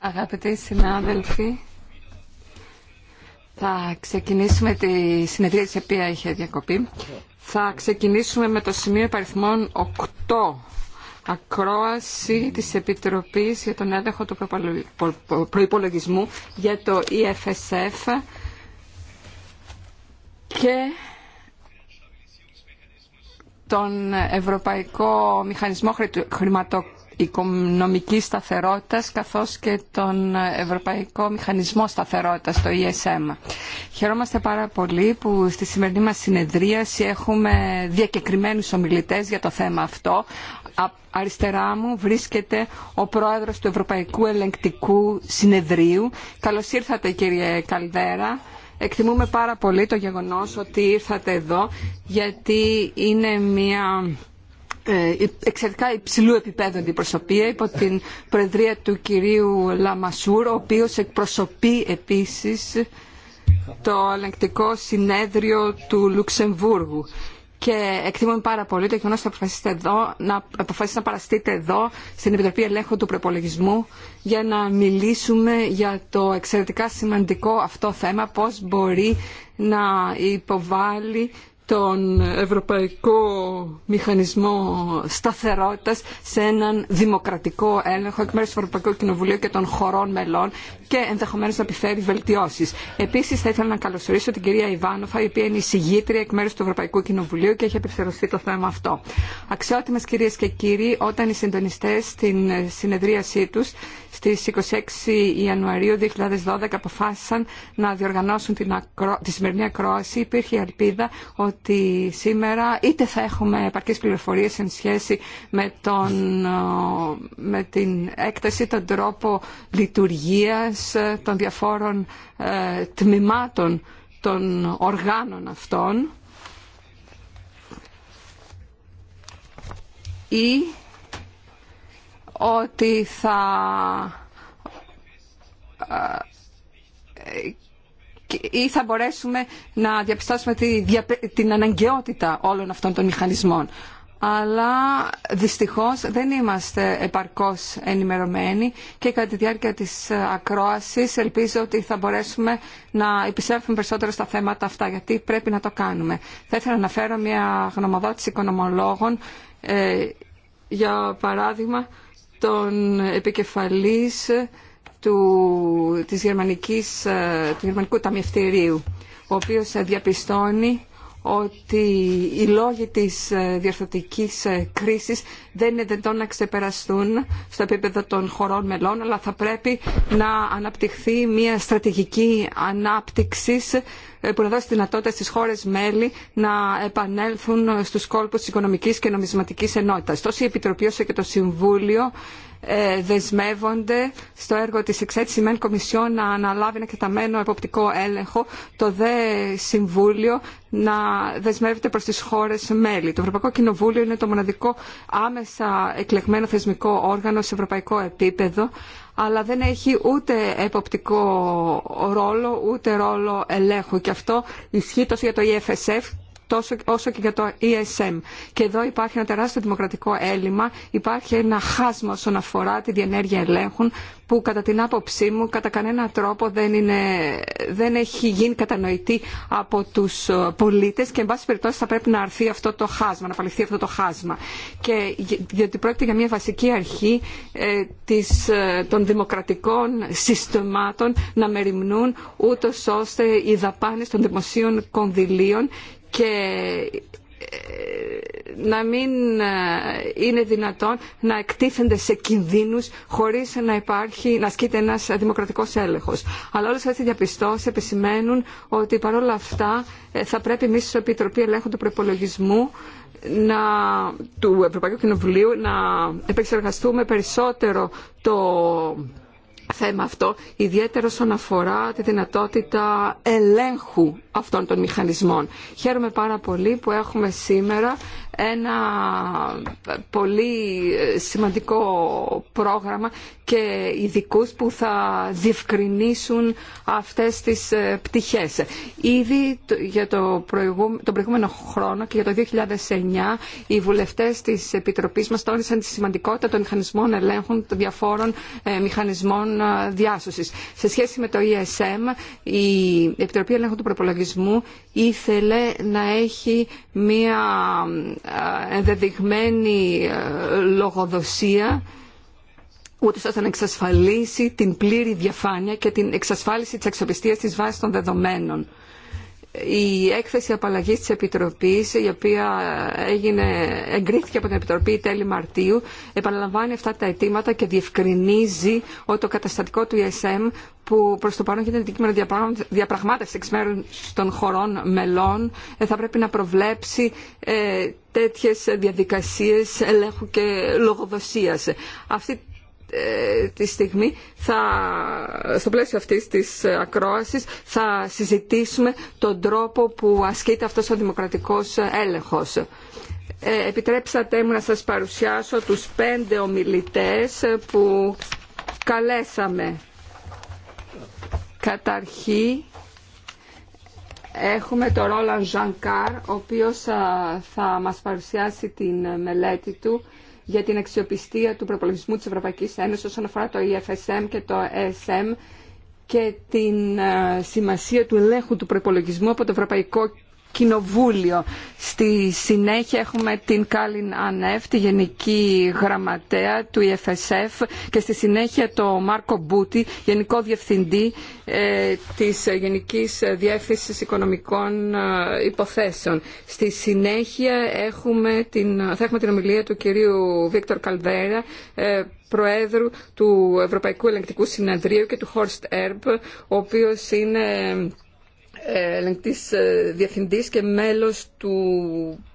Αγαπητοί συνάδελφοι, θα ξεκινήσουμε τη συνεδρία της οποία είχε διακοπή. Θα ξεκινήσουμε με το σημείο υπαριθμών 8 ακρόαση της Επιτροπής για τον έλεγχο του προϋπολογισμού για το EFSF και τον Ευρωπαϊκό Μηχανισμό Χρηματοοικονομικής Σταθερότητας καθώς και τον Ευρωπαϊκό Μηχανισμό Σταθερότητας, το ESM. Χαιρόμαστε πάρα πολύ που στη σημερινή μας συνεδρίαση έχουμε διακεκριμένους ομιλητές για το θέμα αυτό αριστερά μου βρίσκεται ο πρόεδρος του Ευρωπαϊκού Ελεγκτικού Συνεδρίου. Καλώς ήρθατε κύριε Καλδέρα. Εκτιμούμε πάρα πολύ το γεγονός ότι ήρθατε εδώ γιατί είναι μια ε, εξαιρετικά υψηλού επίπεδου αντιπροσωπεία υπό την προεδρία του κυρίου Λαμασούρ, ο οποίος εκπροσωπεί επίσης το ελεγκτικό συνέδριο του Λουξεμβούργου και εκτιμούμε πάρα πολύ το γεγονό ότι θα εδώ, να, αποφασίσετε να παραστείτε εδώ στην Επιτροπή Ελέγχου του Προπολογισμού για να μιλήσουμε για το εξαιρετικά σημαντικό αυτό θέμα, πώς μπορεί να υποβάλει τον Ευρωπαϊκό Μηχανισμό Σταθερότητας σε έναν δημοκρατικό έλεγχο εκ μέρους του Ευρωπαϊκού Κοινοβουλίου και των χωρών μελών και ενδεχομένως να επιφέρει βελτιώσεις. Επίσης θα ήθελα να καλωσορίσω την κυρία Ιβάνοφα η οποία είναι η συγγήτρια εκ μέρους του Ευρωπαϊκού Κοινοβουλίου και έχει επευθερωθεί το θέμα αυτό. Αξιότιμες κυρίες και κύριοι, όταν οι συντονιστές στην συνεδρίασή τους στις 26 Ιανουαρίου 2012 αποφάσισαν να διοργανώσουν την τη σημερινή ακρόαση. Υπήρχε η ελπίδα ότι σήμερα είτε θα έχουμε επαρκείς πληροφορίες εν σχέση με, τον... με την έκταση, τον τρόπο λειτουργίας ε, των διαφόρων ε, τμήματων των οργάνων αυτών ή ότι θα ε, ή θα μπορέσουμε να διαπιστώσουμε την αναγκαιότητα όλων αυτών των μηχανισμών. Αλλά δυστυχώς δεν είμαστε επαρκώς ενημερωμένοι και κατά τη διάρκεια της ακρόασης ελπίζω ότι θα μπορέσουμε να επισέλθουμε περισσότερο στα θέματα αυτά γιατί πρέπει να το κάνουμε. Θα ήθελα να αναφέρω μια γνωμοδότηση οικονομολόγων ε, για παράδειγμα τον επικεφαλής του, της Γερμανικής, ε, του Γερμανικού Ταμιευτηρίου, ο οποίος διαπιστώνει ότι οι λόγοι της ε, διαρθρωτικής ε, κρίσης δεν είναι δυνατόν να ξεπεραστούν στο επίπεδο των χωρών μελών, αλλά θα πρέπει να αναπτυχθεί μια στρατηγική ανάπτυξης ε, που να δώσει δυνατότητα στις χώρες μέλη να επανέλθουν στους κόλπους Οικονομικής και Νομισματικής Ενότητας. Τόσο η Επιτροπή όσο και το Συμβούλιο ε, δεσμεύονται στο έργο της εξέτησης μεν κομισιόν να αναλάβει ένα κεταμένο εποπτικό έλεγχο, το δε Συμβούλιο να δεσμεύεται προς τις χώρες μέλη. Το Ευρωπαϊκό Κοινοβούλιο είναι το μοναδικό άμεσα εκλεγμένο θεσμικό όργανο σε ευρωπαϊκό επίπεδο, αλλά δεν έχει ούτε εποπτικό ρόλο, ούτε ρόλο ελέγχου. Και αυτό ισχύει τόσο για το EFSF τόσο, όσο και για το ESM. Και εδώ υπάρχει ένα τεράστιο δημοκρατικό έλλειμμα, υπάρχει ένα χάσμα όσον αφορά τη διενέργεια ελέγχων που κατά την άποψή μου κατά κανένα τρόπο δεν, έχει γίνει κατανοητή από τους ε, πολίτες και εν πάση περιπτώσει θα πρέπει να αρθεί αυτό το χάσμα, να απαλληφθεί αυτό το χάσμα. Και διότι πρόκειται για μια βασική αρχή ε, της, ε, των δημοκρατικών συστημάτων να μεριμνούν ούτως ώστε οι δαπάνες των δημοσίων κονδυλίων και ε, να μην ε, είναι δυνατόν να εκτίθενται σε κινδύνους χωρίς να υπάρχει, να ασκείται ένας δημοκρατικός έλεγχος. Αλλά όλες αυτές οι διαπιστώσεις επισημαίνουν ότι παρόλα αυτά ε, θα πρέπει εμείς ως Επιτροπή Ελέγχου του Προπολογισμού να, του Ευρωπαϊκού Κοινοβουλίου να επεξεργαστούμε περισσότερο το θέμα αυτό, ιδιαίτερα όσον αφορά τη δυνατότητα ελέγχου αυτών των μηχανισμών. Χαίρομαι πάρα πολύ που έχουμε σήμερα ένα πολύ σημαντικό πρόγραμμα και ειδικού που θα διευκρινίσουν αυτές τις ε, πτυχές. Ήδη για το τον προηγούμενο χρόνο και για το 2009 οι βουλευτές της Επιτροπής μας τόνισαν τη σημαντικότητα των μηχανισμών ελέγχων των διαφόρων ε, μηχανισμών ε, διάσωσης. Σε σχέση με το ESM, η Επιτροπή Ελέγχου του Προπολογισμού ήθελε να έχει μία ε, ενδεδειγμένη ε, λογοδοσία ούτως ώστε να εξασφαλίσει την πλήρη διαφάνεια και την εξασφάλιση της αξιοπιστίας της βάσης των δεδομένων η έκθεση απαλλαγή τη Επιτροπής, η οποία έγινε, εγκρίθηκε από την Επιτροπή τέλη Μαρτίου, επαναλαμβάνει αυτά τα αιτήματα και διευκρινίζει ότι το καταστατικό του ESM, που προ το παρόν γίνεται αντικείμενο διαπραγμάτευση εξ μέρου των χωρών μελών, ε, θα πρέπει να προβλέψει ε, τέτοιες διαδικασίες ελέγχου και λογοδοσία. Αυτή ε, τη στιγμή θα, στο πλαίσιο αυτής της ακρόασης θα συζητήσουμε τον τρόπο που ασκείται αυτός ο δημοκρατικός έλεγχος. Ε, επιτρέψατε μου να σας παρουσιάσω τους πέντε ομιλητές που καλέσαμε. Καταρχή έχουμε τον Ρόλαν Ζανκάρ, ο οποίος θα μας παρουσιάσει την μελέτη του για την αξιοπιστία του προπολογισμού της Ευρωπαϊκής Ένωσης όσον αφορά το EFSM και το ESM και την ε, σημασία του ελέγχου του προπολογισμού από το Ευρωπαϊκό Κοινοβούλιο. Στη συνέχεια έχουμε την Κάλιν Ανέφ, τη Γενική Γραμματέα του EFSF και στη συνέχεια το Μάρκο Μπούτι, Γενικό Διευθυντή ε, της Γενικής Διεύθυνσης Οικονομικών ε, Υποθέσεων. Στη συνέχεια έχουμε την, θα έχουμε την ομιλία του κυρίου Βίκτορ Καλδέρα, ε, Προέδρου του Ευρωπαϊκού Ελεγκτικού Συνεδρίου και του Χόρστ Ερμπ, ο οποίος είναι ελεγκτής ε, διευθυντής και μέλος του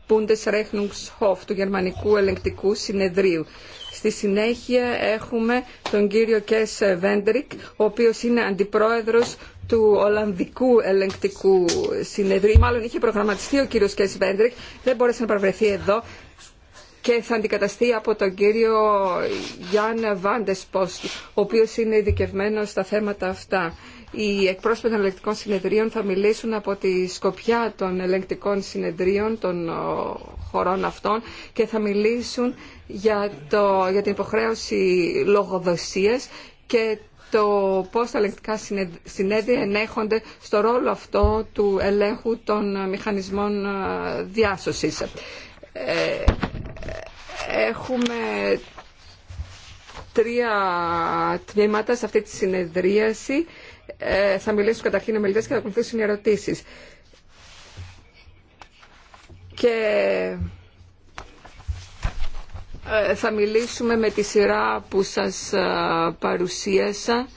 Bundesrechnungshof, του Γερμανικού Ελεγκτικού Συνεδρίου. Στη συνέχεια έχουμε τον κύριο Κέσ Βέντρικ, ο οποίος είναι αντιπρόεδρος του Ολλανδικού Ελεγκτικού Συνεδρίου. Μάλλον είχε προγραμματιστεί ο κύριος Κέσ Βέντρικ, δεν μπόρεσε να παραβρεθεί εδώ και θα αντικαταστεί από τον κύριο Γιάννε Βάντες ο οποίος είναι ειδικευμένο στα θέματα αυτά. Οι εκπρόσωποι των ελεγκτικών συνεδρίων θα μιλήσουν από τη σκοπιά των ελεγκτικών συνεδρίων των χωρών αυτών και θα μιλήσουν για, το, για την υποχρέωση λογοδοσίας και το πώς τα ελεγκτικά συνέδρια ενέχονται στο ρόλο αυτό του ελέγχου των μηχανισμών ε, διάσωσης. Ε, έχουμε τρία τμήματα σε αυτή τη συνεδρίαση ε, θα μιλήσουν καταρχήν οι μελητές και θα ακολουθήσουν οι ερωτήσεις. Και ε, θα μιλήσουμε με τη σειρά που σας ε, παρουσίασα.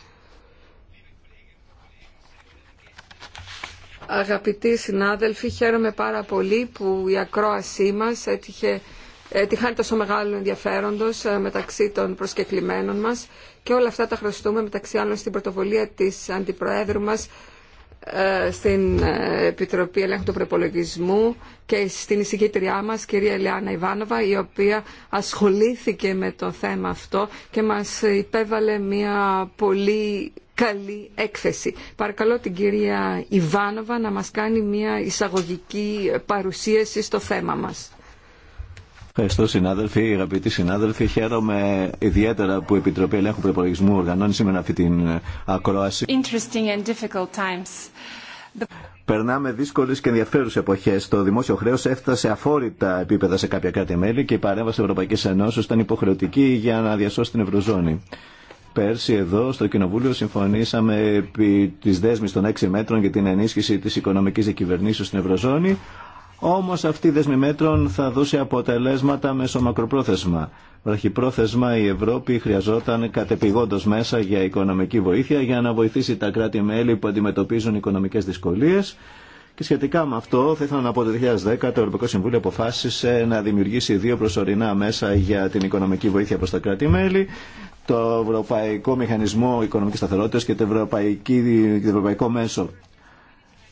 Αγαπητοί συνάδελφοι, χαίρομαι πάρα πολύ που η ακρόασή μας έτυχε ε, τη χάνει τόσο μεγάλο ενδιαφέροντο ε, μεταξύ των προσκεκλημένων μας και όλα αυτά τα χρωστούμε μεταξύ άλλων στην πρωτοβολία της Αντιπροέδρου μας ε, στην Επιτροπή Ελέγχου του Προπολογισμού και στην εισηγήτριά μας, κυρία Ελιάνα Ιβάνοβα, η οποία ασχολήθηκε με το θέμα αυτό και μας υπέβαλε μια πολύ καλή έκθεση. Παρακαλώ την κυρία Ιβάνοβα να μας κάνει μια εισαγωγική παρουσίαση στο θέμα μας. Ευχαριστώ συνάδελφοι, αγαπητοί συνάδελφοι. Χαίρομαι ιδιαίτερα που η Επιτροπή Ελέγχου Προπολογισμού οργανώνει σήμερα αυτή την ακρόαση. Περνάμε δύσκολε και ενδιαφέρουσε εποχέ. Το δημόσιο χρέο έφτασε αφόρητα επίπεδα σε κάποια κράτη-μέλη και η παρέμβαση Ευρωπαϊκή Ενώσεω ήταν υποχρεωτική για να διασώσει την Ευρωζώνη. Πέρσι εδώ στο Κοινοβούλιο συμφωνήσαμε επί τη δέσμη των έξι μέτρων για την ενίσχυση τη οικονομική διακυβερνήσεω στην Ευρωζώνη. Όμως αυτή η δέσμη μέτρων θα δώσει αποτελέσματα μέσω μακροπρόθεσμα. Βραχυπρόθεσμα η Ευρώπη χρειαζόταν κατεπηγόντως μέσα για οικονομική βοήθεια για να βοηθήσει τα κράτη-μέλη που αντιμετωπίζουν οικονομικές δυσκολίες. Και σχετικά με αυτό, θα ήθελα να πω ότι το 2010 το Ευρωπαϊκό Συμβούλιο αποφάσισε να δημιουργήσει δύο προσωρινά μέσα για την οικονομική βοήθεια προ τα κράτη-μέλη, το Ευρωπαϊκό Μηχανισμό Οικονομική Σταθερότητα και το Ευρωπαϊκό Μέσο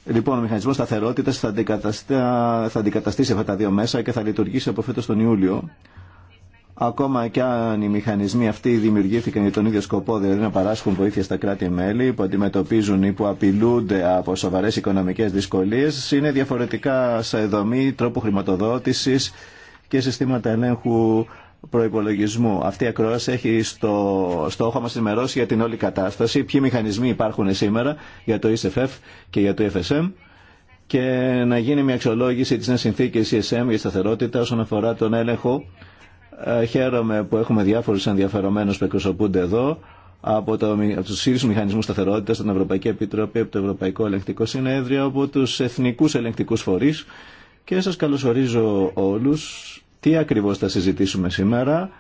Λοιπόν, ο μηχανισμό σταθερότητα θα, θα αντικαταστήσει αυτά τα δύο μέσα και θα λειτουργήσει από φέτο τον Ιούλιο. Ακόμα και αν οι μηχανισμοί αυτοί δημιουργήθηκαν για τον ίδιο σκοπό, δηλαδή να παράσχουν βοήθεια στα κράτη-μέλη που αντιμετωπίζουν ή που απειλούνται από σοβαρέ οικονομικέ δυσκολίε, είναι διαφορετικά σε δομή τρόπου χρηματοδότηση και συστήματα ελέγχου προϋπολογισμού. Αυτή η ακρόαση έχει στο στόχο μας ενημερώσει για την όλη κατάσταση, ποιοι μηχανισμοί υπάρχουν σήμερα για το ESFF και για το e FSM και να γίνει μια αξιολόγηση της νέας συνθήκης ESM για σταθερότητα όσον αφορά τον έλεγχο. Ε, χαίρομαι που έχουμε διάφορους ενδιαφερομένους που εκπροσωπούνται εδώ από, το, από τους ίδιους μηχανισμούς σταθερότητας, την Ευρωπαϊκή Επιτροπή, από το Ευρωπαϊκό Ελεγκτικό Συνέδριο, από τους εθνικούς ελεγκτικούς φορείς και σας καλωσορίζω όλους τι ακριβώς θα συζητήσουμε σήμερα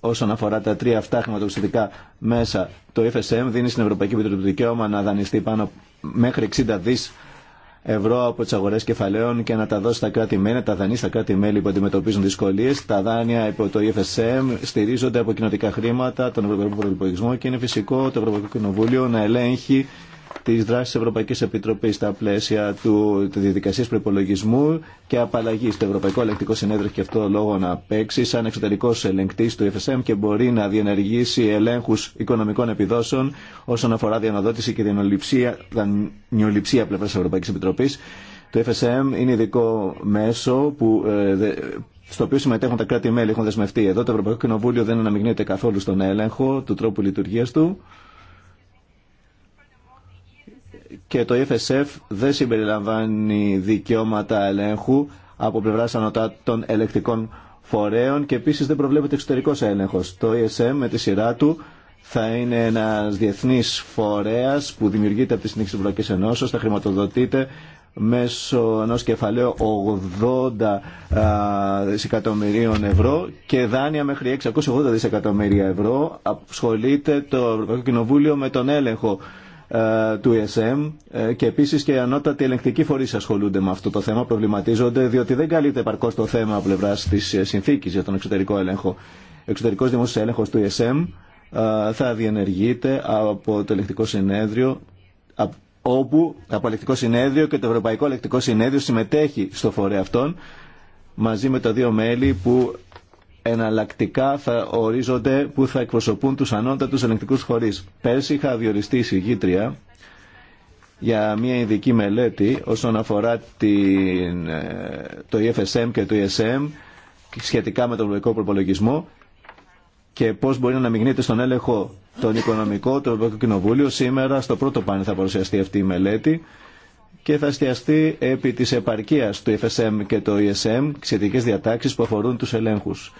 όσον αφορά τα τρία αυτά χρηματοπιστωτικά μέσα. Το FSM δίνει στην Ευρωπαϊκή Επιτροπή το δικαίωμα να δανειστεί πάνω μέχρι 60 δις ευρώ από τι αγορέ κεφαλαίων και να τα δώσει στα κράτη-μέλη, τα δανεί στα κράτη-μέλη που αντιμετωπίζουν δυσκολίε. Τα δάνεια υπό το EFSM στηρίζονται από κοινοτικά χρήματα, τον Ευρωπαϊκό Προπολογισμό και είναι φυσικό το Ευρωπαϊκό Κοινοβούλιο να ελέγχει τη δράση τη Ευρωπαϊκή Επιτροπή, στα πλαίσια του, της προπολογισμού και απαλλαγή Το Ευρωπαϊκό Ελεκτικό Συνέδριο έχει αυτό λόγο να παίξει σαν εξωτερικό ελεγκτής του FSM και μπορεί να διενεργήσει ελέγχου οικονομικών επιδόσεων όσον αφορά διανοδότηση και διανοληψία, πλευρά τη της Ευρωπαϊκής Επιτροπής. Το FSM είναι ειδικό μέσο που, ε, στο οποίο συμμετέχουν τα κράτη-μέλη, έχουν δεσμευτεί. Εδώ το Ευρωπαϊκό Κοινοβούλιο δεν αναμειγνύεται καθόλου στον έλεγχο του τρόπου λειτουργία του και το FSF e δεν συμπεριλαμβάνει δικαιώματα ελέγχου από πλευράς των ελεκτικών φορέων και επίση δεν προβλέπεται εξωτερικό έλεγχο. Το ESM με τη σειρά του θα είναι ένα διεθνή φορέα που δημιουργείται από τη Συνήθεια Ευρωπαϊκή Ενώσεω, θα χρηματοδοτείται μέσω ενός κεφαλαίου 80 δισεκατομμυρίων ευρώ και δάνεια μέχρι 680 δισεκατομμύρια ευρώ. Ασχολείται το Ευρωπαϊκό Κοινοβούλιο με τον έλεγχο ε, του ESM ε, και επίσης και οι ανώτατοι ελεγκτικοί φορείς ασχολούνται με αυτό το θέμα, προβληματίζονται διότι δεν καλείται επαρκώς το θέμα από πλευρά της ε, συνθήκης για τον εξωτερικό έλεγχο. Ο εξωτερικός δημόσιος έλεγχος του ESM θα διενεργείται από το ελεγκτικό συνέδριο όπου από ελεγκτικό συνέδριο και το Ευρωπαϊκό Ελεκτικό Συνέδριο συμμετέχει στο φορέα αυτόν μαζί με τα δύο μέλη που εναλλακτικά θα ορίζονται που θα εκπροσωπούν τους ανώτατους ελεγκτικούς χωρίς. Πέρσι είχα διοριστεί εισηγήτρια για μια ειδική μελέτη όσον αφορά την, ε, το EFSM και το ESM σχετικά με τον ευρωπαϊκό προπολογισμό και πώς μπορεί να αναμειγνύεται στον έλεγχο τον οικονομικό του Ευρωπαϊκού Κοινοβούλιο. Σήμερα στο πρώτο πάνελ θα παρουσιαστεί αυτή η μελέτη και θα εστιαστεί επί της επαρκείας του FSM και το ESM, σχετικέ διατάξεις που αφορούν τους ελέγχους.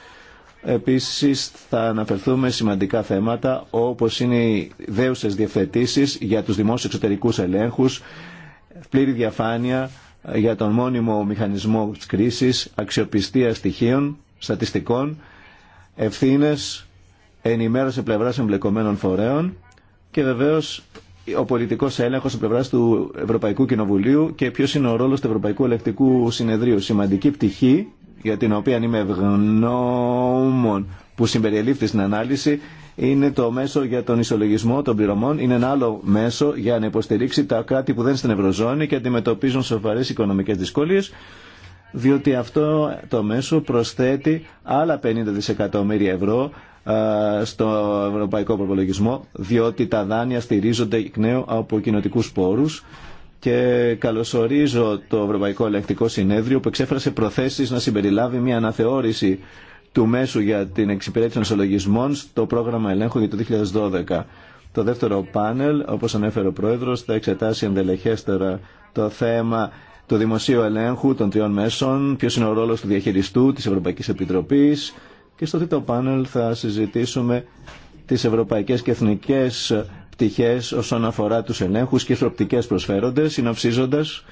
Επίσης θα αναφερθούμε σημαντικά θέματα όπως είναι οι δέουσες διευθετήσεις για τους δημόσιους εξωτερικούς ελέγχους, πλήρη διαφάνεια για τον μόνιμο μηχανισμό της κρίσης, αξιοπιστία στοιχείων, στατιστικών, ευθύνες, ενημέρωση πλευράς εμπλεκομένων φορέων και βεβαίως ο πολιτικό έλεγχο από πλευρά του Ευρωπαϊκού Κοινοβουλίου και ποιο είναι ο ρόλο του Ευρωπαϊκού Ελεκτικού Συνεδρίου. Σημαντική πτυχή για την οποία είμαι ευγνώμων που συμπεριελήφθη στην ανάλυση είναι το μέσο για τον ισολογισμό των πληρωμών. Είναι ένα άλλο μέσο για να υποστηρίξει τα κράτη που δεν είναι στην Ευρωζώνη και αντιμετωπίζουν σοβαρέ οικονομικέ δυσκολίε διότι αυτό το μέσο προσθέτει άλλα 50 δισεκατομμύρια ευρώ ε, στο ευρωπαϊκό προπολογισμό, διότι τα δάνεια στηρίζονται εκ νέου από κοινοτικού πόρου και καλωσορίζω το Ευρωπαϊκό Ελεκτικό Συνέδριο που εξέφρασε προθέσει να συμπεριλάβει μια αναθεώρηση του μέσου για την εξυπηρέτηση των ισολογισμών στο πρόγραμμα ελέγχου για το 2012. Το δεύτερο πάνελ, όπως ανέφερε ο Πρόεδρος, θα εξετάσει ενδελεχέστερα το θέμα του δημοσίου ελέγχου των τριών μέσων, Ποιο είναι ο ρόλο του διαχειριστού τη Ευρωπαϊκή Επιτροπής, και στο τρίτο πάνελ θα συζητήσουμε τις ευρωπαϊκές και εθνικές πτυχές όσον αφορά τους ενέχους και στροπτικές προσφέροντες, συνοψίζοντας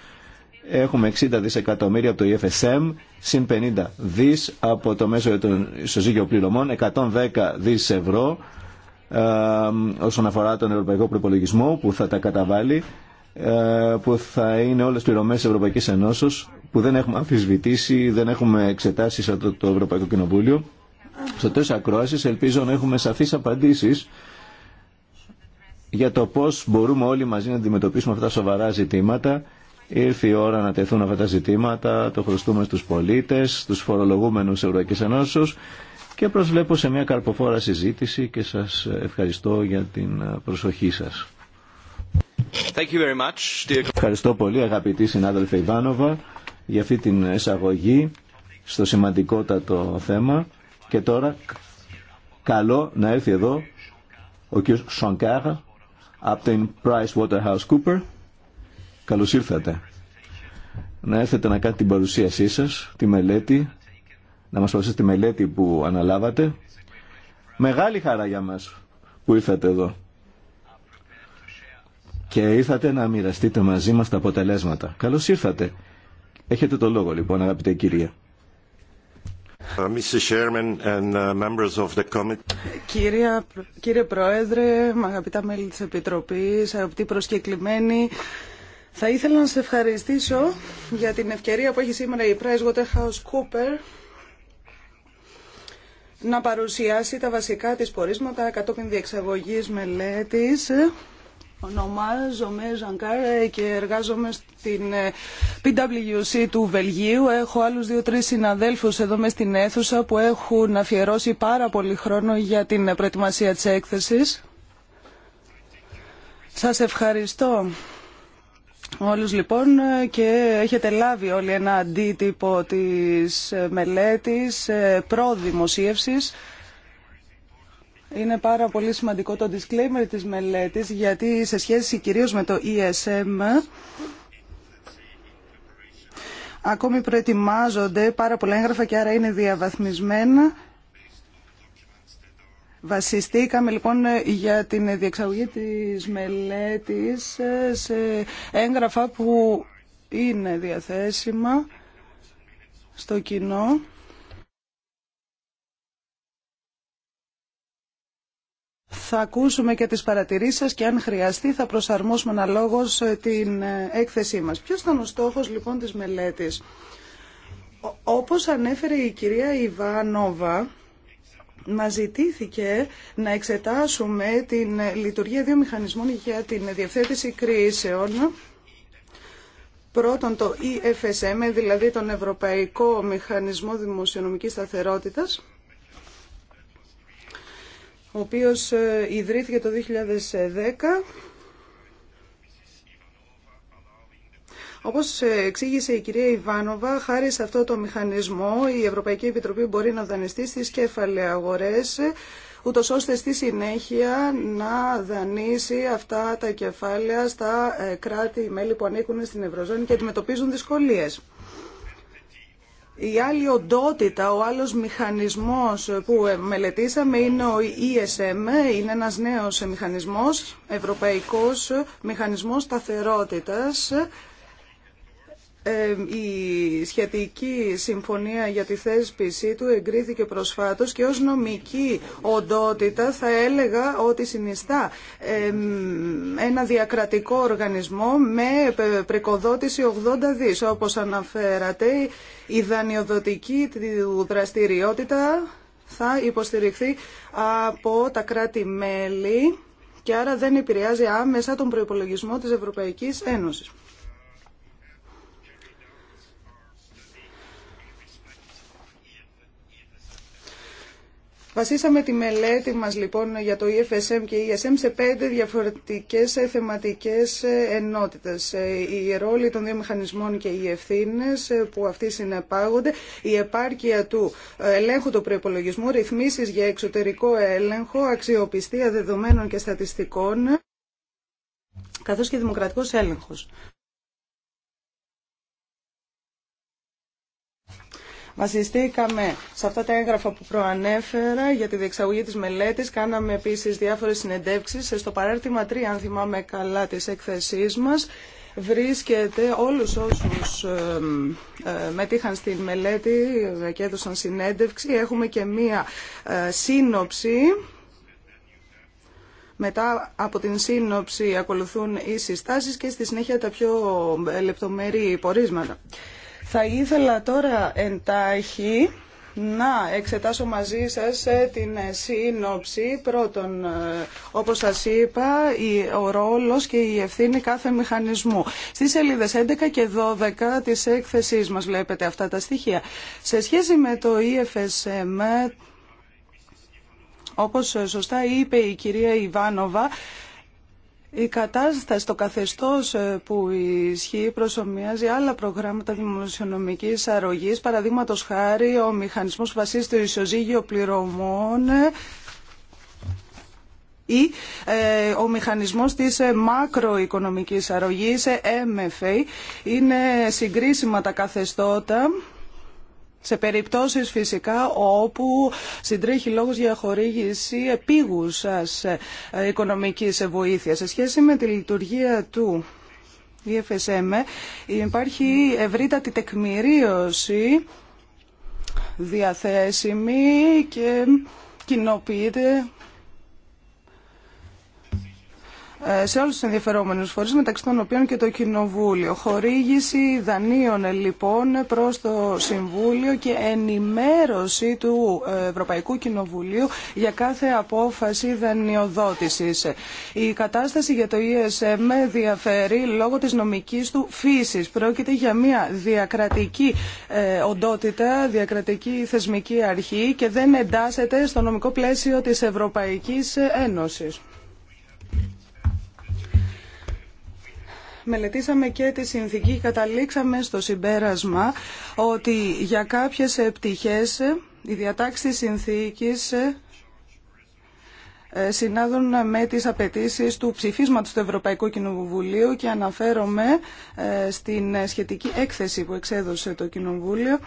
έχουμε 60 δισεκατομμύρια από το EFSM, συν 50 δις από το μέσο των ισοζύγιο πληρωμών, 110 δις ευρώ όσον αφορά τον ευρωπαϊκό προπολογισμό που θα τα καταβάλει, ε, που θα είναι όλες πληρωμές της Ευρωπαϊκής Ενώσεως, που δεν έχουμε αμφισβητήσει, δεν έχουμε εξετάσει σε το, το Ευρωπαϊκό Κοινοβούλιο. Στο τέσσερα ακρόασης ελπίζω να έχουμε σαφείς απαντήσεις για το πώς μπορούμε όλοι μαζί να αντιμετωπίσουμε αυτά τα σοβαρά ζητήματα. Ήρθε η ώρα να τεθούν αυτά τα ζητήματα, το χρωστούμε στους πολίτες, στους φορολογούμενους Ευρωπαϊκής Ενώσεως και προσβλέπω σε μια καρποφόρα συζήτηση και σας ευχαριστώ για την προσοχή σας. Thank you very much, dear... Ευχαριστώ πολύ αγαπητή συνάδελφε Ιβάνοβα για αυτή την εισαγωγή στο σημαντικότατο θέμα. Και τώρα καλό να έρθει εδώ ο κ. Σονκάρα από την PricewaterhouseCooper. Καλώς ήρθατε. Να έρθετε να κάνετε την παρουσίασή σας, τη μελέτη, να μας παρουσιάσετε τη μελέτη που αναλάβατε. Μεγάλη χαρά για μας που ήρθατε εδώ. Και ήρθατε να μοιραστείτε μαζί μας τα αποτελέσματα. Καλώς ήρθατε. Έχετε το λόγο λοιπόν αγαπητέ κυρία. Uh, uh, κύριε Πρόεδρε, αγαπητά μέλη της Επιτροπής, αγαπητοί προσκεκλημένοι, θα ήθελα να σας ευχαριστήσω για την ευκαιρία που έχει σήμερα η PricewaterhouseCoopers να παρουσιάσει τα βασικά της πορίσματα κατόπιν διεξαγωγής μελέτης Ονομάζομαι Ζανκάρ και εργάζομαι στην ε, PwC του Βελγίου. Έχω άλλους δύο-τρεις συναδέλφους εδώ με στην αίθουσα που έχουν αφιερώσει πάρα πολύ χρόνο για την προετοιμασία της έκθεσης. Σας ευχαριστώ όλους λοιπόν και έχετε λάβει όλοι ένα αντίτυπο της μελέτης ε, προδημοσίευσης. Είναι πάρα πολύ σημαντικό το disclaimer της μελέτης γιατί σε σχέση κυρίως με το ESM ακόμη προετοιμάζονται πάρα πολλά έγγραφα και άρα είναι διαβαθμισμένα. Βασιστήκαμε λοιπόν για την διεξαγωγή της μελέτης σε έγγραφα που είναι διαθέσιμα στο κοινό. Θα ακούσουμε και τις παρατηρήσεις σας και αν χρειαστεί θα προσαρμόσουμε αναλόγως ε, την ε, έκθεσή μας. Ποιος ήταν ο στόχος λοιπόν της μελέτης. Όπως ανέφερε η κυρία Ιβάνοβα, Μα ζητήθηκε να εξετάσουμε την ε, λειτουργία δύο μηχανισμών για την διευθέτηση κρίσεων. Πρώτον το EFSM, δηλαδή τον Ευρωπαϊκό Μηχανισμό Δημοσιονομικής Σταθερότητας, ο οποίος ε, ιδρύθηκε το 2010. Όπως ε, εξήγησε η κυρία Ιβάνοβα, χάρη σε αυτό το μηχανισμό η Ευρωπαϊκή Επιτροπή μπορεί να δανειστεί στις κέφαλαια αγορές ούτως ώστε στη συνέχεια να δανείσει αυτά τα κεφάλαια στα ε, κράτη-μέλη που ανήκουν στην Ευρωζώνη και αντιμετωπίζουν δυσκολίες. Η άλλη οντότητα, ο άλλος μηχανισμός που μελετήσαμε είναι ο ESM, είναι ένας νέος μηχανισμός, ευρωπαϊκός μηχανισμός σταθερότητας ε, η σχετική συμφωνία για τη θέσπιση του εγκρίθηκε προσφάτως και ως νομική οντότητα θα έλεγα ότι συνιστά ένα διακρατικό οργανισμό με πρικοδότηση 80 δις. Όπως αναφέρατε, η δανειοδοτική δραστηριότητα θα υποστηριχθεί από τα κράτη-μέλη και άρα δεν επηρεάζει άμεσα τον προϋπολογισμό της Ευρωπαϊκής Ένωσης. Βασίσαμε τη μελέτη μας λοιπόν για το EFSM και ESM σε πέντε διαφορετικές ε, θεματικές ε, ενότητες. Ε, η ρόλη των δύο μηχανισμών και οι ευθύνε που αυτοί συνεπάγονται, η επάρκεια του ελέγχου του προπολογισμού, ρυθμίσεις για εξωτερικό έλεγχο, αξιοπιστία δεδομένων και στατιστικών, καθώς και δημοκρατικός έλεγχος. Βασιστήκαμε σε αυτά τα έγγραφα που προανέφερα για τη διεξαγωγή της μελέτης. Κάναμε επίσης διάφορες συνεντεύξεις. Στο παράρτημα 3, αν θυμάμαι καλά, της έκθεσής μας βρίσκεται όλους όσους ε, ε, μετήχαν στην μελέτη και έδωσαν συνέντευξη. Έχουμε και μία ε, σύνοψη. Μετά από την σύνοψη ακολουθούν οι συστάσεις και στη συνέχεια τα πιο λεπτομερή πορίσματα. Θα ήθελα τώρα εντάχει να εξετάσω μαζί σας ε, την ε, σύνοψη. Πρώτον, ε, όπως σας είπα, ο ρόλος και η ευθύνη κάθε μηχανισμού. Στις σελίδες 11 και 12 της έκθεσής μας βλέπετε αυτά τα στοιχεία. Σε σχέση με το EFSM, όπως σωστά είπε η κυρία Ιβάνοβα, η κατάσταση, το καθεστώς ε, που ισχύει προσωμιάζει άλλα προγράμματα δημοσιονομικής αρρωγής, παραδείγματος χάρη ο μηχανισμός βασίζεται στο ισοζύγιο πληρωμών, ε, ή ε, ο μηχανισμός της μακροοικονομικής αρρωγής, MFA. Είναι συγκρίσιμα τα καθεστώτα σε περιπτώσεις φυσικά όπου συντρέχει λόγος για χορήγηση επίγουσας ε, οικονομικής βοήθειας. Σε σχέση με τη λειτουργία του EFSM υπάρχει ευρύτατη τεκμηρίωση διαθέσιμη και κοινοποιείται ε, σε όλους τους ενδιαφερόμενους φορείς, μεταξύ των οποίων και το Κοινοβούλιο. Χορήγηση δανείων λοιπόν προς το Συμβούλιο και ενημέρωση του ε, Ευρωπαϊκού Κοινοβουλίου για κάθε απόφαση δανειοδότησης. Η κατάσταση για το ESM διαφέρει λόγω της νομικής του φύσης. Πρόκειται για μια διακρατική ε, οντότητα, διακρατική θεσμική αρχή και δεν εντάσσεται στο νομικό πλαίσιο της Ευρωπαϊκής Ένωσης. μελετήσαμε και τη συνθήκη και καταλήξαμε στο συμπέρασμα ότι για κάποιες επιτυχές οι διατάξει της συνθήκης ε, συνάδουν με τις απαιτήσεις του ψηφίσματος του Ευρωπαϊκού Κοινοβουλίου και αναφέρομαι ε, στην σχετική έκθεση που εξέδωσε το Κοινοβούλιο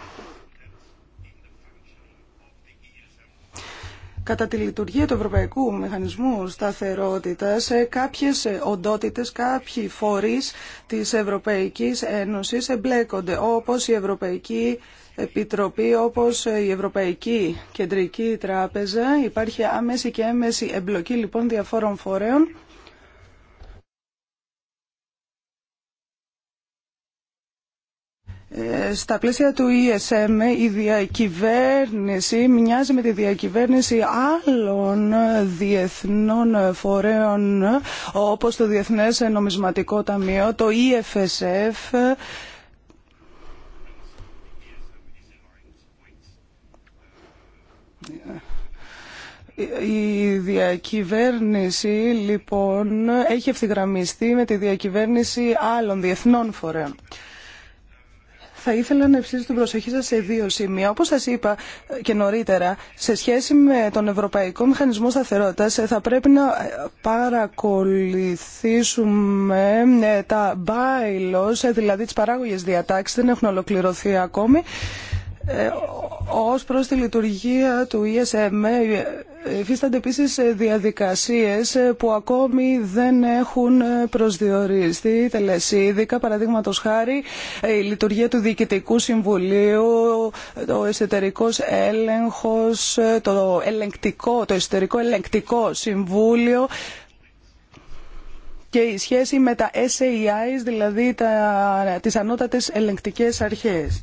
Κατά τη λειτουργία του Ευρωπαϊκού Μηχανισμού Σταθερότητας, ε, κάποιες ε, οντότητες, κάποιοι φορείς της Ευρωπαϊκής Ένωσης εμπλέκονται, όπως η Ευρωπαϊκή Επιτροπή, όπως ε, η Ευρωπαϊκή Κεντρική Τράπεζα. Υπάρχει άμεση και έμεση εμπλοκή λοιπόν διαφόρων φορέων Ε, στα πλαίσια του ESM η διακυβέρνηση μοιάζει με τη διακυβέρνηση άλλων διεθνών φορέων όπως το Διεθνές Νομισματικό Ταμείο, το EFSF, Η διακυβέρνηση λοιπόν έχει ευθυγραμμιστεί με τη διακυβέρνηση άλλων διεθνών φορέων θα ήθελα να ευσύσω την προσοχή σας σε δύο σημεία. Όπως σας είπα και νωρίτερα, σε σχέση με τον Ευρωπαϊκό Μηχανισμό Σταθερότητας θα πρέπει να παρακολουθήσουμε ε, τα bylaws, ε, δηλαδή τις παράγωγες διατάξεις, δεν έχουν ολοκληρωθεί ακόμη. Ε, ως προς τη λειτουργία του ESM Υφίστανται επίση ε, διαδικασίες ε, που ακόμη δεν έχουν ε, προσδιοριστεί τελεσίδικα, παραδείγματο χάρη η λειτουργία του Διοικητικού Συμβουλίου, ο εσωτερικό έλεγχο, το, ελεγκτικό, το εσωτερικό ελεγκτικό συμβούλιο, και η σχέση με τα SAIs, δηλαδή τα, τις ανώτατες ελεγκτικές αρχές.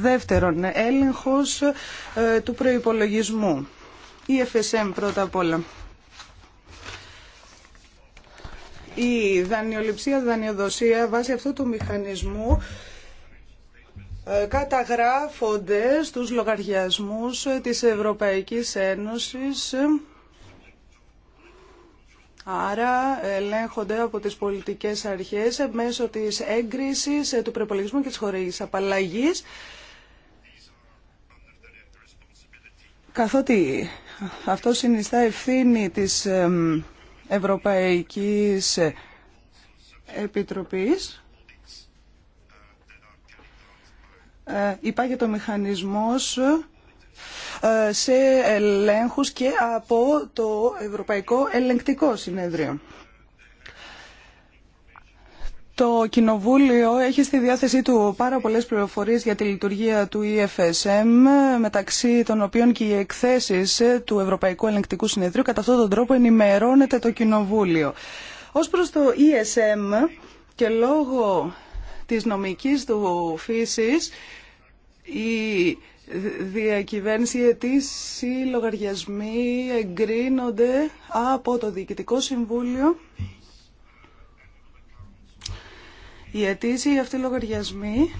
Δεύτερον, έλεγχος ε, του προϋπολογισμού. Η FSM πρώτα απ' όλα. Η δανειοληψία, δανειοδοσία βάσει αυτού του μηχανισμού ε, καταγράφονται στους λογαριασμούς ε, της Ευρωπαϊκής Ένωσης Άρα ελέγχονται από τις πολιτικές αρχές μέσω της έγκρισης ε, του προπολογισμού και της χορήγησης απαλλαγής. Καθότι αυτό συνιστά ευθύνη της Ευρωπαϊκής Επιτροπής, ε, υπάρχει το μηχανισμός ε, σε ελέγχους και από το Ευρωπαϊκό Ελεγκτικό Συνέδριο. Το Κοινοβούλιο έχει στη διάθεσή του πάρα πολλές πληροφορίες για τη λειτουργία του EFSM, μεταξύ των οποίων και οι εκθέσεις του Ευρωπαϊκού Ελεγκτικού Συνεδρίου. Κατά αυτόν τον τρόπο ενημερώνεται το Κοινοβούλιο. Ως προς το ESM και λόγω της νομικής του φύσης, η διακυβέρνηση, αιτήσει, λογαριασμοί εγκρίνονται από το Διοικητικό Συμβούλιο. Οι αιτήσει, αυτοί οι λογαριασμοί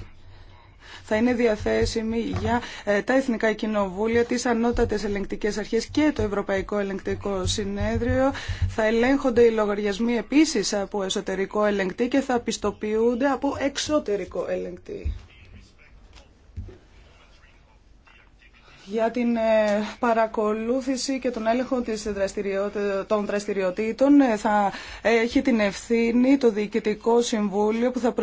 θα είναι διαθέσιμοι για ε, τα Εθνικά Κοινοβούλια, τις Ανώτατες Ελεγκτικές Αρχές και το Ευρωπαϊκό Ελεγκτικό Συνέδριο. Θα ελέγχονται οι λογαριασμοί επίσης από εσωτερικό ελεγκτή και θα πιστοποιούνται από εξωτερικό ελεγκτή. για την ε, παρακολούθηση και τον έλεγχο των δραστηριοτήτων ε, θα έχει την ευθύνη το Διοικητικό Συμβούλιο που θα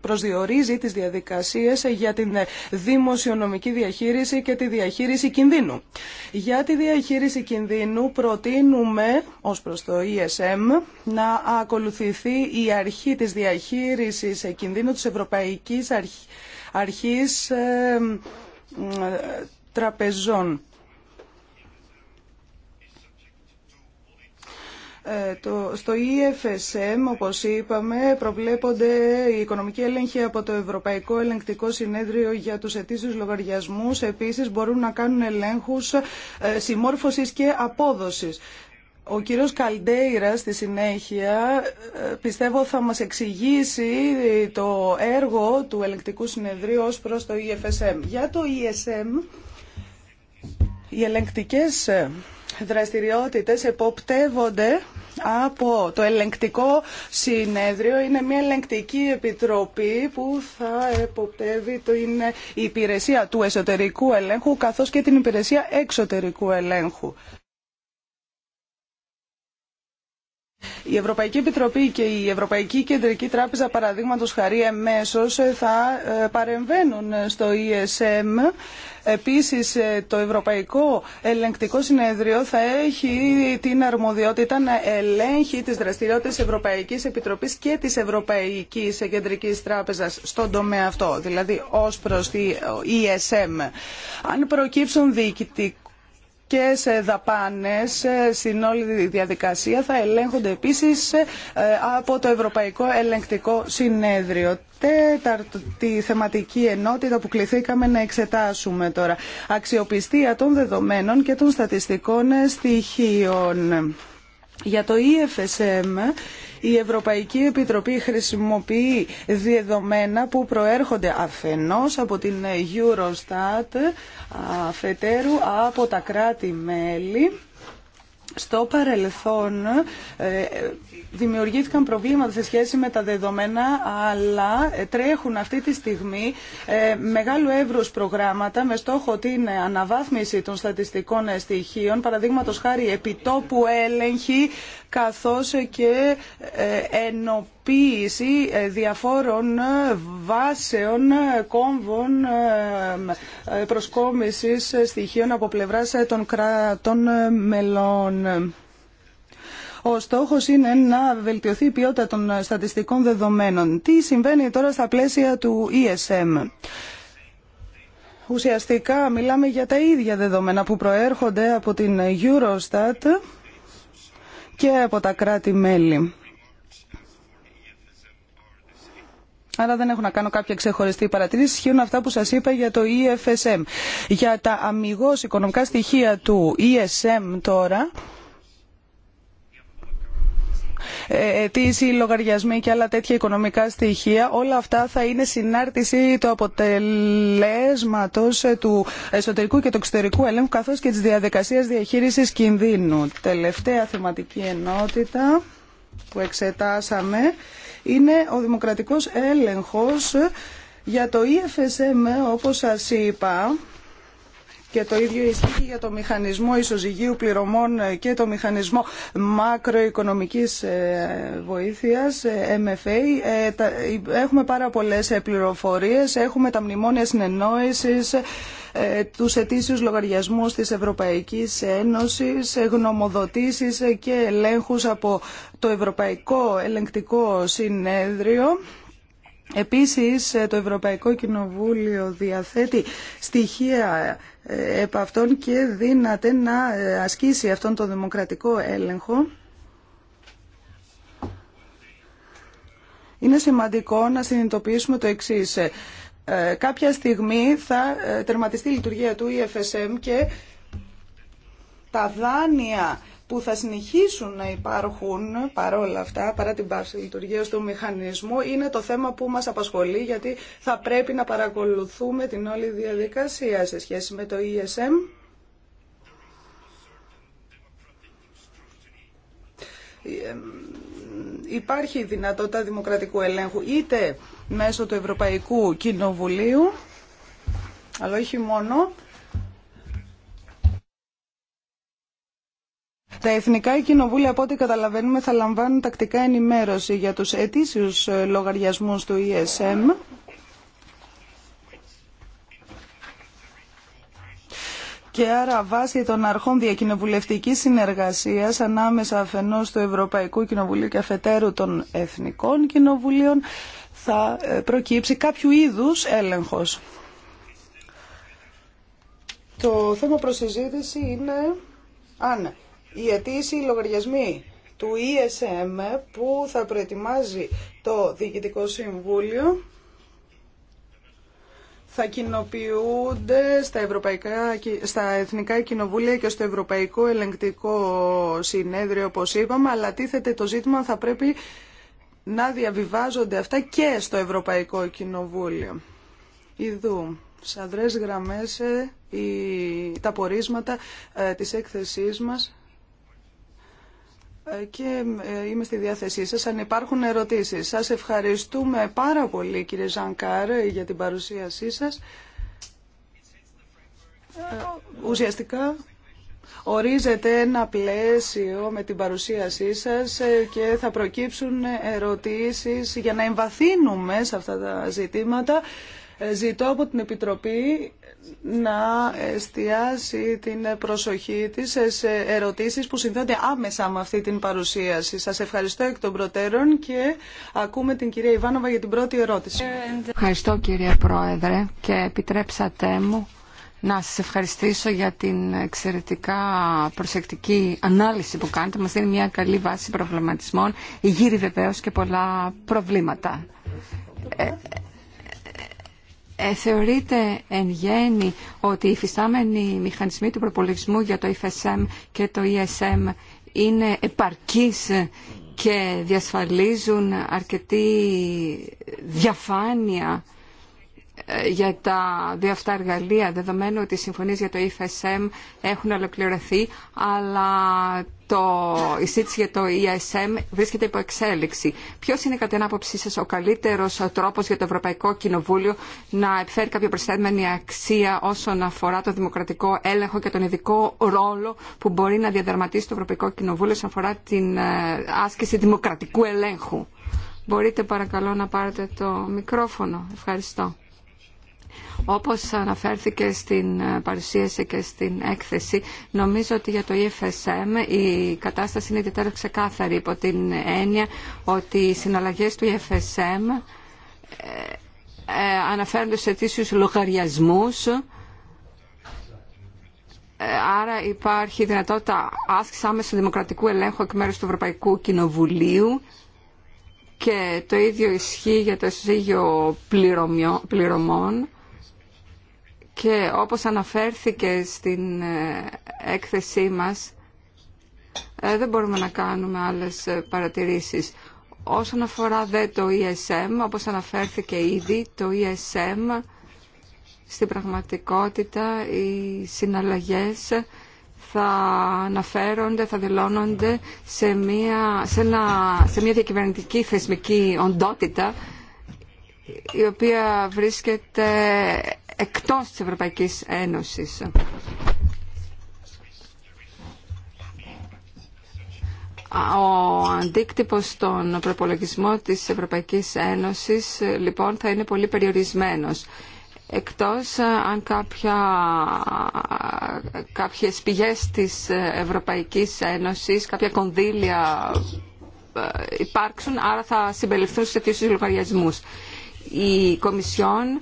προσδιορίζει τις διαδικασίες για την ε, δημοσιονομική διαχείριση και τη διαχείριση κινδύνου. Για τη διαχείριση κινδύνου προτείνουμε ως προς το ESM να ακολουθηθεί η αρχή της διαχείρισης κινδύνου της Ευρωπαϊκής Αρχής αρχής τραπεζών. Ε, το, στο EFSM, όπως είπαμε, προβλέπονται οι οικονομικοί έλεγχοι από το Ευρωπαϊκό Ελεγκτικό Συνέδριο για τους ετήσιους λογαριασμούς. Επίσης, μπορούν να κάνουν ελέγχους ε, συμμόρφωσης και απόδοσης. Ο κύριος Καλντέιρα στη συνέχεια ε, πιστεύω θα μας εξηγήσει το έργο του ελεκτικού συνεδρίου ως προς το EFSM. Για το ESM οι ελεγκτικές ε, δραστηριότητες εποπτεύονται από το ελεγκτικό συνέδριο. Είναι μια ελεγκτική επιτροπή που θα εποπτεύει η υπηρεσία του εσωτερικού ελέγχου καθώς και την υπηρεσία εξωτερικού ελέγχου. Η Ευρωπαϊκή Επιτροπή και η Ευρωπαϊκή Κεντρική Τράπεζα, παραδείγματο χαρή, εμέσω ε, θα ε, παρεμβαίνουν στο ESM. Επίση, ε, το Ευρωπαϊκό Ελεγκτικό Συνέδριο θα έχει την αρμοδιότητα να ελέγχει τι δραστηριότητε Ευρωπαϊκή Επιτροπής και τη Ευρωπαϊκή Κεντρική Τράπεζα στον τομέα αυτό, δηλαδή ω προ τη ESM. Αν προκύψουν διοικητικά και σε δαπάνες ε, στην όλη διαδικασία θα ελέγχονται επίσης ε, από το Ευρωπαϊκό Ελεγκτικό Συνέδριο. Τέταρτη θεματική ενότητα που κληθήκαμε να εξετάσουμε τώρα. Αξιοπιστία των δεδομένων και των στατιστικών στοιχείων. Για το EFSM η Ευρωπαϊκή Επιτροπή χρησιμοποιεί δεδομένα που προέρχονται αφενός από την Eurostat, αφετέρου από τα κράτη-μέλη. Στο παρελθόν ε, δημιουργήθηκαν προβλήματα σε σχέση με τα δεδομένα, αλλά τρέχουν αυτή τη στιγμή ε, μεγάλου εύρους προγράμματα με στόχο την αναβάθμιση των στατιστικών στοιχείων, παραδείγματος χάρη επιτόπου έλεγχη, καθώς και ε, ενοποίηση ε, διαφόρων ε, βάσεων κόμβων προσκόμισης στοιχείων από πλευράς των κρατών μελών. Ο στόχο είναι να βελτιωθεί η ποιότητα των στατιστικών δεδομένων. Τι συμβαίνει τώρα στα πλαίσια του ESM. Ουσιαστικά μιλάμε για τα ίδια δεδομένα που προέρχονται από την Eurostat και από τα κράτη-μέλη. Άρα δεν έχω να κάνω κάποια ξεχωριστή παρατήρηση. Ισχύουν αυτά που σας είπα για το EFSM. Για τα αμυγό οικονομικά στοιχεία του ESM τώρα, οι λογαριασμοί και άλλα τέτοια οικονομικά στοιχεία. Όλα αυτά θα είναι συνάρτηση του αποτελέσματο ε, του εσωτερικού και του εξωτερικού ελέγχου καθώ και τη διαδικασία διαχείριση κινδύνου. Τελευταία θεματική ενότητα που εξετάσαμε είναι ο δημοκρατικός έλεγχος για το EFSM, όπως σας είπα, και το ίδιο ισχύει για το μηχανισμό ισοζυγίου πληρωμών και το μηχανισμό μακροοικονομικής ε, βοήθειας, ε, MFA. Ε, έχουμε πάρα πολλές πληροφορίες, έχουμε τα μνημόνια συνεννόησης, τους ετήσιους λογαριασμούς της Ευρωπαϊκής Ένωσης, γνωμοδοτήσεις και ελέγχους από το Ευρωπαϊκό Ελεγκτικό Συνέδριο Επίσης ε, το Ευρωπαϊκό Κοινοβούλιο διαθέτει στοιχεία ε, επ' αυτών και δύναται να ε, ασκήσει αυτόν τον δημοκρατικό έλεγχο. Είναι σημαντικό να συνειδητοποιήσουμε το εξής. Κάποια στιγμή θα τερματιστεί η λειτουργία του EFSM και τα δάνεια που θα συνεχίσουν να υπάρχουν παρόλα αυτά, παρά την πάυση λειτουργία του μηχανισμού, είναι το θέμα που μας απασχολεί, γιατί θα πρέπει να παρακολουθούμε την όλη διαδικασία σε σχέση με το ESM. Ε, υπάρχει δυνατότητα δημοκρατικού ελέγχου είτε μέσω του Ευρωπαϊκού Κοινοβουλίου, αλλά όχι μόνο, Τα Εθνικά Κοινοβούλια, από ό,τι καταλαβαίνουμε, θα λαμβάνουν τακτικά ενημέρωση για τους ετήσιους ε, λογαριασμούς του ESM. Και άρα βάσει των αρχών διακοινοβουλευτικής συνεργασίας ανάμεσα αφενός του Ευρωπαϊκού Κοινοβουλίου και αφετέρου των Εθνικών Κοινοβουλίων θα ε, προκύψει κάποιο είδους έλεγχος. Το θέμα προσυζήτηση είναι... Α, ναι οι οι λογαριασμοί του ESM που θα προετοιμάζει το Διοικητικό Συμβούλιο θα κοινοποιούνται στα, ευρωπαϊκά, στα Εθνικά Κοινοβούλια και στο Ευρωπαϊκό Ελεγκτικό Συνέδριο, όπως είπαμε, αλλά τίθεται το ζήτημα θα πρέπει να διαβιβάζονται αυτά και στο Ευρωπαϊκό Κοινοβούλιο. Ιδού, σαν δρές γραμμές, ε, η, τα πορίσματα ε, της έκθεσής μας και ε, είμαι στη διάθεσή σας αν υπάρχουν ερωτήσεις. Σας ευχαριστούμε πάρα πολύ κύριε Ζανκάρ για την παρουσίασή σας. Ε, ουσιαστικά ορίζεται ένα πλαίσιο με την παρουσίασή σας ε, και θα προκύψουν ερωτήσεις για να εμβαθύνουμε σε αυτά τα ζητήματα. Ζητώ από την Επιτροπή να εστιάσει την προσοχή της σε ερωτήσεις που συνδέονται άμεσα με αυτή την παρουσίαση. Σας ευχαριστώ εκ των προτέρων και ακούμε την κυρία Ιβάνοβα για την πρώτη ερώτηση. Ευχαριστώ κύριε Πρόεδρε και επιτρέψατε μου να σας ευχαριστήσω για την εξαιρετικά προσεκτική ανάλυση που κάνετε. Μας δίνει μια καλή βάση προβληματισμών, γύρει βεβαίως και πολλά προβλήματα. Ε, ε, Θεωρείται εν γέννη ότι οι φυστάμενοι μηχανισμοί του προπολογισμού για το FSM και το ESM είναι επαρκείς και διασφαλίζουν αρκετή διαφάνεια ε, για τα δύο αυτά εργαλεία, δεδομένου ότι οι συμφωνίες για το EFSM έχουν ολοκληρωθεί, αλλά το, η σύντηση για το ESM βρίσκεται υπό εξέλιξη. Ποιο είναι κατά την άποψή σα ο καλύτερο τρόπο για το Ευρωπαϊκό Κοινοβούλιο να επιφέρει κάποια προσθέμενη αξία όσον αφορά το δημοκρατικό έλεγχο και τον ειδικό ρόλο που μπορεί να διαδραματίσει το Ευρωπαϊκό Κοινοβούλιο όσον αφορά την ε, άσκηση δημοκρατικού ελέγχου. Μπορείτε παρακαλώ να πάρετε το μικρόφωνο. Ευχαριστώ. Όπως αναφέρθηκε στην ε, παρουσίαση και στην έκθεση, νομίζω ότι για το EFSM η κατάσταση είναι ιδιαίτερα ξεκάθαρη υπό την έννοια ότι οι συναλλαγές του EFSM ε, ε, αναφέρονται σε αιτήσιους λογαριασμούς άρα υπάρχει δυνατότητα άσκηση άμεσου δημοκρατικού ελέγχου εκ μέρους του Ευρωπαϊκού Κοινοβουλίου και το ίδιο ισχύει για το συζύγιο πληρωμιο, πληρωμών και όπως αναφέρθηκε στην ε, έκθεσή μας ε, δεν μπορούμε να κάνουμε άλλες ε, παρατηρήσεις. Όσον αφορά δε το ESM, όπως αναφέρθηκε ήδη, το ESM στην πραγματικότητα οι συναλλαγές θα αναφέρονται, θα δηλώνονται σε μια, σε ένα, σε μια διακυβερνητική θεσμική οντότητα η οποία βρίσκεται εκτός της Ευρωπαϊκής Ένωσης. Ο αντίκτυπος στον προπολογισμό της Ευρωπαϊκής Ένωσης λοιπόν θα είναι πολύ περιορισμένος. Εκτός ε, αν κάποια, κάποιες πηγές της Ευρωπαϊκής Ένωσης, κάποια κονδύλια ε, υπάρξουν, άρα θα συμπεριληφθούν σε τέτοιους λογαριασμούς η Κομισιόν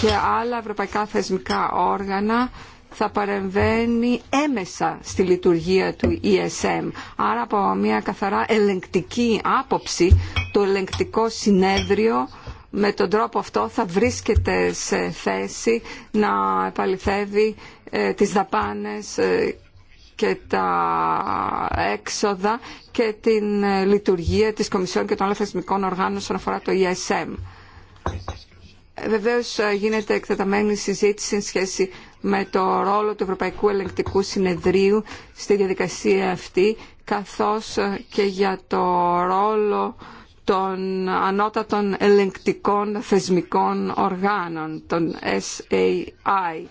και άλλα ευρωπαϊκά θεσμικά όργανα θα παρεμβαίνει έμεσα στη λειτουργία του ESM. Άρα από μια καθαρά ελεγκτική άποψη το ελεγκτικό συνέδριο με τον τρόπο αυτό θα βρίσκεται σε θέση να επαληθεύει ε, τις δαπάνες ε, και τα έξοδα και την ε, λειτουργία της Κομισιόν και των άλλων θεσμικών οργάνων όσον αφορά το ESM. Βεβαίως ε, γίνεται εκτεταμένη συζήτηση σε σχέση με το ρόλο του Ευρωπαϊκού Ελεγκτικού Συνεδρίου στη διαδικασία αυτή, καθώς ε, και για το ρόλο των ανώτατων ελεγκτικών θεσμικών οργάνων, των SAI.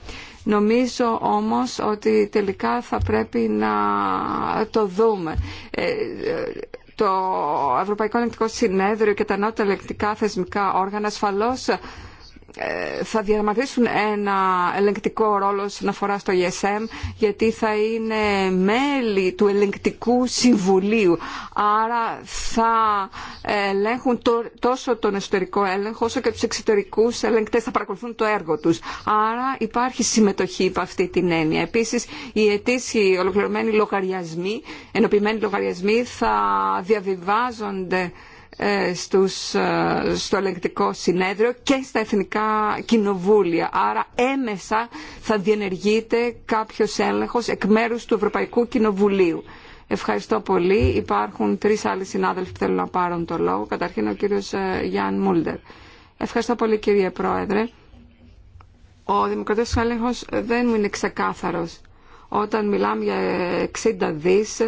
Νομίζω όμως ότι τελικά θα πρέπει να το δούμε. Ε, το Ευρωπαϊκό Ελεκτικό Συνέδριο και τα νότια ελεκτικά θεσμικά όργανα ασφαλώς ε, θα διαδραματίσουν ένα ελεγκτικό ρόλο στην αφορά στο ESM γιατί θα είναι μέλη του ελεγκτικού συμβουλίου άρα θα ελέγχουν τόσο τον εσωτερικό έλεγχο όσο και τους εξωτερικούς ελεγκτές θα παρακολουθούν το έργο τους άρα υπάρχει συμμετοχή από αυτή την έννοια επίσης οι αιτήσιοι ολοκληρωμένοι λογαριασμοί ενωπημένοι λογαριασμοί θα διαβιβάζονται ε, στους, ε, στο ελεγκτικό συνέδριο και στα εθνικά κοινοβούλια. Άρα έμεσα θα διενεργείται κάποιος έλεγχος εκ μέρους του Ευρωπαϊκού Κοινοβουλίου. Ευχαριστώ πολύ. Υπάρχουν τρεις άλλοι συνάδελφοι που θέλουν να πάρουν το λόγο. Καταρχήν ο κύριος ε, Γιάν Μούλτερ. Ευχαριστώ πολύ κύριε Πρόεδρε. Ο δημοκρατικός έλεγχος δεν μου είναι ξεκάθαρος. Όταν μιλάμε για 60 δις,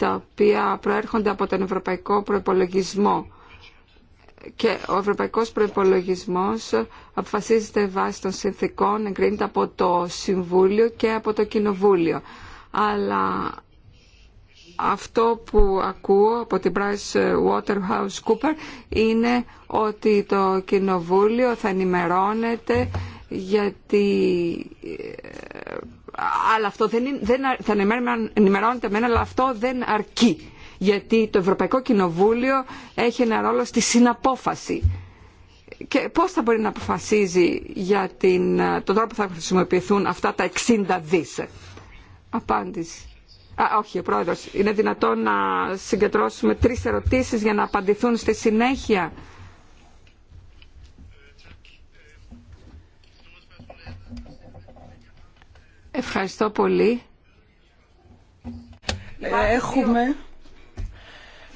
τα οποία προέρχονται από τον ευρωπαϊκό προϋπολογισμό και ο ευρωπαϊκός προϋπολογισμός αποφασίζεται βάσει των συνθήκων, εγκρίνεται από το Συμβούλιο και από το Κοινοβούλιο. Αλλά αυτό που ακούω από την Price Waterhouse Cooper είναι ότι το Κοινοβούλιο θα ενημερώνεται γιατί αλλά αυτό δεν, δεν θα ενημερώνεται μένα, αλλά αυτό δεν αρκεί. Γιατί το Ευρωπαϊκό Κοινοβούλιο έχει ένα ρόλο στη συναπόφαση. Και πώς θα μπορεί να αποφασίζει για την, τον τρόπο που θα χρησιμοποιηθούν αυτά τα 60 δις. Απάντηση. Α, όχι, ο Πρόεδρος. Είναι δυνατόν να συγκεντρώσουμε τρεις ερωτήσεις για να απαντηθούν στη συνέχεια. Ευχαριστώ πολύ. Ε, έχουμε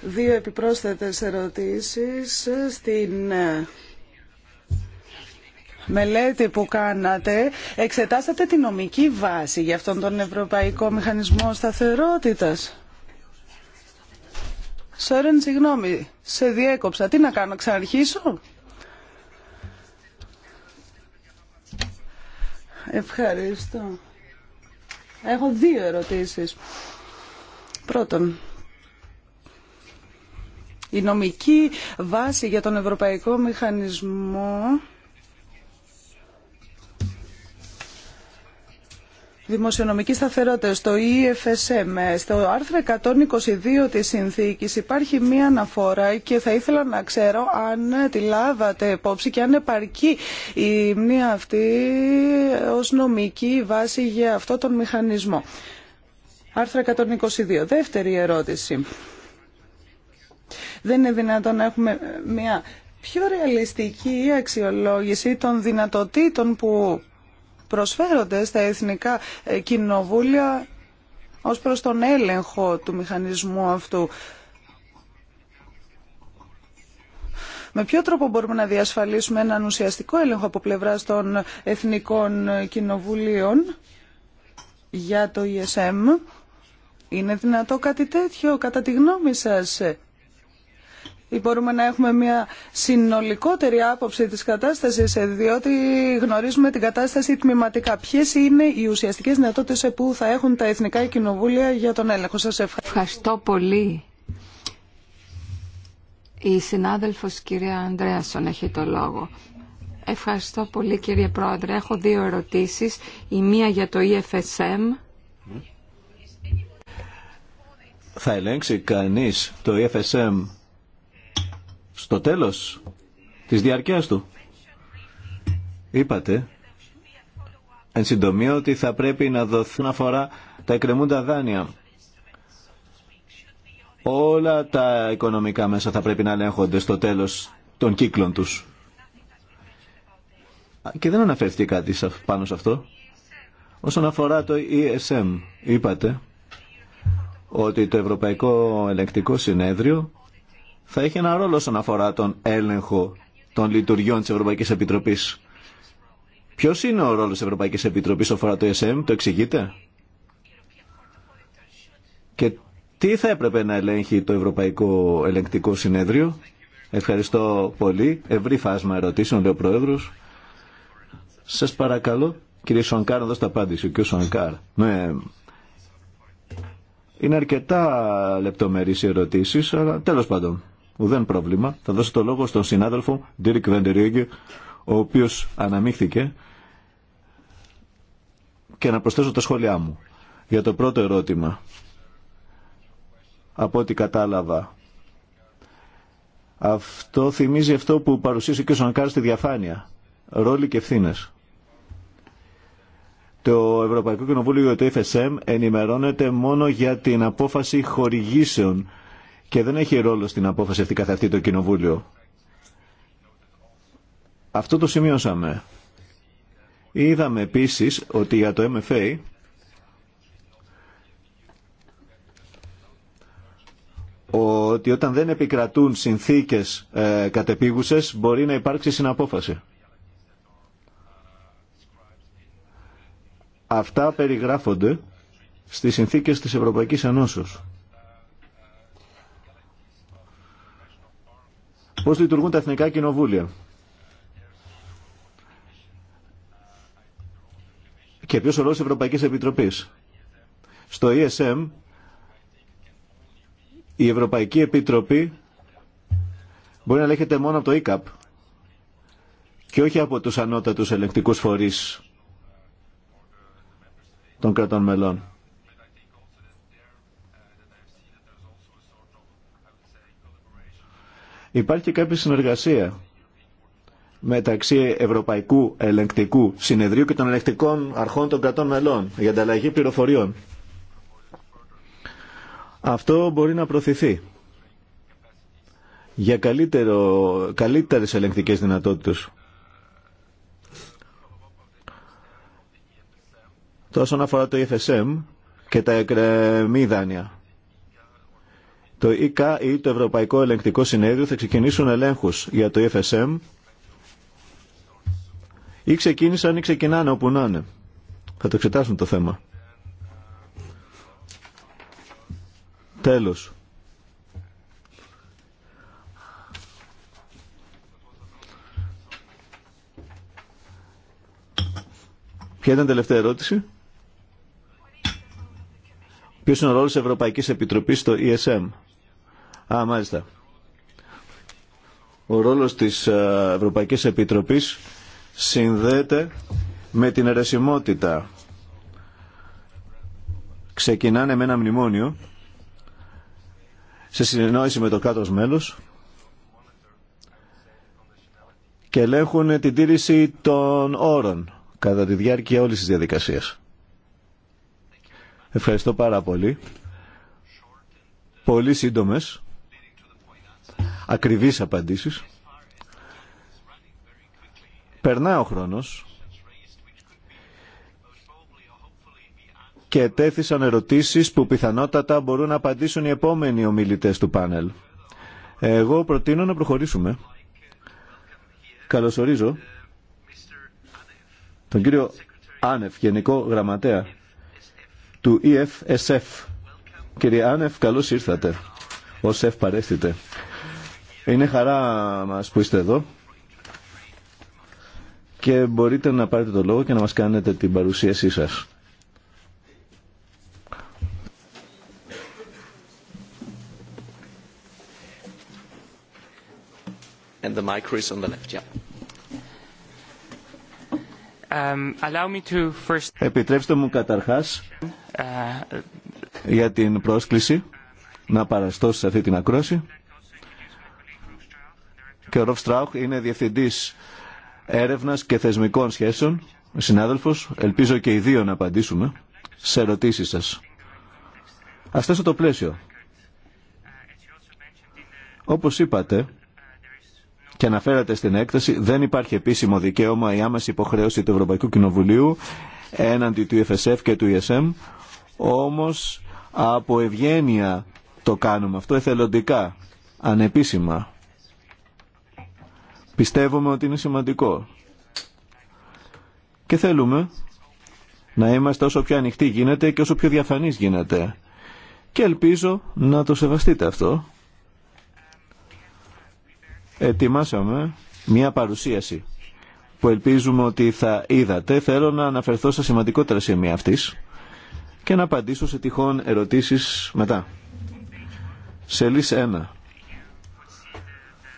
δύο επιπρόσθετες ερωτήσεις στην ε, μελέτη που κάνατε. Εξετάσατε τη νομική βάση για αυτόν τον Ευρωπαϊκό Μηχανισμό Σταθερότητας. Σόρεν, συγγνώμη, σε διέκοψα. Τι να κάνω, ξαναρχίσω. Ευχαριστώ. Έχω δύο ερωτήσεις. Πρώτον, η νομική βάση για τον Ευρωπαϊκό Μηχανισμό δημοσιονομική σταθερότητα, στο EFSM, στο άρθρο 122 της συνθήκης υπάρχει μία αναφορά και θα ήθελα να ξέρω αν τη λάβατε υπόψη και αν επαρκεί η μνή αυτή ως νομική βάση για αυτό τον μηχανισμό. Άρθρο 122. Δεύτερη ερώτηση. Δεν είναι δυνατόν να έχουμε μια πιο ρεαλιστική αξιολόγηση των δυνατοτήτων που προσφέρονται στα εθνικά ε, κοινοβούλια ως προς τον έλεγχο του μηχανισμού αυτού. Με ποιο τρόπο μπορούμε να διασφαλίσουμε έναν ουσιαστικό έλεγχο από πλευράς των εθνικών κοινοβουλίων για το ESM. Είναι δυνατό κάτι τέτοιο, κατά τη γνώμη σας μπορούμε να έχουμε μια συνολικότερη άποψη της κατάστασης, ε, διότι γνωρίζουμε την κατάσταση τμηματικά. Ποιες είναι οι ουσιαστικές δυνατότητες ε, που θα έχουν τα Εθνικά Κοινοβούλια για τον έλεγχο. Σας ευχαριστώ. Ευχαριστώ πολύ. Η συνάδελφος κυρία Ανδρέασον έχει το λόγο. Ευχαριστώ πολύ κύριε Πρόεδρε. Έχω δύο ερωτήσεις. Η μία για το EFSM. Θα ελέγξει κανείς το EFSM στο τέλος της διαρκείας του. Είπατε, εν συντομία, ότι θα πρέπει να δοθούν αφορά τα εκκρεμούντα δάνεια. Όλα τα οικονομικά μέσα θα πρέπει να ελέγχονται στο τέλος των κύκλων τους. Και δεν αναφέρθηκε κάτι πάνω σε αυτό. Όσον αφορά το ESM, είπατε ότι το Ευρωπαϊκό Ελεκτικό Συνέδριο θα έχει ένα ρόλο όσον αφορά τον έλεγχο των λειτουργιών της Ευρωπαϊκής Επιτροπής. Ποιος είναι ο ρόλος της Ευρωπαϊκής Επιτροπής όσον αφορά το ESM, το εξηγείτε. Και τι θα έπρεπε να ελέγχει το Ευρωπαϊκό Ελεγκτικό Συνέδριο. Ευχαριστώ πολύ. Ευρύ φάσμα ερωτήσεων, λέει ο Πρόεδρος. Σας παρακαλώ, κύριε Σονκάρ, να δώσετε απάντηση. Ο Σονκάρ. Ναι. Είναι αρκετά λεπτομερείς οι ερωτήσεις, αλλά τέλος πάντων. Ουδέν πρόβλημα. Θα δώσω το λόγο στον συνάδελφο Ντίρικ Βεντερίγκε, ο οποίος αναμίχθηκε και να προσθέσω τα σχόλιά μου. Για το πρώτο ερώτημα, από ό,τι κατάλαβα, αυτό θυμίζει αυτό που παρουσίασε και ο Σανκάρ στη διαφάνεια. Ρόλοι και ευθύνε. Το Ευρωπαϊκό Κοινοβούλιο το FSM ενημερώνεται μόνο για την απόφαση χορηγήσεων και δεν έχει ρόλο στην απόφαση αυτή καθ' αυτή το Κοινοβούλιο. Αυτό το σημειώσαμε. Είδαμε επίσης ότι για το MFA ότι όταν δεν επικρατούν συνθήκες ε, κατεπίγουσες μπορεί να υπάρξει συναπόφαση. Αυτά περιγράφονται στις συνθήκες της Ευρωπαϊκής Ενώσεως. Πώς λειτουργούν τα εθνικά κοινοβούλια. Και ποιος ο ρόλος της Ευρωπαϊκής Επιτροπής. Στο ESM η Ευρωπαϊκή Επιτροπή μπορεί να ελέγχεται μόνο από το ECAP και όχι από τους ανώτατους ηλεκτρικούς φορείς των κρατών μελών. Υπάρχει και κάποια συνεργασία μεταξύ Ευρωπαϊκού Ελεγκτικού Συνεδρίου και των ελεγκτικών αρχών των κρατών μελών για ανταλλαγή πληροφοριών. Αυτό μπορεί να προωθηθεί για καλύτερο, καλύτερες ελεγκτικές δυνατότητες. Τόσο αφορά το EFSM και τα εκρεμή δάνεια. Το ΙΚΑ ή το Ευρωπαϊκό Ελεγκτικό Συνέδριο θα ξεκινήσουν ελέγχους για το EFSM ή ξεκίνησαν ή ξεκινάνε όπου να είναι. Θα το εξετάσουν το θέμα. Τέλος. Ποια ήταν η τελευταία ερώτηση. Ποιος είναι ο ρόλος της Ευρωπαϊκής Επιτροπής στο ESM. Α, μάλιστα. Ο ρόλος της ε, Ευρωπαϊκής Επιτροπής συνδέεται με την αιρεσιμότητα. Ξεκινάνε με ένα μνημόνιο σε συνεννόηση με το κάτω μέλος και ελέγχουν την τήρηση των όρων κατά τη διάρκεια όλης της διαδικασίας. Ευχαριστώ πάρα πολύ. Πολύ σύντομες ακριβείς απαντήσεις. Περνά ο χρόνος και τέθησαν ερωτήσεις που πιθανότατα μπορούν να απαντήσουν οι επόμενοι ομιλητές του πάνελ. Εγώ προτείνω να προχωρήσουμε. Καλωσορίζω τον κύριο Άνεφ, Γενικό Γραμματέα του EFSF. Κύριε Άνεφ, καλώς ήρθατε. Ο Σεφ είναι χαρά μας που είστε εδώ και μπορείτε να πάρετε το λόγο και να μας κάνετε την παρουσίασή σας. Επιτρέψτε μου καταρχάς uh, για την πρόσκληση να παραστώ σε αυτή την ακρόση και ο Ροφ Στράουχ είναι διευθυντή έρευνας και θεσμικών σχέσεων. συνάδελφο, ελπίζω και οι δύο να απαντήσουμε σε ερωτήσεις σας. Α θέσω το πλαίσιο. Όπως είπατε και αναφέρατε στην έκταση, δεν υπάρχει επίσημο δικαίωμα ή άμεση υποχρέωση του Ευρωπαϊκού Κοινοβουλίου έναντι του EFSF και του ESM, όμως από ευγένεια το κάνουμε αυτό εθελοντικά, ανεπίσημα. Πιστεύουμε ότι είναι σημαντικό. Και θέλουμε να είμαστε όσο πιο ανοιχτοί γίνεται και όσο πιο διαφανείς γίνεται. Και ελπίζω να το σεβαστείτε αυτό. Ετοιμάσαμε μια παρουσίαση που ελπίζουμε ότι θα είδατε. Θέλω να αναφερθώ στα σημαντικότερα σημεία αυτής και να απαντήσω σε τυχόν ερωτήσεις μετά. Σελίς 1.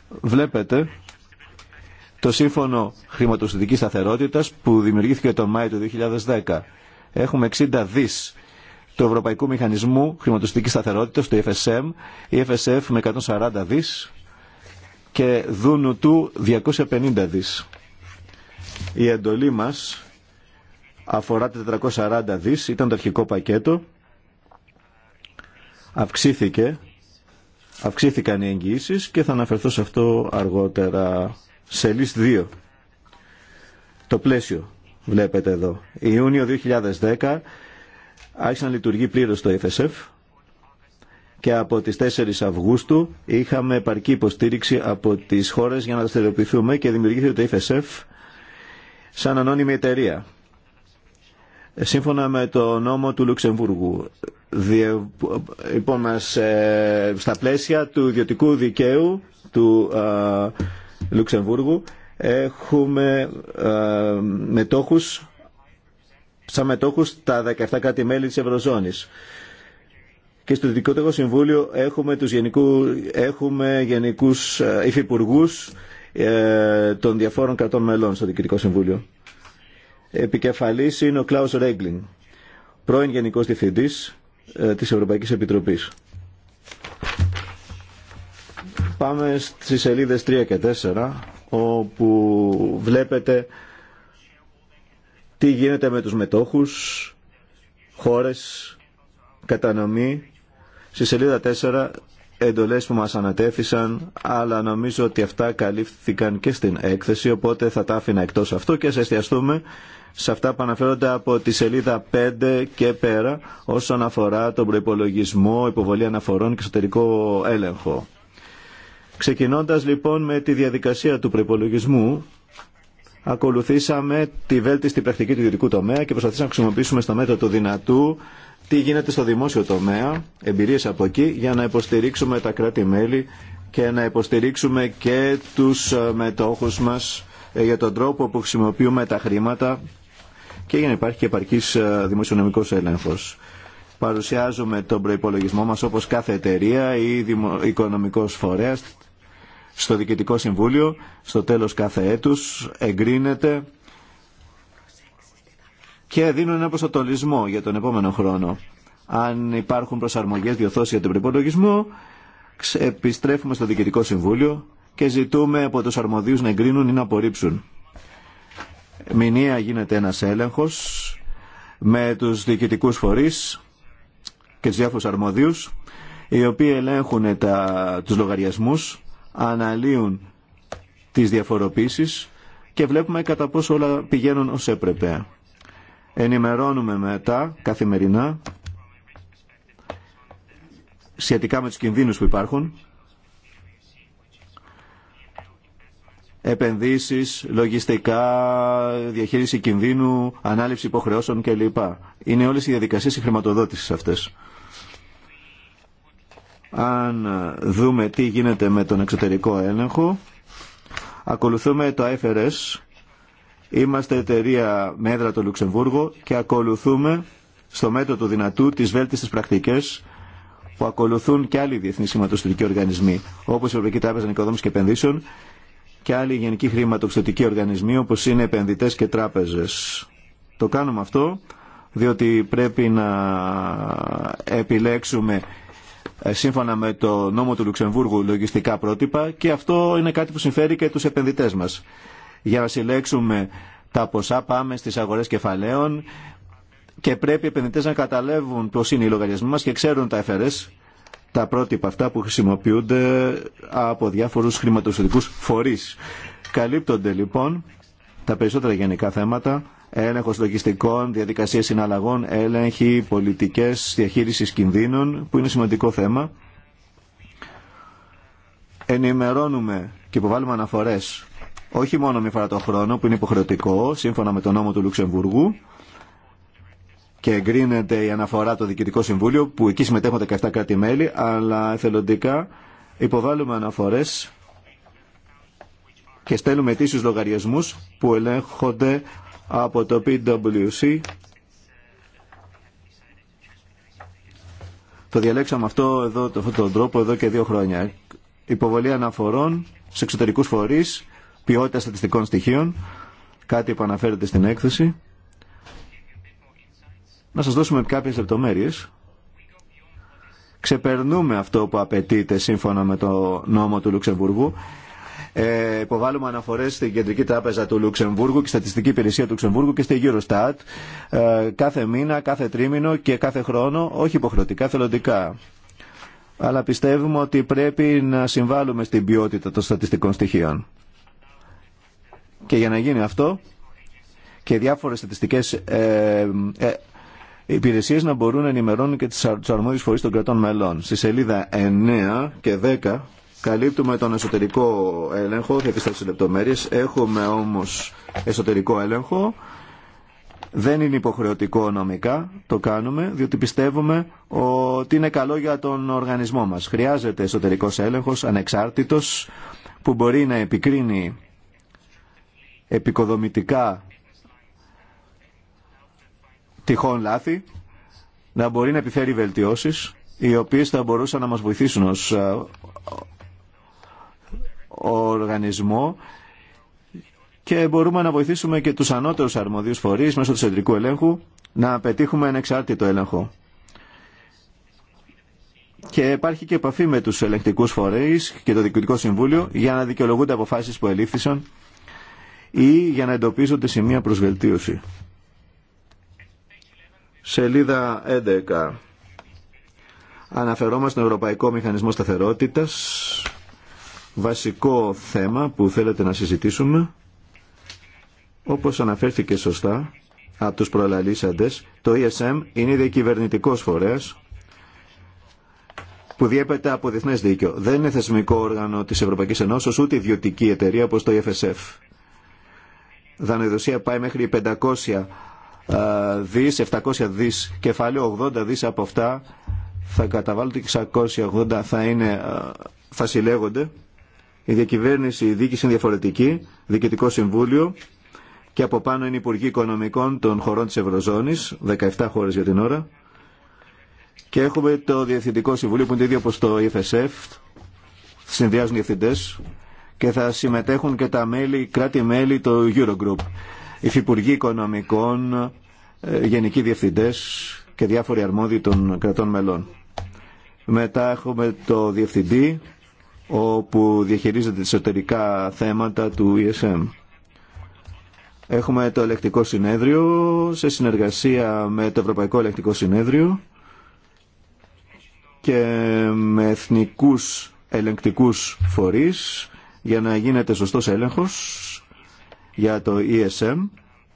Βλέπετε το Σύμφωνο χρηματοσυντικής σταθερότητα που δημιουργήθηκε τον Μάιο του 2010. Έχουμε 60 δις του Ευρωπαϊκού Μηχανισμού Χρηματοσυντικής σταθερότητα, του FSM, η FSF με 140 δις και δούνου του 250 δις. Η εντολή μας αφορά τα 440 δις, ήταν το αρχικό πακέτο, αυξήθηκε, αυξήθηκαν οι εγγυήσεις και θα αναφερθώ σε αυτό αργότερα σε σελίς 2. Το πλαίσιο βλέπετε εδώ. Ιούνιο 2010 άρχισε να λειτουργεί πλήρως το FSF και από τις 4 Αυγούστου είχαμε επαρκή υποστήριξη από τις χώρες για να δραστηριοποιηθούμε και δημιουργήθηκε το FSF σαν ανώνυμη εταιρεία. Σύμφωνα με το νόμο του Λουξεμβούργου, διε, λοιπόν, μας, ε, στα πλαίσια του ιδιωτικού δικαίου του ε, Λουξεμβούργου έχουμε ε, μετόχους, σαν μετόχους τα 17 κάτι μελη της Ευρωζώνης. Και στο Δικαιωτικό Συμβούλιο έχουμε, τους γενικού, έχουμε γενικούς ε, υφυπουργούς ε, των διαφόρων κρατών μελών στο Διοικητικό Συμβούλιο. Επικεφαλής είναι ο Κλάους Ρέγκλινγκ, πρώην Γενικός Διευθυντής της Ευρωπαϊκής Επιτροπής. Πάμε στις σελίδες 3 και 4 όπου βλέπετε τι γίνεται με τους μετόχους, χώρες, κατανομή. Στη σελίδα 4 εντολές που μας ανατέθησαν, αλλά νομίζω ότι αυτά καλύφθηκαν και στην έκθεση, οπότε θα τα άφηνα εκτός αυτού και σε εστιαστούμε σε αυτά που αναφέρονται από τη σελίδα 5 και πέρα όσον αφορά τον προϋπολογισμό, υποβολή αναφορών και εσωτερικό έλεγχο. Ξεκινώντας λοιπόν με τη διαδικασία του προπολογισμού, ακολουθήσαμε τη βέλτιστη πρακτική του ιδιωτικού τομέα και προσπαθήσαμε να χρησιμοποιήσουμε στο μέτρο του δυνατού τι γίνεται στο δημόσιο τομέα, εμπειρίες από εκεί, για να υποστηρίξουμε τα κράτη-μέλη και να υποστηρίξουμε και τους ε, μετόχους μας ε, για τον τρόπο που χρησιμοποιούμε τα χρήματα και για να υπάρχει και επαρκής ε, δημοσιονομικός έλεγχος. Παρουσιάζουμε τον προϋπολογισμό μας όπως κάθε εταιρεία ή οικονομικός φορέας, στο Διοικητικό Συμβούλιο, στο τέλος κάθε έτους, εγκρίνεται και δίνουν ένα προσατολισμό για τον επόμενο χρόνο. Αν υπάρχουν προσαρμογές, διορθώσει για τον προπολογισμό, επιστρέφουμε στο Διοικητικό Συμβούλιο και ζητούμε από τους αρμοδίους να εγκρίνουν ή να απορρίψουν. Μηνία γίνεται ένας έλεγχος με τους διοικητικούς φορείς και τους διάφορους αρμοδίους οι οποίοι ελέγχουν τα, τους λογαριασμούς αναλύουν τις διαφοροποίησεις και βλέπουμε κατά πόσο όλα πηγαίνουν ως έπρεπε. Ενημερώνουμε μετά καθημερινά σχετικά με τους κινδύνους που υπάρχουν, επενδύσεις, λογιστικά, διαχείριση κινδύνου, ανάληψη υποχρεώσεων κλπ. Είναι όλες οι διαδικασίες χρηματοδότησης αυτές. Αν δούμε τι γίνεται με τον εξωτερικό έλεγχο, ακολουθούμε το IFRS, είμαστε εταιρεία με έδρα το Λουξεμβούργο και ακολουθούμε στο μέτρο του δυνατού τις βέλτιστες πρακτικές που ακολουθούν και άλλοι διεθνείς χρηματοστηρικοί οργανισμοί, όπως η Ευρωπαϊκή Τράπεζα Νοικοδόμησης και Επενδύσεων και άλλοι γενικοί χρηματοπιστωτικοί οργανισμοί, όπως είναι επενδυτές και τράπεζες. Το κάνουμε αυτό διότι πρέπει να επιλέξουμε ε, σύμφωνα με το νόμο του Λουξεμβούργου λογιστικά πρότυπα και αυτό είναι κάτι που συμφέρει και τους επενδυτές μας. Για να συλλέξουμε τα ποσά πάμε στις αγορές κεφαλαίων και πρέπει οι επενδυτές να καταλάβουν πώς είναι οι λογαριασμοί μας και ξέρουν τα ΕΦΡΕΣ, τα πρότυπα αυτά που χρησιμοποιούνται από διάφορους χρηματοσυντικούς φορείς. Καλύπτονται λοιπόν τα περισσότερα γενικά θέματα έλεγχο λογιστικών, διαδικασίε συναλλαγών, έλεγχη, πολιτικέ διαχείριση κινδύνων, που είναι σημαντικό θέμα. Ενημερώνουμε και υποβάλλουμε αναφορέ όχι μόνο μία φορά το χρόνο, που είναι υποχρεωτικό, σύμφωνα με τον νόμο του Λουξεμβουργού, και εγκρίνεται η αναφορά το Διοικητικό Συμβούλιο, που εκεί συμμετέχουν 17 κράτη-μέλη, αλλά εθελοντικά υποβάλλουμε αναφορέ και στέλνουμε αιτήσει λογαριασμού που ελέγχονται από το PwC. Το διαλέξαμε αυτό εδώ, αυτόν τον τρόπο εδώ και δύο χρόνια. Υποβολή αναφορών σε εξωτερικούς φορείς, ποιότητα στατιστικών στοιχείων, κάτι που αναφέρεται στην έκθεση. Να σας δώσουμε κάποιες λεπτομέρειες. Ξεπερνούμε αυτό που απαιτείται σύμφωνα με το νόμο του Λουξεμβουργού ε, υποβάλλουμε αναφορές στην Κεντρική Τράπεζα του Λουξεμβούργου και Στατιστική Υπηρεσία του Λουξεμβούργου και στη Eurostat ε, κάθε μήνα, κάθε τρίμηνο και κάθε χρόνο, όχι υποχρεωτικά, θελοντικά. Αλλά πιστεύουμε ότι πρέπει να συμβάλλουμε στην ποιότητα των στατιστικών στοιχείων. Και για να γίνει αυτό και διάφορες στατιστικές ε, ε υπηρεσίες να μπορούν να ενημερώνουν και τις αρμόδιες φορείς των κρατών μελών. Στη σελίδα 9 και 10 Καλύπτουμε τον εσωτερικό έλεγχο, θα επιστρέψω σε λεπτομέρειες. Έχουμε όμως εσωτερικό έλεγχο. Δεν είναι υποχρεωτικό νομικά, το κάνουμε, διότι πιστεύουμε ότι είναι καλό για τον οργανισμό μας. Χρειάζεται εσωτερικός έλεγχος, ανεξάρτητος, που μπορεί να επικρίνει επικοδομητικά τυχόν λάθη, να μπορεί να επιφέρει βελτιώσεις, οι οποίες θα μπορούσαν να μας βοηθήσουν ως οργανισμό και μπορούμε να βοηθήσουμε και τους ανώτερους αρμοδίους φορείς μέσω του κεντρικού ελέγχου να πετύχουμε εξάρτητο έλεγχο. Και υπάρχει και επαφή με τους ελεγκτικούς φορείς και το Διοικητικό Συμβούλιο για να δικαιολογούνται αποφάσεις που ελήφθησαν ή για να εντοπίζονται σημεία μια Σελίδα 11. Αναφερόμαστε στον Ευρωπαϊκό Μηχανισμό Σταθερότητας βασικό θέμα που θέλετε να συζητήσουμε, όπως αναφέρθηκε σωστά από τους προλαλήσαντες, το ESM είναι διακυβερνητικό φορέας που διέπεται από διεθνέ δίκαιο. Δεν είναι θεσμικό όργανο της Ευρωπαϊκής Ενώσης, ούτε ιδιωτική εταιρεία όπως το EFSF. Δανειοδοσία πάει μέχρι 500 δις, 700 δις κεφάλαιο 80 δι από αυτά θα καταβάλουν και 680 θα, είναι, θα συλλέγονται η διακυβέρνηση, η είναι διαφορετική, διοικητικό συμβούλιο και από πάνω είναι Υπουργοί Οικονομικών των χωρών της Ευρωζώνης, 17 χώρες για την ώρα. Και έχουμε το Διευθυντικό Συμβούλιο που είναι το ίδιο όπως το EFSF, συνδυάζουν διευθυντέ και θα συμμετέχουν και τα μέλη, κράτη-μέλη του Eurogroup. Υφυπουργοί Οικονομικών, ε, γενικοί διευθυντέ και διάφοροι αρμόδιοι των κρατών μελών. Μετά έχουμε το Διευθυντή όπου διαχειρίζεται εσωτερικά θέματα του ESM. Έχουμε το ελεκτικό συνέδριο σε συνεργασία με το Ευρωπαϊκό Ελεκτικό Συνέδριο και με εθνικούς ελεγκτικούς φορείς για να γίνεται σωστός έλεγχος για το ESM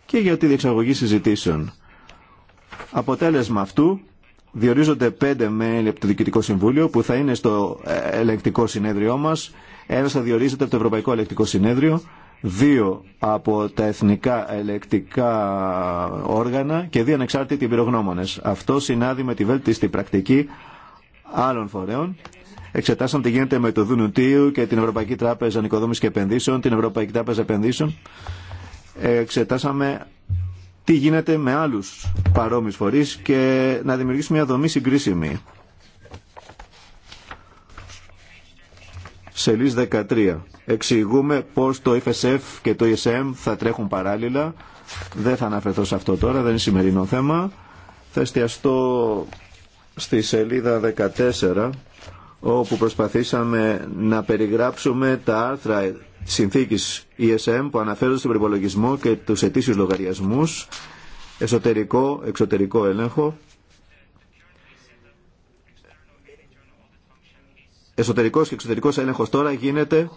και για τη διεξαγωγή συζητήσεων. Αποτέλεσμα αυτού Διορίζονται πέντε μέλη από το Διοικητικό Συμβούλιο που θα είναι στο ε, ελεγκτικό συνέδριό μας. Ένας θα διορίζεται από το Ευρωπαϊκό Ελεκτικό Συνέδριο, δύο από τα εθνικά ελεκτικά όργανα και δύο ανεξάρτητοι πυρογνώμονε. Αυτό συνάδει με τη βέλτιστη πρακτική άλλων φορέων. Εξετάσαμε τι γίνεται με το Δουνουτίου και την Ευρωπαϊκή Τράπεζα Νοικοδόμηση και Επενδύσεων, την Ευρωπαϊκή Τράπεζα Επενδύσεων. Εξετάσαμε τι γίνεται με άλλους παρόμοιους φορείς και να δημιουργήσουμε μια δομή συγκρίσιμη. Σελίδα 13. Εξηγούμε πώς το FSF και το ESM θα τρέχουν παράλληλα. Δεν θα αναφερθώ σε αυτό τώρα, δεν είναι σημερινό θέμα. Θα εστιαστώ στη σελίδα 14 όπου προσπαθήσαμε να περιγράψουμε τα άρθρα συνθήκης ESM που αναφέρονται στον προπολογισμό και τους ετήσιους λογαριασμούς, εσωτερικό, εξωτερικό έλεγχο, εσωτερικός και εξωτερικός έλεγχος τώρα γίνεται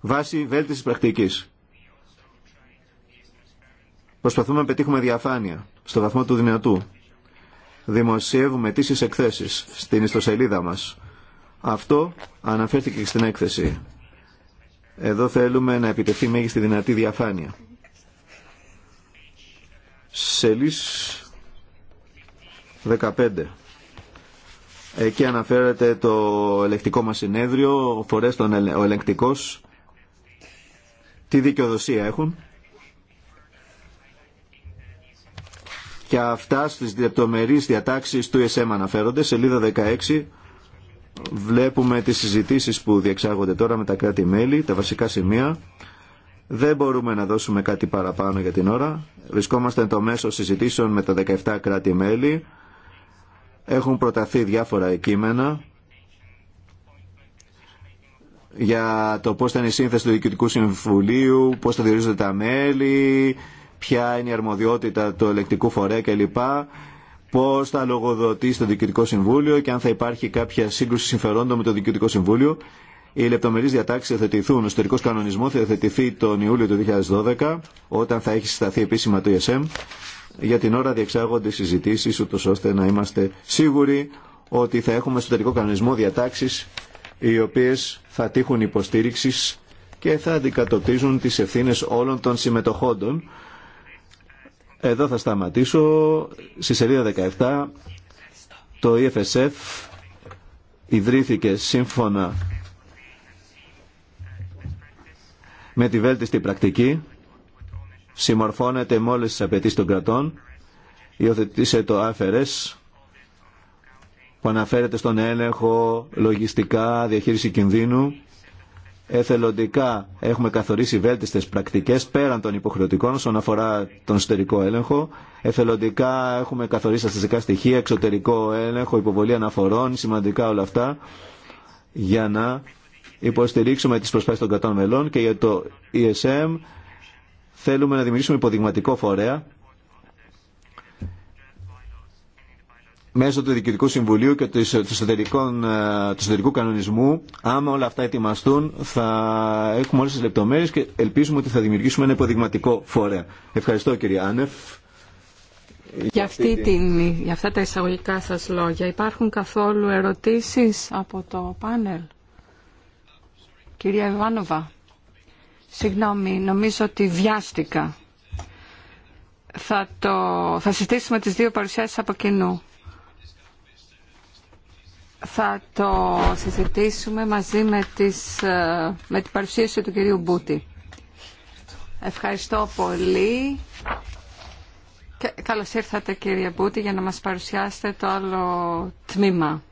βάσει βέλτιστης πρακτικής. Προσπαθούμε να πετύχουμε διαφάνεια στο βαθμό του δυνατού δημοσιεύουμε τις εκθέσεις στην ιστοσελίδα μας. Αυτό αναφέρθηκε και στην έκθεση. Εδώ θέλουμε να επιτεθεί μέγιστη δυνατή διαφάνεια. Σελίς 15. Εκεί αναφέρεται το ελεκτικό μας συνέδριο, φορές τον ο ελεγκτικός, τι δικαιοδοσία έχουν και αυτά στις λεπτομερείς διατάξεις του ΕΣΕΜ αναφέρονται. Σελίδα 16 βλέπουμε τις συζητήσεις που διεξάγονται τώρα με τα κράτη-μέλη, τα βασικά σημεία. Δεν μπορούμε να δώσουμε κάτι παραπάνω για την ώρα. Βρισκόμαστε το μέσο συζητήσεων με τα 17 κράτη-μέλη. Έχουν προταθεί διάφορα κείμενα για το πώς θα η σύνθεση του Διοικητικού Συμβουλίου, πώς θα διορίζονται τα μέλη, ποια είναι η αρμοδιότητα του ελεκτικού φορέα κλπ. Πώ θα λογοδοτεί στο Διοικητικό Συμβούλιο και αν θα υπάρχει κάποια σύγκρουση συμφερόντων με το Διοικητικό Συμβούλιο. Οι λεπτομερεί διατάξει θετηθούν. Ο εσωτερικό κανονισμό θα θετηθεί τον Ιούλιο του 2012, όταν θα έχει συσταθεί επίσημα το ESM. Για την ώρα διεξάγονται συζητήσει, ούτω ώστε να είμαστε σίγουροι ότι θα έχουμε εσωτερικό κανονισμό διατάξει οι οποίε θα τύχουν υποστήριξη και θα αντικατοπτρίζουν τι ευθύνε όλων των συμμετοχόντων εδώ θα σταματήσω. Στη σελίδα 17 το EFSF ιδρύθηκε σύμφωνα με τη βέλτιστη πρακτική, συμμορφώνεται με όλες τις απαιτήσεις των κρατών, υιοθετήσε το Άφερες που αναφέρεται στον έλεγχο, λογιστικά, διαχείριση κινδύνου Εθελοντικά έχουμε καθορίσει βέλτιστες πρακτικές πέραν των υποχρεωτικών όσον αφορά τον εσωτερικό έλεγχο. Εθελοντικά έχουμε καθορίσει αστασιακά στοιχεία, εξωτερικό έλεγχο, υποβολή αναφορών, σημαντικά όλα αυτά για να υποστηρίξουμε τις προσπάθειες των κρατών μελών και για το ESM θέλουμε να δημιουργήσουμε υποδειγματικό φορέα μέσω του Διοικητικού Συμβουλίου και ε, ε, του εσωτερικού κανονισμού, άμα όλα αυτά ετοιμαστούν, θα έχουμε όλες τις λεπτομέρειες και ελπίζουμε ότι θα δημιουργήσουμε ένα υποδειγματικό φορέα. Ευχαριστώ κύριε Άνεφ. Για, αυτή την, για αυτά τα εισαγωγικά σας λόγια υπάρχουν καθόλου ερωτήσεις από το πάνελ. Κυρία Ιβάνοβα, συγγνώμη, νομίζω ότι βιάστηκα. Θα, το, θα συζητήσουμε τις δύο παρουσιάσεις από κοινού θα το συζητήσουμε μαζί με, ε, με την παρουσίαση του κυρίου Μπούτη. Ευχαριστώ πολύ. Και καλώς ήρθατε κύριε Μπούτη για να μας παρουσιάσετε το άλλο τμήμα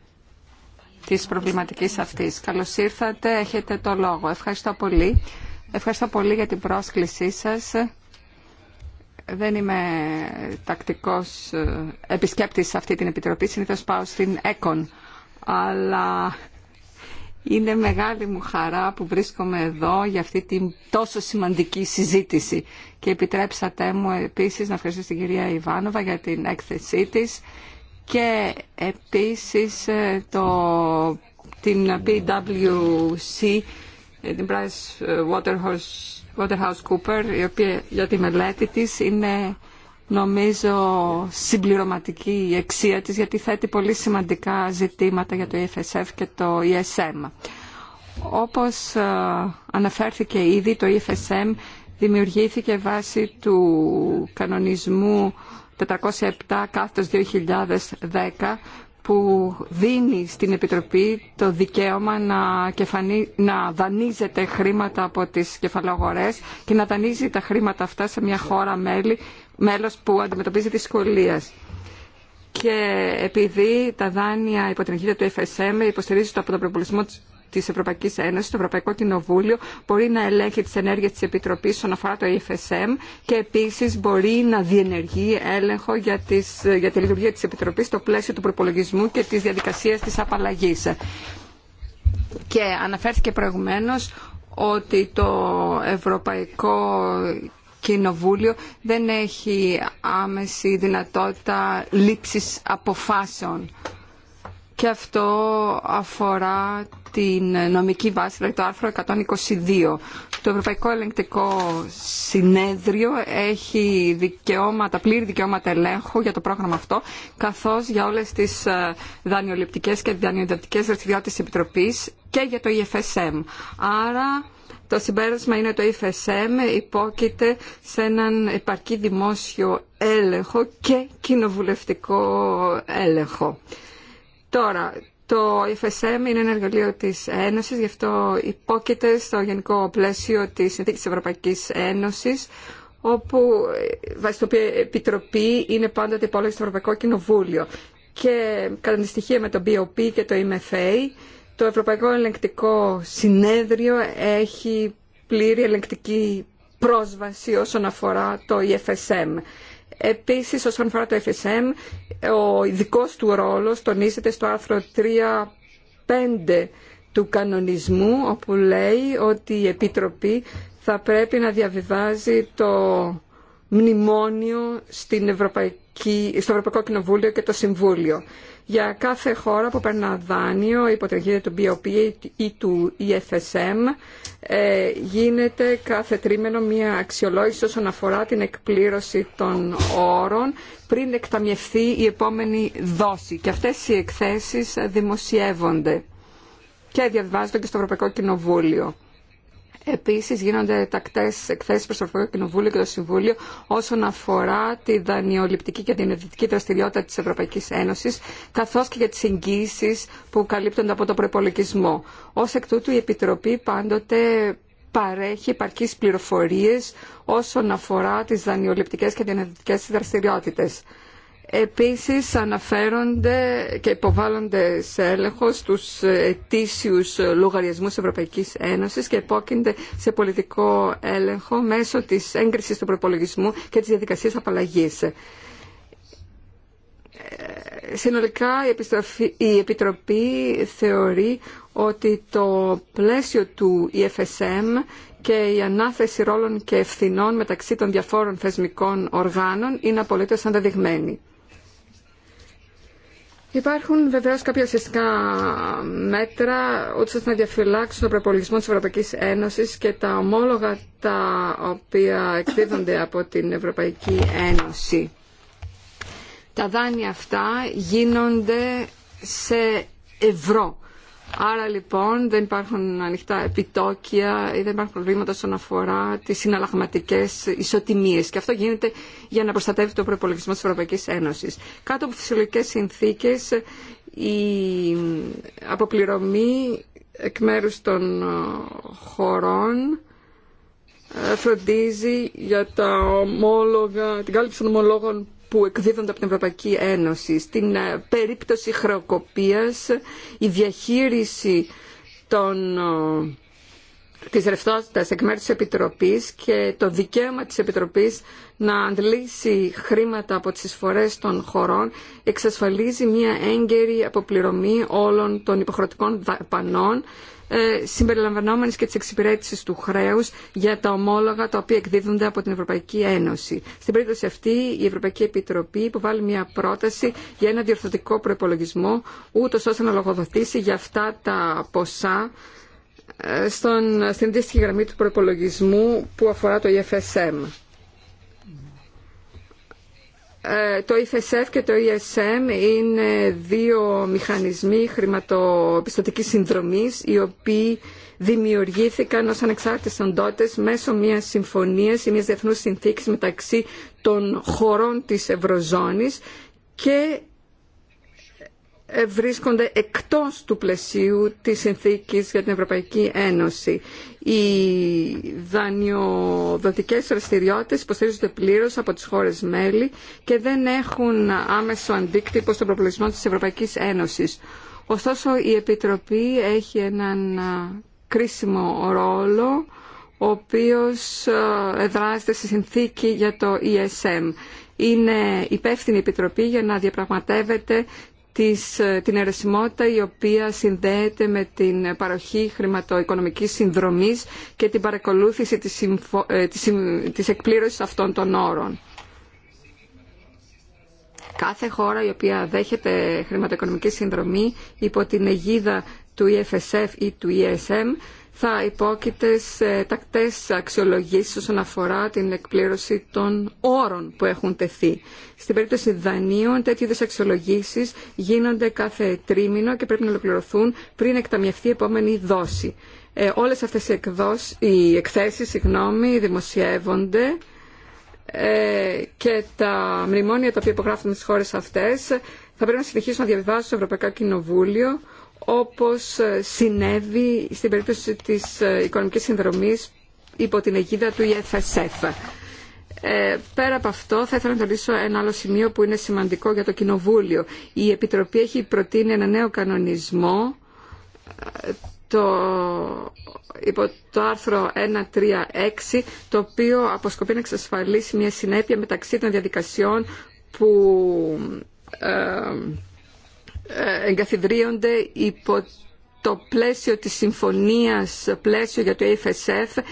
της προβληματικής αυτής. Καλώς ήρθατε, έχετε το λόγο. Ευχαριστώ πολύ. Ευχαριστώ πολύ για την πρόσκλησή σας. Δεν είμαι τακτικός ε, επισκέπτης σε αυτή την επιτροπή, συνήθως πάω στην ΕΚΟΝ αλλά είναι μεγάλη μου χαρά που βρίσκομαι εδώ για αυτή την τόσο σημαντική συζήτηση. Και επιτρέψατε μου επίσης να ευχαριστήσω την κυρία Ιβάνοβα για την έκθεσή της και επίσης ε, το, την PwC, ε, την Price ε, Waterhouse, Waterhouse Cooper, η οποία για τη μελέτη της είναι νομίζω συμπληρωματική η αξία της γιατί θέτει πολύ σημαντικά ζητήματα για το EFSF και το ESM. Όπως ε, αναφέρθηκε ήδη το EFSM δημιουργήθηκε βάσει του κανονισμού 407 κάθετος 2010 που δίνει στην Επιτροπή το δικαίωμα να, κεφανί... να δανείζεται χρήματα από τις κεφαλαγορές και να δανείζει τα χρήματα αυτά σε μια χώρα μέλη μέλος που αντιμετωπίζει δυσκολία. Και επειδή τα δάνεια υπό την του FSM υποστηρίζονται από τον προπολισμό τη Ευρωπαϊκή Ένωση, το Ευρωπαϊκό Κοινοβούλιο μπορεί να ελέγχει τι ενέργειε τη Επιτροπή όσον αφορά το EFSM και επίση μπορεί να διενεργεί έλεγχο για, τις, για τη λειτουργία τη Επιτροπή στο πλαίσιο του προπολογισμού και τη διαδικασία τη απαλλαγή. Και αναφέρθηκε προηγουμένω ότι το Ευρωπαϊκό Κοινοβούλιο δεν έχει άμεση δυνατότητα λήψης αποφάσεων. Και αυτό αφορά την νομική βάση, δηλαδή το άρθρο 122. Το Ευρωπαϊκό Ελεγκτικό Συνέδριο έχει δικαιώματα, πλήρη δικαιώματα ελέγχου για το πρόγραμμα αυτό, καθώς για όλες τις ε, δανειοληπτικές και δανειοδοτικές δραστηριότητες της Επιτροπής και για το EFSM. Άρα το συμπέρασμα είναι το IFSM υπόκειται σε έναν επαρκή δημόσιο έλεγχο και κοινοβουλευτικό έλεγχο. Τώρα, το IFSM είναι ένα εργαλείο της Ένωσης, γι' αυτό υπόκειται στο γενικό πλαίσιο της Συνθήκης της Ευρωπαϊκής Ένωσης, όπου βάσει το οποίο επιτροπή είναι πάντοτε υπόλογη στο Ευρωπαϊκό Κοινοβούλιο. Και κατά τη με το BOP και το MFA, το Ευρωπαϊκό Ελεγκτικό Συνέδριο έχει πλήρη ελεγκτική πρόσβαση όσον αφορά το EFSM. Επίσης, όσον αφορά το ΙΕΦΣΜ, ο ειδικό του ρόλος τονίζεται στο άρθρο 3.5 του κανονισμού, όπου λέει ότι η Επιτροπή θα πρέπει να διαβιβάζει το μνημόνιο στην Ευρωπαϊκή, στο Ευρωπαϊκό Κοινοβούλιο και το Συμβούλιο για κάθε χώρα που παίρνει δάνειο υπό του BOP ή του EFSM ε, γίνεται κάθε τρίμηνο μια αξιολόγηση όσον αφορά την εκπλήρωση των όρων πριν εκταμιευθεί η επόμενη δόση. Και αυτές οι εκθέσεις δημοσιεύονται και διαβάζονται και στο Ευρωπαϊκό Κοινοβούλιο. Επίσης γίνονται τακτές εκθέσεις προς το Ευρωπαϊκό Κοινοβούλιο και το Συμβούλιο όσον αφορά τη δανειοληπτική και δινεδυτική δραστηριότητα της Ευρωπαϊκής Ένωσης καθώς και για τις εγγύησεις που καλύπτονται από το προπολογισμό. Ως εκ τούτου η Επιτροπή πάντοτε παρέχει επαρκείς πληροφορίες όσον αφορά τις δανειοληπτικές και δινεδυτικές δραστηριότητες. Επίσης αναφέρονται και υποβάλλονται σε έλεγχο στους ετήσιους λογαριασμούς Ευρωπαϊκής Ένωσης και υπόκεινται σε πολιτικό έλεγχο μέσω της έγκρισης του προπολογισμού και της διαδικασίας απαλλαγής. Ε, συνολικά η Επιτροπή θεωρεί ότι το πλαίσιο του EFSM και η ανάθεση ρόλων και ευθυνών μεταξύ των διαφόρων θεσμικών οργάνων είναι απολύτως ανταδειγμένη. Υπάρχουν βεβαίω κάποια ουσιαστικά μέτρα ώστε να διαφυλάξουν τον προπολογισμό τη Ευρωπαϊκή Ένωση και τα ομόλογα τα οποία εκδίδονται από την Ευρωπαϊκή Ένωση. Τα δάνεια αυτά γίνονται σε ευρώ Άρα λοιπόν δεν υπάρχουν ανοιχτά επιτόκια ή δεν υπάρχουν προβλήματα στον αφορά τι συναλλαγματικές ισοτιμίες και αυτό γίνεται για να προστατεύει το προπολογισμό της Ευρωπαϊκής Ένωσης. Κάτω από φυσιολογικές συνθήκες η αποπληρωμή εκ μέρους των χωρών ε, φροντίζει για τα ομόλογα, την κάλυψη των ομολόγων που εκδίδονται από την Ευρωπαϊκή Ένωση. Στην ε, περίπτωση χρεοκοπίας, η διαχείριση των, της ρευστότητας εκ μέρους της Επιτροπής και το δικαίωμα της Επιτροπής να αντλήσει χρήματα από τις εισφορές των χωρών εξασφαλίζει μια έγκαιρη αποπληρωμή όλων των υποχρεωτικών δαπανών ε, συμπεριλαμβανόμενης και της εξυπηρέτησης του χρέους για τα ομόλογα τα οποία εκδίδονται από την Ευρωπαϊκή Ένωση. Στην περίπτωση αυτή η Ευρωπαϊκή Επιτροπή υποβάλλει μια πρόταση για ένα διορθωτικό προπολογισμό ούτως ώστε να λογοδοτήσει για αυτά τα ποσά ε, στον, στην αντίστοιχη γραμμή του προπολογισμού που αφορά το EFSM. Ε, το IFSF και το ESM είναι δύο μηχανισμοί χρηματοπιστωτικής συνδρομής οι οποίοι δημιουργήθηκαν ως ανεξάρτητες οντότητες μέσω μιας συμφωνίας ή μιας διεθνούς συνθήκης μεταξύ των χωρών της Ευρωζώνης και ε, βρίσκονται εκτός του πλαισίου της συνθήκης για την Ευρωπαϊκή Ένωση. Οι δανειοδοτικές δραστηριότητε υποστηρίζονται πλήρως από τις χώρες μέλη και δεν έχουν άμεσο αντίκτυπο στον προπολογισμό της Ευρωπαϊκής Ένωσης. Ωστόσο, η Επιτροπή έχει έναν κρίσιμο ρόλο, ο οποίος εδράζεται στη συνθήκη για το ESM είναι υπεύθυνη η Επιτροπή για να διαπραγματεύεται της, ε, την αιρεσιμότητα η οποία συνδέεται με την παροχή χρηματοοικονομικής συνδρομής και την παρακολούθηση της, ε, της εκπλήρωσης αυτών των όρων. Κάθε χώρα η οποία δέχεται χρηματοοικονομική συνδρομή υπό την αιγίδα του EFSF ή του ESM θα υπόκειται σε τακτές αξιολογήσεις όσον αφορά την εκπλήρωση των όρων που έχουν τεθεί. Στην περίπτωση δανείων, τέτοιου είδους αξιολογήσεις γίνονται κάθε τρίμηνο και πρέπει να ολοκληρωθούν πριν εκταμιευτεί η επόμενη δόση. Ε, όλες αυτές οι, εκδόσεις, οι εκθέσεις συγγνώμη, δημοσιεύονται ε, και τα μνημόνια τα οποία υπογράφουν στις χώρες αυτές θα πρέπει να συνεχίσουν να διαβιβάζουν στο Ευρωπαϊκό Κοινοβούλιο όπως συνέβη στην περίπτωση της ε, οικονομικής συνδρομής υπό την αιγίδα του EFSF. Ε, πέρα από αυτό θα ήθελα να τονίσω ένα άλλο σημείο που είναι σημαντικό για το Κοινοβούλιο. Η Επιτροπή έχει προτείνει ένα νέο κανονισμό ε, το, υπό το άρθρο 136 το οποίο αποσκοπεί να εξασφαλίσει μια συνέπεια μεταξύ των διαδικασιών που ε, εγκαθιδρύονται υπό το πλαίσιο της συμφωνίας πλαίσιο για το AFSF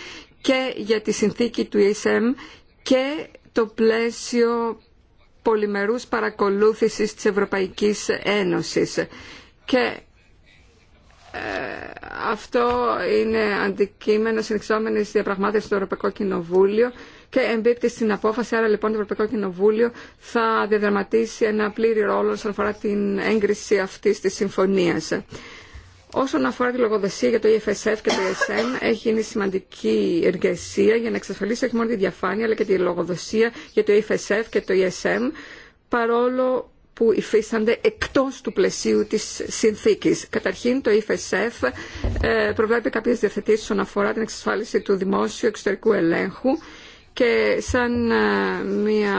και για τη συνθήκη του ESM και το πλαίσιο πολυμερούς παρακολούθησης της Ευρωπαϊκής Ένωσης. Και ε, αυτό είναι αντικείμενο συνεξόμενης διαπραγμάτευσης στο Ευρωπαϊκό Κοινοβούλιο και εμπίπτει στην απόφαση. Άρα λοιπόν το Ευρωπαϊκό Κοινοβούλιο θα διαδραματίσει ένα πλήρη ρόλο όσον αφορά την έγκριση αυτή τη συμφωνία. Όσον αφορά τη λογοδοσία για το EFSF και το ESM, έχει γίνει σημαντική εργασία για να εξασφαλίσει όχι μόνο τη διαφάνεια αλλά και τη λογοδοσία για το EFSF και το ESM, παρόλο που υφίστανται εκτός του πλαισίου της συνθήκης. Καταρχήν, το EFSF ε, προβλέπει κάποιες διευθετήσεις όσον αφορά την εξασφάλιση του δημόσιου εξωτερικού ελέγχου και σαν ε, μια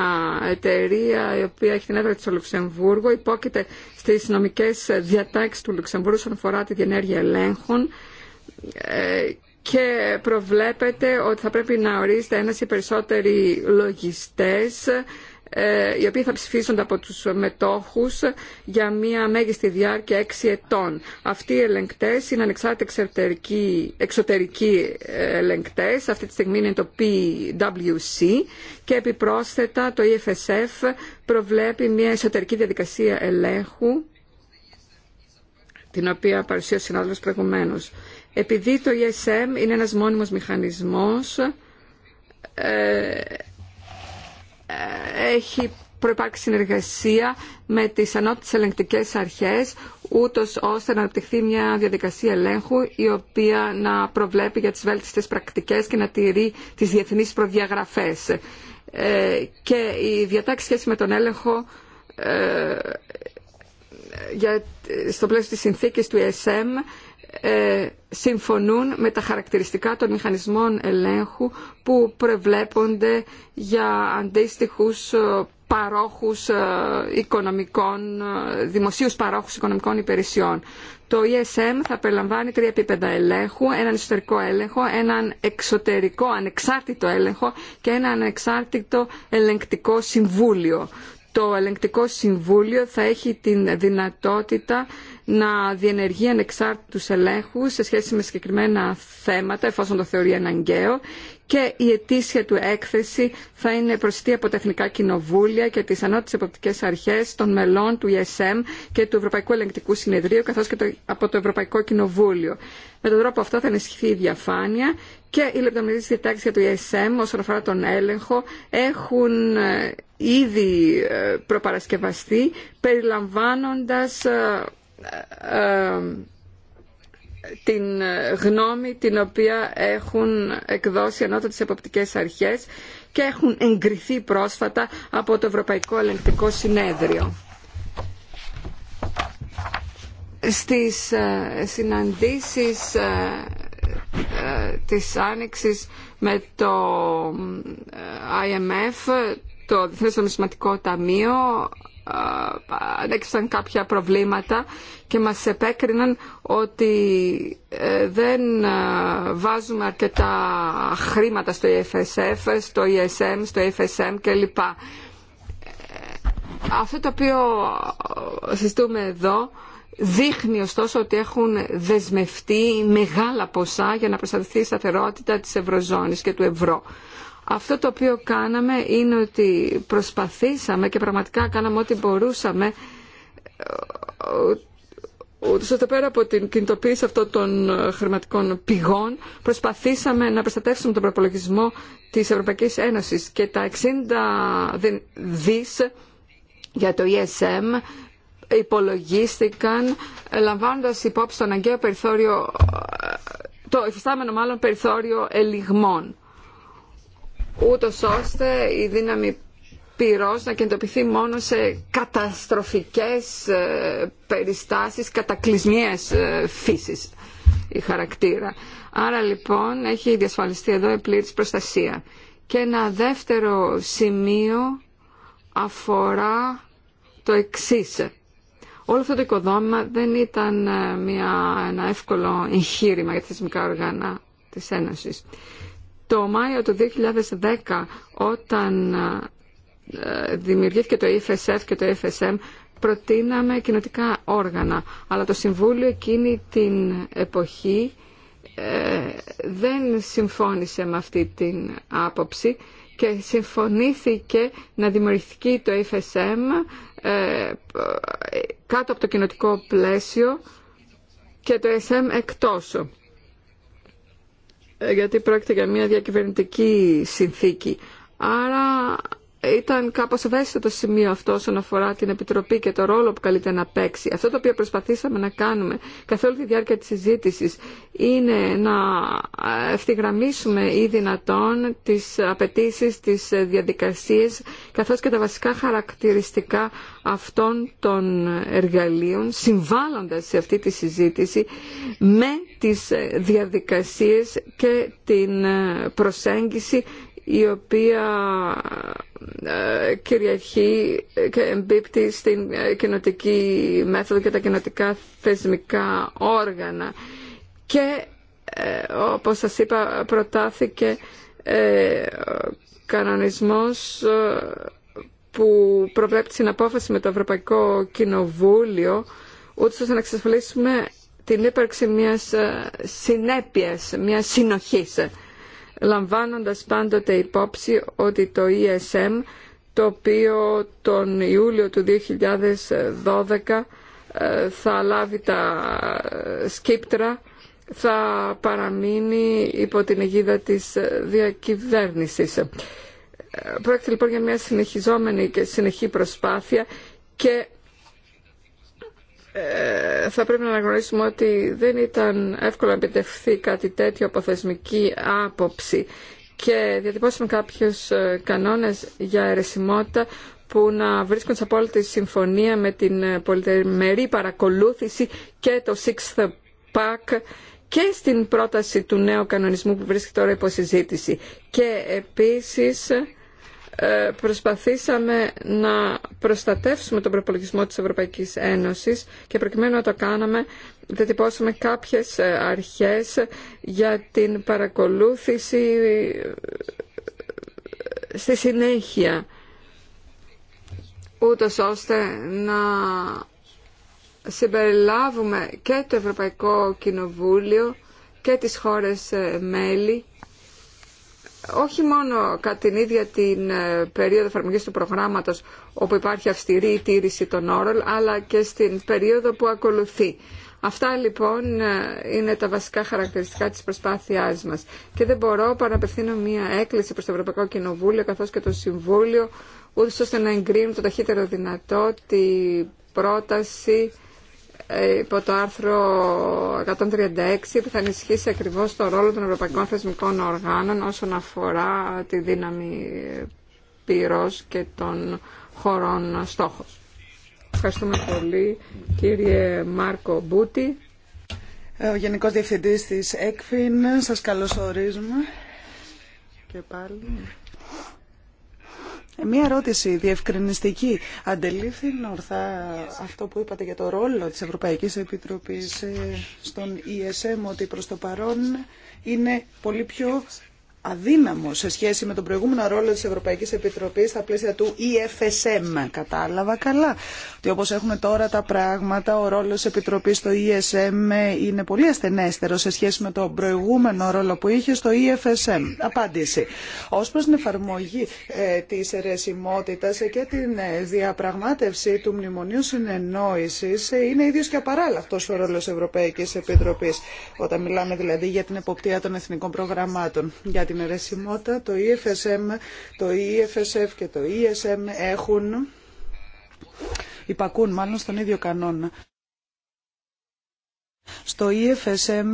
εταιρεία η οποία έχει την έδρα στο Λουξεμβούργο υπόκειται στις νομικές διατάξεις του Λουξεμβούργου σαν αφορά τη διενέργεια ελέγχων ε, και προβλέπεται ότι θα πρέπει να ορίζεται ένας ή περισσότεροι λογιστές ε, οι οποίοι θα ψηφίσουν από τους μετόχους για μια μέγιστη διάρκεια 6 ετών. Αυτοί οι ελεγκτές είναι ανεξάρτητα εξωτερικοί, εξωτερικοί ελεγκτές, αυτή τη στιγμή είναι το PwC και επιπρόσθετα το EFSF προβλέπει μια εσωτερική διαδικασία ελέγχου την οποία παρουσίασε ο συνάδελφος προηγουμένως. Επειδή το ESM είναι ένας μόνιμος μηχανισμός, ε, έχει προπάρξει συνεργασία με τις ανώτερες ελεγκτικές αρχές, ούτως ώστε να αναπτυχθεί μια διαδικασία ελέγχου η οποία να προβλέπει για τις βέλτιστες πρακτικές και να τηρεί τις διεθνείς προδιαγραφές. Ε, και η διατάξη σχέση με τον έλεγχο ε, για, ε, στο πλαίσιο της συνθήκης του ESM ε, συμφωνούν με τα χαρακτηριστικά των μηχανισμών ελέγχου που προβλέπονται για αντίστοιχους ε, παρόχους ε, οικονομικών, δημοσίους παρόχους οικονομικών υπηρεσιών. Το ESM θα περιλαμβάνει τρία επίπεδα ελέγχου, έναν ιστορικό έλεγχο, έναν εξωτερικό ανεξάρτητο έλεγχο και έναν ανεξάρτητο ελεγκτικό συμβούλιο. Το ελεγκτικό συμβούλιο θα έχει την δυνατότητα να διενεργεί ανεξάρτητους ελέγχους σε σχέση με συγκεκριμένα θέματα, εφόσον το θεωρεί αναγκαίο, και η αιτήσια του έκθεση θα είναι προσιτή από τα Εθνικά Κοινοβούλια και τις ανώτες εποπτικές αρχές των μελών του ESM και του Ευρωπαϊκού Ελεγκτικού Συνεδρίου, καθώς και από το Ευρωπαϊκό Κοινοβούλιο. Με τον τρόπο αυτό θα ενισχυθεί η διαφάνεια και οι λεπτομερείς διατάξεις για το ESM όσον αφορά τον έλεγχο έχουν ε, ήδη ε, προπαρασκευαστεί περιλαμβάνοντας ε, ε, την γνώμη την οποία έχουν εκδώσει ανώτατες εποπτικές αρχές και έχουν εγκριθεί πρόσφατα από το Ευρωπαϊκό Ελεγκτικό Συνέδριο. Στις ε, συναντήσεις ε, της Άνοιξης με το IMF, το Διεθνές Νομισματικό Ταμείο, ανέκυψαν κάποια προβλήματα και μας επέκριναν ότι ε, δεν ε, βάζουμε αρκετά χρήματα στο EFSF, στο ESM, στο FSM κλπ. Ε, αυτό το οποίο συζητούμε εδώ δείχνει ωστόσο ότι έχουν δεσμευτεί μεγάλα ποσά για να προστατευτεί η σταθερότητα της Ευρωζώνης και του ευρώ. Αυτό το οποίο κάναμε είναι ότι προσπαθήσαμε και πραγματικά κάναμε ό,τι μπορούσαμε ε, ούτως ώστε πέρα από την κινητοποίηση αυτών των χρηματικών πηγών προσπαθήσαμε να προστατεύσουμε τον προπολογισμό της Ευρωπαϊκής Ένωσης και τα 60 δις για το ESM υπολογίστηκαν λαμβάνοντας υπόψη το αναγκαίο περιθώριο ε, το υφιστάμενο μάλλον περιθώριο ελιγμών ούτως ώστε η δύναμη πυρός να κεντοποιηθεί μόνο σε καταστροφικές ε, περιστάσεις κατακλυσμιές ε, φύσης η χαρακτήρα. Άρα λοιπόν έχει διασφαλιστεί εδώ η πλήρης προστασία. Και ένα δεύτερο σημείο αφορά το εξής. Όλο αυτό το οικοδόμημα δεν ήταν ε, μια, ένα εύκολο εγχείρημα για τα θεσμικά οργάνα της Ένωσης. Το Μάιο του 2010 όταν ε, δημιουργήθηκε το EFSF και το FSM προτείναμε κοινοτικά όργανα. Αλλά το Συμβούλιο εκείνη την εποχή ε, δεν συμφώνησε με αυτή την άποψη και συμφωνήθηκε να δημιουργηθεί το FSM ε, κάτω από το κοινοτικό πλαίσιο και το SM εκτός. Ε, γιατί πρόκειται για μια διακυβερνητική συνθήκη. Άρα ήταν κάπως ευαίσθητο το σημείο αυτό όσον αφορά την Επιτροπή και το ρόλο που καλείται να παίξει. Αυτό το οποίο προσπαθήσαμε να κάνουμε καθ' όλη τη διάρκεια τη συζήτηση είναι να ευθυγραμμίσουμε ή δυνατόν τις απαιτήσει, τι διαδικασίε καθώς και τα βασικά χαρακτηριστικά αυτών των εργαλείων συμβάλλοντα σε αυτή τη συζήτηση με τι διαδικασίε και την προσέγγιση η οποία ε, κυριαρχεί και εμπίπτει στην ε, κοινοτική μέθοδο και τα κοινοτικά θεσμικά όργανα. Και ε, όπως σας είπα προτάθηκε κανονισμός που προβλέπει την απόφαση με το Ευρωπαϊκό Κοινοβούλιο ούτως ώστε να εξασφαλίσουμε την ύπαρξη μιας συνέπειας, μιας συνοχής λαμβάνοντας πάντοτε υπόψη ότι το ESM το οποίο τον Ιούλιο του 2012 ε, θα λάβει τα ε, σκύπτρα θα παραμείνει υπό την αιγίδα της ε, διακυβέρνησης. Πρόκειται λοιπόν για μια συνεχιζόμενη και συνεχή προσπάθεια και ε, θα πρέπει να αναγνωρίσουμε ότι δεν ήταν εύκολο να επιτευχθεί κάτι τέτοιο από θεσμική άποψη και διατυπώσαμε κάποιους ε, κανόνες για αιρεσιμότητα που να βρίσκονται σε απόλυτη συμφωνία με την ε, πολυτερημερή παρακολούθηση και το Sixth Pack και στην πρόταση του νέου κανονισμού που βρίσκεται τώρα υπό συζήτηση. Και επίσης ε, προσπαθήσαμε να προστατεύσουμε τον προπολογισμό της Ευρωπαϊκής Ένωσης και προκειμένου να το κάναμε διατυπώσαμε κάποιες ε, αρχές για την παρακολούθηση ε, στη συνέχεια ούτως ώστε να συμπεριλάβουμε και το Ευρωπαϊκό Κοινοβούλιο και τις χώρες μέλη όχι μόνο κατά την ίδια την ε, περίοδο εφαρμογή του προγράμματος όπου υπάρχει αυστηρή τήρηση των όρων, αλλά και στην περίοδο που ακολουθεί. Αυτά λοιπόν ε, είναι τα βασικά χαρακτηριστικά της προσπάθειάς μας. Και δεν μπορώ παρά να απευθύνω μία έκκληση προς το Ευρωπαϊκό Κοινοβούλιο καθώς και το Συμβούλιο, ούτως ώστε να εγκρίνουν το ταχύτερο δυνατό την πρόταση υπό το άρθρο 136 που θα ενισχύσει ακριβώς το ρόλο των ευρωπαϊκών θεσμικών οργάνων όσον αφορά τη δύναμη πυρός και των χωρών στόχος. Ευχαριστούμε πολύ κύριε Μάρκο Μπούτη. Ε, ο Γενικός Διευθυντής της ΕΚΦΙΝ, σας καλωσορίζουμε και πάλι. Ε, μία ερώτηση διευκρινιστική. Αντελήφθη ορθά αυτό που είπατε για το ρόλο της Ευρωπαϊκής Επιτροπής ε, στον ESM ότι προς το παρόν είναι πολύ πιο αδύναμο σε σχέση με τον προηγούμενο ρόλο της Ευρωπαϊκής Επιτροπής στα πλαίσια του EFSM. Κατάλαβα καλά ότι όπως έχουν τώρα τα πράγματα ο ρόλος της Επιτροπής στο ESM είναι πολύ ασθενέστερο σε σχέση με τον προηγούμενο ρόλο που είχε στο EFSM. Απάντηση. Ως προς την εφαρμογή ε, της αιρεσιμότητας και την ε, διαπραγμάτευση του Μνημονίου Συνεννόησης ε, είναι ίδιος και απαράλλαχτος ο ρόλος Ευρωπαϊκής Επιτροπής όταν μιλάμε δηλαδή για την εποπτεία των εθνικών προγραμμάτων. Για την Το EFSM, το EFSF και το ESM έχουν, υπακούν μάλλον στον ίδιο κανόνα. Στο EFSM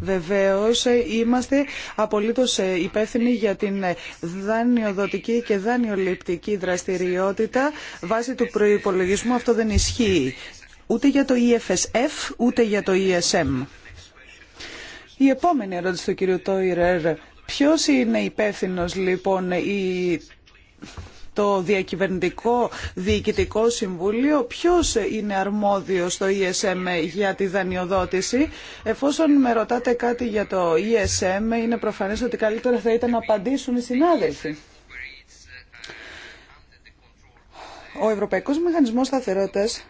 Βεβαίως είμαστε απολύτως υπεύθυνοι για την δανειοδοτική και δανειοληπτική δραστηριότητα βάσει του προϋπολογισμού. Αυτό δεν ισχύει ούτε για το EFSF ούτε για το ESM. Η επόμενη ερώτηση του κυρίου Τόιρερ Ποιος είναι υπεύθυνος λοιπόν η... το διακυβερνητικό διοικητικό συμβούλιο, ποιος είναι αρμόδιος στο ESM για τη δανειοδότηση. Εφόσον με ρωτάτε κάτι για το ESM, είναι προφανές ότι καλύτερα θα ήταν να απαντήσουν οι συνάδελφοι. Ο Ευρωπαϊκός Μηχανισμός Σταθερότητας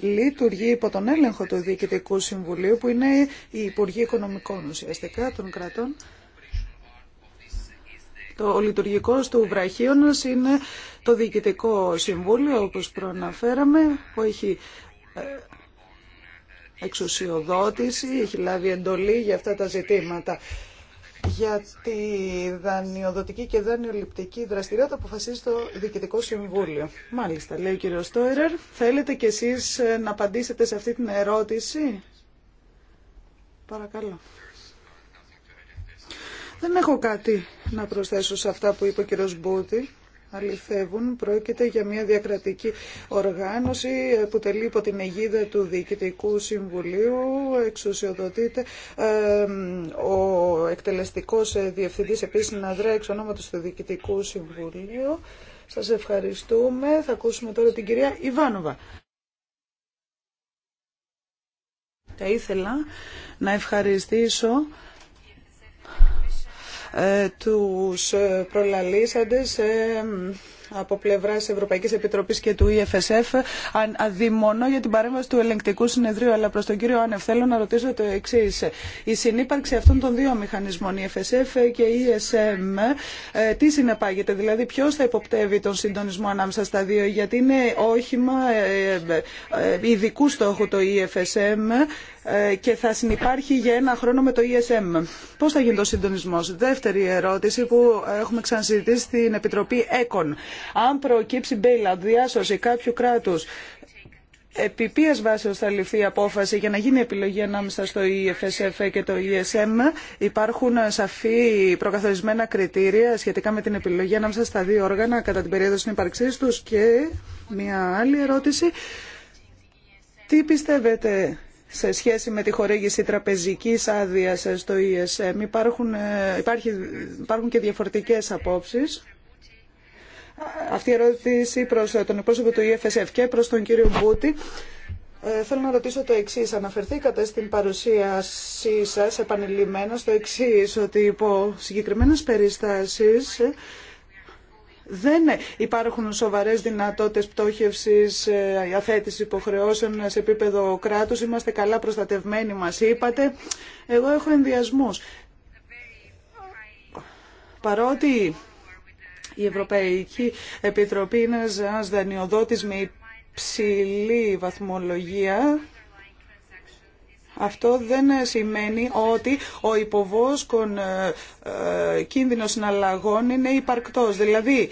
λειτουργεί υπό τον έλεγχο του Διοικητικού Συμβουλίου, που είναι η Υπουργή Οικονομικών ουσιαστικά των κρατών το λειτουργικό του βραχίωνα είναι το Διοικητικό Συμβούλιο, όπως προαναφέραμε, που έχει ε, εξουσιοδότηση, έχει λάβει εντολή για αυτά τα ζητήματα. Για τη δανειοδοτική και δανειοληπτική δραστηριότητα αποφασίζει το Διοικητικό Συμβούλιο. Μάλιστα, λέει ο κύριος Στόιρερ. Θέλετε κι εσείς να απαντήσετε σε αυτή την ερώτηση. Παρακαλώ. Δεν έχω κάτι να προσθέσω σε αυτά που είπε ο κύριος Μπούτη. Αληθεύουν, πρόκειται για μια διακρατική οργάνωση που τελεί υπό την αιγίδα του Διοικητικού Συμβουλίου. Εξουσιοδοτείται ο εκτελεστικός διευθυντής επίσης να εξ ονόματος του Διοικητικού Συμβουλίου. Σας ευχαριστούμε. Θα ακούσουμε τώρα την κυρία Ιβάνοβα. Θα ήθελα να ευχαριστήσω ε, τους ε, προλαλήσαντες ε, από πλευρά τη Ευρωπαϊκή Επιτροπή και του EFSF. Αδειμονώ για την παρέμβαση του ελεγκτικού συνεδρίου, αλλά προ τον κύριο Άνευ θέλω να ρωτήσω το εξή. Η συνύπαρξη αυτών των δύο μηχανισμών, EFSF και ESM, ε, τι συνεπάγεται, δηλαδή ποιο θα υποπτεύει τον συντονισμό ανάμεσα στα δύο, γιατί είναι όχημα ε, ε, ειδικού στόχου το EFSM και θα συνεπάρχει για ένα χρόνο με το ESM. Πώ θα γίνει το συντονισμό, Δεύτερη ερώτηση που έχουμε ξανασυζητήσει στην Επιτροπή ΕΚΟΝ. Αν προκύψει bailout, διάσωση κάποιου κράτου, επί ποιε βάσει θα ληφθεί η απόφαση για να γίνει επιλογή ανάμεσα στο EFSF και το ESM. Υπάρχουν σαφή προκαθορισμένα κριτήρια σχετικά με την επιλογή ανάμεσα στα δύο όργανα κατά την περίοδο συνύπαρξή του και μια άλλη ερώτηση. Τι πιστεύετε σε σχέση με τη χορήγηση τραπεζικής άδειας στο ESM. Υπάρχουν, ε, υπάρχει, υπάρχουν και διαφορετικές απόψεις αυτή η ερώτηση προς ε, τον εκπρόσωπο του EFSF και προ τον κύριο Μπούτη. Ε, θέλω να ρωτήσω το εξή. Αναφερθήκατε στην παρουσίασή σα επανειλημμένα στο εξή, ότι υπό συγκεκριμένε περιστάσει ε, δεν υπάρχουν σοβαρέ δυνατότητε πτώχευση, αθέτηση υποχρεώσεων σε επίπεδο κράτου. Είμαστε καλά προστατευμένοι, μα είπατε. Εγώ έχω ενδιασμού. Παρότι η Ευρωπαϊκή Επιτροπή είναι ένας δανειοδότης με υψηλή βαθμολογία. Αυτό δεν σημαίνει ότι ο υποβόσκον ε, ε, κίνδυνος συναλλαγών είναι υπαρκτός. Δηλαδή,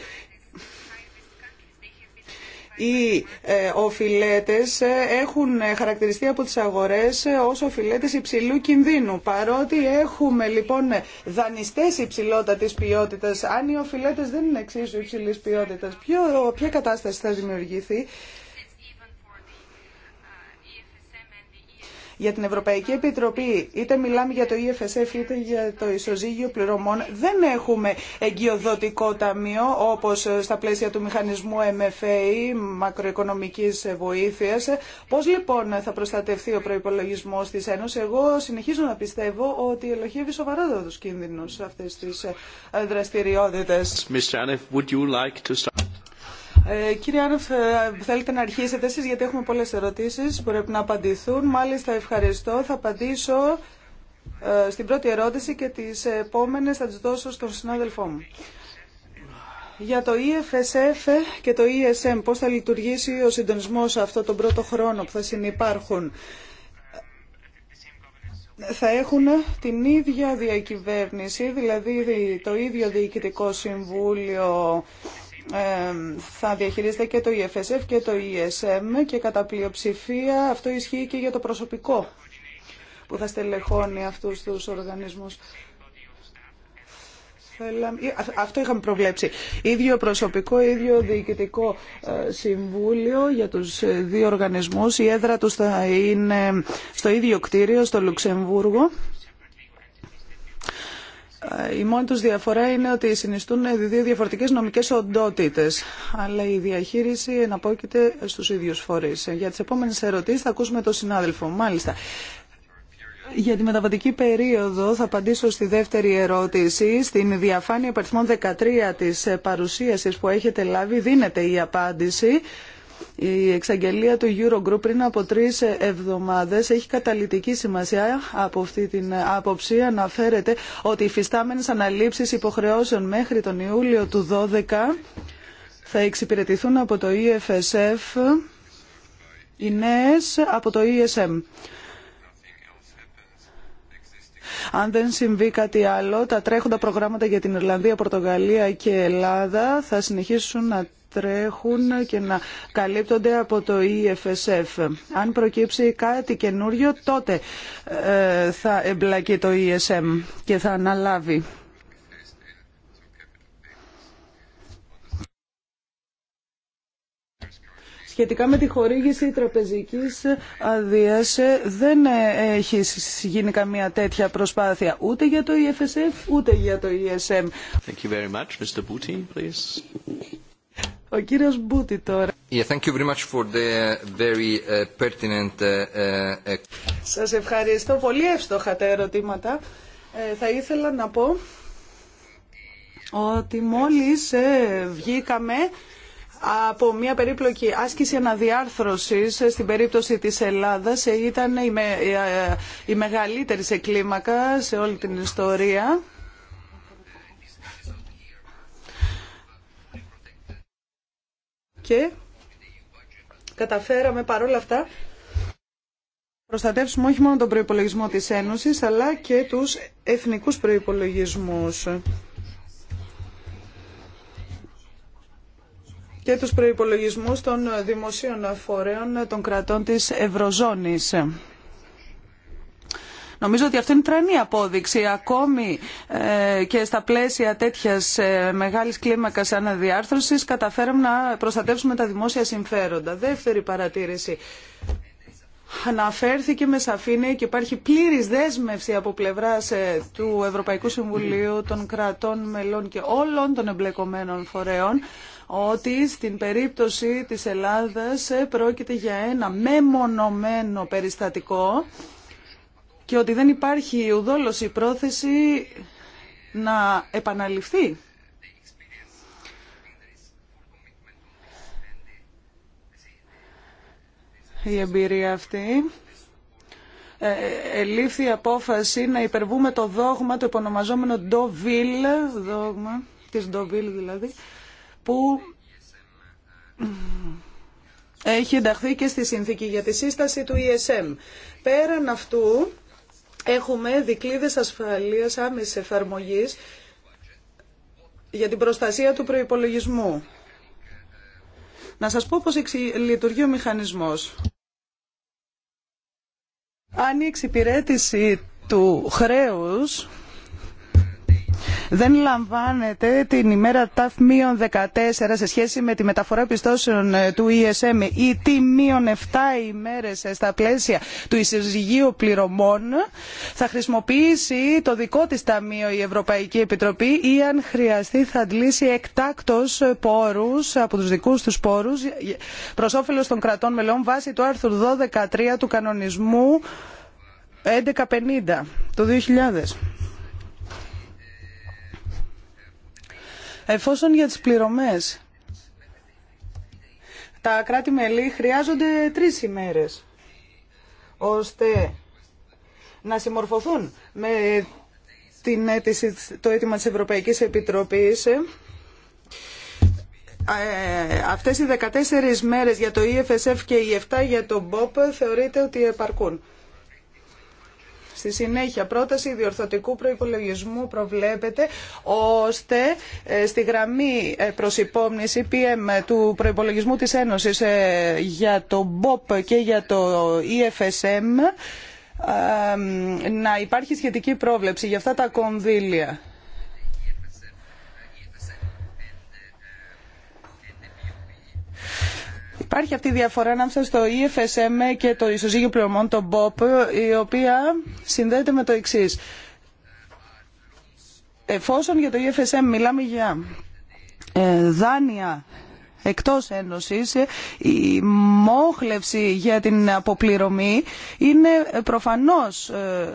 οι ε, οφειλέτες ε, έχουν χαρακτηριστεί από τις αγορές ε, ως οφειλέτες υψηλού κινδύνου. Παρότι έχουμε λοιπόν δανειστές υψηλότατης ποιότητας, αν οι οφειλέτες δεν είναι εξίσου υψηλής ποιότητας, ποια κατάσταση θα δημιουργηθεί Για την Ευρωπαϊκή Επιτροπή, είτε μιλάμε για το EFSF είτε για το ισοζύγιο πληρωμών, δεν έχουμε εγκυοδοτικό ταμείο όπως ε, στα πλαίσια του μηχανισμού MFA, μακροοικονομικής βοήθειας. Πώς λοιπόν θα προστατευτεί ο προϋπολογισμός της Ένωσης. Εγώ συνεχίζω να πιστεύω ότι ελοχεύει σοβαρά κίνδυνος σε αυτές τις ε, δραστηριότητες. would you like to start? Ε, κύριε Άνοφ, θέλετε να αρχίσετε εσείς γιατί έχουμε πολλές ερωτήσεις που πρέπει να απαντηθούν. Μάλιστα, ευχαριστώ. Θα απαντήσω ε, στην πρώτη ερώτηση και τις επόμενες θα τις δώσω στον συνάδελφό μου. Για το EFSF και το ESM, πώς θα λειτουργήσει ο συντονισμός αυτό τον πρώτο χρόνο που θα συνεπάρχουν. Θα έχουν την ίδια διακυβέρνηση, δηλαδή το ίδιο διοικητικό συμβούλιο θα διαχειρίζεται και το EFSF και το ESM και κατά πλειοψηφία αυτό ισχύει και για το προσωπικό που θα στελεχώνει αυτούς τους οργανισμούς. Ε, αυτό είχαμε προβλέψει. Ίδιο προσωπικό, ίδιο διοικητικό ε, συμβούλιο για τους ε, δύο οργανισμούς. Η έδρα τους θα είναι στο ίδιο κτίριο, στο Λουξεμβούργο. Η μόνη τους διαφορά είναι ότι συνιστούν δύο διαφορετικές νομικές οντότητες, αλλά η διαχείριση εναπόκειται στους ίδιους φορείς. Για τις επόμενες ερωτήσεις θα ακούσουμε τον συνάδελφο. Μάλιστα. Για τη μεταβατική περίοδο θα απαντήσω στη δεύτερη ερώτηση. Στην διαφάνεια υπερθμών 13 της παρουσίασης που έχετε λάβει δίνεται η απάντηση. Η εξαγγελία του Eurogroup πριν από τρει εβδομάδες έχει καταλητική σημασία από αυτή την άποψη. Αναφέρεται ότι οι φυστάμενε αναλήψεις υποχρεώσεων μέχρι τον Ιούλιο του 2012 θα εξυπηρετηθούν από το EFSF οι νέε από το ESM. Αν δεν συμβεί κάτι άλλο, τα τρέχοντα προγράμματα για την Ιρλανδία, Πορτογαλία και Ελλάδα θα συνεχίσουν να τρέχουν και να καλύπτονται από το EFSF. Αν προκύψει κάτι καινούριο, τότε ε, θα εμπλακεί το ESM και θα αναλάβει. Σχετικά με τη χορήγηση τραπεζικής αδείας ε, δεν έχει γίνει καμία τέτοια προσπάθεια ούτε για το EFSF ούτε για το ESM. Thank you very much. Mr. please. Ο κύριος Μπούτη τώρα. Yeah, thank you Σας ευχαριστώ πολύ εύστοχα τα ερωτήματα. Ε, θα ήθελα να πω ότι μόλις ε, βγήκαμε από μια περίπλοκη άσκηση αναδιάρθρωσης ε, στην περίπτωση της Ελλάδας ήταν η, με, η μεγαλύτερη σε κλίμακα σε όλη την ιστορία και καταφέραμε παρόλα αυτά προστατεύσουμε όχι μόνο τον προϋπολογισμό της Ένωσης αλλά και τους εθνικούς προϋπολογισμούς και τους προϋπολογισμούς των δημοσίων φορέων των κρατών της Ευρωζώνης. Νομίζω ότι αυτό είναι τρανή απόδειξη ακόμη ε, και στα πλαίσια τέτοια ε, μεγάλη κλίμακα αναδιάρθρωση καταφέραμε να προστατεύσουμε τα δημόσια συμφέροντα. Δεύτερη παρατήρηση. Αναφέρθηκε με σαφήνεια και υπάρχει πλήρης δέσμευση από πλευράς ε, του Ευρωπαϊκού Συμβουλίου των κρατών μελών και όλων των εμπλεκομένων φορέων ότι στην περίπτωση της Ελλάδας πρόκειται για ένα μεμονωμένο περιστατικό και ότι δεν υπάρχει η πρόθεση να επαναληφθεί. Η εμπειρία αυτή ε, ελήφθη η απόφαση να υπερβούμε το δόγμα, το υπονομαζόμενο Ντοβίλ, δόγμα της Ντοβίλ δηλαδή, που έχει ενταχθεί και στη συνθήκη για τη σύσταση του ESM. Πέραν αυτού, Έχουμε δικλείδες ασφαλείας άμεσης εφαρμογής για την προστασία του προϋπολογισμού. Να σας πω πώς λειτουργεί ο μηχανισμός. Αν η εξυπηρέτηση του χρέους δεν λαμβάνεται την ημέρα ταφ 14 σε σχέση με τη μεταφορά πιστώσεων ε, του ESM ή τι μείον 7 ημέρες ε, στα πλαίσια του ισοζυγίου πληρωμών θα χρησιμοποιήσει το δικό της ταμείο η Ευρωπαϊκή Επιτροπή ή αν χρειαστεί θα αντλήσει εκτάκτος πόρους από τους δικούς τους πόρους προς όφελος των κρατών μελών βάσει του ισοζυγιου πληρωμων θα χρησιμοποιησει το δικο της ταμειο η ευρωπαικη επιτροπη η αν χρειαστει θα αντλησει εκτακτο πορους απο τους δικους τους πορους προς οφελος των κρατων μελων βασει του αρθρου 12.3 του κανονισμού 1150 του 2000. Εφόσον για τις πληρωμές, τα κράτη-μελή χρειάζονται τρεις ημέρες, ώστε να συμμορφωθούν με την αίτηση, το αίτημα της Ευρωπαϊκής Επιτροπής ε, αυτές οι 14 μέρες για το EFSF και οι 7 για το BOP θεωρείται ότι επαρκούν. Στη συνέχεια, πρόταση διορθωτικού προϋπολογισμού προβλέπεται ώστε ε, στη γραμμή ε, προσυπόμνηση PM του προϋπολογισμού της Ένωσης ε, για το BOP και για το EFSM να υπάρχει σχετική πρόβλεψη για αυτά τα κονδύλια. Υπάρχει αυτή η διαφορά ανάμεσα στο EFSM και το ισοζύγιο πληρωμών, το BOP, η οποία συνδέεται με το εξή. Εφόσον για το EFSM μιλάμε για ε, δάνεια εκτός Ένωσης, η μόχλευση για την αποπληρωμή είναι προφανώς ε,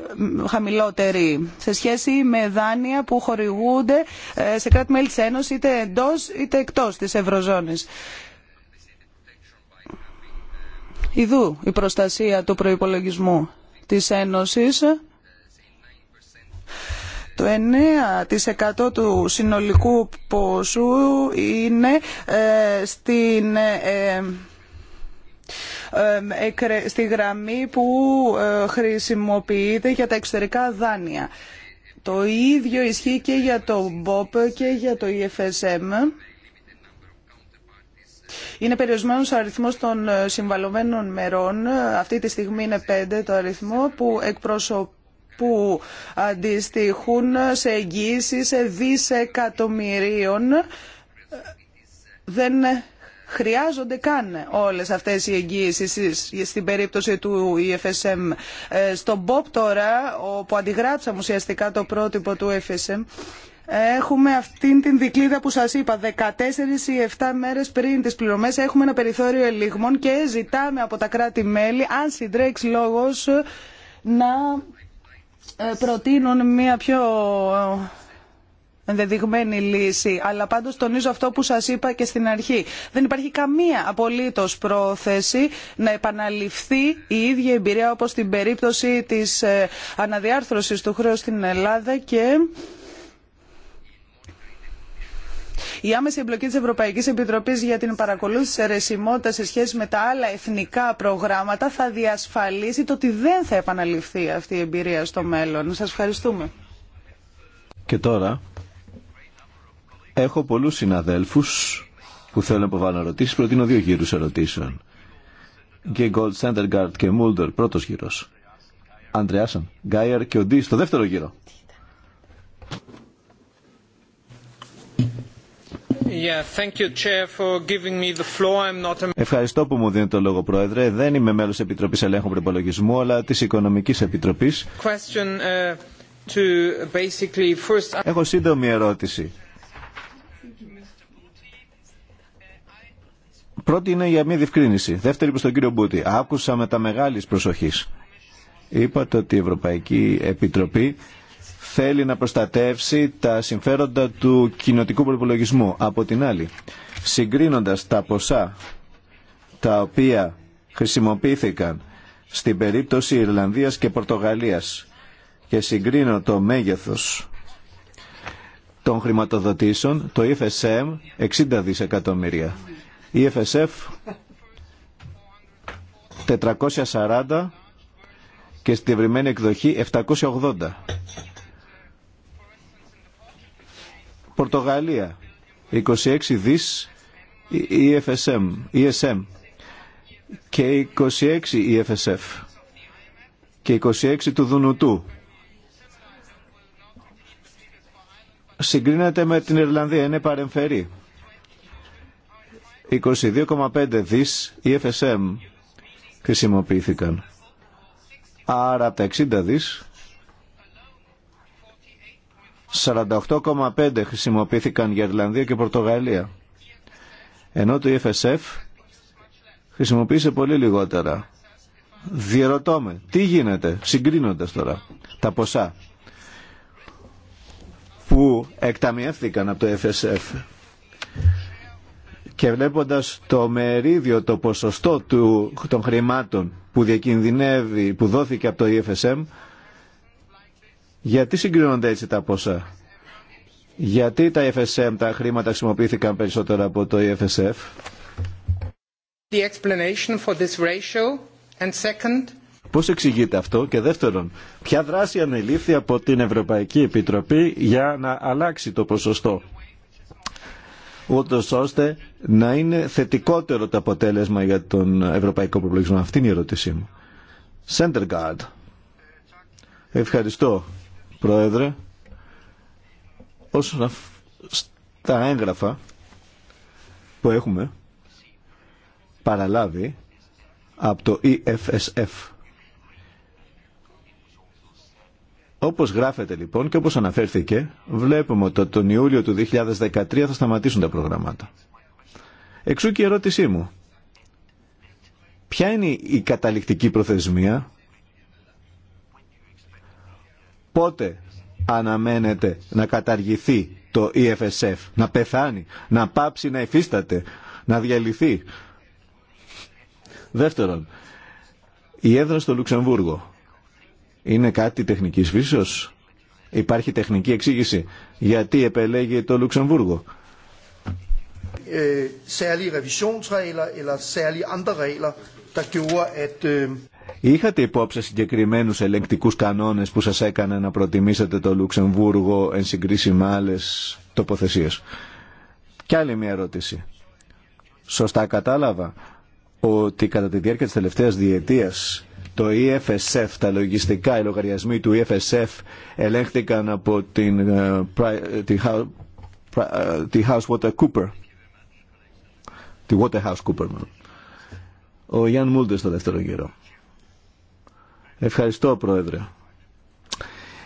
χαμηλότερη σε σχέση με δάνεια που χορηγούνται ε, σε κράτη-μέλη της Ένωσης είτε εντός είτε εκτός της Ευρωζώνης. Ιδού η προστασία του προϋπολογισμού της Ένωσης το 9% του συνολικού ποσού είναι ε, στην, ε, ε στη γραμμή που ε, χρησιμοποιείται για τα εξωτερικά δάνεια. Το ίδιο ισχύει και για το BOP και για το IFSM. E είναι περιορισμένος ο αριθμός των ε, συμβαλωμένων μερών, ε, αυτή τη στιγμή είναι πέντε το αριθμό που εκπροσωπεί που αντιστοιχούν σε εγγύηση σε δισεκατομμυρίων ε, δεν χρειάζονται καν όλες αυτές οι εγγύησεις στην περίπτωση του EFSM. Στον ΠΟΠ τώρα, όπου αντιγράψαμε ουσιαστικά το πρότυπο του EFSM, έχουμε αυτήν την δικλίδα που σας είπα 14 ή 7 μέρες πριν τις πληρωμές έχουμε ένα περιθώριο ελιγμών και ζητάμε από τα κράτη-μέλη αν συντρέξει λόγος να ε, προτείνουν μια πιο ε, ενδεδειγμένη λύση. Αλλά πάντως τονίζω αυτό που σας είπα και στην αρχή. Δεν υπάρχει καμία απολύτως πρόθεση να επαναληφθεί η ίδια εμπειρία όπως στην περίπτωση της ε, αναδιάρθρωσης του χρέους στην Ελλάδα και η άμεση εμπλοκή τη Ευρωπαϊκή Επιτροπή για την παρακολούθηση αιρεσιμότητα σε σχέση με τα άλλα εθνικά προγράμματα θα διασφαλίσει το ότι δεν θα επαναληφθεί αυτή η εμπειρία στο μέλλον. Σα ευχαριστούμε. Και τώρα έχω πολλούς συναδέλφους που θέλουν να υποβάλουν ερωτήσεις. Προτείνω δύο γύρους ερωτήσεων. Και Γκολτ, Σέντεργκαρτ και Μούλτερ, πρώτος γύρος. Αντρεάσαν, Γκάιερ και Οντί στο δεύτερο γύρο. Ευχαριστώ που μου δίνετε το λόγο, Πρόεδρε. Δεν είμαι μέλος Επιτροπής Ελέγχου Προπολογισμού, αλλά της Οικονομικής Επιτροπής. Uh, Έχω σύντομη ερώτηση. Πρώτη είναι για μια διευκρίνηση. Δεύτερη προς τον κύριο Μπούτι. Άκουσα με τα μεγάλης προσοχής. Είπατε ότι η Ευρωπαϊκή Επιτροπή θέλει να προστατεύσει τα συμφέροντα του κοινοτικού προπολογισμού. Από την άλλη, συγκρίνοντας τα ποσά τα οποία χρησιμοποιήθηκαν στην περίπτωση Ιρλανδίας και Πορτογαλίας και συγκρίνω το μέγεθος των χρηματοδοτήσεων, το IFSM e 60 δισεκατομμύρια. Η FSF 440 και στη βρημένη εκδοχή 780. Πορτογαλία 26 δις EFSM, ESM και 26 EFSF και 26 του Δουνουτού. Συγκρίνεται με την Ιρλανδία, είναι παρεμφερή. 22,5 δις EFSM χρησιμοποιήθηκαν. Άρα από τα 60 δις 48,5 χρησιμοποιήθηκαν για Ιρλανδία και Πορτογαλία. Ενώ το EFSF χρησιμοποίησε πολύ λιγότερα. Διερωτώ τι γίνεται, συγκρίνοντας τώρα τα ποσά που εκταμιεύθηκαν από το FSF και βλέποντας το μερίδιο, το ποσοστό του, των χρημάτων που διακινδυνεύει, που δόθηκε από το EFSM, γιατί συγκρίνονται έτσι τα ποσά. Γιατί τα FSM, τα χρήματα χρησιμοποιήθηκαν περισσότερο από το EFSF. The Πώς εξηγείται αυτό και δεύτερον, ποια δράση ανελήφθη από την Ευρωπαϊκή Επιτροπή για να αλλάξει το ποσοστό ούτως ώστε να είναι θετικότερο το αποτέλεσμα για τον ευρωπαϊκό προπολογισμό. Αυτή είναι η ερώτησή μου. Ευχαριστώ. Πρόεδρε. Όσον στα έγγραφα που έχουμε παραλάβει από το EFSF. Όπως γράφεται λοιπόν και όπως αναφέρθηκε, βλέπουμε ότι τον Ιούλιο του 2013 θα σταματήσουν τα προγραμμάτα. Εξού και η ερώτησή μου. Ποια είναι η καταληκτική προθεσμία πότε αναμένεται να καταργηθεί το EFSF, να πεθάνει, να πάψει να υφίσταται, να διαλυθεί. Δεύτερον, η έδρα στο Λουξεμβούργο είναι κάτι τεχνικής φύσεως. Υπάρχει τεχνική εξήγηση. Γιατί επελέγει το Λουξεμβούργο. Ε, Είχατε υπόψη συγκεκριμένους ελεγκτικούς κανόνες που σας έκαναν να προτιμήσετε το Λουξεμβούργο εν συγκρίση με άλλες τοποθεσίες. Κι άλλη μια ερώτηση. Σωστά κατάλαβα ότι κατά τη διάρκεια της τελευταίας διετίας το EFSF, τα λογιστικά, οι λογαριασμοί του EFSF ελέγχθηκαν από την, ε, ε, ε, τη, House Water Cooper. Τη Waterhouse Cooper, μάλλον. Ο Ιαν Μούλτερ στο δεύτερο γύρο. Ευχαριστώ, Πρόεδρε.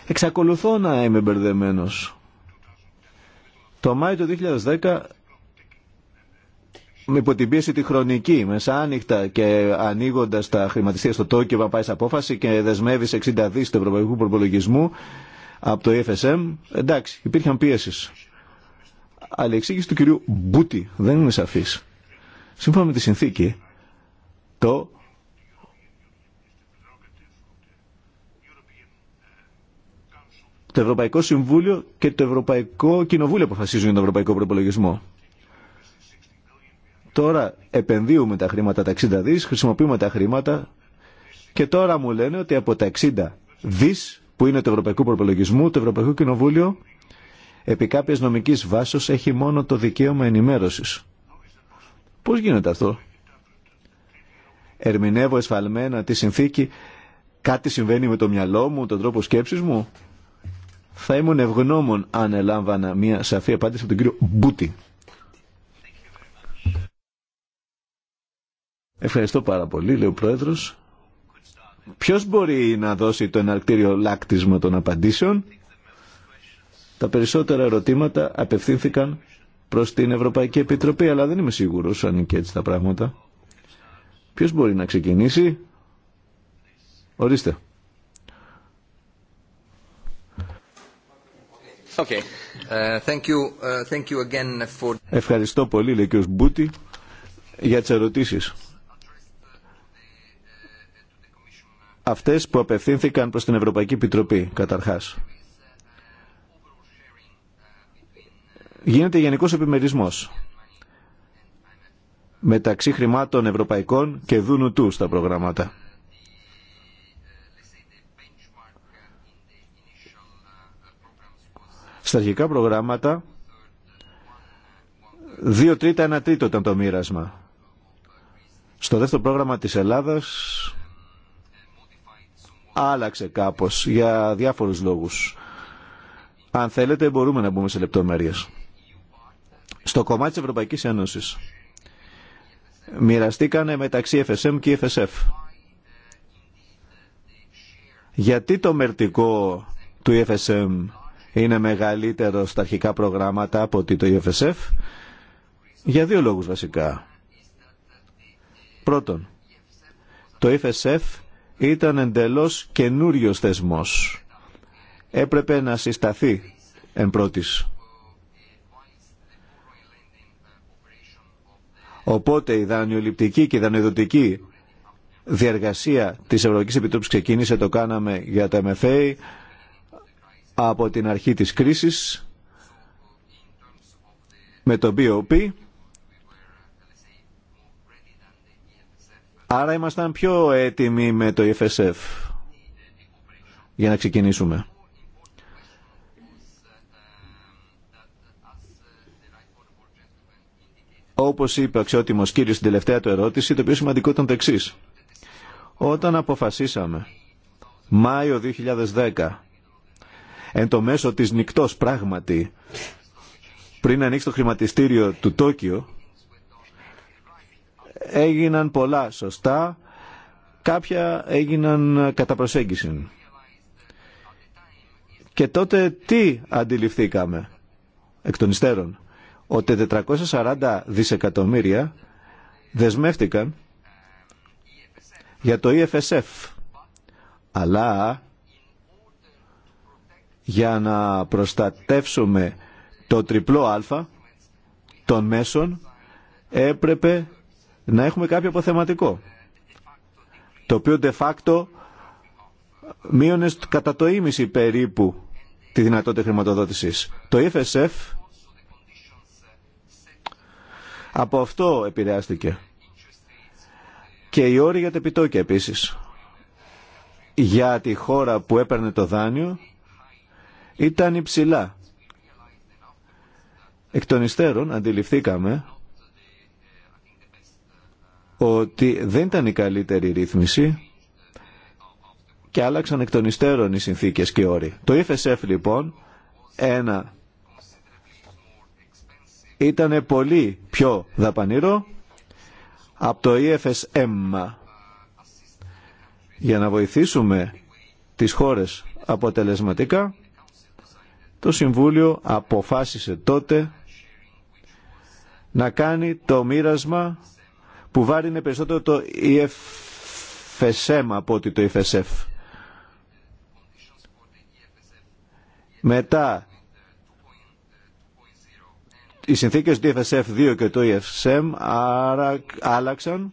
Εξακολουθώ να είμαι μπερδεμένο. Το Μάιο του 2010, με υπό την πίεση τη χρονική, μέσα άνοιχτα και ανοίγοντα τα χρηματιστήρια στο Τόκιο, πάει σε απόφαση και δεσμεύει 60 δι του Ευρωπαϊκού Προπολογισμού από το EFSM. Εντάξει, υπήρχαν πίεσει. Αλλά η εξήγηση του κυρίου Μπούτι δεν είναι σαφή. Σύμφωνα με τη συνθήκη, το Το Ευρωπαϊκό Συμβούλιο και το Ευρωπαϊκό Κοινοβούλιο αποφασίζουν για τον Ευρωπαϊκό Προπολογισμό. Τώρα επενδύουμε τα χρήματα τα 60 δις, χρησιμοποιούμε τα χρήματα και τώρα μου λένε ότι από τα 60 δις που είναι το Ευρωπαϊκό Προπολογισμό, το Ευρωπαϊκό Κοινοβούλιο επί κάποια νομική βάσεως έχει μόνο το δικαίωμα ενημέρωσης. Πώς γίνεται αυτό. Ερμηνεύω εσφαλμένα τη συνθήκη, κάτι συμβαίνει με το μυαλό μου, τον τρόπο σκέψης μου. Θα ήμουν ευγνώμων αν ελάμβανα μια σαφή απάντηση από τον κύριο Μπούτι. Ευχαριστώ πάρα πολύ, λέει ο Πρόεδρος. Ποιος μπορεί να δώσει το εναρκτήριο λάκτισμα των απαντήσεων. Τα περισσότερα ερωτήματα απευθύνθηκαν προς την Ευρωπαϊκή Επιτροπή, αλλά δεν είμαι σίγουρος αν είναι και έτσι τα πράγματα. Ποιος μπορεί να ξεκινήσει. Ορίστε. Uh, uh, Ευχαριστώ πολύ, λέει ο για τις ερωτήσεις. Αυτές που απευθύνθηκαν προς την Ευρωπαϊκή Επιτροπή, καταρχάς. Γίνεται γενικός επιμερισμός μεταξύ χρημάτων ευρωπαϊκών και δούνου του στα προγράμματα. Στα αρχικά προγράμματα, δύο τρίτα, ένα τρίτο ήταν το μοίρασμα. Στο δεύτερο πρόγραμμα της Ελλάδας άλλαξε κάπως για διάφορους λόγους. Αν θέλετε μπορούμε να μπούμε σε λεπτομέρειες. Στο κομμάτι της Ευρωπαϊκής Ένωσης μοιραστήκανε μεταξύ FSM και FSF. Γιατί το μερτικό του FSM είναι μεγαλύτερο στα αρχικά προγράμματα από ότι το EFSF. Για δύο λόγους βασικά. Πρώτον, το EFSF ήταν εντελώς καινούριο θεσμός. Έπρεπε να συσταθεί εν πρώτης. Οπότε η δανειοληπτική και η δανειοδοτική διεργασία της Ευρωπαϊκής Επιτροπής ξεκίνησε, το κάναμε για τα MFA, από την αρχή της κρίσης με το BOP. Άρα ήμασταν πιο έτοιμοι με το EFSF για να ξεκινήσουμε. Όπως είπε ο αξιότιμος κύριος στην τελευταία του ερώτηση, το πιο σημαντικό ήταν το εξής. Όταν αποφασίσαμε Μάιο 2010 εν το μέσο της νυκτός πράγματι πριν ανοίξει το χρηματιστήριο του Τόκιο έγιναν πολλά σωστά κάποια έγιναν κατά προσέγγιση και τότε τι αντιληφθήκαμε εκ των υστέρων ότι 440 δισεκατομμύρια δεσμεύτηκαν για το EFSF αλλά για να προστατεύσουμε το τριπλό α των μέσων έπρεπε να έχουμε κάποιο αποθεματικό το οποίο de facto μείωνε κατά το ίμιση περίπου τη δυνατότητα χρηματοδότησης. Το ΙΦΣΕΦ από αυτό επηρεάστηκε. Και η όροι για τα επιτόκια επίσης. Για τη χώρα που έπαιρνε το δάνειο ήταν υψηλά. Εκ των υστέρων αντιληφθήκαμε ότι δεν ήταν η καλύτερη ρύθμιση και άλλαξαν εκ των υστέρων οι συνθήκες και οι όροι. Το FSF λοιπόν ένα ήταν πολύ πιο δαπανηρό από το EFSM για να βοηθήσουμε τις χώρες αποτελεσματικά το Συμβούλιο αποφάσισε τότε να κάνει το μοίρασμα που βάρινε περισσότερο το EFSM από ότι το EFSF. Μετά οι συνθήκες του EFSF 2 και το EFSM άλλαξαν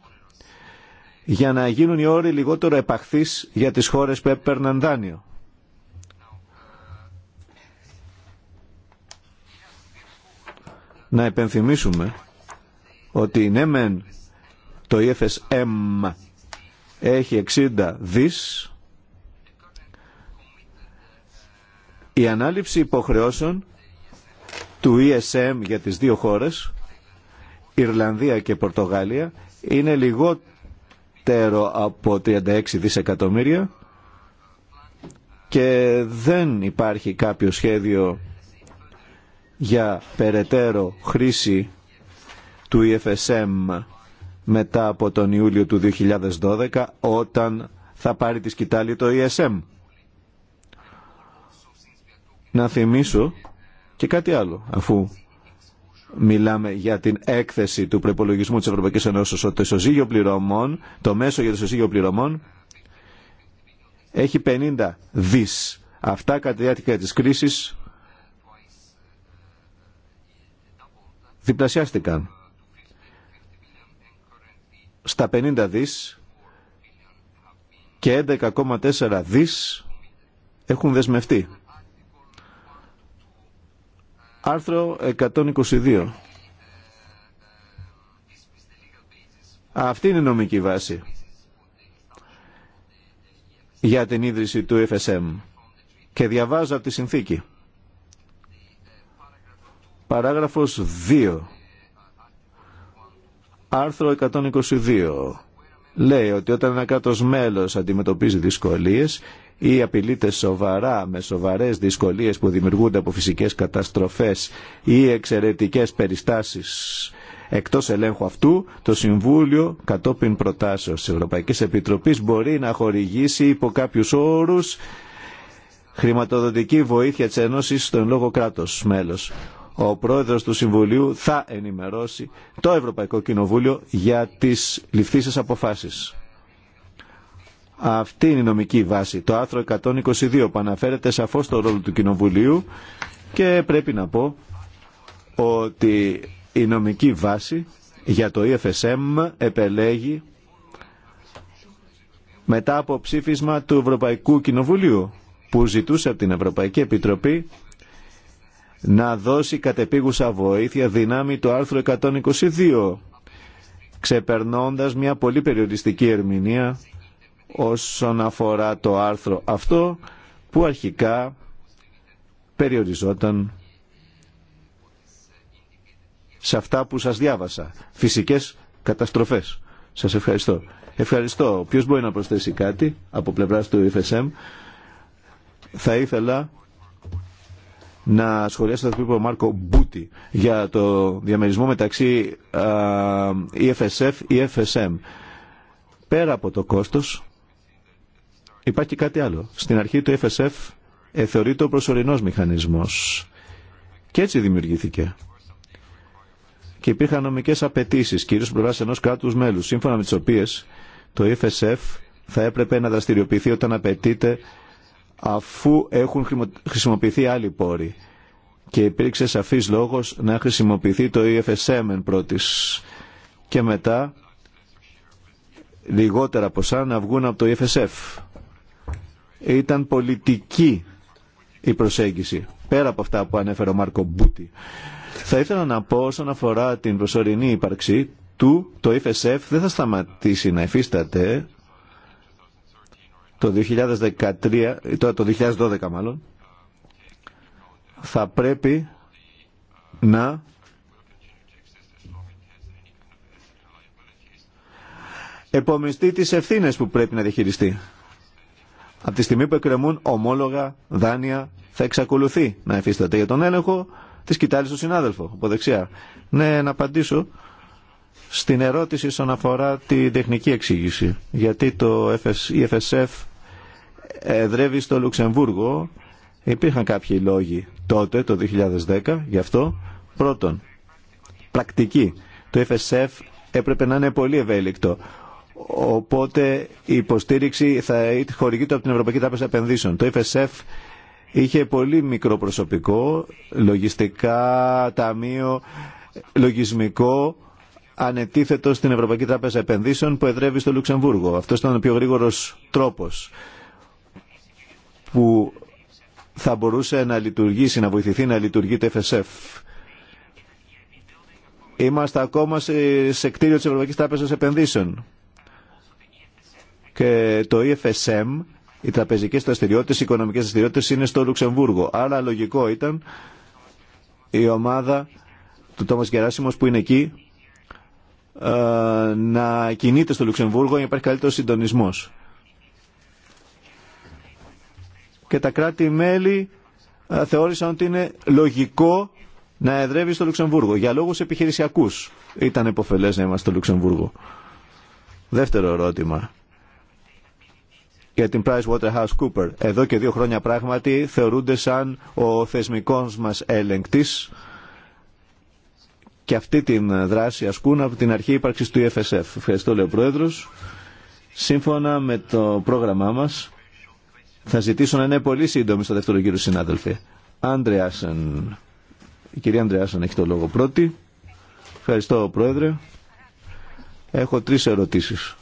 για να γίνουν οι όροι λιγότερο επαχθείς για τις χώρες που έπαιρναν δάνειο. να επενθυμίσουμε ότι ναι μεν το EFSM έχει 60 δις η ανάληψη υποχρεώσεων του ESM για τις δύο χώρες Ιρλανδία και Πορτογαλία είναι λιγότερο από 36 δισεκατομμύρια και δεν υπάρχει κάποιο σχέδιο για περαιτέρω χρήση του EFSM μετά από τον Ιούλιο του 2012 όταν θα πάρει τη σκητάλη το ESM. Να θυμίσω και κάτι άλλο αφού μιλάμε για την έκθεση του προπολογισμού της Ευρωπαϊκής Ενώσης ότι το ισοζύγιο το μέσο για το ισοζύγιο πληρωμών έχει 50 δις. Αυτά κατά τη διάρκεια της κρίσης διπλασιάστηκαν στα 50 δις και 11,4 δις έχουν δεσμευτεί. Άρθρο 122. Αυτή είναι η νομική βάση για την ίδρυση του FSM και διαβάζω από τη συνθήκη. Παράγραφος 2. Άρθρο 122. Λέει ότι όταν ένα κράτος μέλος αντιμετωπίζει δυσκολίες ή απειλείται σοβαρά με σοβαρές δυσκολίες που δημιουργούνται από φυσικές καταστροφές ή εξαιρετικές περιστάσεις εκτός ελέγχου αυτού, το Συμβούλιο κατόπιν προτάσεως της Ευρωπαϊκής Επιτροπής μπορεί να χορηγήσει υπό κάποιους όρους χρηματοδοτική βοήθεια της Ένωσης στον λόγο κράτος μέλος ο πρόεδρος του Συμβουλίου θα ενημερώσει το Ευρωπαϊκό Κοινοβούλιο για τις ληφθήσεις αποφάσεις. Αυτή είναι η νομική βάση. Το άρθρο 122 που αναφέρεται σαφώς στο ρόλο του Κοινοβουλίου και πρέπει να πω ότι η νομική βάση για το EFSM επελέγει μετά από ψήφισμα του Ευρωπαϊκού Κοινοβουλίου που ζητούσε από την Ευρωπαϊκή Επιτροπή να δώσει κατεπίγουσα βοήθεια δυνάμει το άρθρο 122, ξεπερνώντας μια πολύ περιοριστική ερμηνεία όσον αφορά το άρθρο αυτό που αρχικά περιοριζόταν σε αυτά που σας διάβασα. Φυσικές καταστροφές. Σας ευχαριστώ. Ευχαριστώ. Ποιος μπορεί να προσθέσει κάτι από πλευράς του FSM. Θα ήθελα να σχολιάσετε το που Μάρκο Μπούτι για το διαμερισμό μεταξύ EFSF ή FSM. E Πέρα από το κόστος υπάρχει κάτι άλλο. Στην αρχή το e FSF ε, θεωρείται ο προσωρινός μηχανισμός και έτσι δημιουργήθηκε. Και υπήρχαν νομικέ απαιτήσει κυρίως πλευρά ενό κράτου μέλους, σύμφωνα με τις οποίε το FSF e θα έπρεπε να δραστηριοποιηθεί όταν απαιτείται αφού έχουν χρησιμοποιηθεί άλλοι πόροι και υπήρξε σαφής λόγος να χρησιμοποιηθεί το EFSM εν πρώτης και μετά λιγότερα ποσά να βγουν από το EFSF. Ήταν πολιτική η προσέγγιση, πέρα από αυτά που ανέφερε ο Μάρκο Μπούτι. Θα ήθελα να πω όσον αφορά την προσωρινή ύπαρξη του, το EFSF δεν θα σταματήσει να υφίσταται, το 2013, τώρα το 2012 μάλλον, θα πρέπει να επομιστεί τις ευθύνες που πρέπει να διαχειριστεί. Από τη στιγμή που εκκρεμούν ομόλογα δάνεια θα εξακολουθεί να εφίσταται για τον έλεγχο της κοιτάλης του συνάδελφου από δεξιά. Ναι, να απαντήσω στην ερώτηση όσον αφορά τη τεχνική εξήγηση. Γιατί το FSF εδρεύει στο Λουξεμβούργο. Υπήρχαν κάποιοι λόγοι τότε, το 2010, γι' αυτό. Πρώτον, πρακτική. Το FSF έπρεπε να είναι πολύ ευέλικτο. Οπότε η υποστήριξη θα χορηγείται από την Ευρωπαϊκή Τράπεζα Επενδύσεων. Το FSF είχε πολύ μικρό προσωπικό, λογιστικά, ταμείο, λογισμικό ανετίθετο στην Ευρωπαϊκή Τράπεζα Επενδύσεων που εδρεύει στο Λουξεμβούργο. Αυτό ήταν ο πιο γρήγορο τρόπο που θα μπορούσε να λειτουργήσει, να βοηθηθεί να λειτουργεί το FSF. Είμαστε ακόμα σε κτίριο της Ευρωπαϊκής Τράπεζας Επενδύσεων. Και το EFSM, οι τραπεζικές δραστηριότητες, οι οικονομικές δραστηριότητες είναι στο Λουξεμβούργο. Άρα λογικό ήταν η ομάδα του Τόμας Γεράσιμος που είναι εκεί ε, να κινείται στο Λουξεμβούργο για να υπάρχει καλύτερο συντονισμό. Και τα κράτη-μέλη ε, θεώρησαν ότι είναι λογικό να εδρεύει στο Λουξεμβούργο. Για λόγους επιχειρησιακούς ήταν υποφελές να είμαστε στο Λουξεμβούργο. Δεύτερο ερώτημα για την PricewaterhouseCooper. Εδώ και δύο χρόνια πράγματι θεωρούνται σαν ο θεσμικός μας έλεγκτης και αυτή την ε, δράση ασκούν από την αρχή ύπαρξης του EFSF. Ευχαριστώ, λέει ο Πρόεδρος. Σύμφωνα με το πρόγραμμά μας, θα ζητήσω να είναι πολύ σύντομη στο δεύτερο γύρο, συνάδελφοι. Άντρεάσεν, η κυρία Άντρεάσεν έχει το λόγο πρώτη. Ευχαριστώ, Πρόεδρε. Έχω τρεις ερωτήσεις.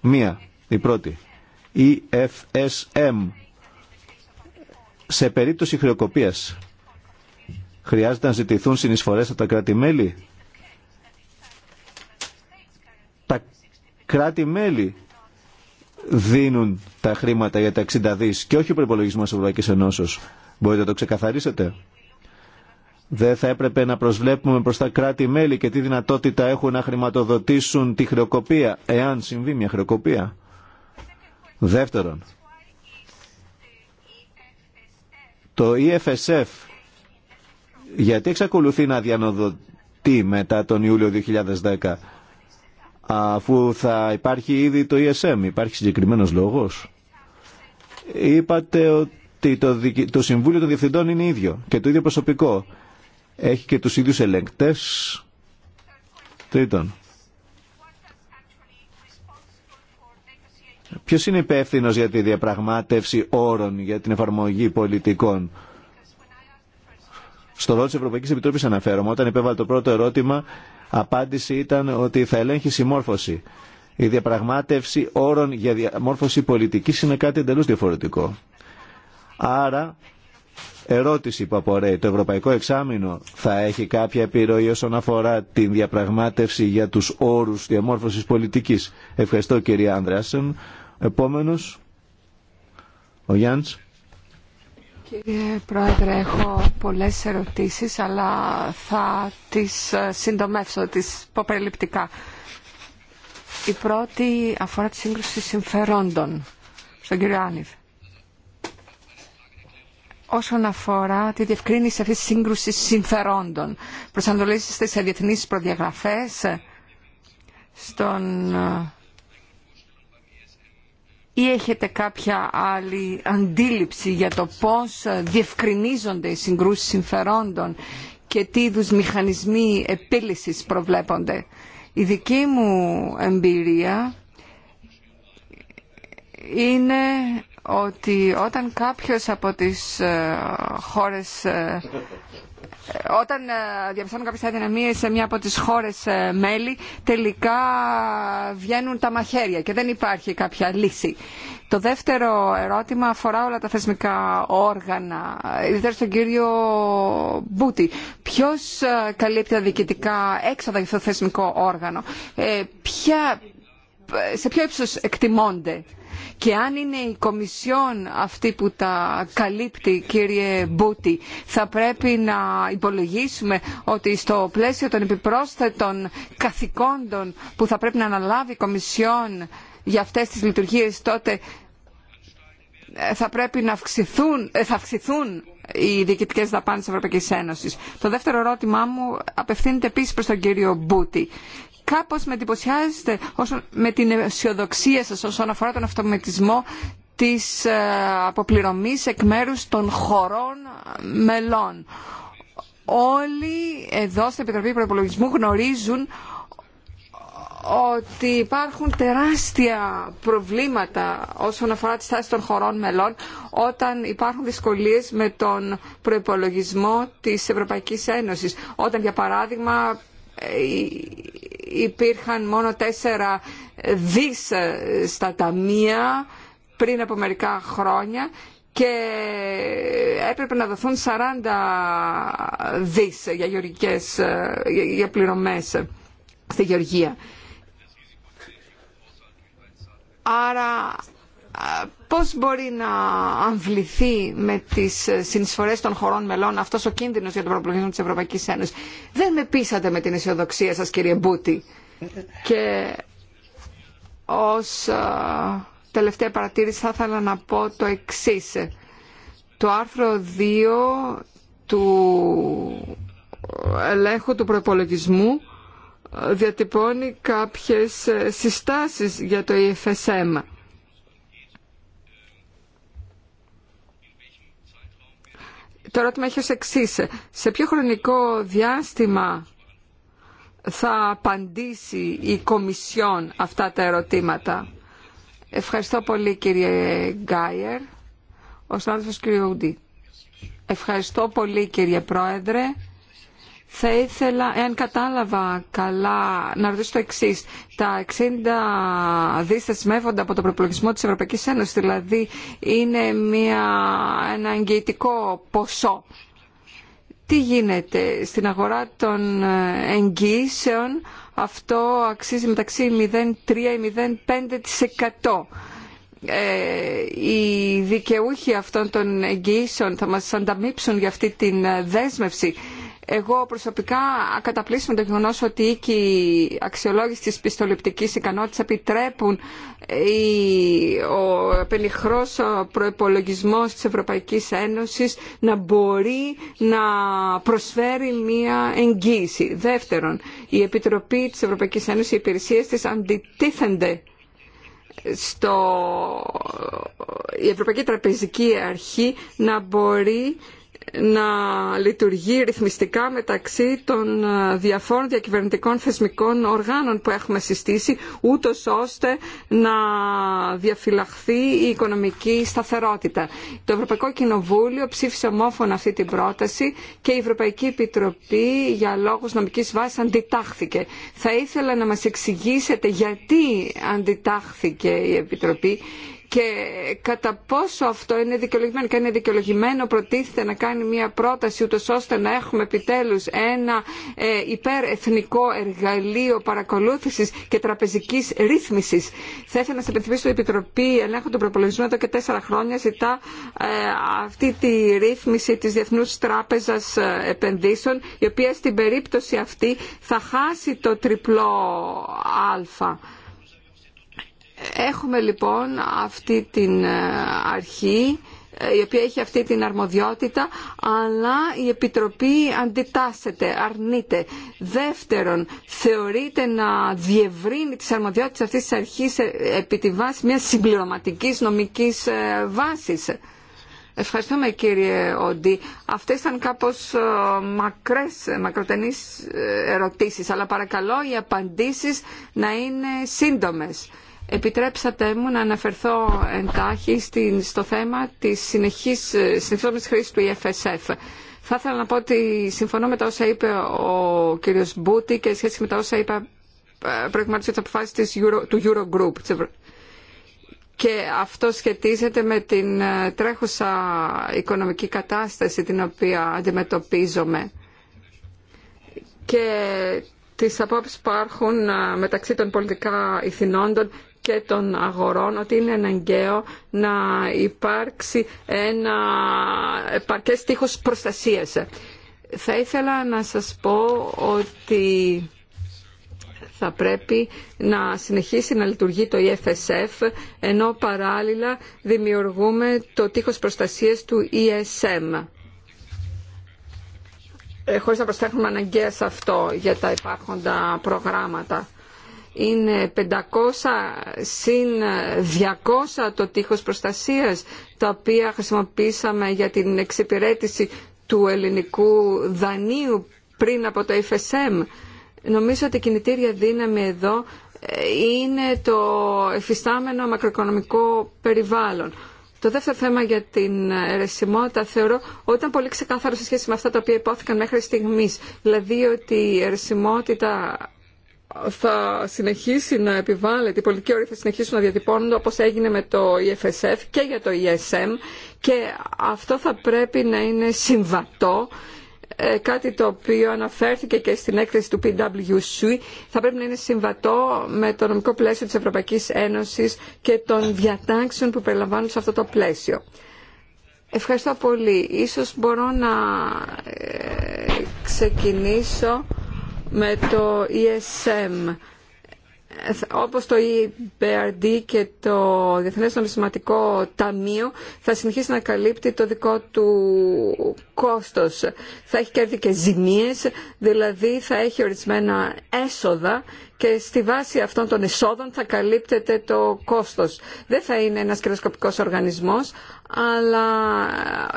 Μία, η πρώτη. EFSM. Σε περίπτωση χρεοκοπίας, Χρειάζεται να ζητηθούν συνεισφορές από τα κράτη-μέλη. Τα κράτη-μέλη δίνουν τα χρήματα για τα 60 δις και όχι ο προπολογισμό της Ευρωπαϊκής Ενώσεως. Μπορείτε να το ξεκαθαρίσετε. Δεν θα έπρεπε να προσβλέπουμε προς τα κράτη-μέλη και τι δυνατότητα έχουν να χρηματοδοτήσουν τη χρεοκοπία, εάν συμβεί μια χρεοκοπία. Δεύτερον, το EFSF γιατί εξακολουθεί να διανοδοτεί μετά τον Ιούλιο 2010 αφού θα υπάρχει ήδη το ESM. Υπάρχει συγκεκριμένος λόγος. Είπατε ότι το, το Συμβούλιο των Διευθυντών είναι ίδιο και το ίδιο προσωπικό. Έχει και τους ίδιους ελεγκτές. Τρίτον. Ποιος είναι υπεύθυνο για τη διαπραγμάτευση όρων για την εφαρμογή πολιτικών στο ρόλο τη Ευρωπαϊκή Επιτροπή αναφέρομαι. Όταν υπέβαλε το πρώτο ερώτημα, απάντηση ήταν ότι θα ελέγχει συμμόρφωση. Η διαπραγμάτευση όρων για διαμόρφωση πολιτική είναι κάτι εντελώ διαφορετικό. Άρα, ερώτηση που απορρέει, το Ευρωπαϊκό Εξάμεινο θα έχει κάποια επιρροή όσον αφορά την διαπραγμάτευση για του όρου διαμόρφωση πολιτική. Ευχαριστώ, κύριε Άνδρασεν. Επόμενο, ο Γιάννη. Κύριε Πρόεδρε, έχω πολλές ερωτήσεις, αλλά θα τις ε, συντομεύσω, τις πω περιληπτικά. Η πρώτη αφορά τη σύγκρουση συμφερόντων στον κύριο Άνιβ. Όσον αφορά τη διευκρίνηση αυτής της σύγκρουσης συμφερόντων, προσανατολίζεστε σε διεθνείς προδιαγραφές, στον ε, ή έχετε κάποια άλλη αντίληψη για το πώς διευκρινίζονται οι συγκρούσεις συμφερόντων και τι είδους μηχανισμοί επίλυσης προβλέπονται. Η δική μου εμπειρία είναι ότι όταν κάποιος από τις ε, χώρες ε, ε, όταν ε, διαπιστώνουν κάποιες αδυναμίες σε μια από τις χώρες ε, μέλη τελικά βγαίνουν τα μαχαίρια και δεν υπάρχει κάποια λύση. Το δεύτερο ερώτημα αφορά όλα τα θεσμικά όργανα, ιδιαίτερα στον κύριο Μπούτη. Ποιος καλύπτει τα διοικητικά έξοδα για αυτό το θεσμικό όργανο, ποια, σε ποιο ύψος εκτιμώνται και αν είναι η Κομισιόν αυτή που τα καλύπτει, κύριε Μπούτη, θα πρέπει να υπολογίσουμε ότι στο πλαίσιο των επιπρόσθετων καθηκόντων που θα πρέπει να αναλάβει η Κομισιόν για αυτές τις λειτουργίες τότε ε, θα πρέπει να αυξηθούν, ε, θα αυξηθούν οι διοικητικές δαπάνες της Ευρωπαϊκής Ένωσης. Το δεύτερο ερώτημά μου απευθύνεται επίσης προ τον κύριο Μπούτη. Κάπω με εντυπωσιάζετε με την αισιοδοξία σας όσον αφορά τον αυτοματισμό της ε, αποπληρωμής εκ μέρου των χωρών μελών. Όλοι εδώ στην Επιτροπή Προπολογισμού γνωρίζουν ότι υπάρχουν τεράστια προβλήματα όσον αφορά τις στάση των χωρών μελών όταν υπάρχουν δυσκολίες με τον προϋπολογισμό της Ευρωπαϊκής Ένωσης. Όταν, για παράδειγμα, ε, υπήρχαν μόνο τέσσερα δις ε, στα ταμεία πριν από μερικά χρόνια και έπρεπε να δοθούν 40 δις για, γεωργικές, ε, για πληρωμές στη Γεωργία. Άρα πώς μπορεί να αμβληθεί με τις συνεισφορές των χωρών μελών αυτός ο κίνδυνος για τον προπολογισμό της Ευρωπαϊκής Ένωσης. Δεν με πείσατε με την αισιοδοξία σας κύριε Μπούτη. Και ως τελευταία παρατήρηση θα ήθελα να πω το εξής. Το άρθρο 2 του ελέγχου του προπολογισμού ε, διατυπώνει κάποιες ε, συστάσεις για το EFSM Το ερώτημα έχει ως εξής. Σε ποιο χρονικό διάστημα θα απαντήσει η Κομισιόν αυτά τα ερωτήματα. Ευχαριστώ πολύ κύριε Γκάιερ. Ο συνάδελφος κύριο Ουντή. Ευχαριστώ πολύ κύριε Πρόεδρε. Θα ήθελα, εάν κατάλαβα καλά, να ρωτήσω το εξή. Τα 60 δις θεσμεύονται από το προπολογισμό της Ευρωπαϊκής Ένωσης, δηλαδή είναι μια, ένα εγγυητικό ποσό. Τι γίνεται στην αγορά των εγγυήσεων, αυτό αξίζει μεταξύ 0,3 ή 0,5%. Ε, οι δικαιούχοι αυτών των εγγυήσεων θα μας ανταμείψουν για αυτή την δέσμευση εγώ προσωπικά με το γεγονό ότι οι οίκοι αξιολόγηση τη πιστοληπτική ικανότητα επιτρέπουν ο πενιχρό προπολογισμό τη Ευρωπαϊκή Ένωση να μπορεί να προσφέρει μία εγγύηση. Δεύτερον, η Επιτροπή τη Ευρωπαϊκή Ένωση, οι υπηρεσίε τη αντιτίθενται στο η Ευρωπαϊκή Τραπεζική Αρχή να μπορεί να λειτουργεί ρυθμιστικά μεταξύ των ε, διαφόρων διακυβερνητικών θεσμικών οργάνων που έχουμε συστήσει, ούτω ώστε να διαφυλαχθεί η οικονομική σταθερότητα. Το Ευρωπαϊκό Κοινοβούλιο ψήφισε ομόφωνα αυτή την πρόταση και η Ευρωπαϊκή Επιτροπή για λόγους νομικής βάσης αντιτάχθηκε. Θα ήθελα να μας εξηγήσετε γιατί αντιτάχθηκε η Επιτροπή και κατά πόσο αυτό είναι δικαιολογημένο και είναι δικαιολογημένο προτίθεται να κάνει μια πρόταση ούτω ώστε να έχουμε επιτέλους ένα ε, υπερεθνικό εργαλείο παρακολούθησης και τραπεζικής ρύθμισης. Θα ήθελα να σας υπενθυμίσω η Επιτροπή Ελέγχου των Προπολογισμών εδώ και τέσσερα χρόνια ζητά ε, αυτή τη ρύθμιση της Διεθνούς Τράπεζας ε, Επενδύσεων η οποία στην περίπτωση αυτή θα χάσει το τριπλό α Έχουμε λοιπόν αυτή την ε, αρχή ε, η οποία έχει αυτή την αρμοδιότητα, αλλά η Επιτροπή αντιτάσσεται, αρνείται. Δεύτερον, θεωρείται να διευρύνει τις αρμοδιότητες αυτής της αρχής ε, επί τη βάση μιας συμπληρωματικής νομικής βάσης. Ευχαριστούμε κύριε Όντι. Αυτές ήταν κάπως μακρές, μακροτενείς ερωτήσεις, αλλά παρακαλώ οι απαντήσεις να είναι σύντομες Επιτρέψατε μου να αναφερθώ εντάχει στο θέμα της συνεχής, συνεχής χρήσης του EFSF. Θα ήθελα να πω ότι συμφωνώ με τα όσα είπε ο κ. Μπούτη και σχέση με τα όσα είπα ε, προηγουμένως για τις αποφάσεις του Eurogroup. Και αυτό σχετίζεται με την ε, τρέχουσα οικονομική κατάσταση την οποία αντιμετωπίζομαι και τις απόψεις που υπάρχουν ε, μεταξύ των πολιτικά ηθινόντων και των αγορών ότι είναι αναγκαίο να υπάρξει ένα επαρκές τείχος προστασίας. Θα ήθελα να σας πω ότι θα πρέπει να συνεχίσει να λειτουργεί το EFSF ενώ παράλληλα δημιουργούμε το τείχος προστασίας του ESM ε, χωρίς να προσθέτουμε αναγκαία σε αυτό για τα υπάρχοντα προγράμματα είναι 500 συν 200 το τείχος προστασίας τα οποία χρησιμοποίησαμε για την εξυπηρέτηση του ελληνικού δανείου πριν από το FSM. Νομίζω ότι η κινητήρια δύναμη εδώ ε, είναι το εφιστάμενο μακροοικονομικό περιβάλλον. Το δεύτερο θέμα για την αιρεσιμότητα θεωρώ ότι ήταν πολύ ξεκάθαρο σε σχέση με αυτά τα οποία υπόθηκαν μέχρι στιγμής. Δηλαδή ότι η αιρεσιμότητα θα συνεχίσει να επιβάλλεται, οι πολιτικοί όροι θα συνεχίσουν να διατυπώνονται όπως έγινε με το EFSF και για το ESM και αυτό θα πρέπει να είναι συμβατό ε, κάτι το οποίο αναφέρθηκε και στην έκθεση του PwC θα πρέπει να είναι συμβατό με το νομικό πλαίσιο της Ευρωπαϊκής Ένωσης και των διατάξεων που περιλαμβάνουν σε αυτό το πλαίσιο. Ευχαριστώ πολύ. Ίσως μπορώ να ε, ξεκινήσω με το ESM όπως το EBRD και το Διεθνές Νομισματικό Ταμείο θα συνεχίσει να καλύπτει το δικό του κόστος. Θα έχει κέρδη και ζημίες, δηλαδή θα έχει ορισμένα έσοδα και στη βάση αυτών των εσόδων θα καλύπτεται το κόστος. Δεν θα είναι ένας κερδοσκοπικός οργανισμός, αλλά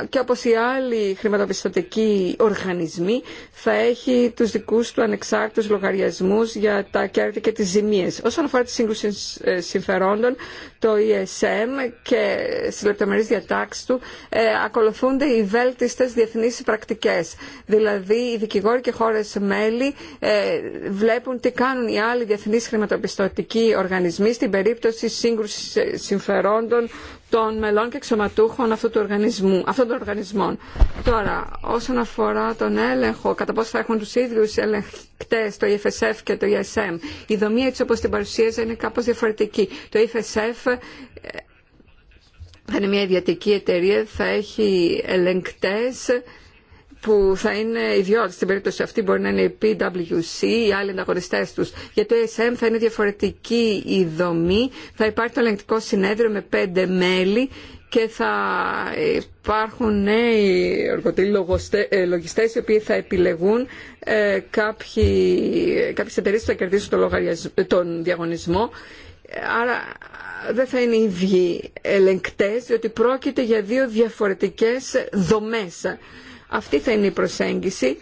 ε, και όπως οι άλλοι χρηματοπιστωτικοί οργανισμοί θα έχει τους δικούς του ανεξάρτητους λογαριασμούς για τα κέρδη και τις ζημίες. Όσον αφορά τις σύγκρουση ε, συμφερόντων, το ESM και στις λεπτομερείς διατάξεις του ε, ακολουθούνται οι βέλτιστες διεθνείς πρακτικές. Δηλαδή οι δικηγόροι και χώρες μέλη ε, βλέπουν τι κάνουν οι άλλοι διεθνείς χρηματοπιστωτικοί οργανισμοί στην περίπτωση σύγκρουσης ε, συμφερόντων των μελών και εξωματούχων αυτού του οργανισμού, αυτών των οργανισμών. Τώρα, όσον αφορά τον έλεγχο, κατά πόσο θα έχουν τους ίδιους ελεγχτές, το EFSF και το ESM, η δομή έτσι όπως την παρουσίαζα είναι κάπως διαφορετική. Το EFSF ε, θα είναι μια ιδιωτική εταιρεία, θα έχει ελεγκτές που θα είναι ιδιώτη. στην περίπτωση αυτή μπορεί να είναι η PwC ή άλλοι ανταγωνιστέ του. για το ESM θα είναι διαφορετική η δομή θα υπάρχει το ελεγκτικό συνέδριο με πέντε μέλη και θα υπάρχουν νέοι ε, λογιστές οι οποίοι θα επιλεγούν ε, κάποιε κάποιες εταιρείες που θα κερδίσουν τον, ε, τον διαγωνισμό άρα δεν θα είναι οι ίδιοι ελεγκτές διότι πρόκειται για δύο διαφορετικές δομές αυτή θα είναι η προσέγγιση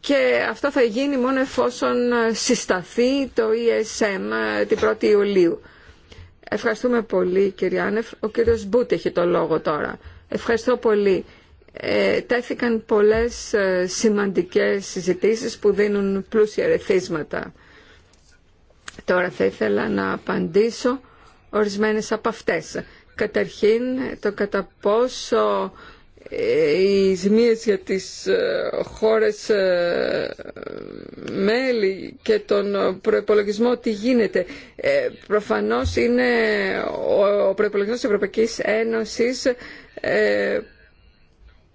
και αυτό θα γίνει μόνο εφόσον συσταθεί το ESM ε, την 1η Ιουλίου. Ευχαριστούμε πολύ κύριε Άνεφ. Ο κύριος Μπούτ έχει το λόγο τώρα. Ευχαριστώ πολύ. Ε, τέθηκαν πολλές ε, σημαντικές συζητήσεις που δίνουν πλούσια ρεθίσματα. Τώρα θα ήθελα να απαντήσω ορισμένες από αυτές. Καταρχήν το κατά πόσο οι ζημίες για τις ε, χώρες ε, μέλη και τον προϋπολογισμό τι γίνεται. Ε, προφανώς είναι ο προϋπολογισμός της Ευρωπαϊκής Ένωσης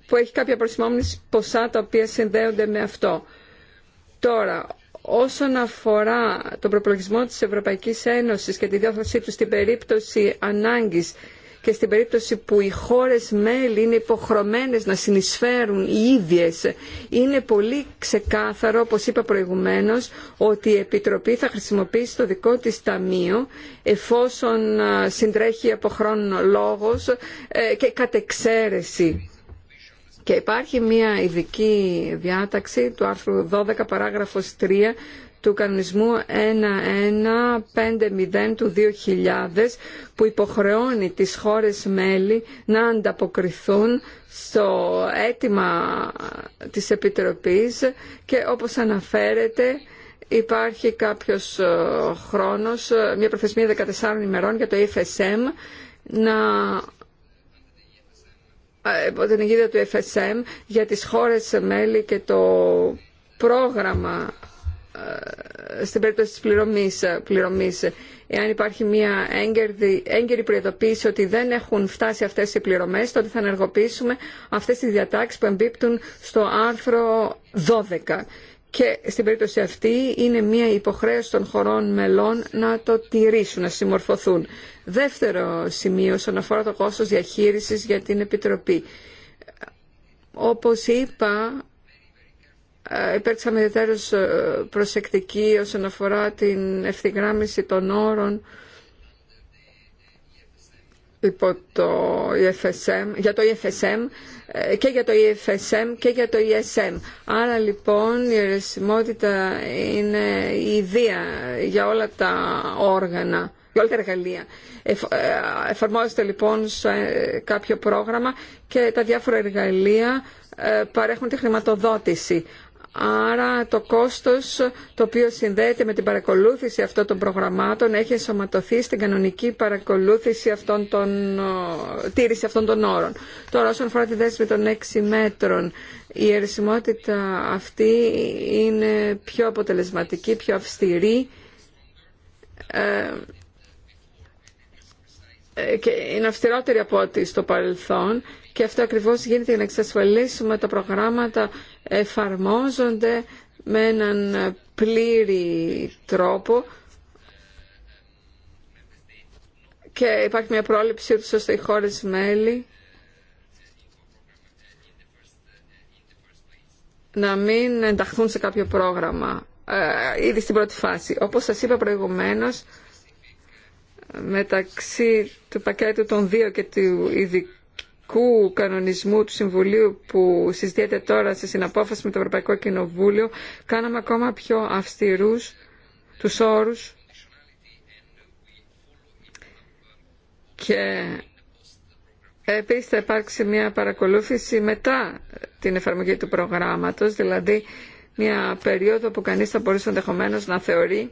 που έχει κάποια προσημόμενη ποσά τα οποία συνδέονται με αυτό. Τώρα, όσον αφορά τον προπολογισμό της Ευρωπαϊκής Ένωσης και τη διάθεσή του στην περίπτωση ανάγκης και στην περίπτωση που οι χώρες μέλη είναι υποχρωμένες να συνεισφέρουν οι ίδιες είναι πολύ ξεκάθαρο όπως είπα προηγουμένως ότι η Επιτροπή θα χρησιμοποιήσει το δικό της ταμείο εφόσον συντρέχει από χρόνο λόγος ε, και κατεξαίρεση. Και υπάρχει μια ειδική διάταξη του άρθρου 12 παράγραφος 3 του κανονισμού 1150 του 2000 που υποχρεώνει τις χώρες μέλη να ανταποκριθούν στο αίτημα της Επιτροπής και όπως αναφέρεται υπάρχει κάποιος ε, χρόνος, ε, μια προθεσμία 14 ημερών για το FSM να ε, την αιγίδα του FSM για τις χώρες μέλη και το πρόγραμμα στην περίπτωση της πληρωμής, πληρωμής εάν υπάρχει μια έγκαιρη, έγκαιρη προειδοποίηση ότι δεν έχουν φτάσει αυτές οι πληρωμές, τότε θα ενεργοποιήσουμε αυτές τις διατάξεις που εμπίπτουν στο άρθρο 12. Και στην περίπτωση αυτή είναι μια υποχρέωση των χωρών μελών να το τηρήσουν, να συμμορφωθούν. Δεύτερο σημείο, όσον αφορά το κόστος διαχείρισης για την Επιτροπή. Όπως είπα, υπέρξαμε ιδιαίτερως ε, προσεκτικοί όσον αφορά την ευθυγράμμιση των όρων υπό το EFSM, για το EFSM ε, και για το EFSM και για το ESM. Άρα λοιπόν η αιρεσιμότητα είναι η ιδία για όλα τα όργανα, για όλα τα εργαλεία. Ε, εφαρμόζεται λοιπόν σε κάποιο πρόγραμμα και τα διάφορα εργαλεία παρέχουν τη χρηματοδότηση. Άρα το κόστος το οποίο συνδέεται με την παρακολούθηση αυτών των προγραμμάτων έχει ενσωματωθεί στην κανονική παρακολούθηση αυτών των, τήρηση αυτών των όρων. Τώρα όσον αφορά τη δέσμη των 6 μέτρων, η αιρεσιμότητα αυτή είναι πιο αποτελεσματική, πιο αυστηρή ε, και είναι αυστηρότερη από ό,τι στο παρελθόν και αυτό ακριβώς γίνεται για να εξασφαλίσουμε τα προγράμματα εφαρμόζονται με έναν πλήρη τρόπο και υπάρχει μια πρόληψη του ώστε οι χώρες μέλη να μην ενταχθούν σε κάποιο πρόγραμμα ε, ήδη στην πρώτη φάση. Όπως σας είπα προηγουμένως, μεταξύ του πακέτου των δύο και του ειδικού ευρωπαϊκού κανονισμού του Συμβουλίου που συζητιέται τώρα σε συναπόφαση με το Ευρωπαϊκό Κοινοβούλιο, κάναμε ακόμα πιο αυστηρούς τους όρους και επίσης θα υπάρξει μια παρακολούθηση μετά την εφαρμογή του προγράμματος, δηλαδή μια περίοδο που κανείς θα μπορούσε ενδεχομένω να θεωρεί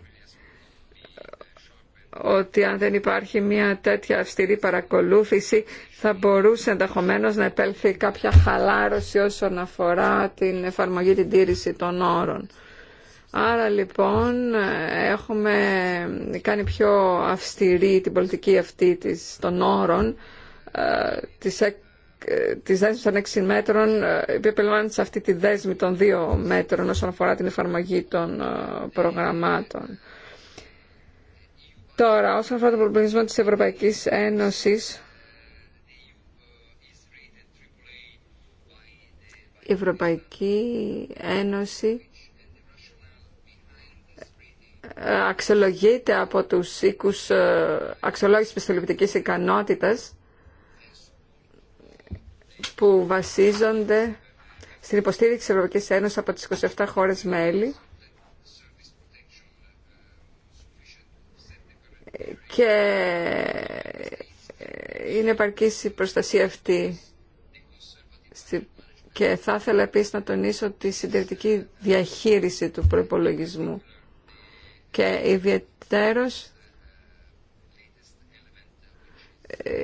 ότι αν δεν υπάρχει μια τέτοια αυστηρή παρακολούθηση θα μπορούσε ενδεχομένω να επέλθει κάποια χαλάρωση όσον αφορά την εφαρμογή, την τήρηση των όρων. Άρα λοιπόν έχουμε κάνει πιο αυστηρή την πολιτική αυτή της, των όρων ε, της, ε, της των 6 μέτρων ε, η οποία σε αυτή τη δέσμη των 2 μέτρων όσον αφορά την εφαρμογή των προγραμμάτων. Τώρα, όσον αφορά το προβληματισμό της ευρωπαϊκή Ένωσης, η Ευρωπαϊκή Ένωση ε, αξιολογείται από τους οίκους ε, αξιολόγησης πιστοληπτικής ικανότητας που βασίζονται στην υποστήριξη της Ευρωπαϊκής Ένωσης από τις 27 χώρες μέλη και είναι επαρκή η προστασία αυτή και θα ήθελα επίση να τονίσω τη συντηρητική διαχείριση του προπολογισμού. και ιδιαίτερος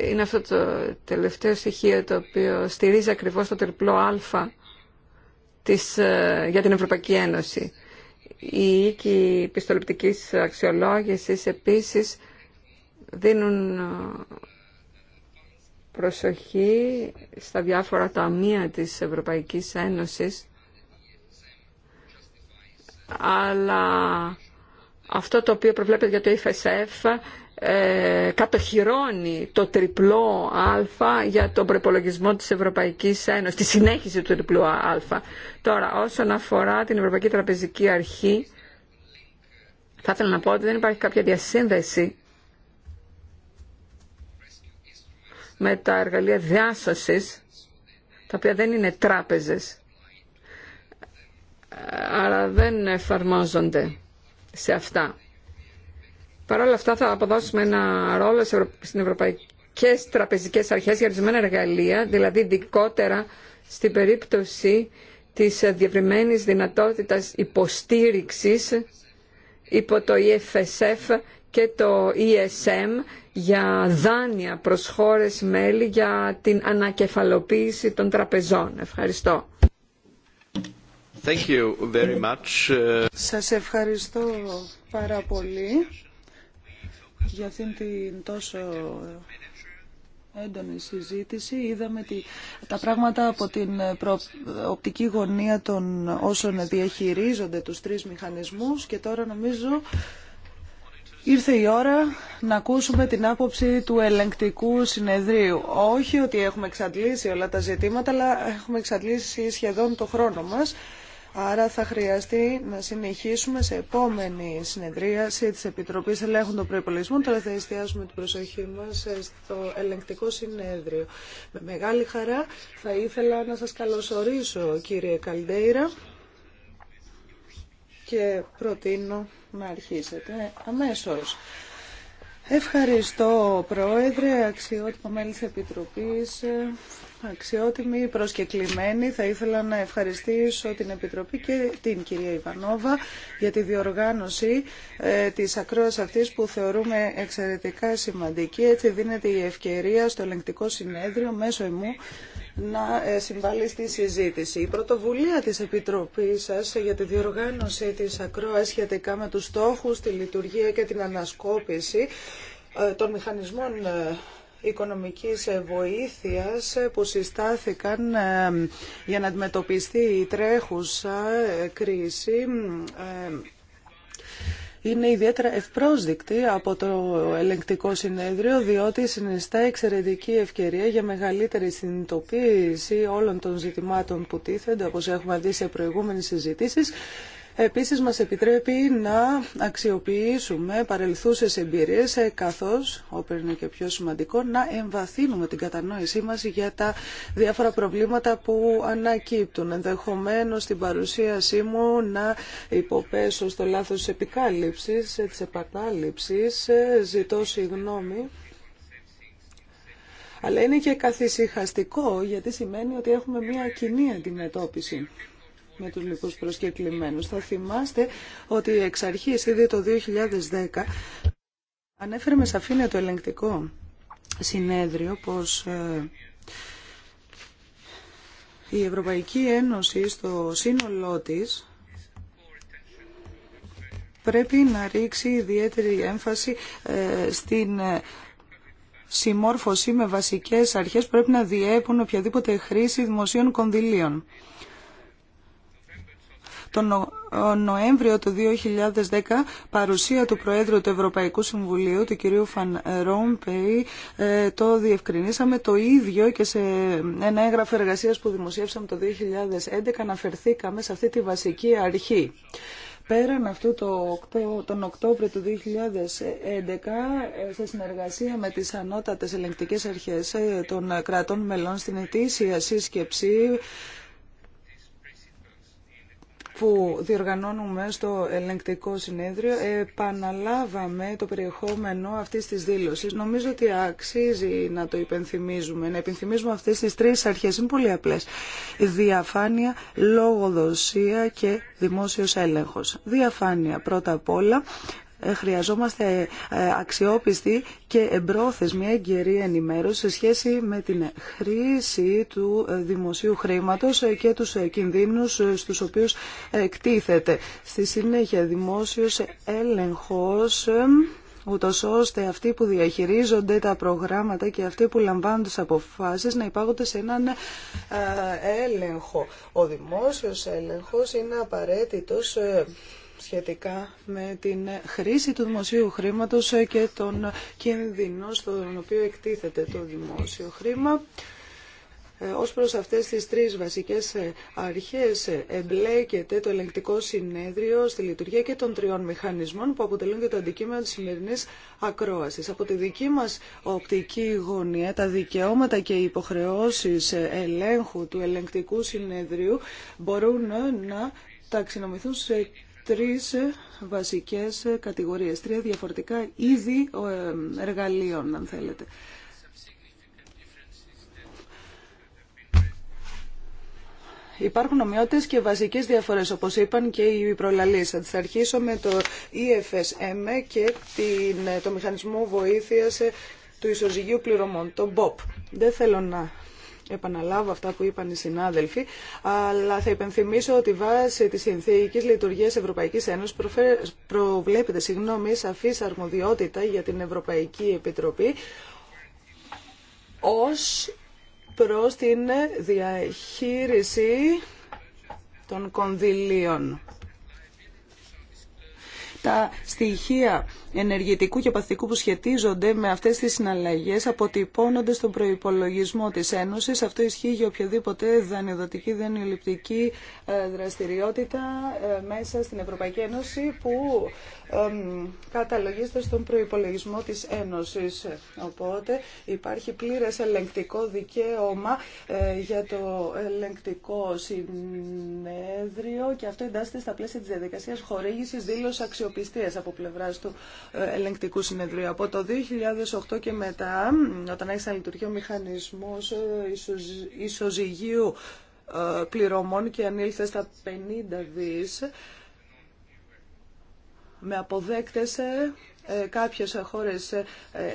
είναι αυτό το τελευταίο στοιχείο το οποίο στηρίζει ακριβώς το τριπλό α της, ε, για την Ευρωπαϊκή Ένωση. Οι οίκοι πιστοληπτικής αξιολόγησης επίσης δίνουν ε, προσοχή στα διάφορα ταμεία της Ευρωπαϊκής Ένωσης αλλά αυτό το οποίο προβλέπεται για το IFSF ε, κατοχυρώνει το τριπλό α για τον προπολογισμό της Ευρωπαϊκής Ένωσης, τη συνέχιση του τριπλού α. Τώρα, όσον αφορά την Ευρωπαϊκή Τραπεζική Αρχή, θα ήθελα να πω ότι δεν υπάρχει κάποια διασύνδεση με τα εργαλεία διάσωσης, τα οποία δεν είναι τράπεζες, ε, αλλά δεν εφαρμόζονται σε αυτά. Παρ' όλα αυτά θα αποδώσουμε ένα ρόλο στην Ευρωπαϊκή τραπεζικέ αρχέ αρχές για ορισμένα εργαλεία, δηλαδή δικότερα στην περίπτωση της διευρυμένης δυνατότητας υποστήριξης υπό το EFSF και το ESM για δάνεια προς χώρες μέλη για την ανακεφαλοποίηση των τραπεζών. Ευχαριστώ. Thank Σας ευχαριστώ πάρα πολύ για αυτήν την τόσο έντονη συζήτηση. Είδαμε τη, τα πράγματα από την προ, οπτική γωνία των όσων διαχειρίζονται τους τρεις μηχανισμούς και τώρα νομίζω Ήρθε η ώρα να ακούσουμε την άποψη του ελεγκτικού συνεδρίου. Όχι ότι έχουμε εξαντλήσει όλα τα ζητήματα, αλλά έχουμε εξαντλήσει σχεδόν το χρόνο μας. Άρα θα χρειαστεί να συνεχίσουμε σε επόμενη συνεδρίαση της Επιτροπής Ελέγχων των Προϋπολογισμών. Τώρα θα εστιάσουμε την προσοχή μας στο ελεγκτικό συνέδριο. Με μεγάλη χαρά θα ήθελα να σας καλωσορίσω κύριε Καλντέιρα και προτείνω να αρχίσετε αμέσως. Ευχαριστώ Πρόεδρε, αξιότυπο μέλη της Επιτροπής αξιότιμη, προσκεκλημένη. θα ήθελα να ευχαριστήσω την Επιτροπή και την κυρία Ιβανόβα για τη διοργάνωση ε, της ακρόας αυτής που θεωρούμε εξαιρετικά σημαντική. Έτσι δίνεται η ευκαιρία στο ελεγκτικό συνέδριο μέσω εμού να ε, συμβάλλει στη συζήτηση. Η πρωτοβουλία της Επιτροπής σας για τη διοργάνωση της ακρόας σχετικά με τους στόχους, τη λειτουργία και την ανασκόπηση ε, των μηχανισμών οικονομικής βοήθειας που συστάθηκαν ε, για να αντιμετωπιστεί η τρέχουσα ε, κρίση ε, είναι ιδιαίτερα ευπρόσδεκτη από το ελεγκτικό συνέδριο διότι συνιστά εξαιρετική ευκαιρία για μεγαλύτερη συνειδητοποίηση όλων των ζητημάτων που τίθενται όπως έχουμε δει σε προηγούμενες συζητήσεις Επίσης μας επιτρέπει να αξιοποιήσουμε παρελθούσες εμπειρίες ε, καθώς, όπου είναι και πιο σημαντικό, να εμβαθύνουμε την κατανόησή μας για τα διάφορα προβλήματα που ανακύπτουν. Ενδεχομένως στην παρουσίασή μου να υποπέσω στο λάθος της επικάλυψης, ε, της επακάλυψης, ε, ζητώ συγγνώμη. Αλλά είναι και καθησυχαστικό γιατί σημαίνει ότι έχουμε μια κοινή αντιμετώπιση με τους λοιπούς προσκεκλημένους. Θα θυμάστε ότι εξ αρχής ήδη το 2010 ανέφερε με σαφήνεια το ελεγκτικό συνέδριο πως ε, η Ευρωπαϊκή Ένωση στο σύνολό της πρέπει να ρίξει ιδιαίτερη έμφαση ε, στην ε, συμμόρφωση με βασικές αρχές πρέπει να διέπουν οποιαδήποτε χρήση δημοσίων κονδυλίων τον Νοέμβριο του 2010 παρουσία του Προέδρου του Ευρωπαϊκού Συμβουλίου, του κυρίου Φαν Ρόμπεϊ, ε, το διευκρινίσαμε το ίδιο και σε ένα έγγραφο εργασίας που δημοσιεύσαμε το 2011 αναφερθήκαμε σε αυτή τη βασική αρχή. Πέραν αυτού το, τον Οκτώβριο του 2011, ε, σε συνεργασία με τις ανώτατες ελεγκτικές αρχές ε, των κρατών μελών στην ετήσια σύσκεψη που διοργανώνουμε στο ελεγκτικό συνέδριο επαναλάβαμε το περιεχόμενο αυτής της δήλωσης. Νομίζω ότι αξίζει να το υπενθυμίζουμε, να υπενθυμίζουμε αυτές τις τρεις αρχές. Είναι πολύ απλές. Διαφάνεια, λόγοδοσία και δημόσιος έλεγχος. Διαφάνεια πρώτα απ' όλα Χρειαζόμαστε ε, αξιόπιστη και εμπρόθεσμη εγκαιρή ενημέρωση σε σχέση με την χρήση του ε, δημοσίου χρήματος ε, και τους κινδύνους στους οποίους εκτίθεται. Στη συνέχεια, δημόσιος έλεγχος ούτω ώστε αυτοί που διαχειρίζονται τα προγράμματα και αυτοί που λαμβάνουν τις αποφάσεις να υπάγονται σε έναν έλεγχο. Ο δημόσιος έλεγχος είναι απαραίτητος σχετικά με την χρήση του δημοσίου χρήματος και τον κίνδυνο στον οποίο εκτίθεται το δημόσιο χρήμα. Ε, ως προς αυτές τις τρεις βασικές ε, αρχές ε, εμπλέκεται το ελεγκτικό συνέδριο στη λειτουργία και των τριών μηχανισμών που αποτελούν και το αντικείμενο της σημερινής ακρόασης. Από τη δική μας οπτική γωνία τα δικαιώματα και οι υποχρεώσεις ελέγχου του ελεγκτικού συνέδριου μπορούν να ταξινομηθούν σε τρεις βασικές κατηγορίες, τρία διαφορετικά είδη ε, εργαλείων, αν θέλετε. Υπάρχουν ομοιότητες και βασικές διαφορές, όπως είπαν και οι προλαλείς. Θα αρχίσω με το EFSM και ε, το Μηχανισμό Βοήθειας ε, του Ισοζυγίου Πληρωμών, το BOP. Δεν θέλω να επαναλάβω αυτά που είπαν οι συνάδελφοι, αλλά θα υπενθυμίσω ότι βάσει τη συνθήκη λειτουργία Ευρωπαϊκή Ένωση προβλέπεται συγγνώμη, σαφή αρμοδιότητα για την Ευρωπαϊκή Επιτροπή ως προς την διαχείριση των κονδυλίων τα στοιχεία ενεργητικού και παθητικού που σχετίζονται με αυτές τις συναλλαγές αποτυπώνονται στον προϋπολογισμό της Ένωσης. Αυτό ισχύει για οποιαδήποτε δανειοδοτική, δανειοληπτική ε, δραστηριότητα ε, μέσα στην Ευρωπαϊκή Ένωση που καταλογίζεται στον προϋπολογισμό της Ένωσης. Οπότε υπάρχει πλήρες ελεγκτικό δικαίωμα ε, για το ελεγκτικό συνέδριο και αυτό εντάσσεται στα πλαίσια της διαδικασίας χορήγησης δήλωση πιστείας από πλευρά του ε, ελεγκτικού συνεδρίου. Από το 2008 και μετά, όταν έχει να λειτουργεί ο μηχανισμό ε, ισοζυγίου ε, πληρωμών και ανήλθε στα 50 δις, με αποδέκτες κάποιες χώρες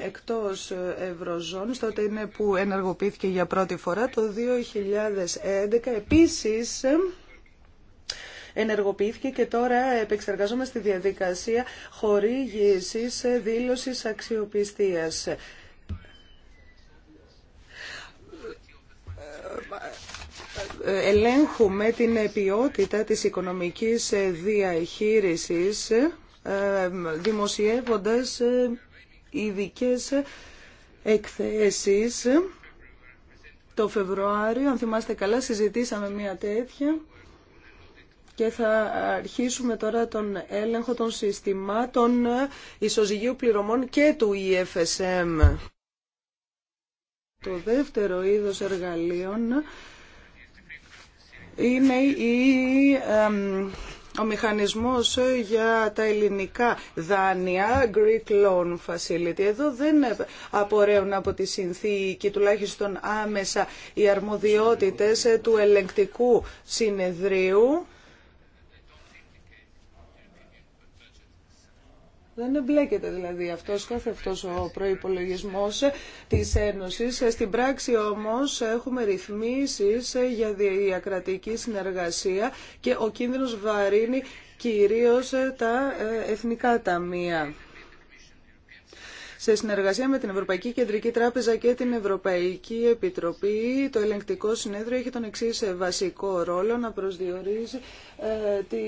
εκτός Ευρωζώνης, τότε είναι που ενεργοποιήθηκε για πρώτη φορά το 2011. Επίσης, ενεργοποιήθηκε και τώρα επεξεργαζόμαστε τη διαδικασία χορήγησης δήλωσης αξιοπιστίας. Ελέγχουμε την ποιότητα της οικονομικής διαχείρισης δημοσιεύοντας ειδικέ εκθέσεις. Το Φεβρουάριο, αν θυμάστε καλά, συζητήσαμε μια τέτοια και θα αρχίσουμε τώρα τον έλεγχο των συστημάτων ισοζυγίου πληρωμών και του EFSM. Το δεύτερο είδος εργαλείων είναι η ο μηχανισμός για τα ελληνικά δάνεια, Greek Loan Facility, εδώ δεν απορρέουν από τη συνθήκη, τουλάχιστον άμεσα, οι αρμοδιότητες του ελεγκτικού συνεδρίου Δεν εμπλέκεται δηλαδή αυτός κάθε αυτός ο προϋπολογισμός της Ένωσης. Στην πράξη όμως έχουμε ρυθμίσεις για διακρατική συνεργασία και ο κίνδυνος βαρύνει κυρίως τα ε, εθνικά ταμεία σε συνεργασία με την Ευρωπαϊκή Κεντρική Τράπεζα και την Ευρωπαϊκή Επιτροπή, το Ελεγκτικό Συνέδριο έχει τον εξή ε, βασικό ρόλο να προσδιορίζει ε, τη,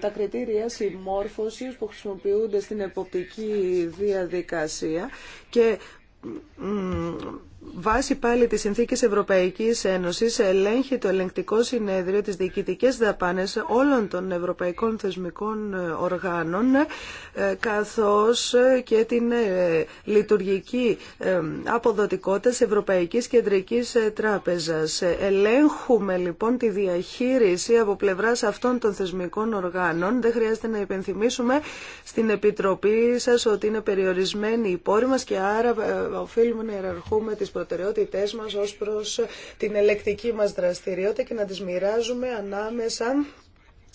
τα κριτήρια συμμόρφωσης που χρησιμοποιούνται στην εποπτική διαδικασία και Βάσει πάλι τη συνθήκη Ευρωπαϊκής Ένωση ελέγχει το ελεγκτικό συνέδριο τι διοικητικέ δαπάνε όλων των ευρωπαϊκών θεσμικών ε, οργάνων ε, καθώς ε, και την λειτουργική αποδοτικότητα τη Ευρωπαϊκής Κεντρικής Τράπεζας. Ελέγχουμε λοιπόν τη διαχείριση από πλευρά αυτών των θεσμικών οργάνων. Δεν χρειάζεται να υπενθυμίσουμε στην Επιτροπή σα ότι είναι περιορισμένη η πόρη μα και άρα οφείλουμε να ιεραρχούμε προτεραιότητές μας ως προς την ελεκτική μας δραστηριότητα και να τις μοιράζουμε ανάμεσα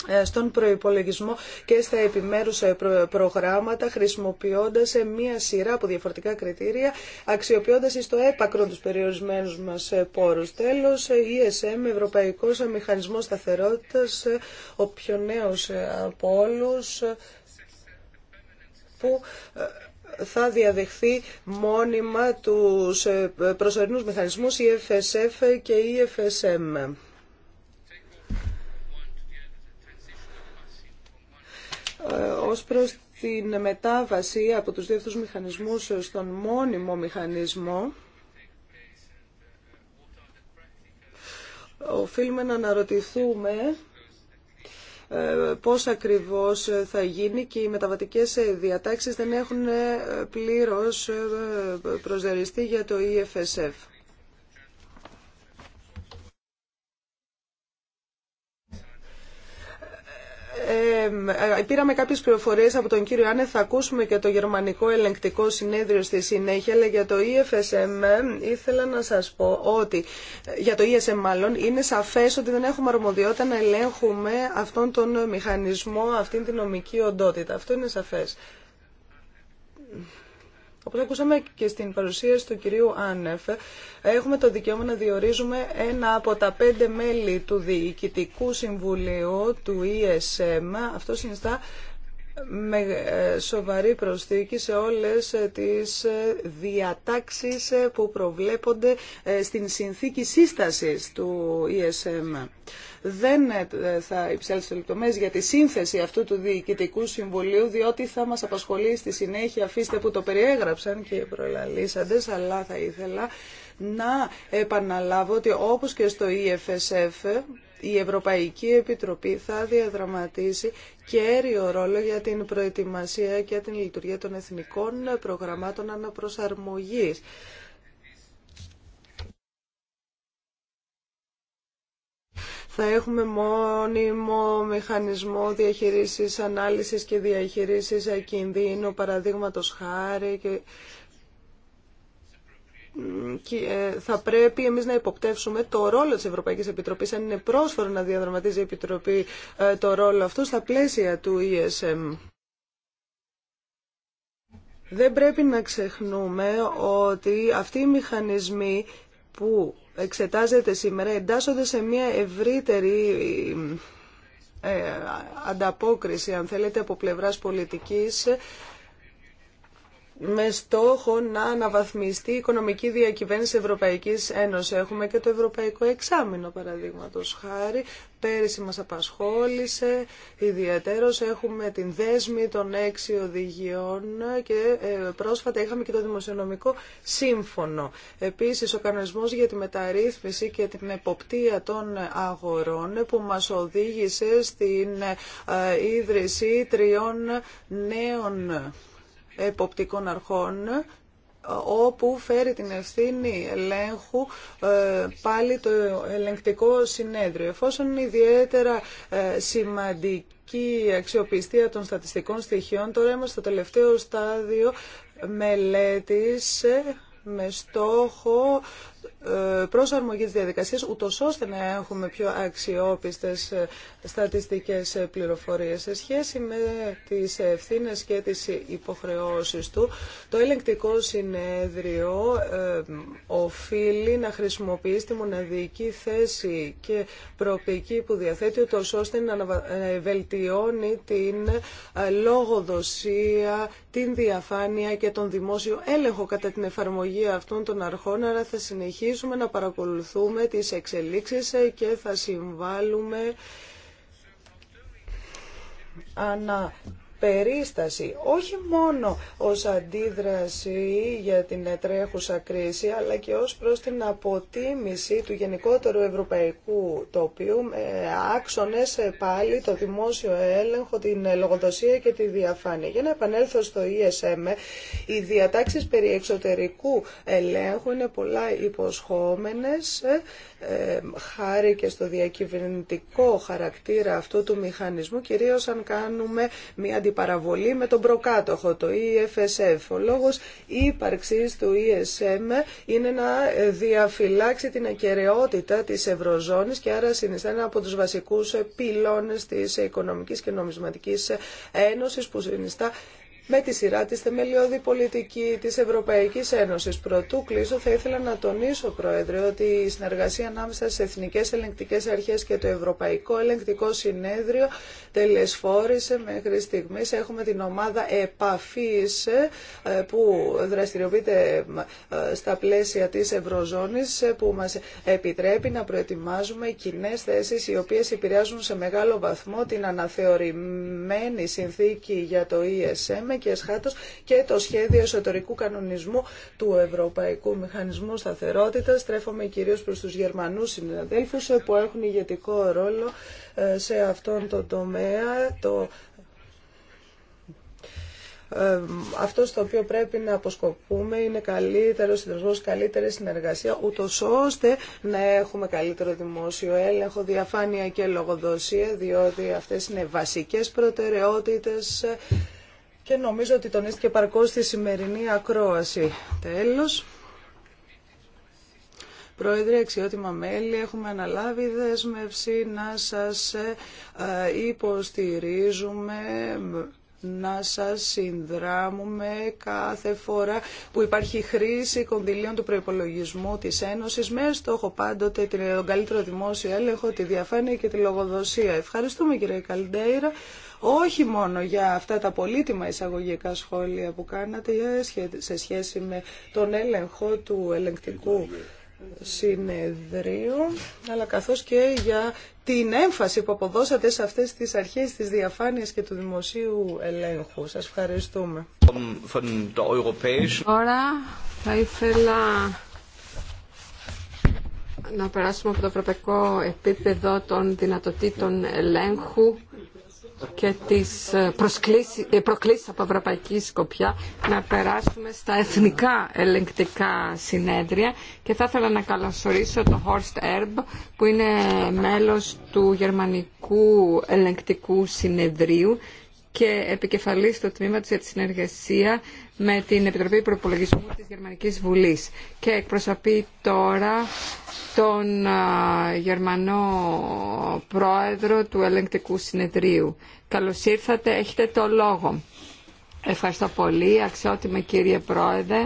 ε, στον προϋπολογισμό και στα επιμέρους ε, προγράμματα χρησιμοποιώντας ε, μία σειρά από διαφορετικά κριτήρια αξιοποιώντας το έπακρο τους περιορισμένους μας πόρους. Τέλος, ESM, Ευρωπαϊκός Μηχανισμός Σταθερότητας, ο πιο νέος από όλους που θα διαδεχθεί μόνιμα τους ε, προσωρινούς μηχανισμούς EFSF και FSM. Ε, ως προς την μετάβαση από τους δύο αυτούς μηχανισμούς στον μόνιμο μηχανισμό, οφείλουμε να αναρωτηθούμε ε, πώς ακριβώς θα γίνει και οι μεταβατικές διατάξεις δεν έχουν πλήρως ε, προσδιοριστεί για το EFSF. Ε, ε, πήραμε κάποιες πληροφορίες από τον κύριο Άνε, θα ακούσουμε και το γερμανικό ελεγκτικό συνέδριο στη συνέχεια, αλλά για το EFSM ε, ήθελα να σας πω ότι, για το ESM μάλλον, είναι σαφές ότι δεν έχουμε αρμοδιότητα να ελέγχουμε αυτόν τον μηχανισμό, αυτήν την νομική οντότητα. Αυτό είναι σαφές. Όπω ακούσαμε και στην παρουσίαση του κυρίου Άνεφ, έχουμε το δικαίωμα να διορίζουμε ένα από τα πέντε μέλη του Διοικητικού Συμβουλίου του ESM. Αυτό συνιστά με ε, σοβαρή προσθήκη σε όλες ε, τις ε, διατάξεις που προβλέπονται στην συνθήκη σύστασης του ESM. Δεν ε, θα υψέλθω σε λεπτομέρειε για τη σύνθεση αυτού του Διοικητικού Συμβουλίου, διότι θα μα απασχολεί στη συνέχεια. Αφήστε που το περιέγραψαν και οι προλαλήσαντε, αλλά θα ήθελα να επαναλάβω ότι όπως και στο EFSF η Ευρωπαϊκή Επιτροπή θα διαδραματίσει κέριο ρόλο για την προετοιμασία και την λειτουργία των εθνικών προγραμμάτων αναπροσαρμογής. θα έχουμε μόνιμο μηχανισμό διαχείρισης, ανάλυσης και διαχείρισης ακινδύνου παραδείγματος χάρη και ε, θα πρέπει εμείς να υποπτεύσουμε το ρόλο της Ευρωπαϊκής Επιτροπής, αν είναι πρόσφορο να διαδραματίζει η Επιτροπή ε, το ρόλο αυτό στα πλαίσια του ESM. Δεν πρέπει να ξεχνούμε ότι αυτοί οι μηχανισμοί που εξετάζεται σήμερα εντάσσονται σε μια ευρύτερη ε, ανταπόκριση, αν θέλετε, από πλευράς πολιτικής με στόχο να αναβαθμιστεί η οικονομική διακυβέρνηση Ευρωπαϊκής Ένωσης. Έχουμε και το Ευρωπαϊκό Εξάμεινο, παραδείγματο χάρη. Πέρυσι μας απασχόλησε ιδιαίτερος. Έχουμε την δέσμη των έξι οδηγιών και ε, πρόσφατα είχαμε και το Δημοσιονομικό Σύμφωνο. Επίσης, ο κανονισμός για τη μεταρρύθμιση και την εποπτεία των αγορών που μας οδήγησε στην ε, ίδρυση τριών νέων εποπτικών αρχών όπου φέρει την ευθύνη ελέγχου ε, πάλι το ελεγκτικό συνέδριο. Εφόσον είναι ιδιαίτερα ε, σημαντική η αξιοπιστία των στατιστικών στοιχείων, τώρα είμαστε στο τελευταίο στάδιο μελέτης ε, με στόχο ε, προσαρμογή της διαδικασίας, ούτω ώστε να έχουμε πιο αξιόπιστες ε, στατιστικές ε, πληροφορίες. Σε σχέση με τις ευθύνε και τις υποχρεώσεις του, το ελεγκτικό συνέδριο οφείλει να χρησιμοποιήσει τη μοναδική θέση και προοπτική που διαθέτει, ούτω ώστε να βελτιώνει την λόγοδοσία, την διαφάνεια και τον δημόσιο έλεγχο κατά την εφαρμογή αυτών των αρχών, συνεχίσουμε να παρακολουθούμε τις εξελίξεις και θα συμβάλλουμε ανα περίσταση, όχι μόνο ως αντίδραση για την τρέχουσα κρίση, αλλά και ως προς την αποτίμηση του γενικότερου ευρωπαϊκού τοπίου, με άξονες πάλι το δημόσιο έλεγχο, την λογοδοσία και τη διαφάνεια. Για να επανέλθω στο ESM, οι διατάξεις περί εξωτερικού ελέγχου είναι πολλά υποσχόμενες, ε, χάρη και στο διακυβερνητικό χαρακτήρα αυτού του μηχανισμού, κυρίως αν κάνουμε μια παραβολή με τον προκάτοχο, το EFSF. Ο λόγος ύπαρξης του ESM είναι να διαφυλάξει την ακαιρεότητα της Ευρωζώνης και άρα συνιστά ένα από τους βασικούς πυλώνες της Οικονομικής και Νομισματικής Ένωσης που συνιστά με τη σειρά τη θεμελιώδη πολιτική της Ευρωπαϊκής Ένωσης. Πρωτού κλείσω θα ήθελα να τονίσω, Πρόεδρε, ότι η συνεργασία ανάμεσα στις Εθνικές Ελεγκτικές Αρχές και το Ευρωπαϊκό Ελεγκτικό Συνέδριο τελεσφόρησε μέχρι στιγμής. Έχουμε την ομάδα επαφής ε, που δραστηριοποιείται ε, στα πλαίσια της Ευρωζώνης ε, που μας επιτρέπει να προετοιμάζουμε κοινέ θέσεις οι οποίες επηρεάζουν σε μεγάλο βαθμό την αναθεωρημένη συνθήκη για το ESM και εσχάτως και το σχέδιο εσωτερικού κανονισμού του Ευρωπαϊκού Μηχανισμού Σταθερότητας. Στρέφομαι κυρίως προς τους Γερμανούς συναδέλφους που έχουν ηγετικό ρόλο ε, σε αυτόν τον τομέα. Το ε, αυτό στο οποίο πρέπει να αποσκοπούμε είναι καλύτερο συνδρομός, καλύτερη συνεργασία, ούτω ώστε να έχουμε καλύτερο δημόσιο έλεγχο, διαφάνεια και λογοδοσία, διότι αυτές είναι βασικές προτεραιότητες ε, και νομίζω ότι τονίστηκε παρκώς στη σημερινή ακρόαση. Τέλος. Πρόεδρε, αξιότιμα μέλη, έχουμε αναλάβει δέσμευση να σας ε, υποστηρίζουμε να σας συνδράμουμε κάθε φορά που υπάρχει χρήση κονδυλίων του προϋπολογισμού της Ένωσης με στόχο πάντοτε τον καλύτερο δημόσιο έλεγχο, τη διαφάνεια και τη λογοδοσία. Ευχαριστούμε κύριε Καλντέιρα όχι μόνο για αυτά τα πολύτιμα εισαγωγικά σχόλια που κάνατε ε, σε σχέση με τον έλεγχο του ελεγκτικού συνεδρίου, αλλά καθώς και για την έμφαση που αποδώσατε σε αυτές τις αρχές της διαφάνειας και του δημοσίου ελέγχου. Σας ευχαριστούμε. Τώρα θα ήθελα να περάσουμε από το ευρωπαϊκό επίπεδο των δυνατοτήτων ελέγχου και τις ε, ε, προκλήσεις από ευρωπαϊκή σκοπιά να περάσουμε στα εθνικά ελεγκτικά συνέδρια και θα ήθελα να καλωσορίσω τον Horst Erb που είναι μέλος του Γερμανικού Ελεγκτικού Συνεδρίου και επικεφαλής στο τμήμα της για τη συνεργασία με την Επιτροπή Προπολογισμού της Γερμανικής Βουλής και εκπροσωπεί τώρα τον Γερμανό Πρόεδρο του Ελεγκτικού Συνεδρίου. Καλώς ήρθατε, έχετε το λόγο. Ευχαριστώ πολύ, αξιότιμη κύριε Πρόεδρε,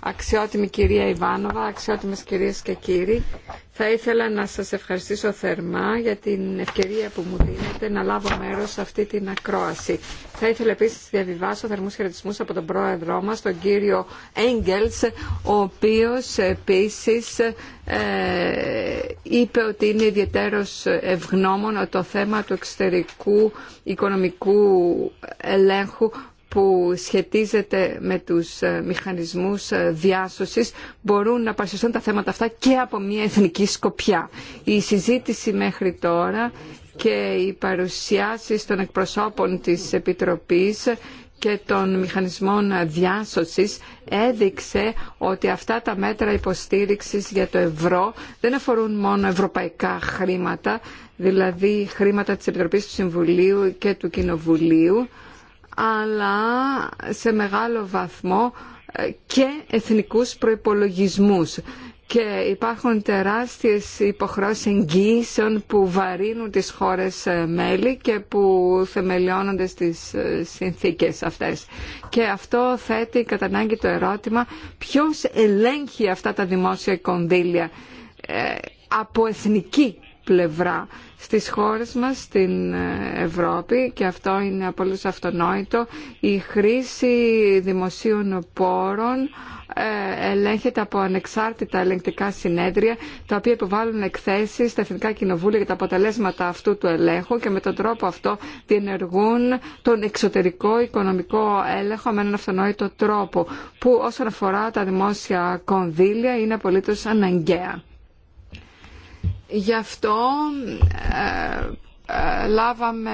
αξιότιμη κυρία Ιβάνοβα, αξιότιμες κυρίες και κύριοι. Θα ήθελα να σας ευχαριστήσω θερμά για την ευκαιρία που μου δίνετε να λάβω μέρος σε αυτή την ακρόαση. Θα ήθελα επίσης να διαβιβάσω θερμούς χαιρετισμούς από τον πρόεδρό μας, τον κύριο Έγγελς, ο οποίος επίσης ε, είπε ότι είναι ιδιαίτερος ευγνώμων το θέμα του εξωτερικού οικονομικού ελέγχου που σχετίζεται με τους ε, μηχανισμούς ε, διάσωσης μπορούν να παρουσιαστούν τα θέματα αυτά και από μια εθνική σκοπιά. Η συζήτηση μέχρι τώρα και οι παρουσιάσεις των εκπροσώπων της Επιτροπής και των μηχανισμών διάσωσης έδειξε ότι αυτά τα μέτρα υποστήριξης για το ευρώ δεν αφορούν μόνο ευρωπαϊκά χρήματα, δηλαδή χρήματα της Επιτροπής του Συμβουλίου και του Κοινοβουλίου, αλλά σε μεγάλο βαθμό ε, και εθνικούς προϋπολογισμούς και υπάρχουν τεράστιες υποχρεώσεις εγγύησεων που βαρύνουν τις χώρες ε, μέλη και που θεμελιώνονται στις ε, συνθήκες αυτές. Και αυτό θέτει κατά ανάγκη το ερώτημα ποιος ελέγχει αυτά τα δημόσια κονδύλια από εθνική πλευρά στις χώρες μας, στην ε, Ευρώπη και αυτό είναι απολύτως αυτονόητο. Η χρήση δημοσίων πόρων ε, ελέγχεται από ανεξάρτητα ελεγκτικά συνέδρια τα οποία υποβάλλουν εκθέσεις στα Εθνικά Κοινοβούλια για τα αποτελέσματα αυτού του ελέγχου και με τον τρόπο αυτό διενεργούν τον εξωτερικό οικονομικό έλεγχο με έναν αυτονόητο τρόπο που όσον αφορά τα δημόσια κονδύλια είναι απολύτως αναγκαία. Γι' αυτό ε, ε, λάβαμε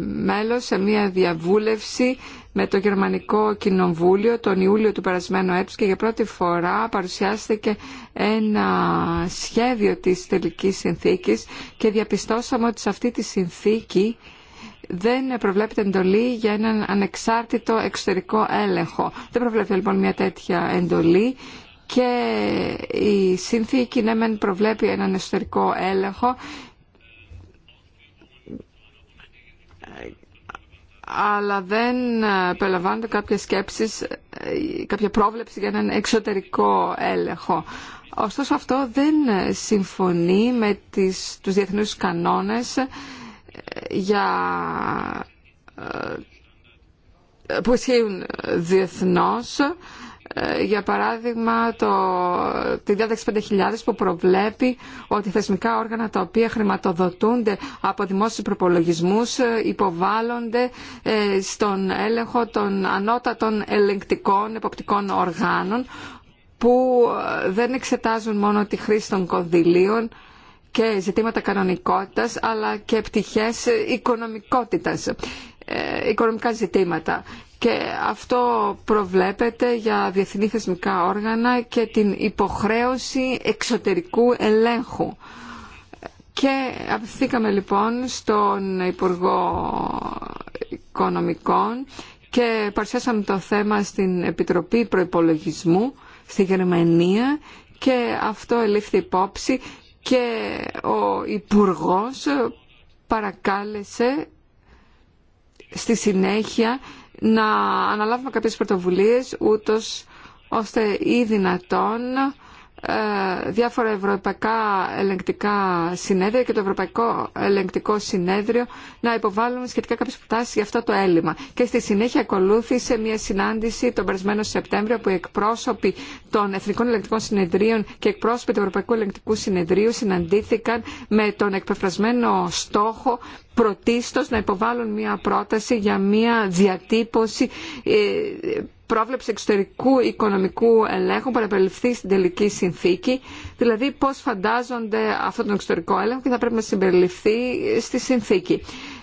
μέλος σε μια διαβούλευση με το Γερμανικό Κοινοβούλιο τον Ιούλιο του περασμένου έτους και για πρώτη φορά παρουσιάστηκε ένα σχέδιο της τελικής συνθήκης και διαπιστώσαμε ότι σε αυτή τη συνθήκη δεν προβλέπεται εντολή για έναν ανεξάρτητο εξωτερικό έλεγχο. Δεν προβλέπεται λοιπόν μια τέτοια εντολή και η συνθήκη ναι μεν προβλέπει έναν εσωτερικό έλεγχο αλλά δεν περιλαμβάνονται κάποιες σκέψεις, κάποια πρόβλεψη για έναν εξωτερικό έλεγχο. Ωστόσο αυτό δεν συμφωνεί με τις, τους διεθνούς κανόνες ε, για, ε, που ισχύουν διεθνώς ε, για παράδειγμα το, τη διάταξη 5.000 που προβλέπει ότι θεσμικά όργανα τα οποία χρηματοδοτούνται από δημόσιους προπολογισμούς ε, υποβάλλονται ε, στον έλεγχο των ανώτατων ελεγκτικών εποπτικών οργάνων που δεν εξετάζουν μόνο τη χρήση των κονδυλίων και ζητήματα κανονικότητας αλλά και πτυχές οικονομικότητας οικονομικά ζητήματα και αυτό προβλέπεται για διεθνή θεσμικά όργανα και την υποχρέωση εξωτερικού ελέγχου. Και απευθύνθηκαμε λοιπόν στον Υπουργό Οικονομικών και παρουσιάσαμε το θέμα στην Επιτροπή Προϋπολογισμού στη Γερμανία και αυτό ελήφθη υπόψη και ο Υπουργός παρακάλεσε στη συνέχεια να αναλάβουμε κάποιες πρωτοβουλίες ούτως ώστε ή δυνατόν ε, διάφορα ευρωπαϊκά ελεγκτικά συνέδρια και το Ευρωπαϊκό Ελεγκτικό Συνέδριο να υποβάλουν σχετικά κάποιες προτάσει για αυτό το έλλειμμα. Και στη συνέχεια ακολούθησε μια συνάντηση τον περασμένο Σεπτέμβριο που εκπρόσωποι των Εθνικών Ελεγκτικών Συνεδρίων και εκπρόσωποι του Ευρωπαϊκού Ελεγκτικού Συνεδρίου συναντήθηκαν με τον εκπεφρασμένο στόχο πρωτίστως να υποβάλουν μια πρόταση για μια διατύπωση ε, πρόβλεψη εξωτερικού οικονομικού ελέγχου που περιληφθεί στην τελική συνθήκη, δηλαδή πώς φαντάζονται αυτόν τον εξωτερικό έλεγχο και θα πρέπει να συμπεριληφθεί στη συνθήκη.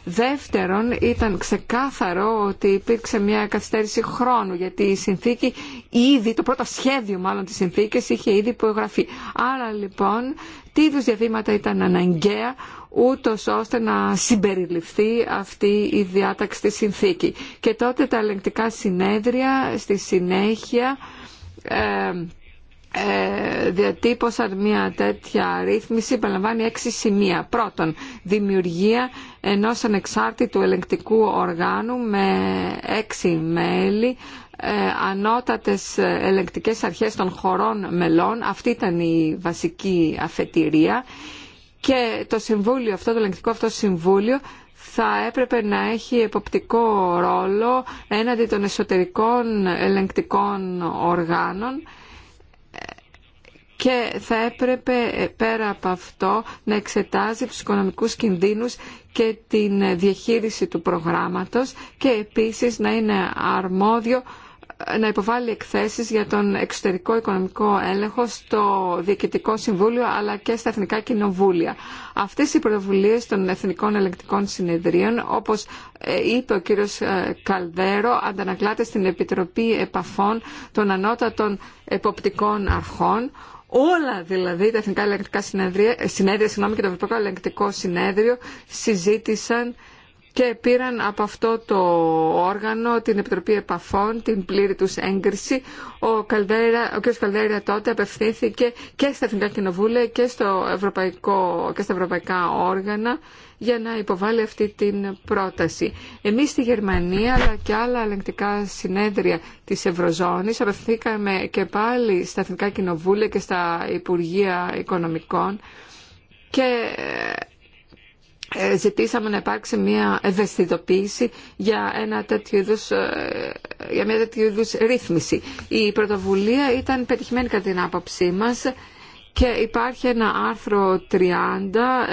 Δεύτερον, ήταν ξεκάθαρο ότι υπήρξε μια καθυστέρηση χρόνου, γιατί η συνθήκη ήδη, το πρώτο σχέδιο μάλλον της συνθήκης είχε ήδη υπογραφεί. Άρα λοιπόν, τι είδου διαβήματα ήταν αναγκαία, ούτω ώστε να συμπεριληφθεί αυτή η διάταξη στη συνθήκη. Και τότε τα ελεγκτικά συνέδρια στη συνέχεια... Ε, ε, διατύπωσαν μια τέτοια ρύθμιση περιλαμβάνει έξι σημεία. Πρώτον, δημιουργία ενός ανεξάρτητου ελεγκτικού οργάνου με έξι μέλη, ε, ανώτατες ελεγκτικές αρχές των χωρών μελών. Αυτή ήταν η βασική αφετηρία. Και το Συμβούλιο αυτό, το ελεγκτικό αυτό Συμβούλιο θα έπρεπε να έχει εποπτικό ρόλο έναντι των εσωτερικών ελεγκτικών οργάνων και θα έπρεπε ε, πέρα από αυτό να εξετάζει τους οικονομικούς κινδύνους και την ε, διαχείριση του προγράμματος και επίσης να είναι αρμόδιο ε, να υποβάλει εκθέσεις για τον εξωτερικό οικονομικό έλεγχο στο Διοικητικό Συμβούλιο αλλά και στα Εθνικά Κοινοβούλια. Αυτές οι πρωτοβουλίες των Εθνικών Ελεκτικών Συνεδρίων, όπως είπε ο κύριος Καλδέρο, αντανακλάται στην Επιτροπή Επαφών των Ανώτατων Εποπτικών Αρχών, Όλα δηλαδή τα Εθνικά Ελεγκτικά Συνέδρια, συνέδρια συγγνώμη, και το Ευρωπαϊκό Ελεγκτικό Συνέδριο συζήτησαν και πήραν από αυτό το όργανο την Επιτροπή Επαφών, την πλήρη τους έγκριση. Ο, Καλδέρα, ο κ. Καλδέρα τότε απευθύνθηκε και στα Εθνικά Κοινοβούλια και, στο Ευρωπαϊκό, και στα Ευρωπαϊκά Όργανα για να υποβάλει αυτή την πρόταση. Εμείς στη Γερμανία αλλά και άλλα ελεγκτικά συνέδρια της Ευρωζώνης απευθύνθηκαμε και πάλι στα Εθνικά Κοινοβούλια και στα Υπουργεία Οικονομικών ε, ε, ζητήσαμε να υπάρξει μια ευαισθητοποίηση για, ένα ε, για μια τέτοιου είδους ρύθμιση. Η πρωτοβουλία ήταν πετυχημένη κατά την άποψή μας και υπάρχει ένα άρθρο 30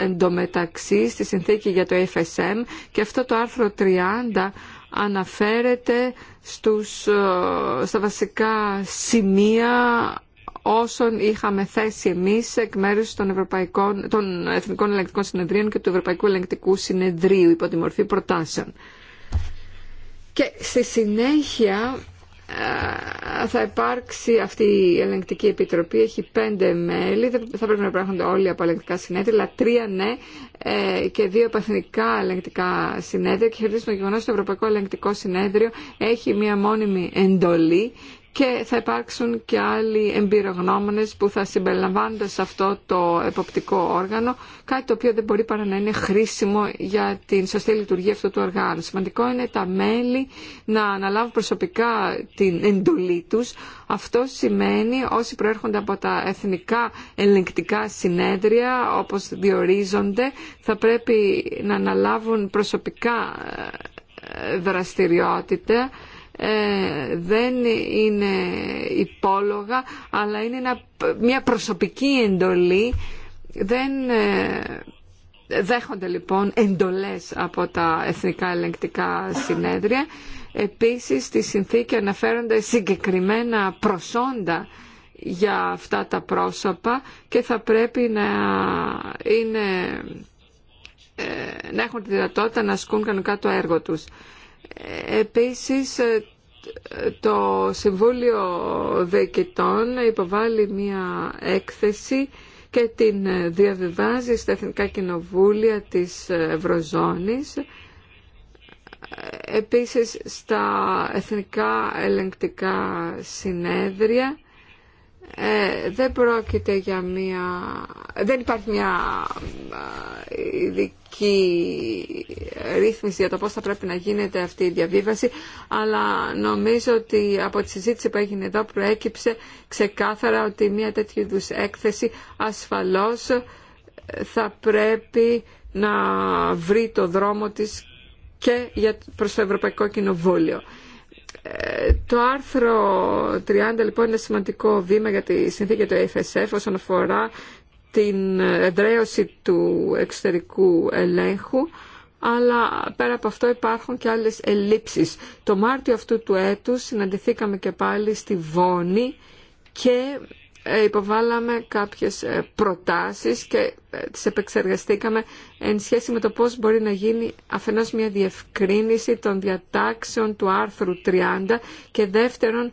εντωμεταξύ στη συνθήκη για το FSM και αυτό το άρθρο 30 αναφέρεται στους, ε, στα βασικά σημεία όσων είχαμε θέσει εμεί εκ μέρου των, των Εθνικών Ελεγκτικών Συνεδρίων και του Ευρωπαϊκού Ελεγκτικού Συνεδρίου υπό τη μορφή προτάσεων. Και στη συνέχεια ε, θα υπάρξει αυτή η ελεγκτική επιτροπή, έχει πέντε μέλη, δεν θα πρέπει να υπάρχουν όλοι από ελεγκτικά συνέδρια, αλλά τρία ναι ε, και δύο από εθνικά ελεγκτικά συνέδρια και χαιρετίζουμε το γεγονό ότι το Ευρωπαϊκό Ελεγκτικό Συνέδριο έχει μία μόνιμη εντολή και θα υπάρξουν και άλλοι εμπειρογνώμονες που θα συμπεριλαμβάνονται σε αυτό το εποπτικό όργανο, κάτι το οποίο δεν μπορεί παρά να είναι χρήσιμο για την σωστή λειτουργία αυτού του οργάνου. Σημαντικό είναι τα μέλη να αναλάβουν προσωπικά την εντολή τους. Αυτό σημαίνει όσοι προέρχονται από τα εθνικά ελεγκτικά συνέδρια, όπως διορίζονται, θα πρέπει να αναλάβουν προσωπικά ε, δραστηριότητα ε, δεν είναι υπόλογα, αλλά είναι μια προσωπική εντολή. Δεν ε, δέχονται λοιπόν εντολές από τα εθνικά ελεγκτικά συνέδρια. Επίσης, στη συνθήκη αναφέρονται συγκεκριμένα προσόντα για αυτά τα πρόσωπα και θα πρέπει να, είναι, ε, να έχουν τη δυνατότητα να ασκούν κανονικά το έργο τους. Επίσης, ε, το Συμβούλιο Διοικητών υποβάλλει μία έκθεση και την διαβιβάζει στα Εθνικά Κοινοβούλια της Ευρωζώνης επίσης στα εθνικά ελεγκτικά συνέδρια ε, δεν πρόκειται για μια δεν υπάρχει μια ε, ειδική νομική ρύθμιση για το πώς θα πρέπει να γίνεται αυτή η διαβίβαση, αλλά νομίζω ότι από τη συζήτηση που έγινε εδώ προέκυψε ξεκάθαρα ότι μια τέτοιου είδου έκθεση ασφαλώς θα πρέπει να βρει το δρόμο της και προς το Ευρωπαϊκό Κοινοβούλιο. Ε, το άρθρο 30 λοιπόν είναι σημαντικό βήμα για τη συνθήκη του FSF όσον αφορά την εδραίωση του εξωτερικού ελέγχου, αλλά πέρα από αυτό υπάρχουν και άλλες ελλείψεις. Το Μάρτιο αυτού του έτους συναντηθήκαμε και πάλι στη Βόνη και ε, υποβάλαμε κάποιες ε, προτάσεις και ε, τις επεξεργαστήκαμε εν σχέση με το πώς μπορεί να γίνει αφενός μια διευκρίνηση των διατάξεων του άρθρου 30 και δεύτερον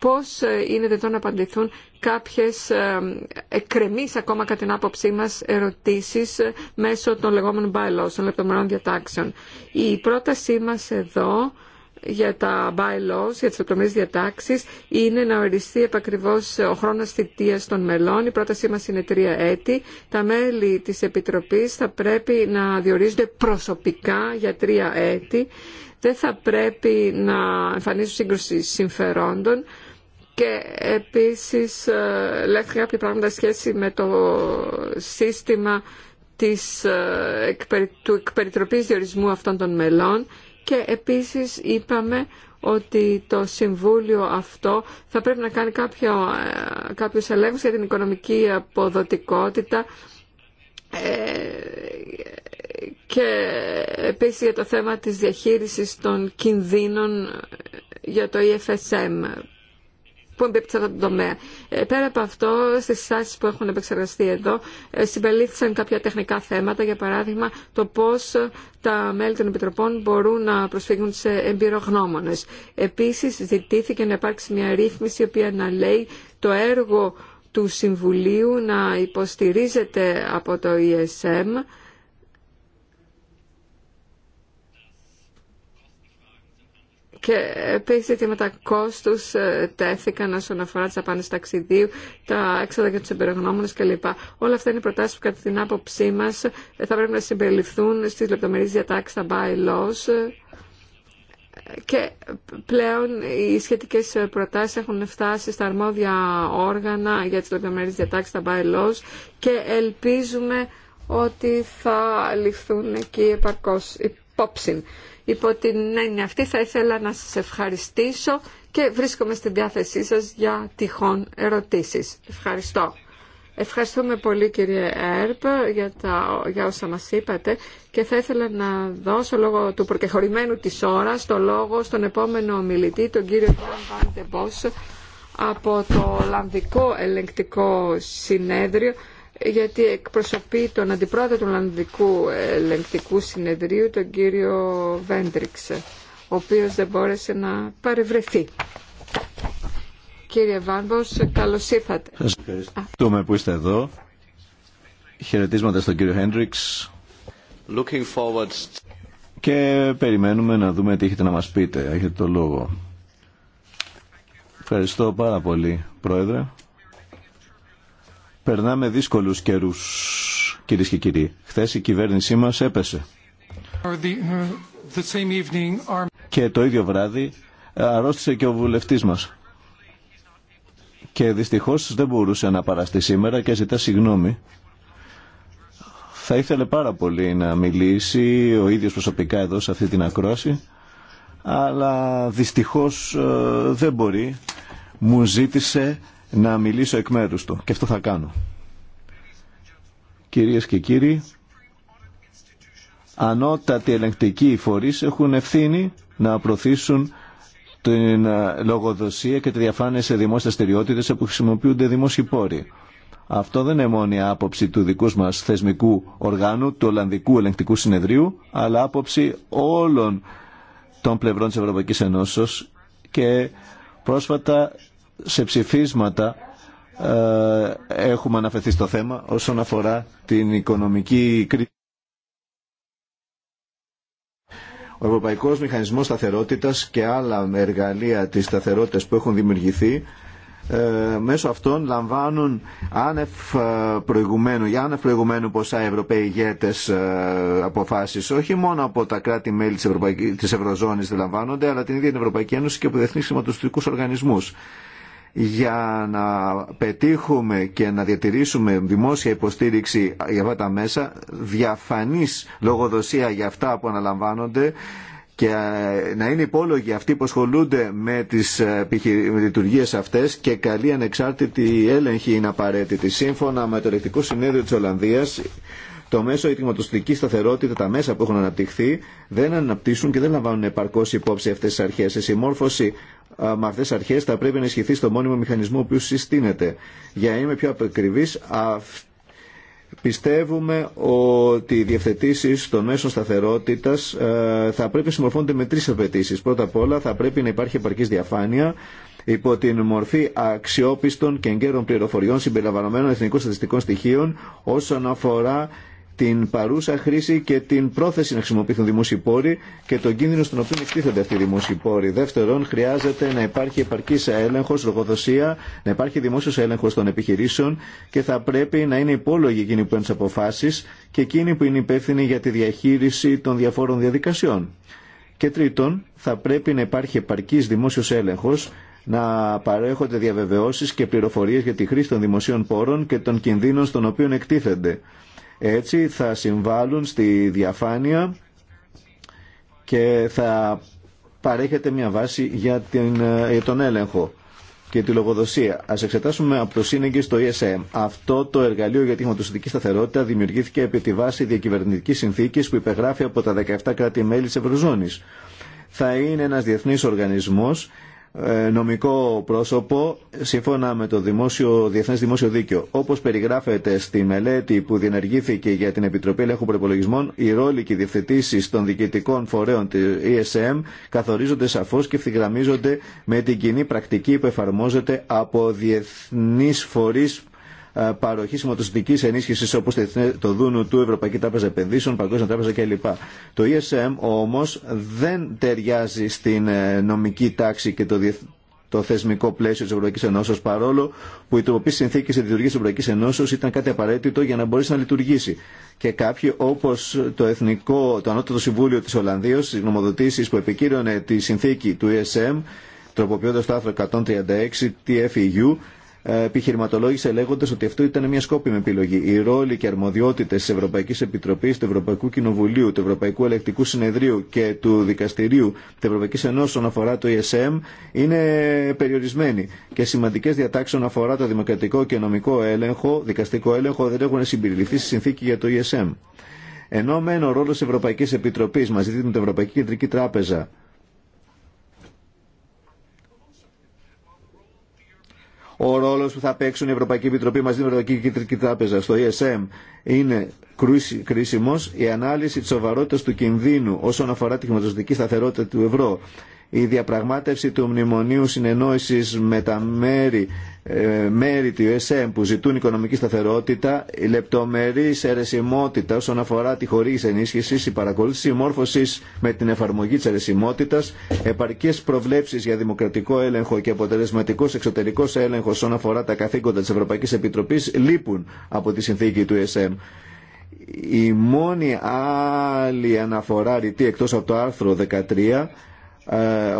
πώς ε, είναι δυνατόν να απαντηθούν κάποιες ε, εκκρεμείς ακόμα κατά την άποψή μας ερωτήσεις ε, μέσω των λεγόμενων bylaws, των λεπτομερών διατάξεων. Η πρότασή μας εδώ για τα bylaws, για τις λεπτομερείς διατάξεις, είναι να οριστεί επακριβώς ο χρόνος θητείας των μελών. Η πρότασή μας είναι τρία έτη. Τα μέλη της Επιτροπής θα πρέπει να διορίζονται προσωπικά για τρία έτη. Δεν θα πρέπει να εμφανίζουν σύγκρουση συμφερόντων και επίσης ε, λέγεται κάποια πράγματα σχέση με το σύστημα της, ε, του εκπεριτροπής διορισμού αυτών των μελών και επίσης είπαμε ότι το Συμβούλιο αυτό θα πρέπει να κάνει κάποιο, ε, κάποιους ελέγχους για την οικονομική αποδοτικότητα και επίσης για το θέμα της διαχείρισης των κινδύνων για το EFSM που ε, Πέρα από αυτό, στι συστάσει που έχουν επεξεργαστεί εδώ, ε, συμπελήθησαν κάποια τεχνικά θέματα, για παράδειγμα το πώ τα μέλη των Επιτροπών μπορούν να προσφύγουν σε εμπειρογνώμονε. Επίση, ζητήθηκε να υπάρξει μια ρύθμιση η οποία να λέει το έργο του Συμβουλίου να υποστηρίζεται από το ESM Και επίση ζητήματα κόστου ε, τέθηκαν όσον αφορά τι απάνε ταξιδίου, τα έξοδα για του εμπειρογνώμονε κλπ. Όλα αυτά είναι προτάσει που κατά την άποψή μα ε, θα πρέπει να συμπεριληφθούν στι λεπτομερεί διατάξει, τα bylaws. Και πλέον οι σχετικές προτάσεις έχουν φτάσει στα αρμόδια όργανα για τις λεπτομερεί διατάξεις, τα bylaws και ελπίζουμε ότι θα ληφθούν εκεί υπόψη. Υπό την έννοια αυτή θα ήθελα να σας ευχαριστήσω και βρίσκομαι στη διάθεσή σας για τυχόν ερωτήσεις. Ευχαριστώ. Ευχαριστούμε πολύ κύριε Έρπ για, τα, για όσα μας είπατε και θα ήθελα να δώσω λόγω του προκεχωρημένου της ώρας το λόγο στον επόμενο ομιλητή, τον κύριο Βαν Βάντεμπος από το Ολλανδικό Ελεγκτικό Συνέδριο γιατί εκπροσωπεί τον αντιπρόεδρο του Ολλανδικού Ελεγκτικού Συνεδρίου, τον κύριο Βέντριξ, ο οποίος δεν μπόρεσε να παρευρεθεί. Κύριε Βάνμπος, καλώς ήρθατε. Σας ευχαριστούμε που είστε εδώ. Χαιρετίσματα στον κύριο Χέντριξ. Και περιμένουμε να δούμε τι έχετε να μας πείτε. Έχετε το λόγο. Ευχαριστώ πάρα πολύ, Πρόεδρε. Περνάμε δύσκολους καιρούς, κυρίε και κύριοι. Χθε η κυβέρνησή μας έπεσε. Και το ίδιο βράδυ ε, αρρώστησε και ο βουλευτής μας. Και δυστυχώς δεν μπορούσε να παραστεί σήμερα και ζητά συγγνώμη. Θα ήθελε πάρα πολύ να μιλήσει ο ίδιος προσωπικά εδώ σε αυτή την ακρόαση, αλλά δυστυχώς ε, δεν μπορεί. Μου ζήτησε να μιλήσω εκ μέρους του και αυτό θα κάνω. Κυρίες και κύριοι, ανώτατοι ελεγκτικοί φορείς έχουν ευθύνη να προωθήσουν την ε, λογοδοσία και τη διαφάνεια σε δημόσιες στεριότητες που χρησιμοποιούνται δημόσιοι πόροι. Αυτό δεν είναι μόνη άποψη του δικού μας θεσμικού οργάνου, του Ολλανδικού Ελεγκτικού Συνεδρίου, αλλά άποψη όλων των πλευρών της Ευρωπαϊκής Ενώσεως και πρόσφατα σε ψηφίσματα ε, έχουμε αναφερθεί στο θέμα όσον αφορά την οικονομική κρίση. Ο Ευρωπαϊκός Μηχανισμός Σταθερότητας και άλλα εργαλεία της σταθερότητας που έχουν δημιουργηθεί ε, μέσω αυτών λαμβάνουν άνευ ε, προηγουμένου, για άνευ ποσά Ευρωπαίοι ηγέτες αποφάσεις όχι μόνο από τα κράτη-μέλη της, Ευρωζώνης δεν λαμβάνονται αλλά την ίδια την Ευρωπαϊκή Ένωση και από διεθνείς χρηματοστηρικούς οργανισμούς για να πετύχουμε και να διατηρήσουμε δημόσια υποστήριξη για αυτά τα μέσα, διαφανής λογοδοσία για αυτά που αναλαμβάνονται και ε, να είναι υπόλογοι αυτοί που ασχολούνται ε, με τις λειτουργίες αυτές και καλή ανεξάρτητη έλεγχη είναι απαραίτητη. Σύμφωνα με το Ελεκτικό Συνέδριο της Ολλανδίας, το μέσο η σταθερότητα, τα μέσα που έχουν αναπτυχθεί, δεν αναπτύσσουν και δεν λαμβάνουν επαρκώ υπόψη αυτέ τι αρχέ. Η συμμόρφωση με αυτέ τι αρχέ θα πρέπει να ισχυθεί στο μόνιμο μηχανισμό που συστήνεται. Για να είμαι πιο ακριβή, πιστεύουμε ότι οι διευθετήσει των μέσων σταθερότητα ε, θα πρέπει να συμμορφώνονται με τρει απαιτήσει. Πρώτα απ' όλα, θα πρέπει να υπάρχει επαρκή διαφάνεια υπό την μορφή αξιόπιστων και εγκαίρων πληροφοριών συμπεριλαμβανομένων εθνικών στατιστικών στοιχείων όσον αφορά την παρούσα χρήση και την πρόθεση να χρησιμοποιηθούν δημόσιοι πόροι και τον κίνδυνο στον οποίο εκτίθενται αυτοί οι δημόσιοι πόροι. Δεύτερον, χρειάζεται να υπάρχει επαρκή έλεγχο, λογοδοσία, να υπάρχει δημόσιο έλεγχο των επιχειρήσεων και θα πρέπει να είναι υπόλογοι εκείνοι που παίρνουν τι αποφάσει και εκείνοι που είναι υπεύθυνοι για τη διαχείριση των διαφόρων διαδικασιών. Και τρίτον, θα πρέπει να υπάρχει επαρκή δημόσιο έλεγχο να παρέχονται διαβεβαιώσεις και πληροφορίες για τη χρήση των δημοσίων πόρων και των κινδύνων στον οποίο εκτίθενται. Έτσι θα συμβάλλουν στη διαφάνεια και θα παρέχεται μια βάση για, την, ε, τον έλεγχο και τη λογοδοσία. Α εξετάσουμε από το σύνεγγυ στο ESM. Αυτό το εργαλείο για τη χρηματοσυντική σταθερότητα δημιουργήθηκε επί τη βάση διακυβερνητική συνθήκη που υπεγράφει από τα 17 κράτη-μέλη τη Ευρωζώνη. Θα είναι ένα διεθνή οργανισμό ε, νομικό πρόσωπο σύμφωνα με το δημόσιο, Διεθνές Δημόσιο Δίκαιο. Όπως περιγράφεται στη μελέτη που διενεργήθηκε για την Επιτροπή Ελέγχου Προπολογισμών, οι ρόλοι και οι διευθετήσεις των διοικητικών φορέων της ESM καθορίζονται σαφώς και ευθυγραμμίζονται με την κοινή πρακτική που εφαρμόζεται από διεθνείς φορείς ε, παροχή σηματοστική ενίσχυση όπω το Δούνου του Ευρωπαϊκή Τράπεζα Επενδύσεων, Παγκόσμια Τράπεζα κλπ. Το ESM όμω δεν ταιριάζει στην ε, νομική τάξη και το το θεσμικό πλαίσιο τη Ευρωπαϊκή Ενώσεω, παρόλο που η τροποποίηση συνθήκη τη λειτουργία τη Ευρωπαϊκή Ενώσεω ήταν κάτι απαραίτητο για να μπορέσει να λειτουργήσει. Και κάποιοι, όπω το Εθνικό, το Ανώτατο Συμβούλιο τη Ολλανδία, στι γνωμοδοτήσει που επικύρωνε τη συνθήκη του ESM, τροποποιώντα το άρθρο 136 TFEU, ε, επιχειρηματολόγησε λέγοντα ότι αυτό ήταν μια σκόπιμη επιλογή. Οι ρόλοι και αρμοδιότητε τη Ευρωπαϊκή Επιτροπή, του Ευρωπαϊκού Κοινοβουλίου, του Ευρωπαϊκού Ελεκτικού Συνεδρίου και του Δικαστηρίου τη Ευρωπαϊκή Ενώση όσον αφορά το ESM είναι περιορισμένοι και σημαντικέ διατάξει όσον αφορά το δημοκρατικό και νομικό έλεγχο, δικαστικό έλεγχο δεν έχουν συμπεριληφθεί στη συνθήκη για το ESM. Ενώ μεν ο ρόλο τη Ευρωπαϊκή Επιτροπή μαζί με την Ευρωπαϊκή Κεντρική Τράπεζα ο ρόλο που θα παίξουν η Ευρωπαϊκή Επιτροπή μαζί με την Ευρωπαϊκή Κεντρική Τράπεζα στο ESM είναι κρίσιμο, η ανάλυση τη σοβαρότητα του κινδύνου όσον αφορά τη χρηματοδοτική σταθερότητα του ευρώ η διαπραγμάτευση του Μνημονίου Συνεννόησης με τα μέρη, ε, μέρη του ΕΣΕΜ που ζητούν οικονομική σταθερότητα, η λεπτομερή αιρεσιμότητα όσον αφορά τη χορήγηση ενίσχυση, η παρακολούθηση μόρφωση με την εφαρμογή τη αιρεσιμότητα, επαρκέ προβλέψεις για δημοκρατικό έλεγχο και αποτελεσματικό εξωτερικό έλεγχο όσον αφορά τα καθήκοντα τη Ευρωπαϊκή Επιτροπής λείπουν από τη συνθήκη του ΕΣΕΜ η μόνη άλλη αναφορά ρητή εκτός από το άρθρο 13 ε,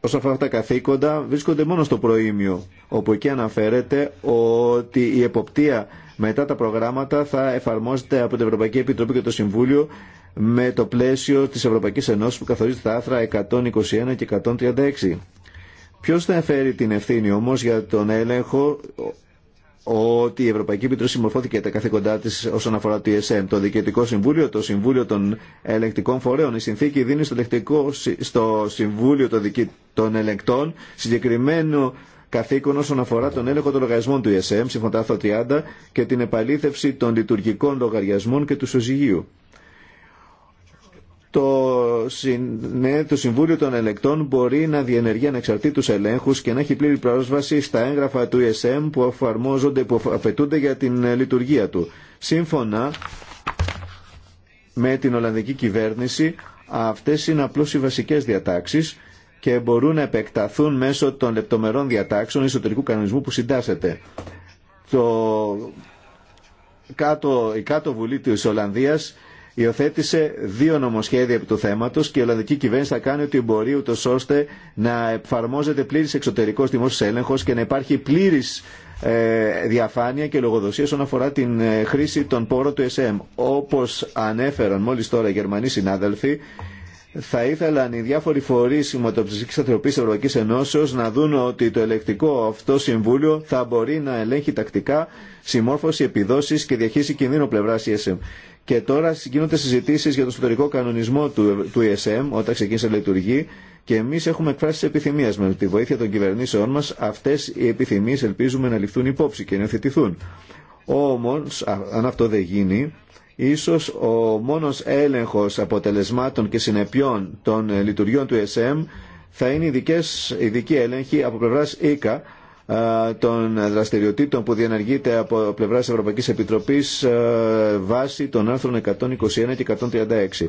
όσον αφορά τα καθήκοντα βρίσκονται μόνο στο προήμιο όπου εκεί αναφέρεται ότι η εποπτεία μετά τα προγράμματα θα εφαρμόζεται από την Ευρωπαϊκή Επιτροπή και το Συμβούλιο με το πλαίσιο της Ευρωπαϊκής Ενώσης που καθορίζει τα άθρα 121 και 136. Ποιος θα φέρει την ευθύνη όμως για τον έλεγχο ότι η Ευρωπαϊκή Επιτροπή συμμορφώθηκε τα καθήκοντά τη όσον αφορά το ESM. Το Διοικητικό Συμβούλιο, το Συμβούλιο των Ελεκτικών Φορέων, η συνθήκη δίνει στο, στο Συμβούλιο των Ελεκτών συγκεκριμένο καθήκον όσον αφορά τον έλεγχο των λογαριασμών του ESM, σύμφωνα 30, και την επαλήθευση των λειτουργικών λογαριασμών και του σωζυγίου το, ναι, το Συμβούλιο των Ελεκτών μπορεί να διενεργεί ανεξαρτήτους ελέγχους και να έχει πλήρη πρόσβαση στα έγγραφα του ESM που, αφαιτούνται που για την ε, λειτουργία του. Σύμφωνα με την Ολλανδική κυβέρνηση αυτές είναι απλώς οι βασικές διατάξεις και μπορούν να επεκταθούν μέσω των λεπτομερών διατάξεων εσωτερικού κανονισμού που συντάσσεται. Το... Κάτω, η κάτω βουλή της Ολλανδίας Υιοθέτησε δύο νομοσχέδια επί του θέματος και η Ολλανδική κυβέρνηση θα κάνει ό,τι μπορεί ούτω ώστε να εφαρμόζεται πλήρη εξωτερικό δημόσιο έλεγχο και να υπάρχει πλήρη ε, διαφάνεια και λογοδοσία όσον αφορά την ε, χρήση των πόρων του ΕΣΕΜ. Όπως ανέφεραν μόλις τώρα οι Γερμανοί συνάδελφοι, θα ήθελαν οι διάφοροι φορεί σηματοψηφική ανθρωπή Ευρωπαϊκή Ενώσεω να δουν ότι το ελεκτικό αυτό συμβούλιο θα μπορεί να ελέγχει τακτικά συμμόρφωση, επιδόσει και διαχείριση κινδύνου πλευρά ESM. Και τώρα γίνονται συζητήσεις για τον εσωτερικό κανονισμό του, του ESM ε όταν ξεκίνησε να λειτουργεί και εμείς έχουμε εκφράσει επιθυμίε επιθυμίες με τη βοήθεια των κυβερνήσεών μας αυτές οι επιθυμίες ελπίζουμε να ληφθούν υπόψη και να υιοθετηθούν. Όμως αν αυτό δεν γίνει ίσως ο μόνος έλεγχος αποτελεσμάτων και συνεπιών των ε, λειτουργιών του ESM ε θα είναι ειδικές, ειδικοί έλεγχη από πλευρά ΙΚΑ ε, των δραστηριοτήτων που διενεργείται από πλευρά τη Ευρωπαϊκής Επιτροπής ε, βάσει των άρθρων 121 και 136.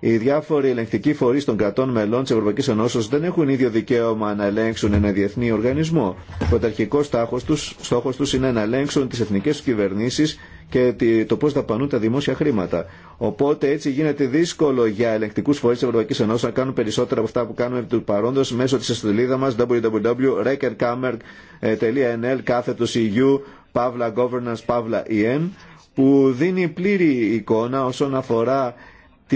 Οι διάφοροι ελεγκτικοί φορεί των κρατών μελών τη Ευρωπαϊκή Ενώσεω δεν έχουν ίδιο δικαίωμα να ελέγξουν ένα διεθνή οργανισμό. Ο πρωταρχικό στόχο του είναι να ελέγξουν τι εθνικέ κυβερνήσει και το πώ δαπανούν τα δημόσια χρήματα. Οπότε έτσι γίνεται δύσκολο για ελεκτικού φορεί τη Ευρωπαϊκή Ενώση να κάνουν περισσότερα από αυτά που κάνουμε του παρόντο μέσω τη ιστοσελίδα μα www.recordcamer.nl κάθετο EU Pavla Governance Pavla EN που δίνει πλήρη εικόνα όσον αφορά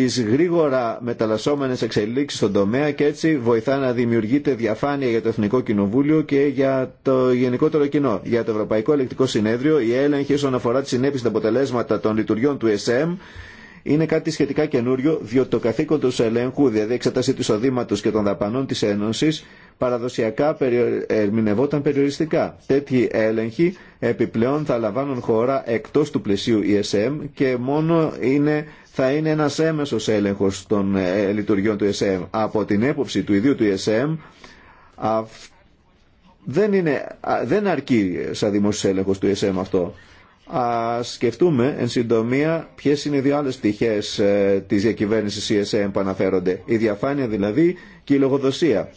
τις γρήγορα μεταλλασσόμενες εξελίξεις στον τομέα και έτσι βοηθά να δημιουργείται διαφάνεια για το Εθνικό Κοινοβούλιο και για το γενικότερο κοινό. Για το Ευρωπαϊκό Ελεκτικό Συνέδριο, η έλεγχη όσον αφορά τις συνέπειες και αποτελέσματα των λειτουργιών του ΕΣΕΜ είναι κάτι σχετικά καινούριο, διότι το καθήκον του ελέγχου, δηλαδή εξετάση του εισοδήματο και των δαπανών τη Ένωση, παραδοσιακά ερμηνευόταν περιοριστικά. Τέτοιοι έλεγχοι επιπλέον θα λαμβάνουν χώρα εκτό του πλαισίου ESM και μόνο είναι, θα είναι ένα έμεσο έλεγχο των ε, λειτουργιών του ESM. Από την έποψη του ιδίου του ESM, δεν, είναι, δεν αρκεί σαν δημόσιο έλεγχο του ESM αυτό. Α σκεφτούμε εν συντομία ποιε είναι οι δύο άλλε πτυχέ ε, τη διακυβέρνηση ESM που αναφέρονται. Η διαφάνεια δηλαδή και η λογοδοσία.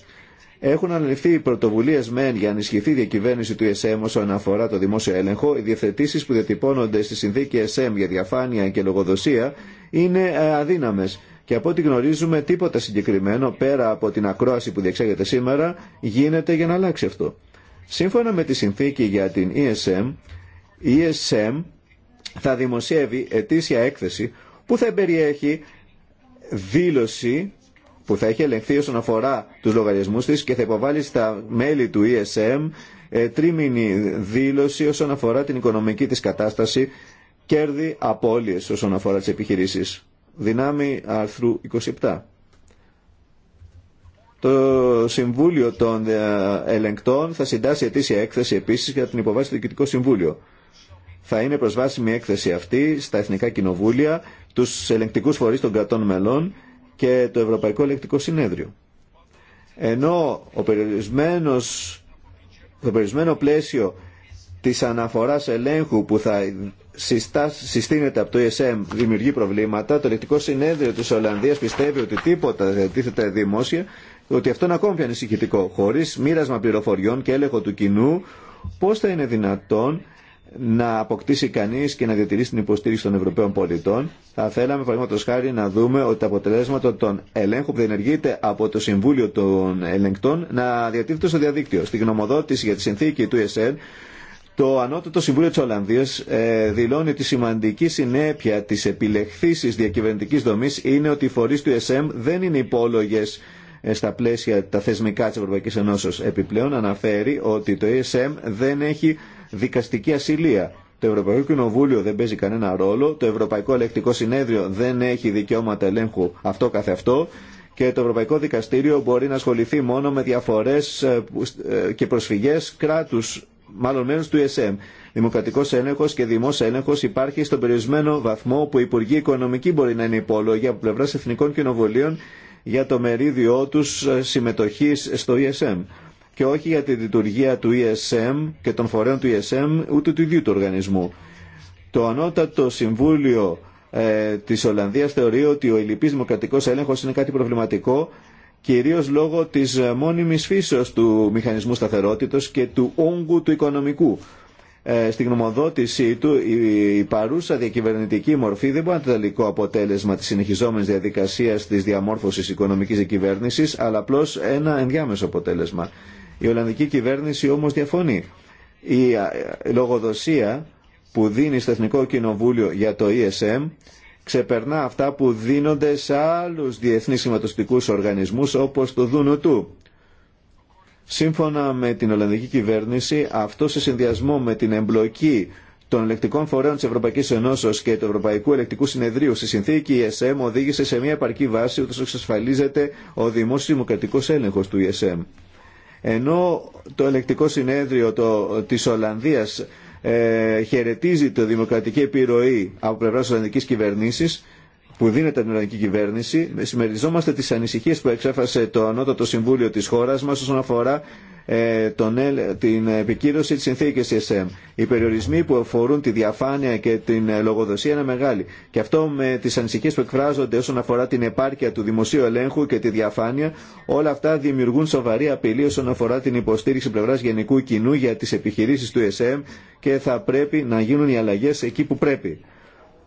Έχουν αναλυφθεί πρωτοβουλίε μεν για να ενισχυθεί η διακυβέρνηση του ESM όσον αφορά το δημόσιο έλεγχο. Οι διευθετήσει που διατυπώνονται στη συνθήκη ESM για διαφάνεια και λογοδοσία είναι ε, αδύναμε. Και από ό,τι γνωρίζουμε, τίποτα συγκεκριμένο πέρα από την ακρόαση που διεξάγεται σήμερα γίνεται για να αλλάξει αυτό. Σύμφωνα με τη συνθήκη για την ESM, η ESM θα δημοσιεύει ετήσια έκθεση που θα περιέχει δήλωση που θα έχει ελεγχθεί όσον αφορά τους λογαριασμούς της και θα υποβάλει στα μέλη του ESM ε, τρίμηνη δήλωση όσον αφορά την οικονομική της κατάσταση, κέρδη, απώλειες όσον αφορά τις επιχειρήσεις. Δυνάμει άρθρου 27. Το Συμβούλιο των ε, Ελεγκτών θα συντάσει ετήσια έκθεση επίσης για την υποβάση στο Διοικητικό Συμβούλιο θα είναι προσβάσιμη έκθεση αυτή στα Εθνικά Κοινοβούλια, του ελεγκτικούς φορείς των κρατών μελών και το Ευρωπαϊκό Ελεγκτικό Συνέδριο. Ενώ ο περιορισμένος, το περιορισμένο πλαίσιο της αναφοράς ελέγχου που θα συστήνεται από το ESM δημιουργεί προβλήματα, το Ελεγκτικό Συνέδριο της Ολλανδίας πιστεύει ότι τίποτα δεν τίθεται δημόσια, ότι αυτό είναι ακόμη πιο ανησυχητικό. Χωρίς μοίρασμα πληροφοριών και έλεγχο του κοινού, πώς θα είναι δυνατόν να αποκτήσει κανεί και να διατηρήσει την υποστήριξη των Ευρωπαίων πολιτών. Θα θέλαμε, παραδείγματο χάρη, να δούμε ότι τα αποτελέσματα των ελέγχων που διενεργείται από το Συμβούλιο των Ελεγκτών να διατίθεται στο διαδίκτυο. Στη γνωμοδότηση για τη συνθήκη του ESN, το Ανώτατο Συμβούλιο τη Ολλανδία ε, δηλώνει ότι η σημαντική συνέπεια τη επιλεχθήση διακυβερνητική δομή είναι ότι οι φορεί του ESM δεν είναι υπόλογε ε, στα πλαίσια τα θεσμικά τη Ευρωπαϊκής Ενώσεως Επιπλέον αναφέρει ότι το ESM δεν έχει δικαστική ασυλία. Το Ευρωπαϊκό Κοινοβούλιο δεν παίζει κανένα ρόλο, το Ευρωπαϊκό Ελεκτικό Συνέδριο δεν έχει δικαιώματα ελέγχου αυτό καθε αυτό και το Ευρωπαϊκό Δικαστήριο μπορεί να ασχοληθεί μόνο με διαφορές ε, ε, και προσφυγές κράτους, μάλλον μέρους του ESM. Δημοκρατικό έλεγχο και δημόσιο έλεγχο υπάρχει στον περιορισμένο βαθμό που οι Υπουργοί Οικονομικοί μπορεί να είναι υπόλογοι από πλευρά Εθνικών Κοινοβουλίων για το μερίδιο του ε, συμμετοχή στο ESM και όχι για τη λειτουργία του ESM και των φορέων του ESM ούτε του ίδιου του οργανισμού. Το ανώτατο συμβούλιο ε, της Ολλανδίας θεωρεί ότι ο ελληπής δημοκρατικός έλεγχος είναι κάτι προβληματικό κυρίως λόγω της ε, μόνιμης φύσεως του μηχανισμού σταθερότητα και του όγκου του οικονομικού. Ε, στην γνωμοδότησή του η, η παρούσα διακυβερνητική μορφή δεν μπορεί να είναι τελικό αποτέλεσμα της συνεχιζόμενης διαδικασίας της διαμόρφωσης οικονομικής διακυβέρνησης αλλά απλώ ένα ενδιάμεσο αποτέλεσμα. Η Ολλανδική κυβέρνηση όμως διαφωνεί. Η ε, ε, λογοδοσία που δίνει στο Εθνικό Κοινοβούλιο για το ESM ξεπερνά αυτά που δίνονται σε άλλους διεθνείς σηματοστικούς οργανισμούς όπως το ΔΝΤ. Σύμφωνα με την Ολλανδική κυβέρνηση, αυτό σε συνδυασμό με την εμπλοκή των ελεκτικών φορέων της Ευρωπαϊκής Ενώσεως και του Ευρωπαϊκού Ελεκτικού Συνεδρίου στη συνθήκη ESM οδήγησε σε μια επαρκή βάση, ότι εξασφαλίζεται ο δημόσιο δημοκρατικό έλεγχο του ESM. Ενώ το ελεκτικό συνέδριο το, της Ολλανδίας ε, χαιρετίζει τη δημοκρατική επιρροή από πλευρά της Ολλανδικής κυβερνήσης, που δίνεται την Ολλανδική κυβέρνηση, συμμεριζόμαστε τις ανησυχίες που εξέφασε το Ανώτατο Συμβούλιο της χώρας μας όσον αφορά ε, τον, την επικύρωση της συνθήκης ESM. Οι περιορισμοί που αφορούν τη διαφάνεια και την ε, λογοδοσία είναι μεγάλοι. Και αυτό με τις ανησυχίες που εκφράζονται όσον αφορά την επάρκεια του δημοσίου ελέγχου και τη διαφάνεια, όλα αυτά δημιουργούν σοβαρή απειλή όσον αφορά την υποστήριξη πλευράς γενικού κοινού για τις επιχειρήσεις του ESM και θα πρέπει να γίνουν οι αλλαγές εκεί που πρέπει.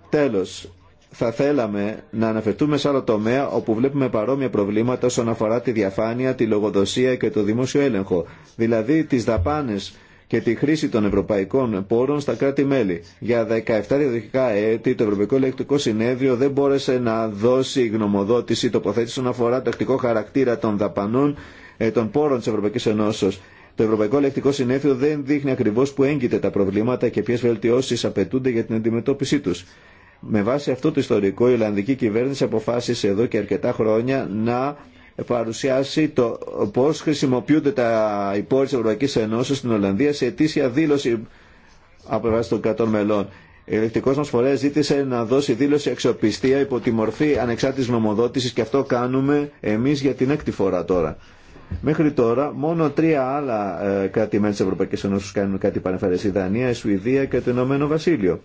Τέλος, θα θέλαμε να αναφερθούμε σε άλλο τομέα όπου βλέπουμε παρόμοια προβλήματα όσον αφορά τη διαφάνεια, τη λογοδοσία και το δημόσιο έλεγχο, δηλαδή τις δαπάνες και τη χρήση των ευρωπαϊκών πόρων στα κράτη-μέλη. Για 17 διαδοχικά έτη το Ευρωπαϊκό Ελεκτικό Συνέδριο δεν μπόρεσε να δώσει γνωμοδότηση τοποθέτηση όσον αφορά το εκτικό χαρακτήρα των δαπανών ε, των πόρων της Ευρωπαϊκής Ενώσεως. Το Ευρωπαϊκό Ελεκτικό Συνέδριο δεν δείχνει ακριβώς που έγκυται τα προβλήματα και ποιες βελτιώσεις απαιτούνται για την αντιμετώπιση τους. Με βάση αυτό το ιστορικό, η Ολλανδική κυβέρνηση αποφάσισε εδώ και αρκετά χρόνια να παρουσιάσει το πώς χρησιμοποιούνται τα υπόρρια της Ευρωπαϊκής Ενώσης στην Ολλανδία σε αιτήσια δήλωση από βάση των κρατών μελών. Η ελεκτικό μα φορέα ζήτησε να δώσει δήλωση αξιοπιστία υπό τη μορφή ανεξάρτητη νομοδότηση και αυτό κάνουμε εμεί για την έκτη φορά τώρα. Μέχρι τώρα, μόνο τρία άλλα ε, κράτη-μέλη τη Ευρωπαϊκή Ένωση κάνουν κάτι παρεμφερέ. Η Δανία, η Σουηδία και το Ηνωμένο Βασίλειο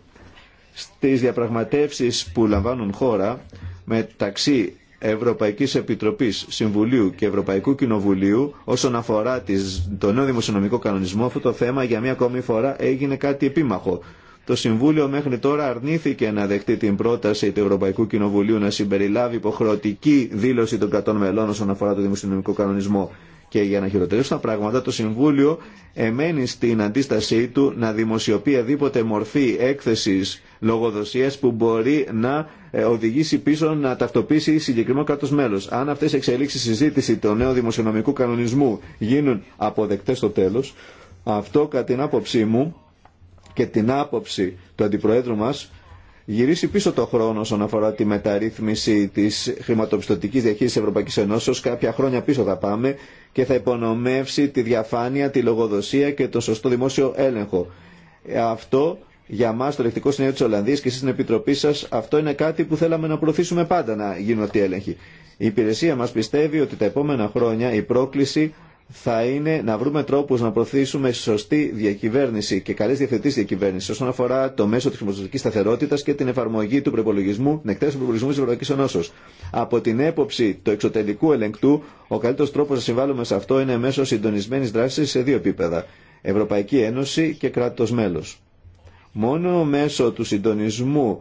στις διαπραγματεύσεις που λαμβάνουν χώρα μεταξύ Ευρωπαϊκής Επιτροπής Συμβουλίου και Ευρωπαϊκού Κοινοβουλίου όσον αφορά τις, το νέο δημοσιονομικό κανονισμό αυτό το θέμα για μία ακόμη φορά έγινε κάτι επίμαχο. Το Συμβούλιο μέχρι τώρα αρνήθηκε να δεχτεί την πρόταση του Ευρωπαϊκού Κοινοβουλίου να συμπεριλάβει υποχρεωτική δήλωση των κρατών μελών όσον αφορά το δημοσιονομικό κανονισμό. Και για να χειροτερήσουν τα πράγματα, το Συμβούλιο εμένει στην αντίστασή του να δημοσιοποιεί αδίποτε μορφή έκθεσης λογοδοσία που μπορεί να ε, οδηγήσει πίσω να ταυτοποιήσει συγκεκριμένο κράτο μέλο. Αν αυτές οι εξελίξεις συζήτηση του νέου δημοσιονομικού κανονισμού γίνουν αποδεκτές στο τέλος, αυτό κατά την άποψή μου και την άποψη του Αντιπροέδρου μας γυρίσει πίσω το χρόνο όσον αφορά τη μεταρρύθμιση της χρηματοπιστωτικής διαχείρισης Ευρωπαϊκή Ενώσεω, Κάποια χρόνια πίσω θα πάμε και θα υπονομεύσει τη διαφάνεια, τη λογοδοσία και το σωστό δημόσιο έλεγχο. Αυτό για μας το Ελεκτικό Συνέδριο τη Ολλανδία και εσεί στην Επιτροπή σα, αυτό είναι κάτι που θέλαμε να προωθήσουμε πάντα να γίνουν αυτοί Η υπηρεσία μα πιστεύει ότι τα επόμενα χρόνια η πρόκληση θα είναι να βρούμε τρόπους να προωθήσουμε σωστή διακυβέρνηση και καλές διευθετήσεις διακυβέρνηση όσον αφορά το μέσο της χρηματοδοτικής σταθερότητας και την εφαρμογή του προπολογισμού, την εκτέλεση του προπολογισμού της Ευρωπαϊκή Ενώσεως. Από την έποψη του εξωτερικού ελεγκτού, ο καλύτερος τρόπος να συμβάλλουμε σε αυτό είναι μέσω συντονισμένης δράσης σε δύο επίπεδα. Ευρωπαϊκή Ένωση και κράτος μέλος. Μόνο μέσω του συντονισμού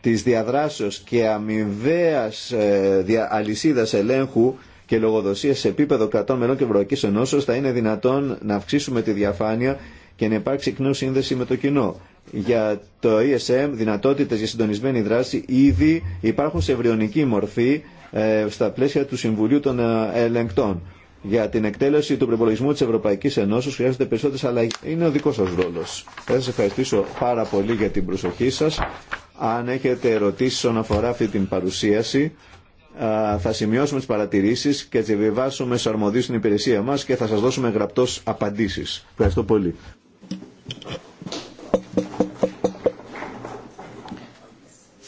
της διαδράσεως και αμοιβαίας ε, αλυσίδας ελέγχου και λογοδοσία σε επίπεδο κρατών μελών και Ευρωπαϊκή Ενώσεω θα είναι δυνατόν να αυξήσουμε τη διαφάνεια και να υπάρξει κοινό σύνδεση με το κοινό. Για το ESM, δυνατότητε για συντονισμένη δράση ήδη υπάρχουν σε ευρυονική μορφή ε, στα πλαίσια του Συμβουλίου των ε, Ελεγκτών. Για την εκτέλεση του προπολογισμού τη Ευρωπαϊκή Ενώσεω χρειάζονται περισσότερε αλλαγέ. Είναι ο δικό σα ρόλο. Θα σα ευχαριστήσω πάρα πολύ για την προσοχή σα. Αν έχετε ερωτήσει όσον αφορά αυτή την παρουσίαση, θα σημειώσουμε τις παρατηρήσεις και θα διαβιβάσουμε σε αρμοδίες στην υπηρεσία μας και θα σας δώσουμε γραπτός απαντήσεις. Ευχαριστώ πολύ.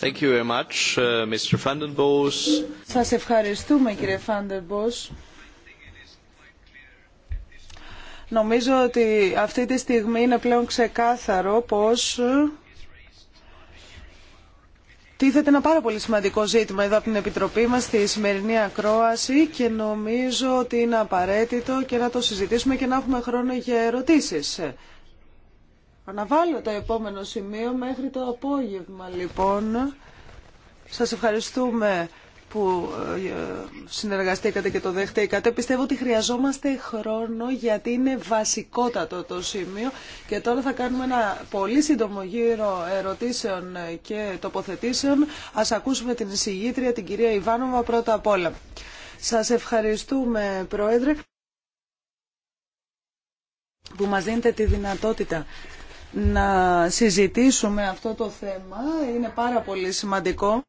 Thank you very much, uh, Mr. Σας ευχαριστούμε κύριε Φάντεμπος. Νομίζω ότι αυτή τη στιγμή είναι πλέον ξεκάθαρο πως Τίθεται ένα πάρα πολύ σημαντικό ζήτημα εδώ από την Επιτροπή μας στη σημερινή ακρόαση και νομίζω ότι είναι απαραίτητο και να το συζητήσουμε και να έχουμε χρόνο για ερωτήσεις. Αναβάλω το επόμενο σημείο μέχρι το απόγευμα λοιπόν. Σας ευχαριστούμε που ε, ε, συνεργαστήκατε και το δεχτήκατε. Πιστεύω ότι χρειαζόμαστε χρόνο γιατί είναι βασικότατο το σημείο και τώρα θα κάνουμε ένα πολύ σύντομο γύρο ερωτήσεων και τοποθετήσεων. Ας ακούσουμε την εισηγήτρια, την κυρία Ιβάνοβα πρώτα απ' όλα. Σας ευχαριστούμε Πρόεδρε που μας δίνετε τη δυνατότητα να συζητήσουμε αυτό το θέμα. Είναι πάρα πολύ σημαντικό.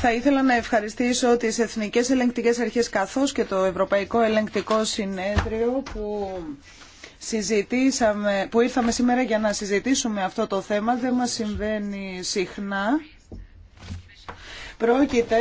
Θα ήθελα να ευχαριστήσω τις Εθνικές Ελεγκτικές Αρχές καθώς και το Ευρωπαϊκό Ελεγκτικό Συνέδριο που συζητήσαμε, που ήρθαμε σήμερα για να συζητήσουμε αυτό το θέμα. Δεν μας συμβαίνει συχνά. Πρόκειται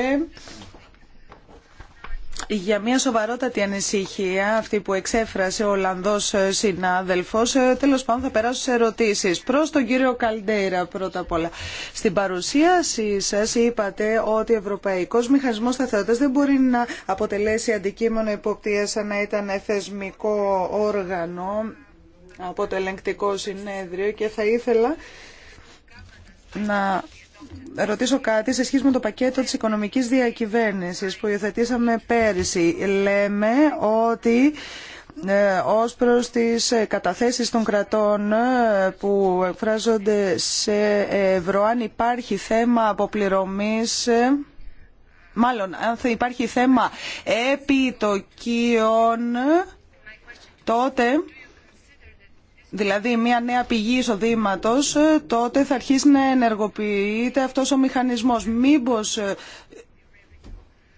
για μια σοβαρότατη ανησυχία αυτή που εξέφρασε ο Ολλανδός συνάδελφος ε, τέλος πάντων θα περάσω σε ερωτήσεις προς τον κύριο Καλντέιρα πρώτα απ' όλα στην παρουσίασή σας είπατε ότι ο Ευρωπαϊκός Μηχανισμός Σταθερότητας δεν μπορεί να αποτελέσει αντικείμενο υποπτία σαν να ήταν θεσμικό όργανο από το ελεγκτικό συνέδριο και θα ήθελα να ρωτήσω κάτι σε σχέση με το πακέτο της οικονομικής διακυβέρνησης που υιοθετήσαμε πέρυσι. Λέμε ότι ε, ως προς τις ε, καταθέσεις των κρατών ε, που εκφράζονται σε ευρώ, αν υπάρχει θέμα αποπληρωμής μάλλον αν θα υπάρχει θέμα επιτοκίων τότε δηλαδή μια νέα πηγή εισοδήματο ε, τότε θα αρχίσει να ενεργοποιείται αυτός ο μηχανισμός. Μήπως ε,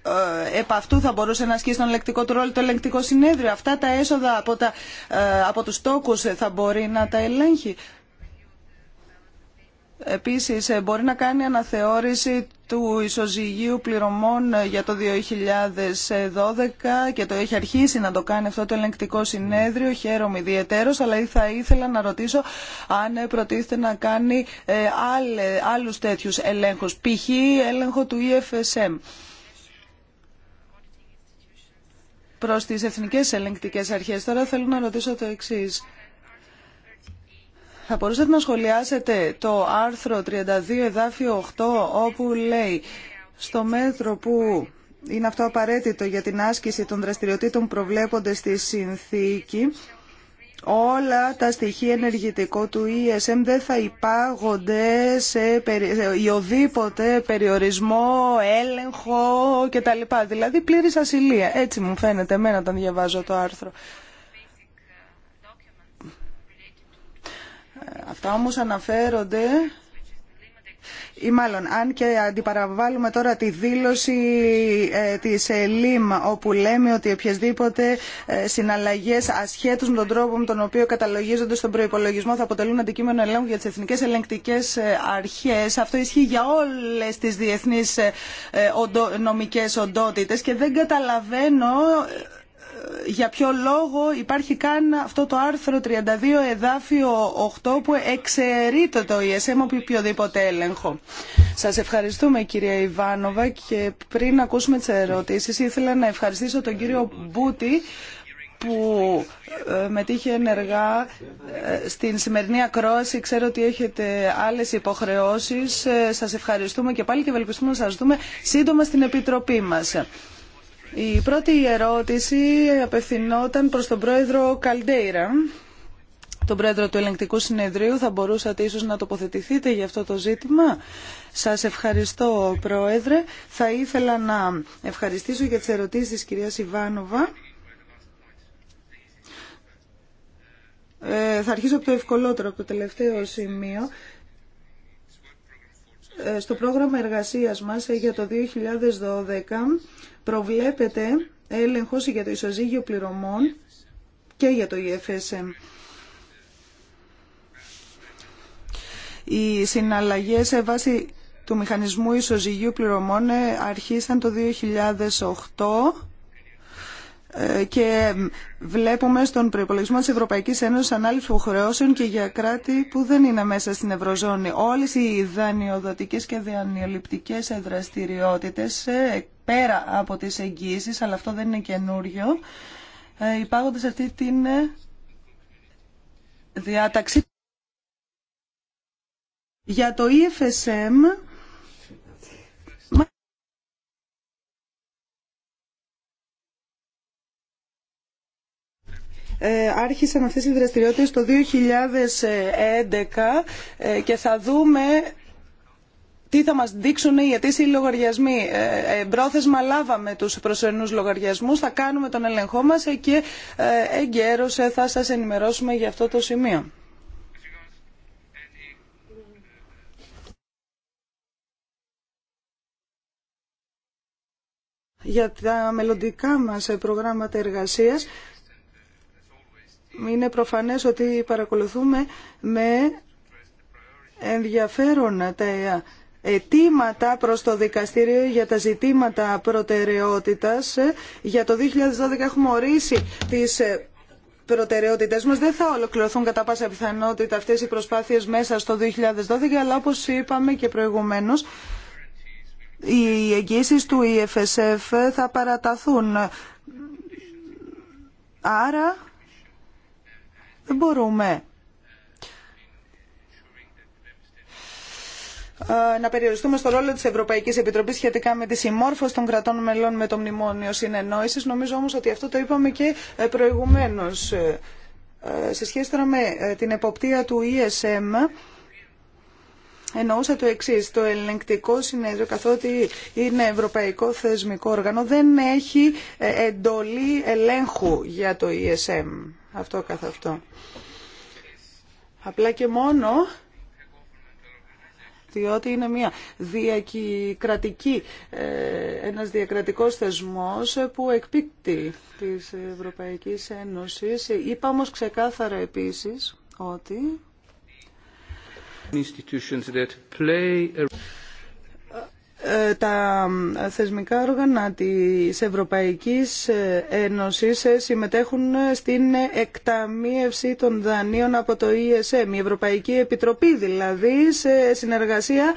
ε, επ' αυτού θα μπορούσε να ασκήσει τον ελεκτικό του ρόλο το ελεκτικό συνέδριο. Αυτά τα έσοδα από, τα, από τους τόκους θα μπορεί να τα ελέγχει. Επίσης, ε, μπορεί να κάνει αναθεώρηση του ισοζυγίου πληρωμών ε, για το 2012 και το έχει αρχίσει να το κάνει αυτό το ελεγκτικό συνέδριο. Χαίρομαι ιδιαίτερο, αλλά θα ήθελα να ρωτήσω αν ε, προτίθεται να κάνει άλλους τέτοιους ελέγχους, π.χ. έλεγχο του EFSM προς τις εθνικές ελεγκτικές αρχές. Τώρα θέλω να ρωτήσω το εξής. Θα μπορούσατε να σχολιάσετε το άρθρο 32 εδάφιο 8 όπου λέει στο μέτρο που είναι αυτό απαραίτητο για την άσκηση των δραστηριοτήτων προβλέπονται στη συνθήκη όλα τα στοιχεία ενεργητικό του ESM δεν θα υπάγονται σε οδήποτε περιορισμό, έλεγχο κτλ. Δηλαδή πλήρης ασυλία. Έτσι μου φαίνεται εμένα όταν διαβάζω το άρθρο. Αυτά όμως αναφέρονται ή μάλλον αν και αντιπαραβάλλουμε τώρα τη δήλωση ε, της ε, όπου λέμε ότι οποιασδήποτε ε, συναλλαγές ασχέτως με τον τρόπο με τον οποίο καταλογίζονται στον προϋπολογισμό θα αποτελούν αντικείμενο ελέγχου για τις εθνικές ελεγκτικές ε, αρχές. Αυτό ισχύει για όλες τις διεθνείς ε, οντο, νομικές οντότητες και δεν καταλαβαίνω για ποιο λόγο υπάρχει καν αυτό το άρθρο 32 εδάφιο 8 που εξαιρείται το ESM από οποιοδήποτε έλεγχο. Σας ευχαριστούμε κυρία Ιβάνοβα και πριν ακούσουμε τις ερωτήσεις ήθελα να ευχαριστήσω τον κύριο Μπούτη που ε, μετήχε ενεργά ε, στην σημερινή ακρόαση. Ξέρω ότι έχετε άλλες υποχρεώσεις. Ε, σας ευχαριστούμε και πάλι και ευελπιστούμε να σας δούμε σύντομα στην Επιτροπή μας. Η πρώτη ερώτηση απευθυνόταν προς τον πρόεδρο Καλντέιρα, τον πρόεδρο του Ελεγκτικού Συνεδρίου. Θα μπορούσατε ίσως να τοποθετηθείτε για αυτό το ζήτημα. Σας ευχαριστώ, πρόεδρε. Θα ήθελα να ευχαριστήσω για τις ερωτήσεις της κυρίας Ιβάνοβα. Ε, θα αρχίσω από το ευκολότερο, από το τελευταίο σημείο ε, στο πρόγραμμα εργασίας μας για το 2012 προβλέπεται έλεγχος για το ισοζύγιο πληρωμών και για το EFSM. Οι συναλλαγές σε βάση του μηχανισμού ισοζυγίου πληρωμών αρχίσαν το 2008 ε, και βλέπουμε στον προϋπολογισμό της Ευρωπαϊκής Ένωσης ανάληψη υποχρεώσεων και για κράτη που δεν είναι μέσα στην Ευρωζώνη. Όλες οι δανειοδοτικές και δανειοληπτικές δραστηριότητες πέρα από τις εγγύσεις, αλλά αυτό δεν είναι καινούριο, ε, υπάρχονται σε αυτή την ε, διάταξη. Για το EFSM, ε, άρχισαν αυτές οι δραστηριότητες το 2011 και θα δούμε τι θα μας δείξουν οι αιτήσιοι λογαριασμοί. Ε, ε, πρόθεσμα λάβαμε τους προσωρινούς λογαριασμούς, θα κάνουμε τον ελεγχό μας ε, και ε, θα σας ενημερώσουμε για αυτό το σημείο. Για τα μελλοντικά μας προγράμματα εργασίας, είναι προφανές ότι παρακολουθούμε με ενδιαφέρον τα αιτήματα προς το δικαστήριο για τα ζητήματα προτεραιότητας. Για το 2012 έχουμε ορίσει τις ε, προτεραιότητες μας. Δεν θα ολοκληρωθούν κατά πάσα πιθανότητα αυτές οι προσπάθειες μέσα στο 2012, αλλά όπως είπαμε και προηγουμένως, οι εγγύσεις του EFSF θα παραταθούν. Άρα δεν μπορούμε Ε, να περιοριστούμε στο ρόλο της Ευρωπαϊκής Επιτροπής σχετικά με τη συμμόρφωση των κρατών μελών με το Μνημόνιο Συνεννόησης. Νομίζω όμως ότι αυτό το είπαμε και ε, προηγουμένως. Ε, σε σχέση τώρα με την εποπτεία του ESM, εννοούσα το εξή. Το ελεγκτικό συνέδριο, καθότι είναι ευρωπαϊκό θεσμικό όργανο, δεν έχει εντολή ελέγχου για το ESM. Αυτό καθ' αυτό. Απλά και μόνο διότι είναι μια διακρατική, ε, ένας διακρατικός θεσμός που εκπίπτει της Ευρωπαϊκής Ένωσης. Είπα όμως ξεκάθαρα επίσης ότι... Ε, τα θεσμικά όργανα της Ευρωπαϊκής ε, Ένωσης ε, συμμετέχουν στην εκταμίευση των δανείων από το ESM, η Ευρωπαϊκή Επιτροπή δηλαδή, σε συνεργασία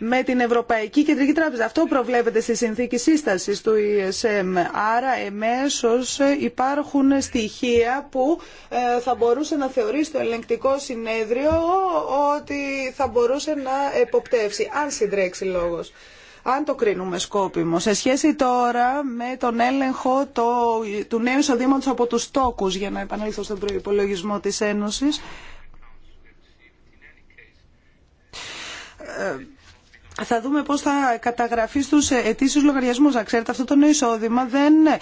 με την Ευρωπαϊκή Κεντρική Τράπεζα. Αυτό προβλέπεται στη συνθήκη σύστασης του ESM. Άρα εμέσως υπάρχουν στοιχεία που θα μπορούσε να θεωρήσει το ελεγκτικό συνέδριο ότι θα μπορούσε να εποπτεύσει, αν συντρέξει λόγος αν το κρίνουμε σκόπιμο. Σε σχέση τώρα με τον έλεγχο του νέου εισοδήματο από τους τόκους, για να επανέλθω στον προπολογισμό της Ένωσης, ε, θα δούμε πώς θα καταγραφεί στους ετήσιους λογαριασμούς. Να ξέρετε, αυτό το νέο εισόδημα δεν ε,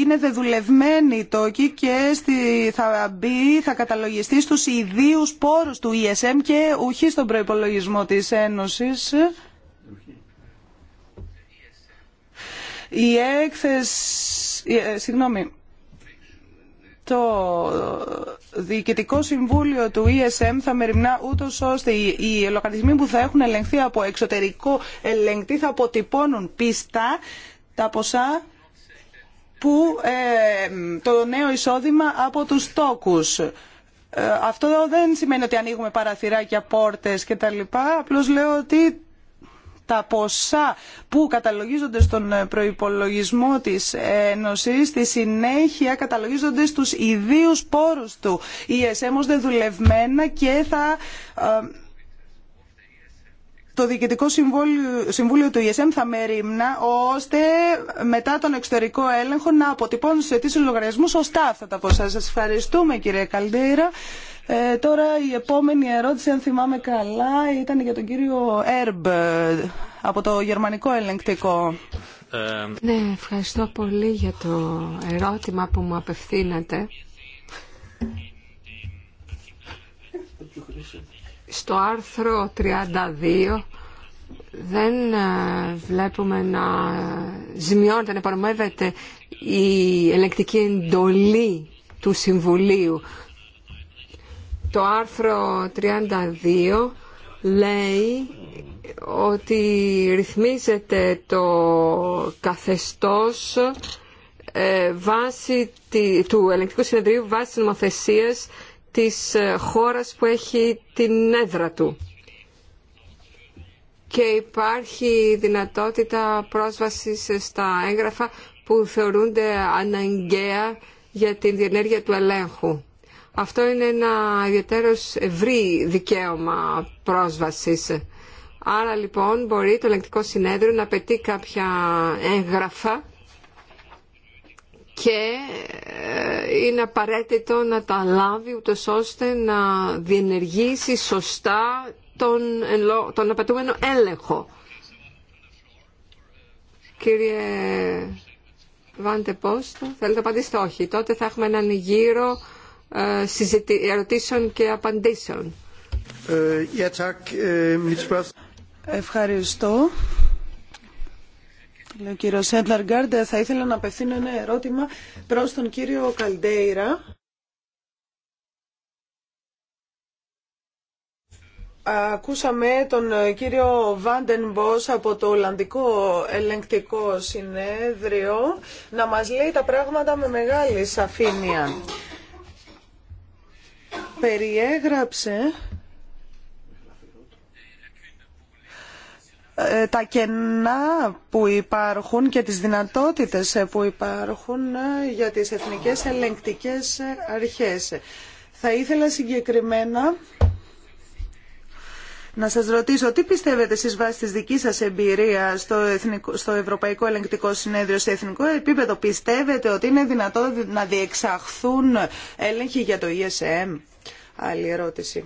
είναι δεδουλευμένη τόκη και στη, θα μπει, θα καταλογιστεί στους ιδίους πόρους του ESM και ουχή στον προϋπολογισμό της Ένωσης. Η έκθεση... Ε, το Διοικητικό Συμβούλιο του ESM θα μεριμνά ούτω ώστε οι λογαριασμοί που θα έχουν ελεγχθεί από εξωτερικό ελεγκτή θα αποτυπώνουν πίστα τα ποσά που ε, το νέο εισόδημα από τους τόκους. Ε, αυτό δεν σημαίνει ότι ανοίγουμε παραθυράκια, πόρτες κτλ. Απλώς λέω ότι τα ποσά που καταλογίζονται στον προϋπολογισμό της Ένωσης στη συνέχεια καταλογίζονται στους ιδίους πόρους του. Ιεσέμονται δουλευμένα και θα ε, το Διοικητικό Συμβούλιο, του ESM θα μερίμνα ώστε μετά τον εξωτερικό έλεγχο να αποτυπώνουν στου αιτήσιου λογαριασμού σωστά αυτά τα ποσά. Σα ευχαριστούμε κύριε Καλντέρα. Ε, τώρα η επόμενη ερώτηση, αν θυμάμαι καλά, ήταν για τον κύριο Ερμπ ε, από το Γερμανικό Ελεγκτικό. Ναι, ευχαριστώ πολύ για το ερώτημα που μου απευθύνατε. Στο άρθρο 32 δεν ε, βλέπουμε να ζημιώνεται, να παρομεύεται η ελεγκτική εντολή του Συμβουλίου. Το άρθρο 32 λέει ότι ρυθμίζεται το καθεστώς ε, βάση του ελεγκτικού συνεδρίου βάσει της νομοθεσίας της ε, χώρας που έχει την έδρα του και υπάρχει δυνατότητα πρόσβασης στα έγγραφα που θεωρούνται αναγκαία για την διενέργεια του ελέγχου. Αυτό είναι ένα ιδιαίτερο ευρύ δικαίωμα πρόσβασης. Άρα λοιπόν μπορεί το ελεγκτικό συνέδριο να πετύχει κάποια έγγραφα και ε, είναι απαραίτητο να τα λάβει ούτως ώστε να διενεργήσει σωστά τον, τον απαιτούμενο έλεγχο. Κύριε Βάντε Πόστο, θέλετε να απαντήσετε όχι. Τότε θα έχουμε έναν γύρο ε, ερωτήσεων και απαντήσεων. Ε, ε, Ευχαριστώ. Ο κύριο Σέντλαργκάρντ θα ήθελα να απευθύνω ένα ερώτημα προ τον κύριο Καλντέιρα. Ακούσαμε τον κύριο Βάντεν από το Ολλανδικό Ελεγκτικό Συνέδριο να μας λέει τα πράγματα με μεγάλη σαφήνεια περιέγραψε ε, τα κενά που υπάρχουν και τις δυνατότητες ε, που υπάρχουν ε, για τις εθνικές ελεγκτικές αρχές. Θα ήθελα συγκεκριμένα να σας ρωτήσω τι πιστεύετε εσείς βάσει της δικής σας εμπειρίας στο, Εθνικό, στο Ευρωπαϊκό Ελεγκτικό Συνέδριο, σε εθνικό επίπεδο. Πιστεύετε ότι είναι δυνατό να διεξαχθούν έλεγχοι για το ESM. Άλλη ερώτηση.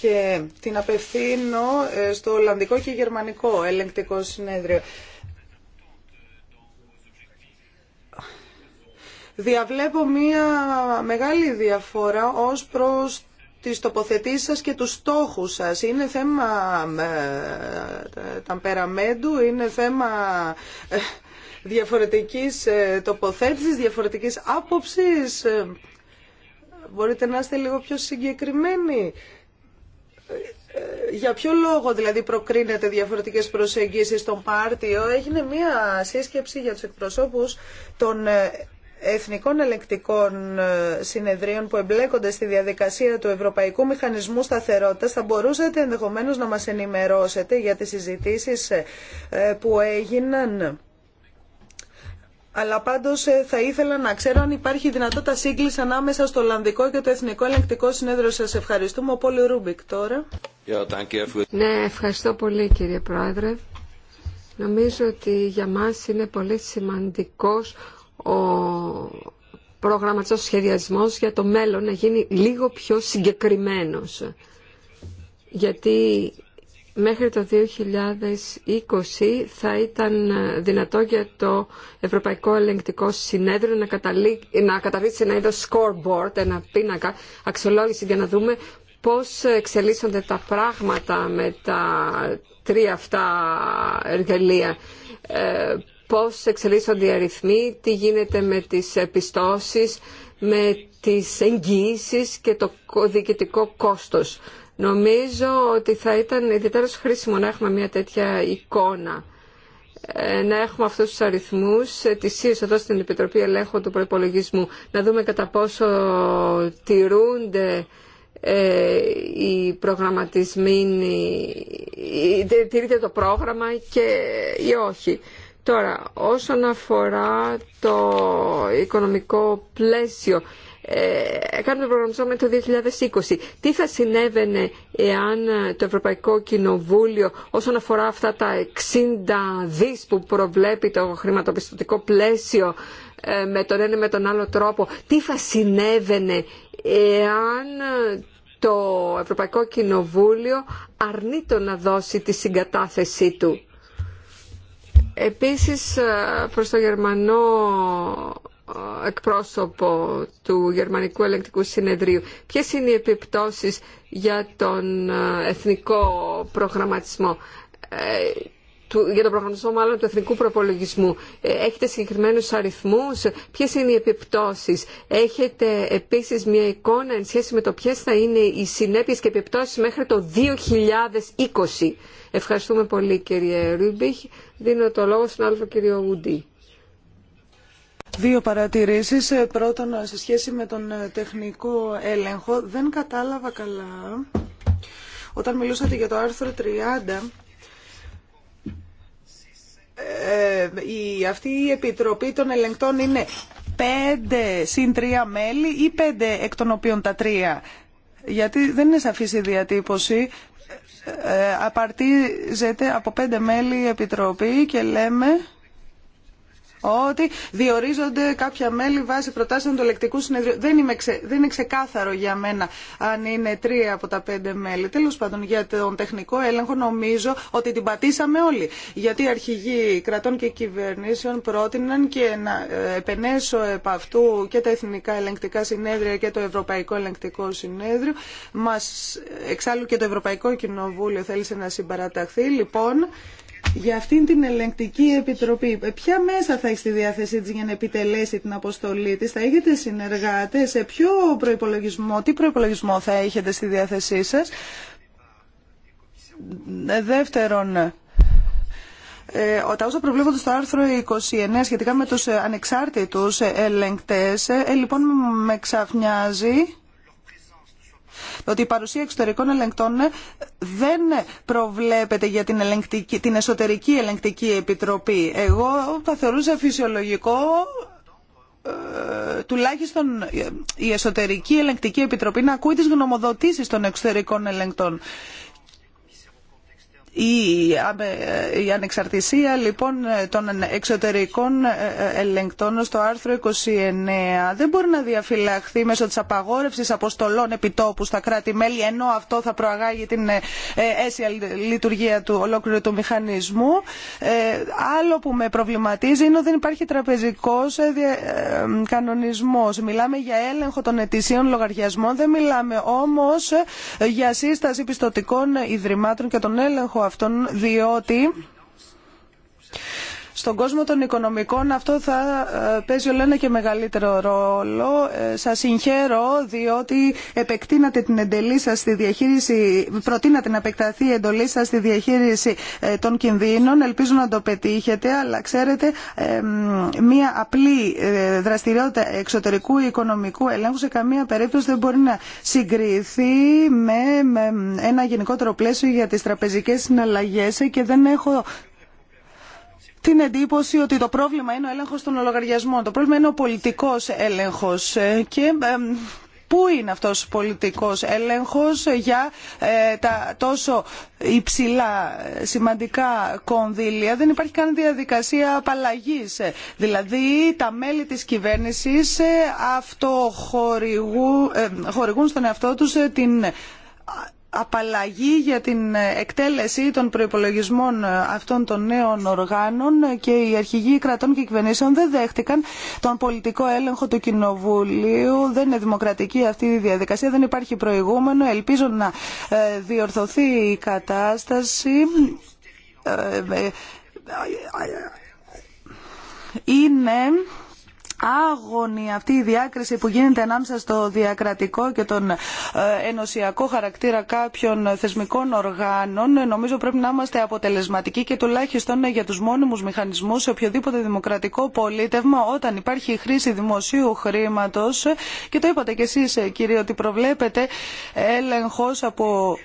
Και την απευθύνω ε, στο Ολλανδικό και Γερμανικό Ελεγκτικό Συνέδριο. διαβλέπω μία μεγάλη διαφορά ως προς τις τοποθετήσεις σας και τους στόχους σας. Είναι θέμα ε, ταμπεραμέντου, είναι θέμα ε, διαφορετικής ε, τοποθέτησης, διαφορετικής άποψης. Μπορείτε να είστε λίγο πιο συγκεκριμένοι. Για ποιο λόγο δηλαδή προκρίνεται διαφορετικές προσεγγίσεις στον Πάρτιο. Έγινε μία σύσκεψη για τους εκπροσώπους των εθνικών ελεκτικών ε, συνεδρίων που εμπλέκονται στη διαδικασία του Ευρωπαϊκού Μηχανισμού Σταθερότητας θα μπορούσατε ενδεχομένως να μας ενημερώσετε για τις συζητήσεις ε, ε, που έγιναν. Αλλά πάντως θα ήθελα να ξέρω αν υπάρχει δυνατότητα σύγκληση ανάμεσα στο Ολλανδικό και το Εθνικό Ελεκτικό Συνέδριο. Σας ευχαριστούμε. Ο Ρούμπικ τώρα. Ναι, ευχαριστώ πολύ κύριε Πρόεδρε. Νομίζω ότι για μας είναι πολύ σημαντικός ο ο σχεδιασμός για το μέλλον να γίνει λίγο πιο συγκεκριμένος. Γιατί μέχρι το 2020 θα ήταν δυνατό για το Ευρωπαϊκό Ελεγκτικό Συνέδριο να, να καταλήξει ένα είδος scoreboard, ένα πίνακα αξιολόγηση για να δούμε πώς εξελίσσονται τα πράγματα με τα τρία αυτά εργαλεία ε, πώς εξελίσσονται οι αριθμοί, τι γίνεται με τις επιστώσεις, με τις εγγύησει και το διοικητικό κόστος. Νομίζω ότι θα ήταν ιδιαίτερα χρήσιμο να έχουμε μια τέτοια εικόνα ε, να έχουμε αυτούς τους αριθμούς ε, τη ίσως εδώ στην Επιτροπή Ελέγχου του Προϋπολογισμού. Να δούμε κατά πόσο τηρούνται ε, οι προγραμματισμοί, ε, τηρείται το πρόγραμμα και ή όχι. Τώρα, όσον αφορά το οικονομικό πλαίσιο, ε, κάνουμε προγραμματισμό με το 2020. Τι θα συνέβαινε εάν το Ευρωπαϊκό Κοινοβούλιο όσον αφορά αυτά τα 60 δις που προβλέπει το χρηματοπιστωτικό πλαίσιο ε, με τον ένα με τον άλλο τρόπο, τι θα συνέβαινε εάν το Ευρωπαϊκό Κοινοβούλιο αρνεί να δώσει τη συγκατάθεσή του. Επίσης ε, προς το γερμανό ε, εκπρόσωπο του Γερμανικού Ελεγκτικού Συνεδρίου. Ποιες είναι οι επιπτώσεις για τον ε, εθνικό προγραμματισμό του, για τον προγραμματισμό μάλλον του εθνικού προπολογισμού. Ε, έχετε συγκεκριμένους αριθμούς, ποιες είναι οι επιπτώσεις. Έχετε επίσης μια εικόνα εν σχέση με το ποιες θα είναι οι συνέπειες και επιπτώσεις μέχρι το 2020. Ευχαριστούμε πολύ κύριε Ρούμπιχ. Δίνω το λόγο στον άλλο κύριο Ουντή. Δύο παρατηρήσεις. Ε, πρώτον, σε σχέση με τον ε, τεχνικό έλεγχο, δεν κατάλαβα καλά. Όταν μιλούσατε για το άρθρο 30, ε, ε, η, αυτή η Επιτροπή των Ελεγκτών είναι πέντε συν τρία μέλη ή πέντε εκ των οποίων τα τρία. Γιατί δεν είναι σαφής η διατύπωση. Ε, ε απαρτίζεται από πέντε μέλη η Επιτροπή και λέμε ότι διορίζονται κάποια μέλη βάσει προτάσεων του ελεκτικού συνεδρίου. Δεν, δεν είναι ξεκάθαρο για μένα αν είναι τρία από τα πέντε μέλη. Τέλο πάντων, για τον τεχνικό έλεγχο νομίζω ότι την πατήσαμε όλοι. Γιατί οι αρχηγοί κρατών και κυβερνήσεων πρότειναν και να ε, επενέσω επ' αυτού και τα εθνικά ελεγκτικά συνέδρια και το Ευρωπαϊκό Ελεγκτικό Συνέδριο. Μας, ε, εξάλλου και το Ευρωπαϊκό Κοινοβούλιο θέλησε να συμπαραταχθεί. Λοιπόν, για αυτήν την ελεγκτική επιτροπή. Ποια μέσα θα έχει στη διάθεσή της για να επιτελέσει την αποστολή της, θα έχετε συνεργάτες, σε ποιο προϋπολογισμό, τι προϋπολογισμό θα έχετε στη διάθεσή σας. Δεύτερον, όταν ε, όσα προβλέπονται στο άρθρο 29 σχετικά με τους ανεξάρτητους ελεγκτές, ε, ε λοιπόν με ξαφνιάζει ότι η παρουσία εξωτερικών ελεγκτών δεν προβλέπεται για την, εσωτερική ελεγκτική επιτροπή. Εγώ θα θεωρούσα φυσιολογικό ε, τουλάχιστον ε, η εσωτερική ελεγκτική επιτροπή να ακούει τις γνωμοδοτήσεις των εξωτερικών ελεγκτών. Η ανεξαρτησία λοιπόν των εξωτερικών ε, ε, ελεγκτών στο άρθρο 29 δεν μπορεί να διαφυλαχθεί μέσω της απαγόρευσης αποστολών επιτόπου στα κράτη-μέλη ενώ αυτό θα προαγάγει την ε, αίσια λειτουργία του ολόκληρου του μηχανισμού. Άλλο που με προβληματίζει είναι ότι δεν υπάρχει τραπεζικός κανονισμός. Μιλάμε για έλεγχο των ετησίων λογαριασμών, δεν μιλάμε όμως για σύσταση πιστοτικών ιδρυμάτων και τον έλεγχο αυτόν διότι στον κόσμο των οικονομικών αυτό θα ε, παίζει όλο ένα και μεγαλύτερο ρόλο. Ε, σας συγχαίρω διότι επεκτείνατε την εντελή στη διαχείριση, προτείνατε να επεκταθεί η εντολή σα στη διαχείριση ε, των κινδύνων. Ελπίζω να το πετύχετε, αλλά ξέρετε μία απλή δραστηριότητα εξωτερικού οικονομικού ελέγχου σε καμία περίπτωση δεν μπορεί να συγκριθεί με ένα γενικότερο πλαίσιο για τι τραπεζικέ συναλλαγέ και δεν έχω την εντύπωση ότι το πρόβλημα είναι ο έλεγχος των λογαριασμών. Το πρόβλημα είναι ο πολιτικός έλεγχος ε, και ε, πού είναι αυτός ο πολιτικός έλεγχος για ε, τα τόσο υψηλά σημαντικά κονδύλια. Δεν υπάρχει καν διαδικασία απαλλαγής. Δηλαδή τα μέλη της κυβέρνησης αυτοχορηγούν χορηγούν στον εαυτό τους την απαλλαγή για την εκτέλεση των προϋπολογισμών αυτών των νέων οργάνων και οι αρχηγοί κρατών και κυβερνήσεων δεν δέχτηκαν τον πολιτικό έλεγχο του Κοινοβουλίου. Δεν είναι δημοκρατική αυτή η διαδικασία, δεν υπάρχει προηγούμενο. Ελπίζω να διορθωθεί η κατάσταση είναι άγωνη αυτή η διάκριση που γίνεται ανάμεσα στο διακρατικό και τον ε, ενωσιακό χαρακτήρα κάποιων θεσμικών οργάνων νομίζω πρέπει να είμαστε αποτελεσματικοί και τουλάχιστον για τους μόνιμους μηχανισμούς σε οποιοδήποτε δημοκρατικό πολίτευμα όταν υπάρχει χρήση δημοσίου χρήματος και το είπατε κι εσείς ε, κύριε ότι προβλέπετε έλεγχος από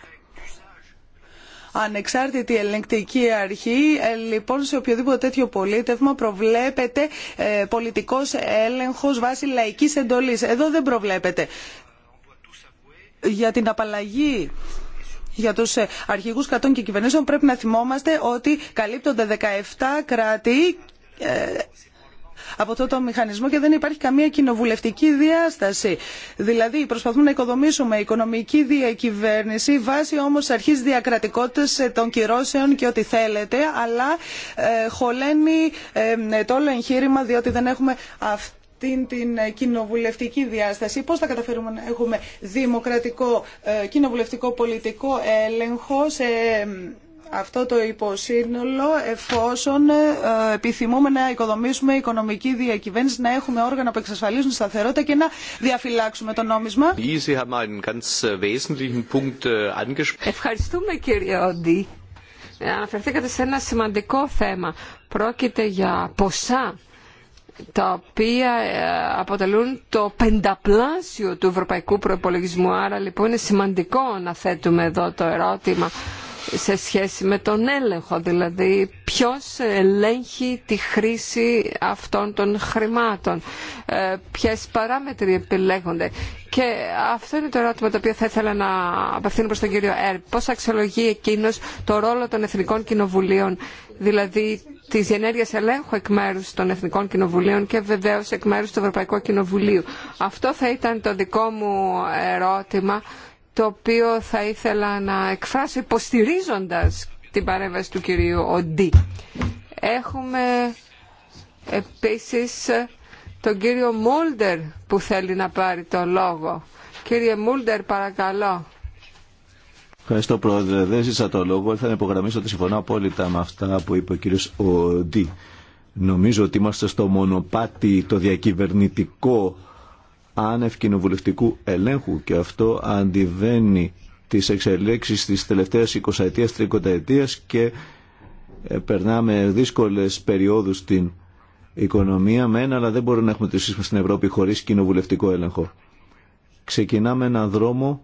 ανεξάρτητη ελεγκτική αρχή. Ε, λοιπόν, σε οποιοδήποτε τέτοιο πολίτευμα προβλέπεται ε, πολιτικός έλεγχος βάσει λαϊκής εντολής. Εδώ δεν προβλέπεται. Για την απαλλαγή για τους ε, αρχηγούς κρατών και κυβερνήσεων πρέπει να θυμόμαστε ότι καλύπτονται 17 κράτη από αυτό το μηχανισμό και δεν υπάρχει καμία κοινοβουλευτική διάσταση. Δηλαδή προσπαθούμε να οικοδομήσουμε οικονομική διακυβέρνηση βάσει όμως αρχής διακρατικότητας ε, των κυρώσεων και ό,τι θέλετε αλλά ε, χωλαίνει ε, ε, το όλο εγχείρημα διότι δεν έχουμε αυτή την, κοινοβουλευτική διάσταση. Πώς θα καταφέρουμε να έχουμε δημοκρατικό, κοινοβουλευτικό πολιτικό έλεγχο σε αυτό το υποσύνολο εφόσον ε, επιθυμούμε να οικοδομήσουμε οικονομική διακυβέρνηση, να έχουμε όργανα που εξασφαλίζουν σταθερότητα και να διαφυλάξουμε το νόμισμα. Ε, ε, Ευχαριστούμε κύριε Όντι. Αναφερθήκατε σε ένα σημαντικό θέμα. Πρόκειται για ποσά τα οποία αποτελούν το πενταπλάσιο του ευρωπαϊκού προπολογισμού. Άρα λοιπόν είναι σημαντικό να θέτουμε εδώ το ερώτημα σε σχέση με τον έλεγχο, δηλαδή ποιος ελέγχει τη χρήση αυτών των χρημάτων, ε, ποιες παράμετροι επιλέγονται. Και αυτό είναι το ερώτημα το οποίο θα ήθελα να απευθύνω προς τον κύριο Έρ. Πώς αξιολογεί εκείνος το ρόλο των Εθνικών Κοινοβουλίων, δηλαδή τη ενέργειες ελέγχου εκ μέρου των Εθνικών Κοινοβουλίων και βεβαίως εκ μέρου του Ευρωπαϊκού Κοινοβουλίου. Αυτό θα ήταν το δικό μου ερώτημα το οποίο θα ήθελα να εκφράσω υποστηρίζοντας την παρέμβαση του κυρίου Οντί. Έχουμε επίσης τον κύριο Μούλτερ που θέλει να πάρει το λόγο. Κύριε Μούλτερ παρακαλώ. Ευχαριστώ πρόεδρε. Δεν ζήσα το λόγο. Θα υπογραμμίσω ότι συμφωνώ απόλυτα με αυτά που είπε ο κύριος Οντί. Νομίζω ότι είμαστε στο μονοπάτι το διακυβερνητικό άνευ κοινοβουλευτικού ελέγχου και αυτό αντιβαίνει τις εξελίξεις της τελευταίας 20 ετίας, 30 ετίας και ε, περνάμε δύσκολες περιόδους στην οικονομία μεν, αλλά δεν μπορούμε να έχουμε τη στην Ευρώπη χωρίς κοινοβουλευτικό έλεγχο. Ξεκινάμε έναν δρόμο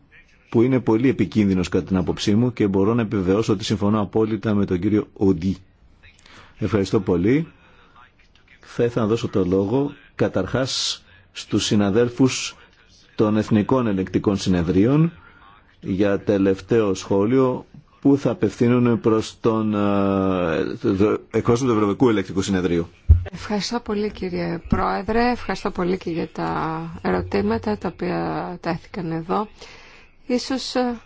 που είναι πολύ επικίνδυνος κατά την άποψή μου και μπορώ να επιβεβαιώσω ότι συμφωνώ απόλυτα με τον κύριο Οντί. Ευχαριστώ πολύ. Θα ήθελα να δώσω το λόγο καταρχάς στους συναδέλφους των Εθνικών Ελεκτικών Συνεδρίων για τελευταίο σχόλιο που θα απευθύνουν προς τον ε, εκπρόσωπο του Ευρωπαϊκού Ελεκτικού Συνεδρίου. Ευχαριστώ πολύ κύριε Πρόεδρε, ευχαριστώ πολύ και για τα ερωτήματα τα οποία τέθηκαν εδώ. Ίσως ε,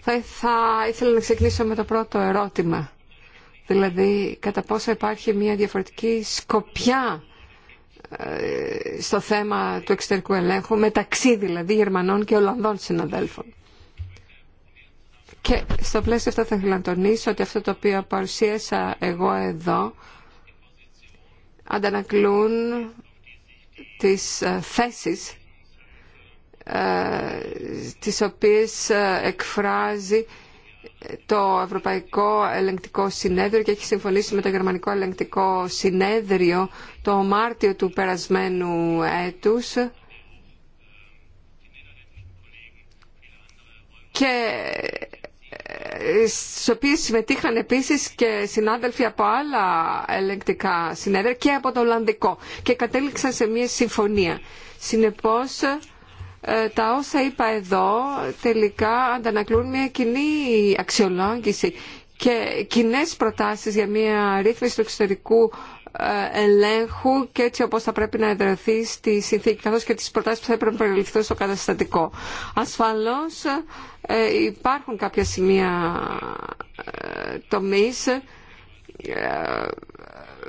θα, θα ήθελα να ξεκινήσω με το πρώτο ερώτημα. Δηλαδή, κατά πόσο υπάρχει μια διαφορετική σκοπιά ε, στο θέμα του εξωτερικού ελέγχου μεταξύ δηλαδή Γερμανών και Ολλανδών συναδέλφων. Και στο πλαίσιο αυτό θα ήθελα να τονίσω ότι αυτό το οποίο παρουσίασα εγώ εδώ αντανακλούν τις ε, θέσεις ε, τις οποίες εκφράζει το Ευρωπαϊκό Ελεγκτικό Συνέδριο και έχει συμφωνήσει με το Γερμανικό Ελεγκτικό Συνέδριο το Μάρτιο του περασμένου έτους και ε, στις οποίες συμμετείχαν επίσης και συνάδελφοι από άλλα ελεγκτικά συνέδρια και από το Ολλανδικό και κατέληξαν σε μια συμφωνία. Συνεπώς ε, τα όσα είπα εδώ τελικά αντανακλούν μια κοινή αξιολόγηση και κοινέ προτάσεις για μια ρύθμιση του εξωτερικού ε, ελέγχου και έτσι όπως θα πρέπει να εδρεωθεί στη συνθήκη καθώς και τις προτάσεις που θα έπρεπε να περιληφθούν στο καταστατικό. Ασφαλώς ε, υπάρχουν κάποια σημεία τομείς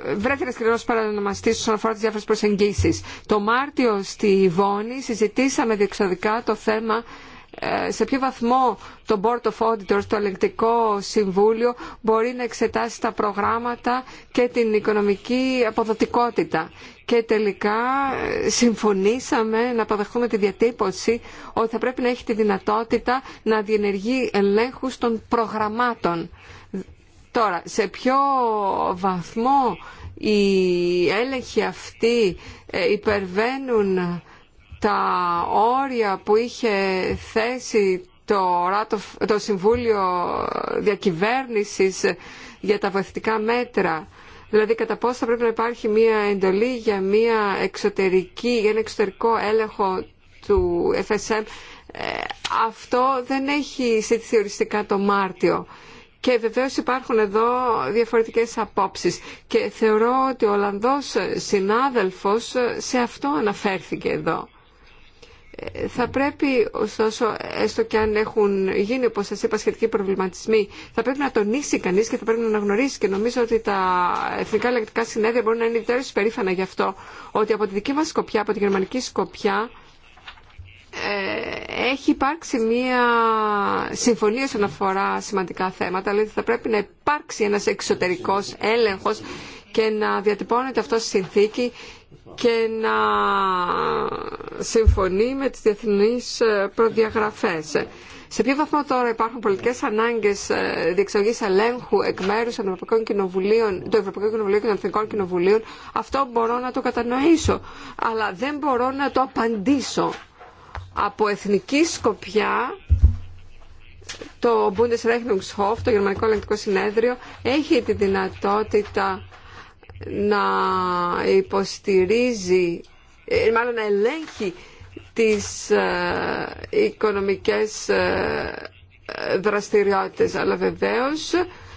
βρέθηκε ένα σκληρό παρανομαστή όσον αφορά τι διάφορε προσεγγίσει. Το Μάρτιο στη Βόνη συζητήσαμε διεξοδικά το θέμα ε, σε ποιο βαθμό το Board of Auditors, το ελεγκτικό συμβούλιο, μπορεί να εξετάσει τα προγράμματα και την οικονομική αποδοτικότητα. Και τελικά ε, συμφωνήσαμε να αποδεχτούμε τη διατύπωση ότι θα πρέπει να έχει τη δυνατότητα να διενεργεί ελέγχους των προγραμμάτων. Τώρα, σε ποιο βαθμό οι έλεγχοι αυτοί ε, υπερβαίνουν τα όρια που είχε θέσει το, το Συμβούλιο Διακυβέρνησης για τα βοηθητικά μέτρα. Δηλαδή κατά πόσο θα πρέπει να υπάρχει μια εντολή για, μια εξωτερική, για ένα εξωτερικό έλεγχο του FSM. Ε, αυτό δεν έχει οριστικά το Μάρτιο. Και βεβαίω υπάρχουν εδώ διαφορετικές απόψεις. Και θεωρώ ότι ο Ολλανδό συνάδελφος σε αυτό αναφέρθηκε εδώ. Ε, θα πρέπει, ωστόσο, έστω και αν έχουν γίνει, όπως σας είπα, σχετικοί προβληματισμοί, θα πρέπει να τονίσει κανείς και θα πρέπει να αναγνωρίσει και νομίζω ότι τα εθνικά ελεγκτικά συνέδρια μπορούν να είναι ιδιαίτερα περήφανα γι' αυτό, ότι από τη δική μας σκοπιά, από τη γερμανική σκοπιά, ε, έχει υπάρξει μία συμφωνία όσον αφορά σημαντικά θέματα, δηλαδή θα πρέπει να υπάρξει ένας εξωτερικός έλεγχος και να διατυπώνεται αυτό στη συνθήκη και να συμφωνεί με τις διεθνείς προδιαγραφές. Σε ποιο βαθμό τώρα υπάρχουν πολιτικές ανάγκες ε, διεξαγωγή ελέγχου εκ μέρους των Ευρωπαϊκών Κοινοβουλίων, του Ευρωπαϊκού Κοινοβουλίων και των Εθνικών Κοινοβουλίων, αυτό μπορώ να το κατανοήσω, αλλά δεν μπορώ να το απαντήσω. Από εθνική σκοπιά το Bundesrechnungshof, το Γερμανικό Ελεγκτικό Συνέδριο, έχει τη δυνατότητα να υποστηρίζει, ε, μάλλον να ελέγχει τις ε, οικονομικές ε, δραστηριότητες. Αλλά βεβαίως,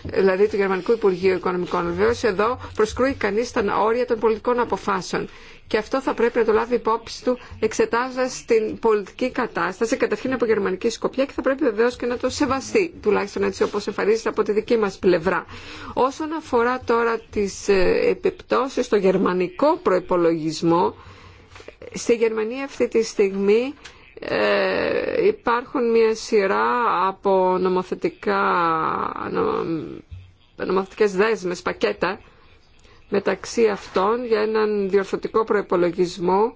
δηλαδή του Γερμανικού Υπουργείου Οικονομικών, βεβαίως εδώ προσκρούει κανείς τα όρια των πολιτικών αποφάσεων και αυτό θα πρέπει να το λάβει υπόψη του εξετάζοντα την πολιτική κατάσταση καταρχήν από γερμανική σκοπιά και θα πρέπει βεβαίω και να το σεβαστεί, τουλάχιστον έτσι όπω εμφανίζεται από τη δική μα πλευρά. Όσον αφορά τώρα τι ε, επιπτώσει στο γερμανικό προπολογισμό, στη Γερμανία αυτή τη στιγμή ε, υπάρχουν μια σειρά από νομοθετικά, νομοθετικές δέσμες, πακέτα μεταξύ αυτών για έναν διορθωτικό προϋπολογισμό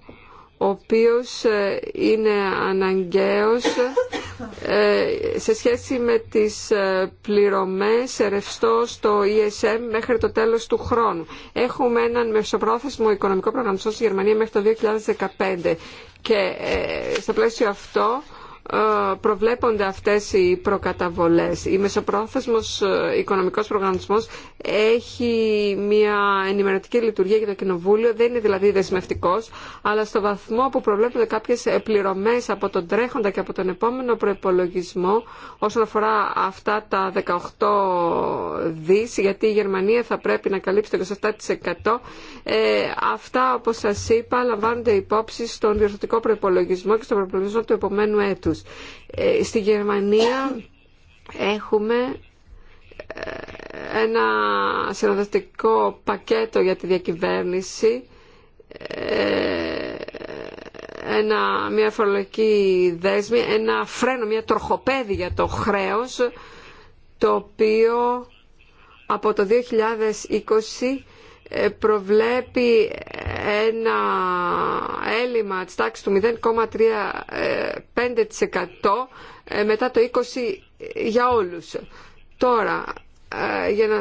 ο οποίος ε, είναι αναγκαίος ε, σε σχέση με τις ε, πληρωμές ρευστό στο ESM μέχρι το τέλος του χρόνου. Έχουμε έναν μεσοπρόθεσμο οικονομικό προγραμματισμό στη Γερμανία μέχρι το 2015 και στο πλαίσιο αυτό ε, προβλέπονται αυτές οι προκαταβολές. Η μεσοπρόθεσμος ε, οικονομικός προγραμματισμός έχει μια ενημερωτική λειτουργία για το Κοινοβούλιο, δεν είναι δηλαδή δεσμευτικός, αλλά στο βαθμό που προβλέπονται κάποιες πληρωμές από τον τρέχοντα και από τον επόμενο προπολογισμό όσον αφορά αυτά τα 18 δις, γιατί η Γερμανία θα πρέπει να καλύψει το 27%. Ε, αυτά, όπως σας είπα, λαμβάνονται υπόψη στον διορθωτικό προπολογισμό και στον προπολογισμό του επομένου έτους. Ε, στη Γερμανία έχουμε ε, ένα συνοδευτικό πακέτο για τη διακυβέρνηση ε, ένα, μια φορολογική δέσμη, ένα φρένο, μια τροχοπέδη για το χρέος, το οποίο από το 2020 ε, προβλέπει ένα έλλειμμα της τάξης του 0,35% ε, ε, μετά το 20% για όλους. Τώρα, για να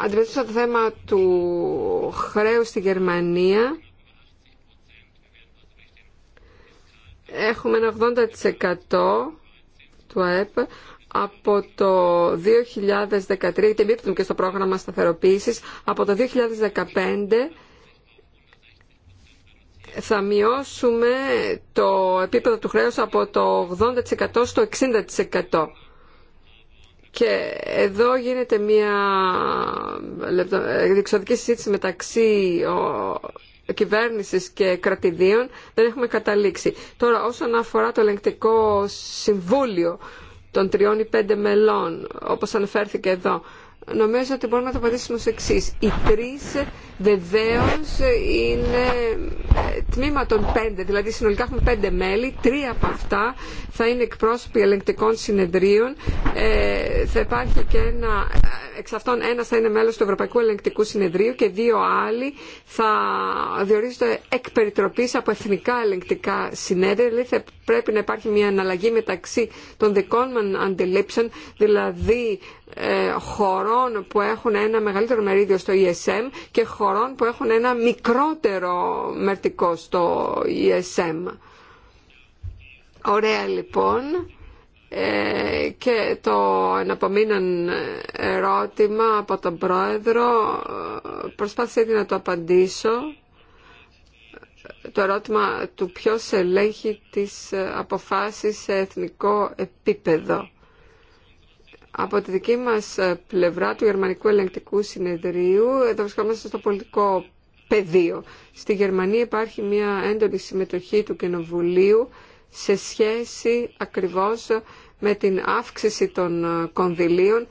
αντιμετωπίσω το θέμα του χρέους στη Γερμανία, έχουμε ένα 80% του ΑΕΠ, από το 2013 γιατί μπήκαν και στο πρόγραμμα σταθεροποίησης από το 2015 θα μειώσουμε το επίπεδο του χρέους από το 80% στο 60%. Και εδώ γίνεται μια διεξοδική συζήτηση μεταξύ κυβέρνησης και κρατηδίων. Δεν έχουμε καταλήξει. Τώρα όσον αφορά το ελεγκτικό συμβούλιο των τριών ή πέντε μελών, όπως αναφέρθηκε εδώ, νομίζω ότι μπορούμε να το απαντήσουμε ως εξή. Οι τρει βεβαίω είναι ε, τμήμα των πέντε, δηλαδή συνολικά έχουμε πέντε μέλη, τρία από αυτά θα είναι εκπρόσωποι ελεγκτικών συνεδρίων, ε, θα υπάρχει και ένα εξ αυτών ένας θα είναι μέλος του Ευρωπαϊκού Ελεγκτικού Συνεδρίου και δύο άλλοι θα διορίζονται εκ περιτροπή από εθνικά ελεγκτικά συνέδρια, δηλαδή θα πρέπει να υπάρχει μια αναλλαγή μεταξύ των δικών μα αντιλήψεων, δηλαδή ε, χωρών που έχουν ένα μεγαλύτερο μερίδιο στο ESM και χωρών που έχουν ένα μικρότερο μερτικό στο ESM. Ωραία λοιπόν. Ε, και το εναπομείναν ερώτημα από τον πρόεδρο ε, προσπάθησε να το απαντήσω το ερώτημα του ποιος ελέγχει τις ε, αποφάσεις σε εθνικό επίπεδο. Από τη δική μας πλευρά του Γερμανικού Ελεγκτικού Συνεδρίου, εδώ βρισκόμαστε στο πολιτικό πεδίο. Στη Γερμανία υπάρχει μια έντονη συμμετοχή του Κοινοβουλίου σε σχέση ακριβώς με την αύξηση των ε, κονδυλίων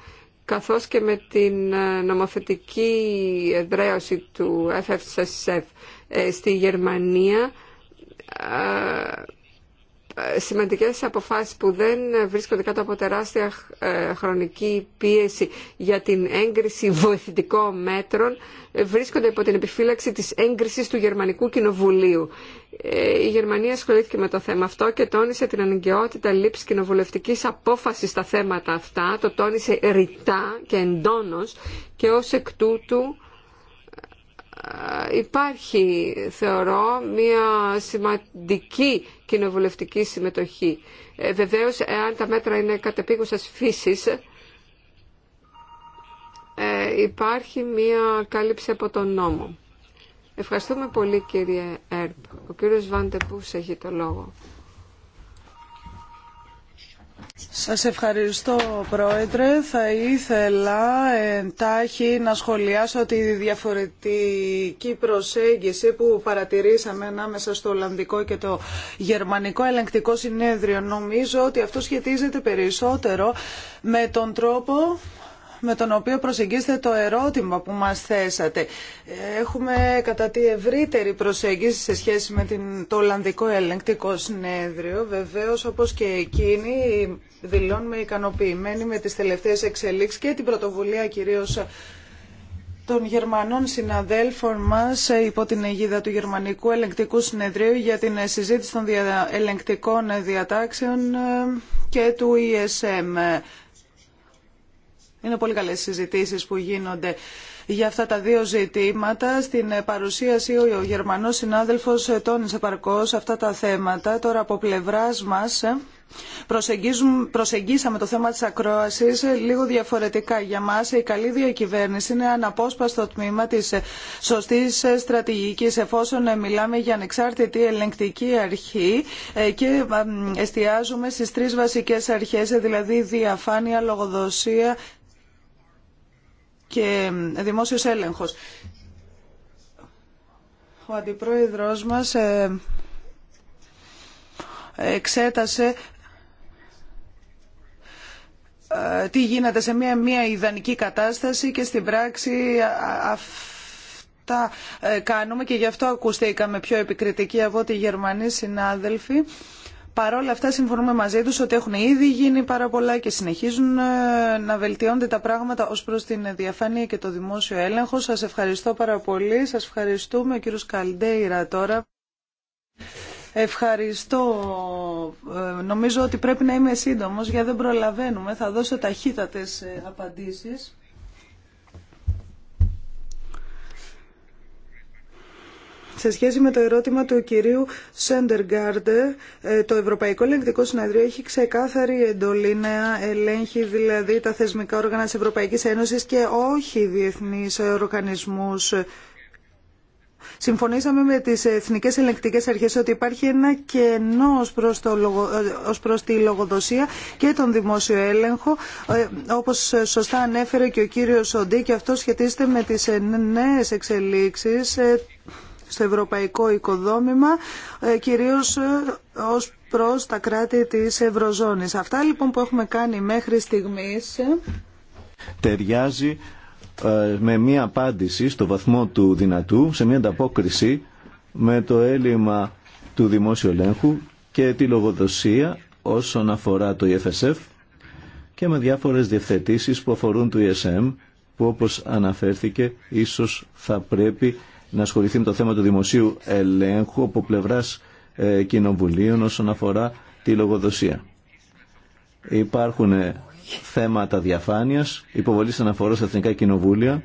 καθώς και με την ε, νομοθετική εδραίωση του FFSF ε, στη Γερμανία σημαντικές αποφάσεις που δεν βρίσκονται κάτω από τεράστια ε, χρονική πίεση για την έγκριση βοηθητικών μέτρων βρίσκονται υπό την επιφύλαξη της έγκρισης του Γερμανικού Κοινοβουλίου. Ε, η Γερμανία ασχολήθηκε με το θέμα αυτό και τόνισε την αναγκαιότητα λήψη κοινοβουλευτική απόφαση στα θέματα αυτά. Το τόνισε ρητά και εντόνως και ως εκ τούτου υπάρχει, θεωρώ, μια σημαντική κοινοβουλευτική συμμετοχή. Ε, βεβαίως, εάν τα μέτρα είναι κατεπίγουσας φύσης, ε, υπάρχει μια κάλυψη από τον νόμο. Ευχαριστούμε πολύ, κύριε Έρπ. Ο κύριος Βάντεπούς έχει το λόγο. Σας ευχαριστώ Πρόεδρε. Θα ήθελα εντάχει να σχολιάσω τη διαφορετική προσέγγιση που παρατηρήσαμε ανάμεσα στο Ολλανδικό και το Γερμανικό Ελεγκτικό Συνέδριο. Νομίζω ότι αυτό σχετίζεται περισσότερο με τον τρόπο με τον οποίο προσεγγίσετε το ερώτημα που μας θέσατε. Έχουμε κατά τη ευρύτερη προσέγγιση σε σχέση με την, το Ολλανδικό Ελεγκτικό Συνέδριο. Βεβαίως, όπως και εκείνη, δηλώνουμε ικανοποιημένοι με τις τελευταίες εξελίξεις και την πρωτοβουλία κυρίως των Γερμανών συναδέλφων μας υπό την αιγίδα του Γερμανικού Ελεγκτικού Συνεδρίου για την συζήτηση των ελεγκτικών διατάξεων ε, και του ESM. Είναι πολύ καλές συζητήσεις που γίνονται για αυτά τα δύο ζητήματα. Στην παρουσίαση ο Γερμανός συνάδελφος τόνισε παρκώς αυτά τα θέματα. Τώρα από πλευράς μας προσεγγίσαμε το θέμα της ακρόασης λίγο διαφορετικά. Για μας η καλή διακυβέρνηση είναι αναπόσπαστο τμήμα της σωστής στρατηγικής εφόσον μιλάμε για ανεξάρτητη ελεγκτική αρχή και εστιάζουμε στις τρεις βασικές αρχές, δηλαδή διαφάνεια, λογοδοσία και δημόσιος έλεγχος. Ο αντιπρόεδρος μας ε, εξέτασε ε, τι γίνεται σε μια, μια ιδανική κατάσταση και στην πράξη αυτά ε, κάνουμε και γι' αυτό ακουστήκαμε πιο επικριτική από ό,τι οι Γερμανοί συνάδελφοι παρόλα αυτά συμφωνούμε μαζί τους ότι έχουν ήδη γίνει πάρα πολλά και συνεχίζουν ε, να βελτιώνται τα πράγματα ως προς την διαφάνεια και το δημόσιο έλεγχο. Σας ευχαριστώ πάρα πολύ. Σας ευχαριστούμε ο κύριος Καλντέιρα τώρα. Ευχαριστώ. Ε, νομίζω ότι πρέπει να είμαι σύντομος γιατί δεν προλαβαίνουμε. Θα δώσω ταχύτατες ε, απαντήσεις. σε σχέση με το ερώτημα του κυρίου Σέντεργκάρντε... το Ευρωπαϊκό Ελεγκτικό Συνεδρίο έχει ξεκάθαρη εντολή να ελέγχει δηλαδή τα θεσμικά όργανα της Ευρωπαϊκής Ένωσης και όχι διεθνείς οργανισμούς Συμφωνήσαμε με τις εθνικές ελεγκτικές αρχές ότι υπάρχει ένα κενό ως προς, ε, τη λογοδοσία και τον δημόσιο έλεγχο. Ε, όπως σωστά ανέφερε και ο κύριος Σοντή και αυτό σχετίζεται με τις νέες εξελίξεις ε, στο ευρωπαϊκό οικοδόμημα, ε, κυρίως ε, ως προς τα κράτη της Ευρωζώνης. Αυτά λοιπόν που έχουμε κάνει μέχρι στιγμής ε, ταιριάζει με μία απάντηση στο βαθμό του δυνατού, σε μία ανταπόκριση με το έλλειμμα του δημόσιου ελέγχου και τη λογοδοσία όσον αφορά το EFSF και με διάφορες διευθετήσεις που αφορούν το ESM που όπως αναφέρθηκε ίσως θα πρέπει να ασχοληθεί με το θέμα του δημοσίου ελέγχου από πλευρά ε, κοινοβουλίων όσον αφορά τη λογοδοσία. Υπάρχουν ε, θέματα διαφάνειας, υποβολή αναφορών στα εθνικά κοινοβούλια,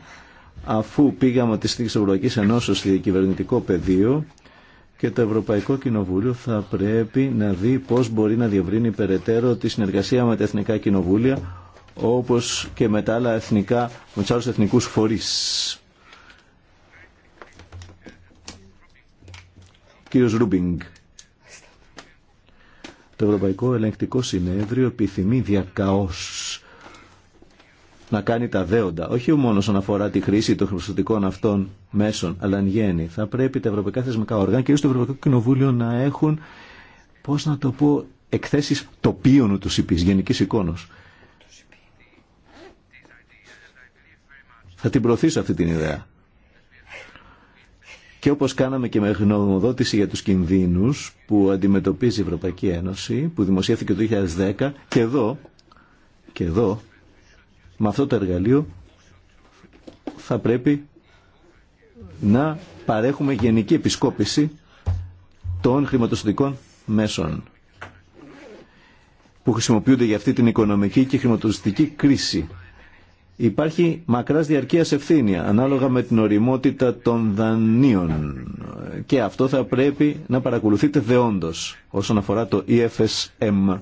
αφού πήγαμε τη στήριξη της Ευρωπαϊκής Ενώσεως στη κυβερνητικό πεδίο και το Ευρωπαϊκό Κοινοβούλιο θα πρέπει να δει πώς μπορεί να διευρύνει περαιτέρω τη συνεργασία με τα εθνικά κοινοβούλια όπως και με τα άλλα εθνικά, με εθνικούς φορείς. Κύριος Ρούμπινγκ. Το Ευρωπαϊκό Ελεγκτικό Συνέδριο επιθυμεί διακαώς να κάνει τα δέοντα, όχι μόνο όσον αφορά τη χρήση των χρηματοδοτικών αυτών μέσων, αλλά εν γέννη. Θα πρέπει τα ευρωπαϊκά θεσμικά όργανα, και το Ευρωπαϊκό Κοινοβούλιο, να έχουν, πώ να το πω, εκθέσει τοπίων του ΣΥΠΗ, γενική εικόνα. Θα την προωθήσω αυτή την ιδέα. Και όπως κάναμε και με γνωμοδότηση για τους κινδύνους που αντιμετωπίζει η Ευρωπαϊκή Ένωση, που δημοσιεύθηκε το 2010, και εδώ, και εδώ, με αυτό το εργαλείο θα πρέπει να παρέχουμε γενική επισκόπηση των χρηματοστατικών μέσων που χρησιμοποιούνται για αυτή την οικονομική και χρηματοσυντική κρίση. Υπάρχει μακράς διαρκείας ευθύνη ανάλογα με την οριμότητα των δανείων και αυτό θα πρέπει να παρακολουθείτε δεόντως όσον αφορά το EFSM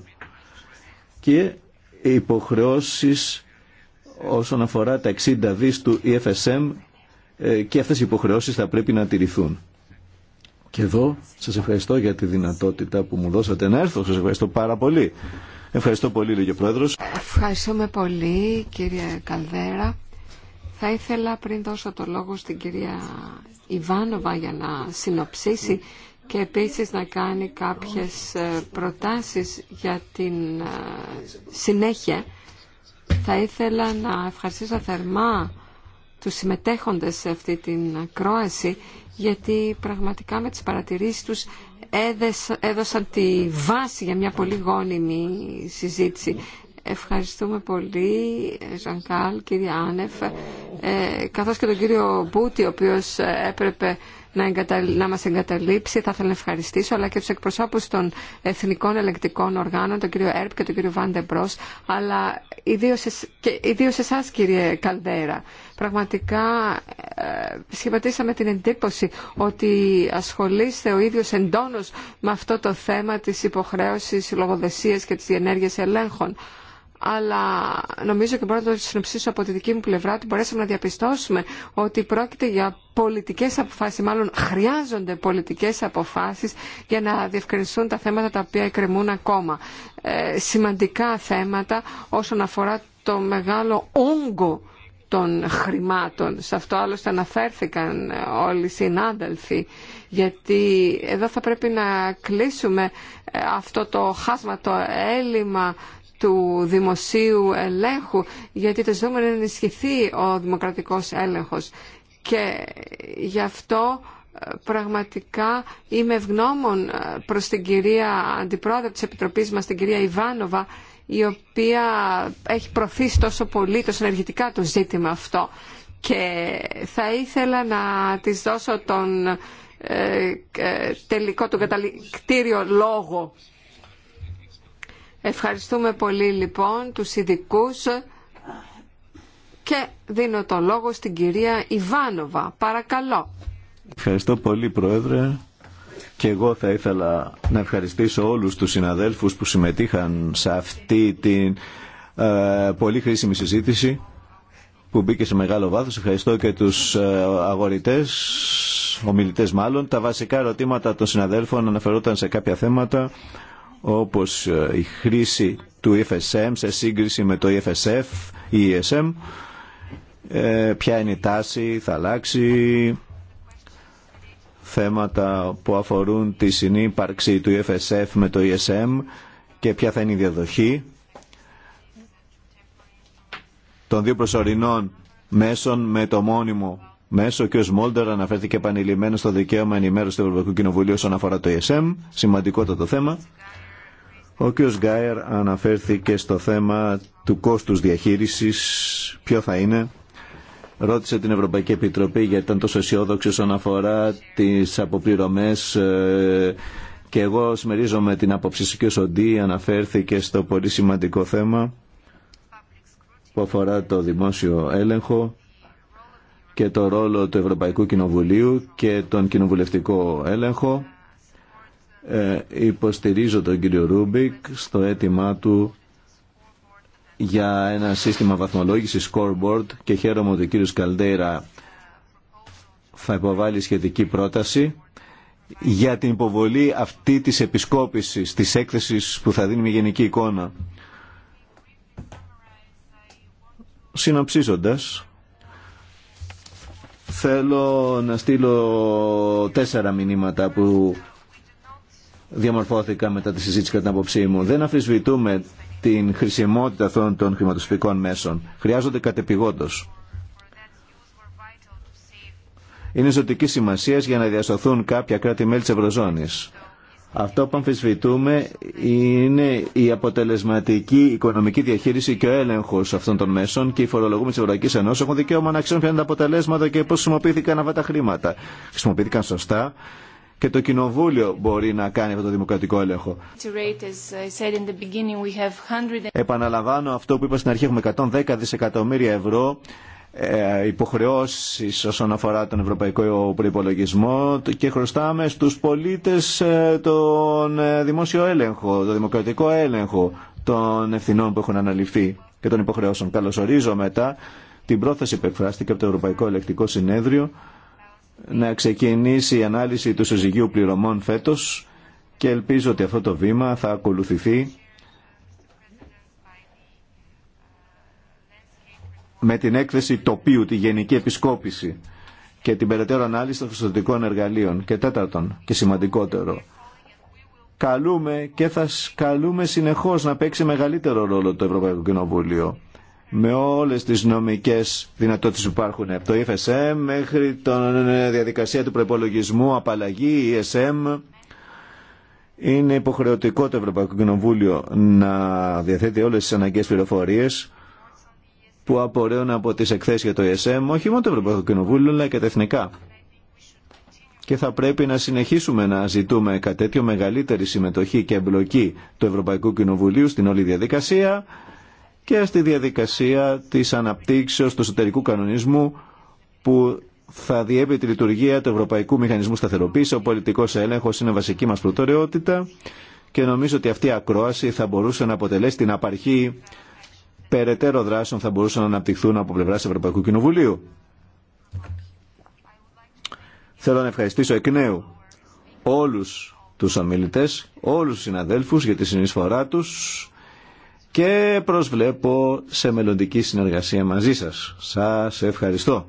και οι υποχρεώσεις όσον αφορά τα 60 δις του EFSM ε, και αυτές οι υποχρεώσεις θα πρέπει να τηρηθούν. Και εδώ σας ευχαριστώ για τη δυνατότητα που μου δώσατε να έρθω. Σας ευχαριστώ πάρα πολύ. Ευχαριστώ πολύ, λέγε Πρόεδρο. Ευχαριστούμε πολύ, κύριε Καλδέρα. Θα ήθελα πριν δώσω το λόγο στην κυρία Ιβάνοβα για να συνοψίσει και επίσης να κάνει κάποιες ε, προτάσεις για την ε, συνέχεια. Θα ήθελα να ευχαριστήσω θερμά τους συμμετέχοντες σε αυτή την κρόαση γιατί πραγματικά με τις παρατηρήσεις τους έδωσαν τη βάση για μια πολύ γόνιμη συζήτηση. Ευχαριστούμε πολύ, Ζανκάλ, κύριε Άνεφ, ε, καθώς και τον κύριο Μπούτι, ο οποίος έπρεπε να, εγκαταλ... μας εγκαταλείψει. Θα ήθελα να ευχαριστήσω αλλά και τους εκπροσώπους των Εθνικών ελεκτικών Οργάνων, τον κύριο Έρπ και τον κύριο Βάντεμπρος, αλλά ιδίως, και εσάς κύριε Καλδέρα. Πραγματικά ε, σχηματίσαμε την εντύπωση ότι ασχολείστε ο ίδιος εντόνως με αυτό το θέμα της υποχρέωσης λογοδεσίας και της διενέργειας ελέγχων αλλά νομίζω και μπορώ να το συνοψίσω από τη δική μου πλευρά ότι μπορέσαμε να διαπιστώσουμε ότι πρόκειται για πολιτικές αποφάσεις, μάλλον χρειάζονται πολιτικές αποφάσεις για να διευκρινιστούν τα θέματα τα οποία εκκρεμούν ακόμα. Ε, σημαντικά θέματα όσον αφορά το μεγάλο όγκο των χρημάτων. Σε αυτό άλλωστε αναφέρθηκαν όλοι οι συνάδελφοι, γιατί εδώ θα πρέπει να κλείσουμε ε, αυτό το χάσμα, το έλλειμμα του δημοσίου ελέγχου, γιατί το ζητούμενο είναι να ενισχυθεί ο δημοκρατικός έλεγχος. Και γι' αυτό ε, πραγματικά είμαι ευγνώμων ε, προς την κυρία Αντιπρόεδρο της Επιτροπής μας, την κυρία Ιβάνοβα, η οποία έχει προωθήσει τόσο πολύ, τόσο ενεργητικά το ζήτημα αυτό. Και θα ήθελα να της δώσω τον ε, τελικό, του καταληκτήριο λόγο Ευχαριστούμε πολύ λοιπόν τους ειδικού και δίνω το λόγο στην κυρία Ιβάνοβα. Παρακαλώ. Ευχαριστώ πολύ Πρόεδρε και εγώ θα ήθελα να ευχαριστήσω όλους τους συναδέλφους που συμμετείχαν σε αυτή την ε, πολύ χρήσιμη συζήτηση που μπήκε σε μεγάλο βάθος. Ευχαριστώ και τους ε, αγορητές, ομιλητές μάλλον. Τα βασικά ερωτήματα των συναδέλφων αναφερόταν σε κάποια θέματα όπως ε, η χρήση του EFSM σε σύγκριση με το EFSF ή ESM, ε, ποια είναι η τάση, θα αλλάξει, θέματα που αφορούν τη συνύπαρξη του EFSF με το ESM και ποια θα είναι η διαδοχή των δύο προσωρινών μέσων με το μόνιμο μέσο και ο Σμόλτερ αναφέρθηκε επανειλημμένο στο δικαίωμα ενημέρωση του Ευρωπαϊκού Κοινοβουλίου όσον αφορά το ESM. το θέμα. Ο κ. Γκάιερ αναφέρθηκε στο θέμα του κόστους διαχείρισης, ποιο θα είναι. Ρώτησε την Ευρωπαϊκή Επιτροπή γιατί ήταν τόσο αισιόδοξη όσον αφορά τις αποπληρωμές ε, και εγώ συμμερίζομαι την άποψη σου και Σοντή αναφέρθηκε στο πολύ σημαντικό θέμα που αφορά το δημόσιο έλεγχο και το ρόλο του Ευρωπαϊκού Κοινοβουλίου και τον κοινοβουλευτικό έλεγχο ε, υποστηρίζω τον κύριο Ρούμπικ στο αίτημά του για ένα σύστημα βαθμολόγησης scoreboard και χαίρομαι ότι ο κύριος Καλτέρα θα υποβάλει σχετική πρόταση για την υποβολή αυτή της επισκόπησης, της έκθεσης που θα δίνει μια γενική εικόνα. Συνοψίζοντας, θέλω να στείλω τέσσερα μηνύματα που διαμορφώθηκα μετά τη συζήτηση κατά την άποψή μου. Δεν αφισβητούμε την χρησιμότητα αυτών των χρηματοσφικών μέσων. Χρειάζονται κατεπηγόντως. Είναι ζωτική σημασία για να διασωθούν κάποια κράτη-μέλη της Ευρωζώνης. Αυτό που αμφισβητούμε είναι η αποτελεσματική οικονομική διαχείριση και ο έλεγχο αυτών των μέσων και οι φορολογούμενοι τη Ευρωπαϊκή Ενώση έχουν δικαίωμα να ξέρουν ποια είναι τα αποτελέσματα και πώ χρησιμοποιήθηκαν αυτά τα χρήματα. Χρησιμοποιήθηκαν σωστά και το Κοινοβούλιο μπορεί να κάνει αυτό το δημοκρατικό έλεγχο. Επαναλαμβάνω αυτό που είπα στην αρχή, έχουμε 110 δισεκατομμύρια ευρώ ε, υποχρεώσεις όσον αφορά τον ευρωπαϊκό προϋπολογισμό και χρωστάμε στους πολίτες ε, τον ε, δημόσιο έλεγχο, τον δημοκρατικό έλεγχο των ευθυνών που έχουν αναλυφθεί και των υποχρεώσεων. Καλωσορίζω μετά την πρόθεση που εκφράστηκε από το Ευρωπαϊκό Ελεκτικό Συνέδριο να ξεκινήσει η ανάλυση του συζυγίου πληρωμών φέτος και ελπίζω ότι αυτό το βήμα θα ακολουθηθεί με την έκθεση τοπίου, τη γενική επισκόπηση και την περαιτέρω ανάλυση των χρησιμοποιητικών εργαλείων. Και τέταρτον και σημαντικότερο, καλούμε και θα καλούμε συνεχώς να παίξει μεγαλύτερο ρόλο το Ευρωπαϊκό Κοινοβούλιο με όλες τις νομικές δυνατότητες που υπάρχουν από το FSM μέχρι τη ε, διαδικασία του προπολογισμού, απαλλαγή, ESM. Είναι υποχρεωτικό το Ευρωπαϊκό Κοινοβούλιο να διαθέτει όλες τις αναγκαίες πληροφορίες που απορρέουν από τις εκθέσεις για το ESM, όχι μόνο το Ευρωπαϊκό Κοινοβούλιο, αλλά και τα εθνικά. Και θα πρέπει να συνεχίσουμε να ζητούμε κατ' μεγαλύτερη συμμετοχή και εμπλοκή του Ευρωπαϊκού Κοινοβουλίου στην όλη διαδικασία και στη διαδικασία της αναπτύξεως του εσωτερικού κανονισμού που θα διέπει τη λειτουργία του Ευρωπαϊκού Μηχανισμού Σταθεροποίηση. Ο πολιτικό έλεγχο είναι βασική μα προτεραιότητα και νομίζω ότι αυτή η ακρόαση θα μπορούσε να αποτελέσει την απαρχή περαιτέρω δράσεων θα μπορούσαν να αναπτυχθούν από πλευρά Ευρωπαϊκού Κοινοβουλίου. Θέλω να ευχαριστήσω εκ νέου όλου του ομιλητέ, όλου του συναδέλφου για τη συνεισφορά του και προσβλέπω σε μελλοντική συνεργασία μαζί σας. Σας ευχαριστώ.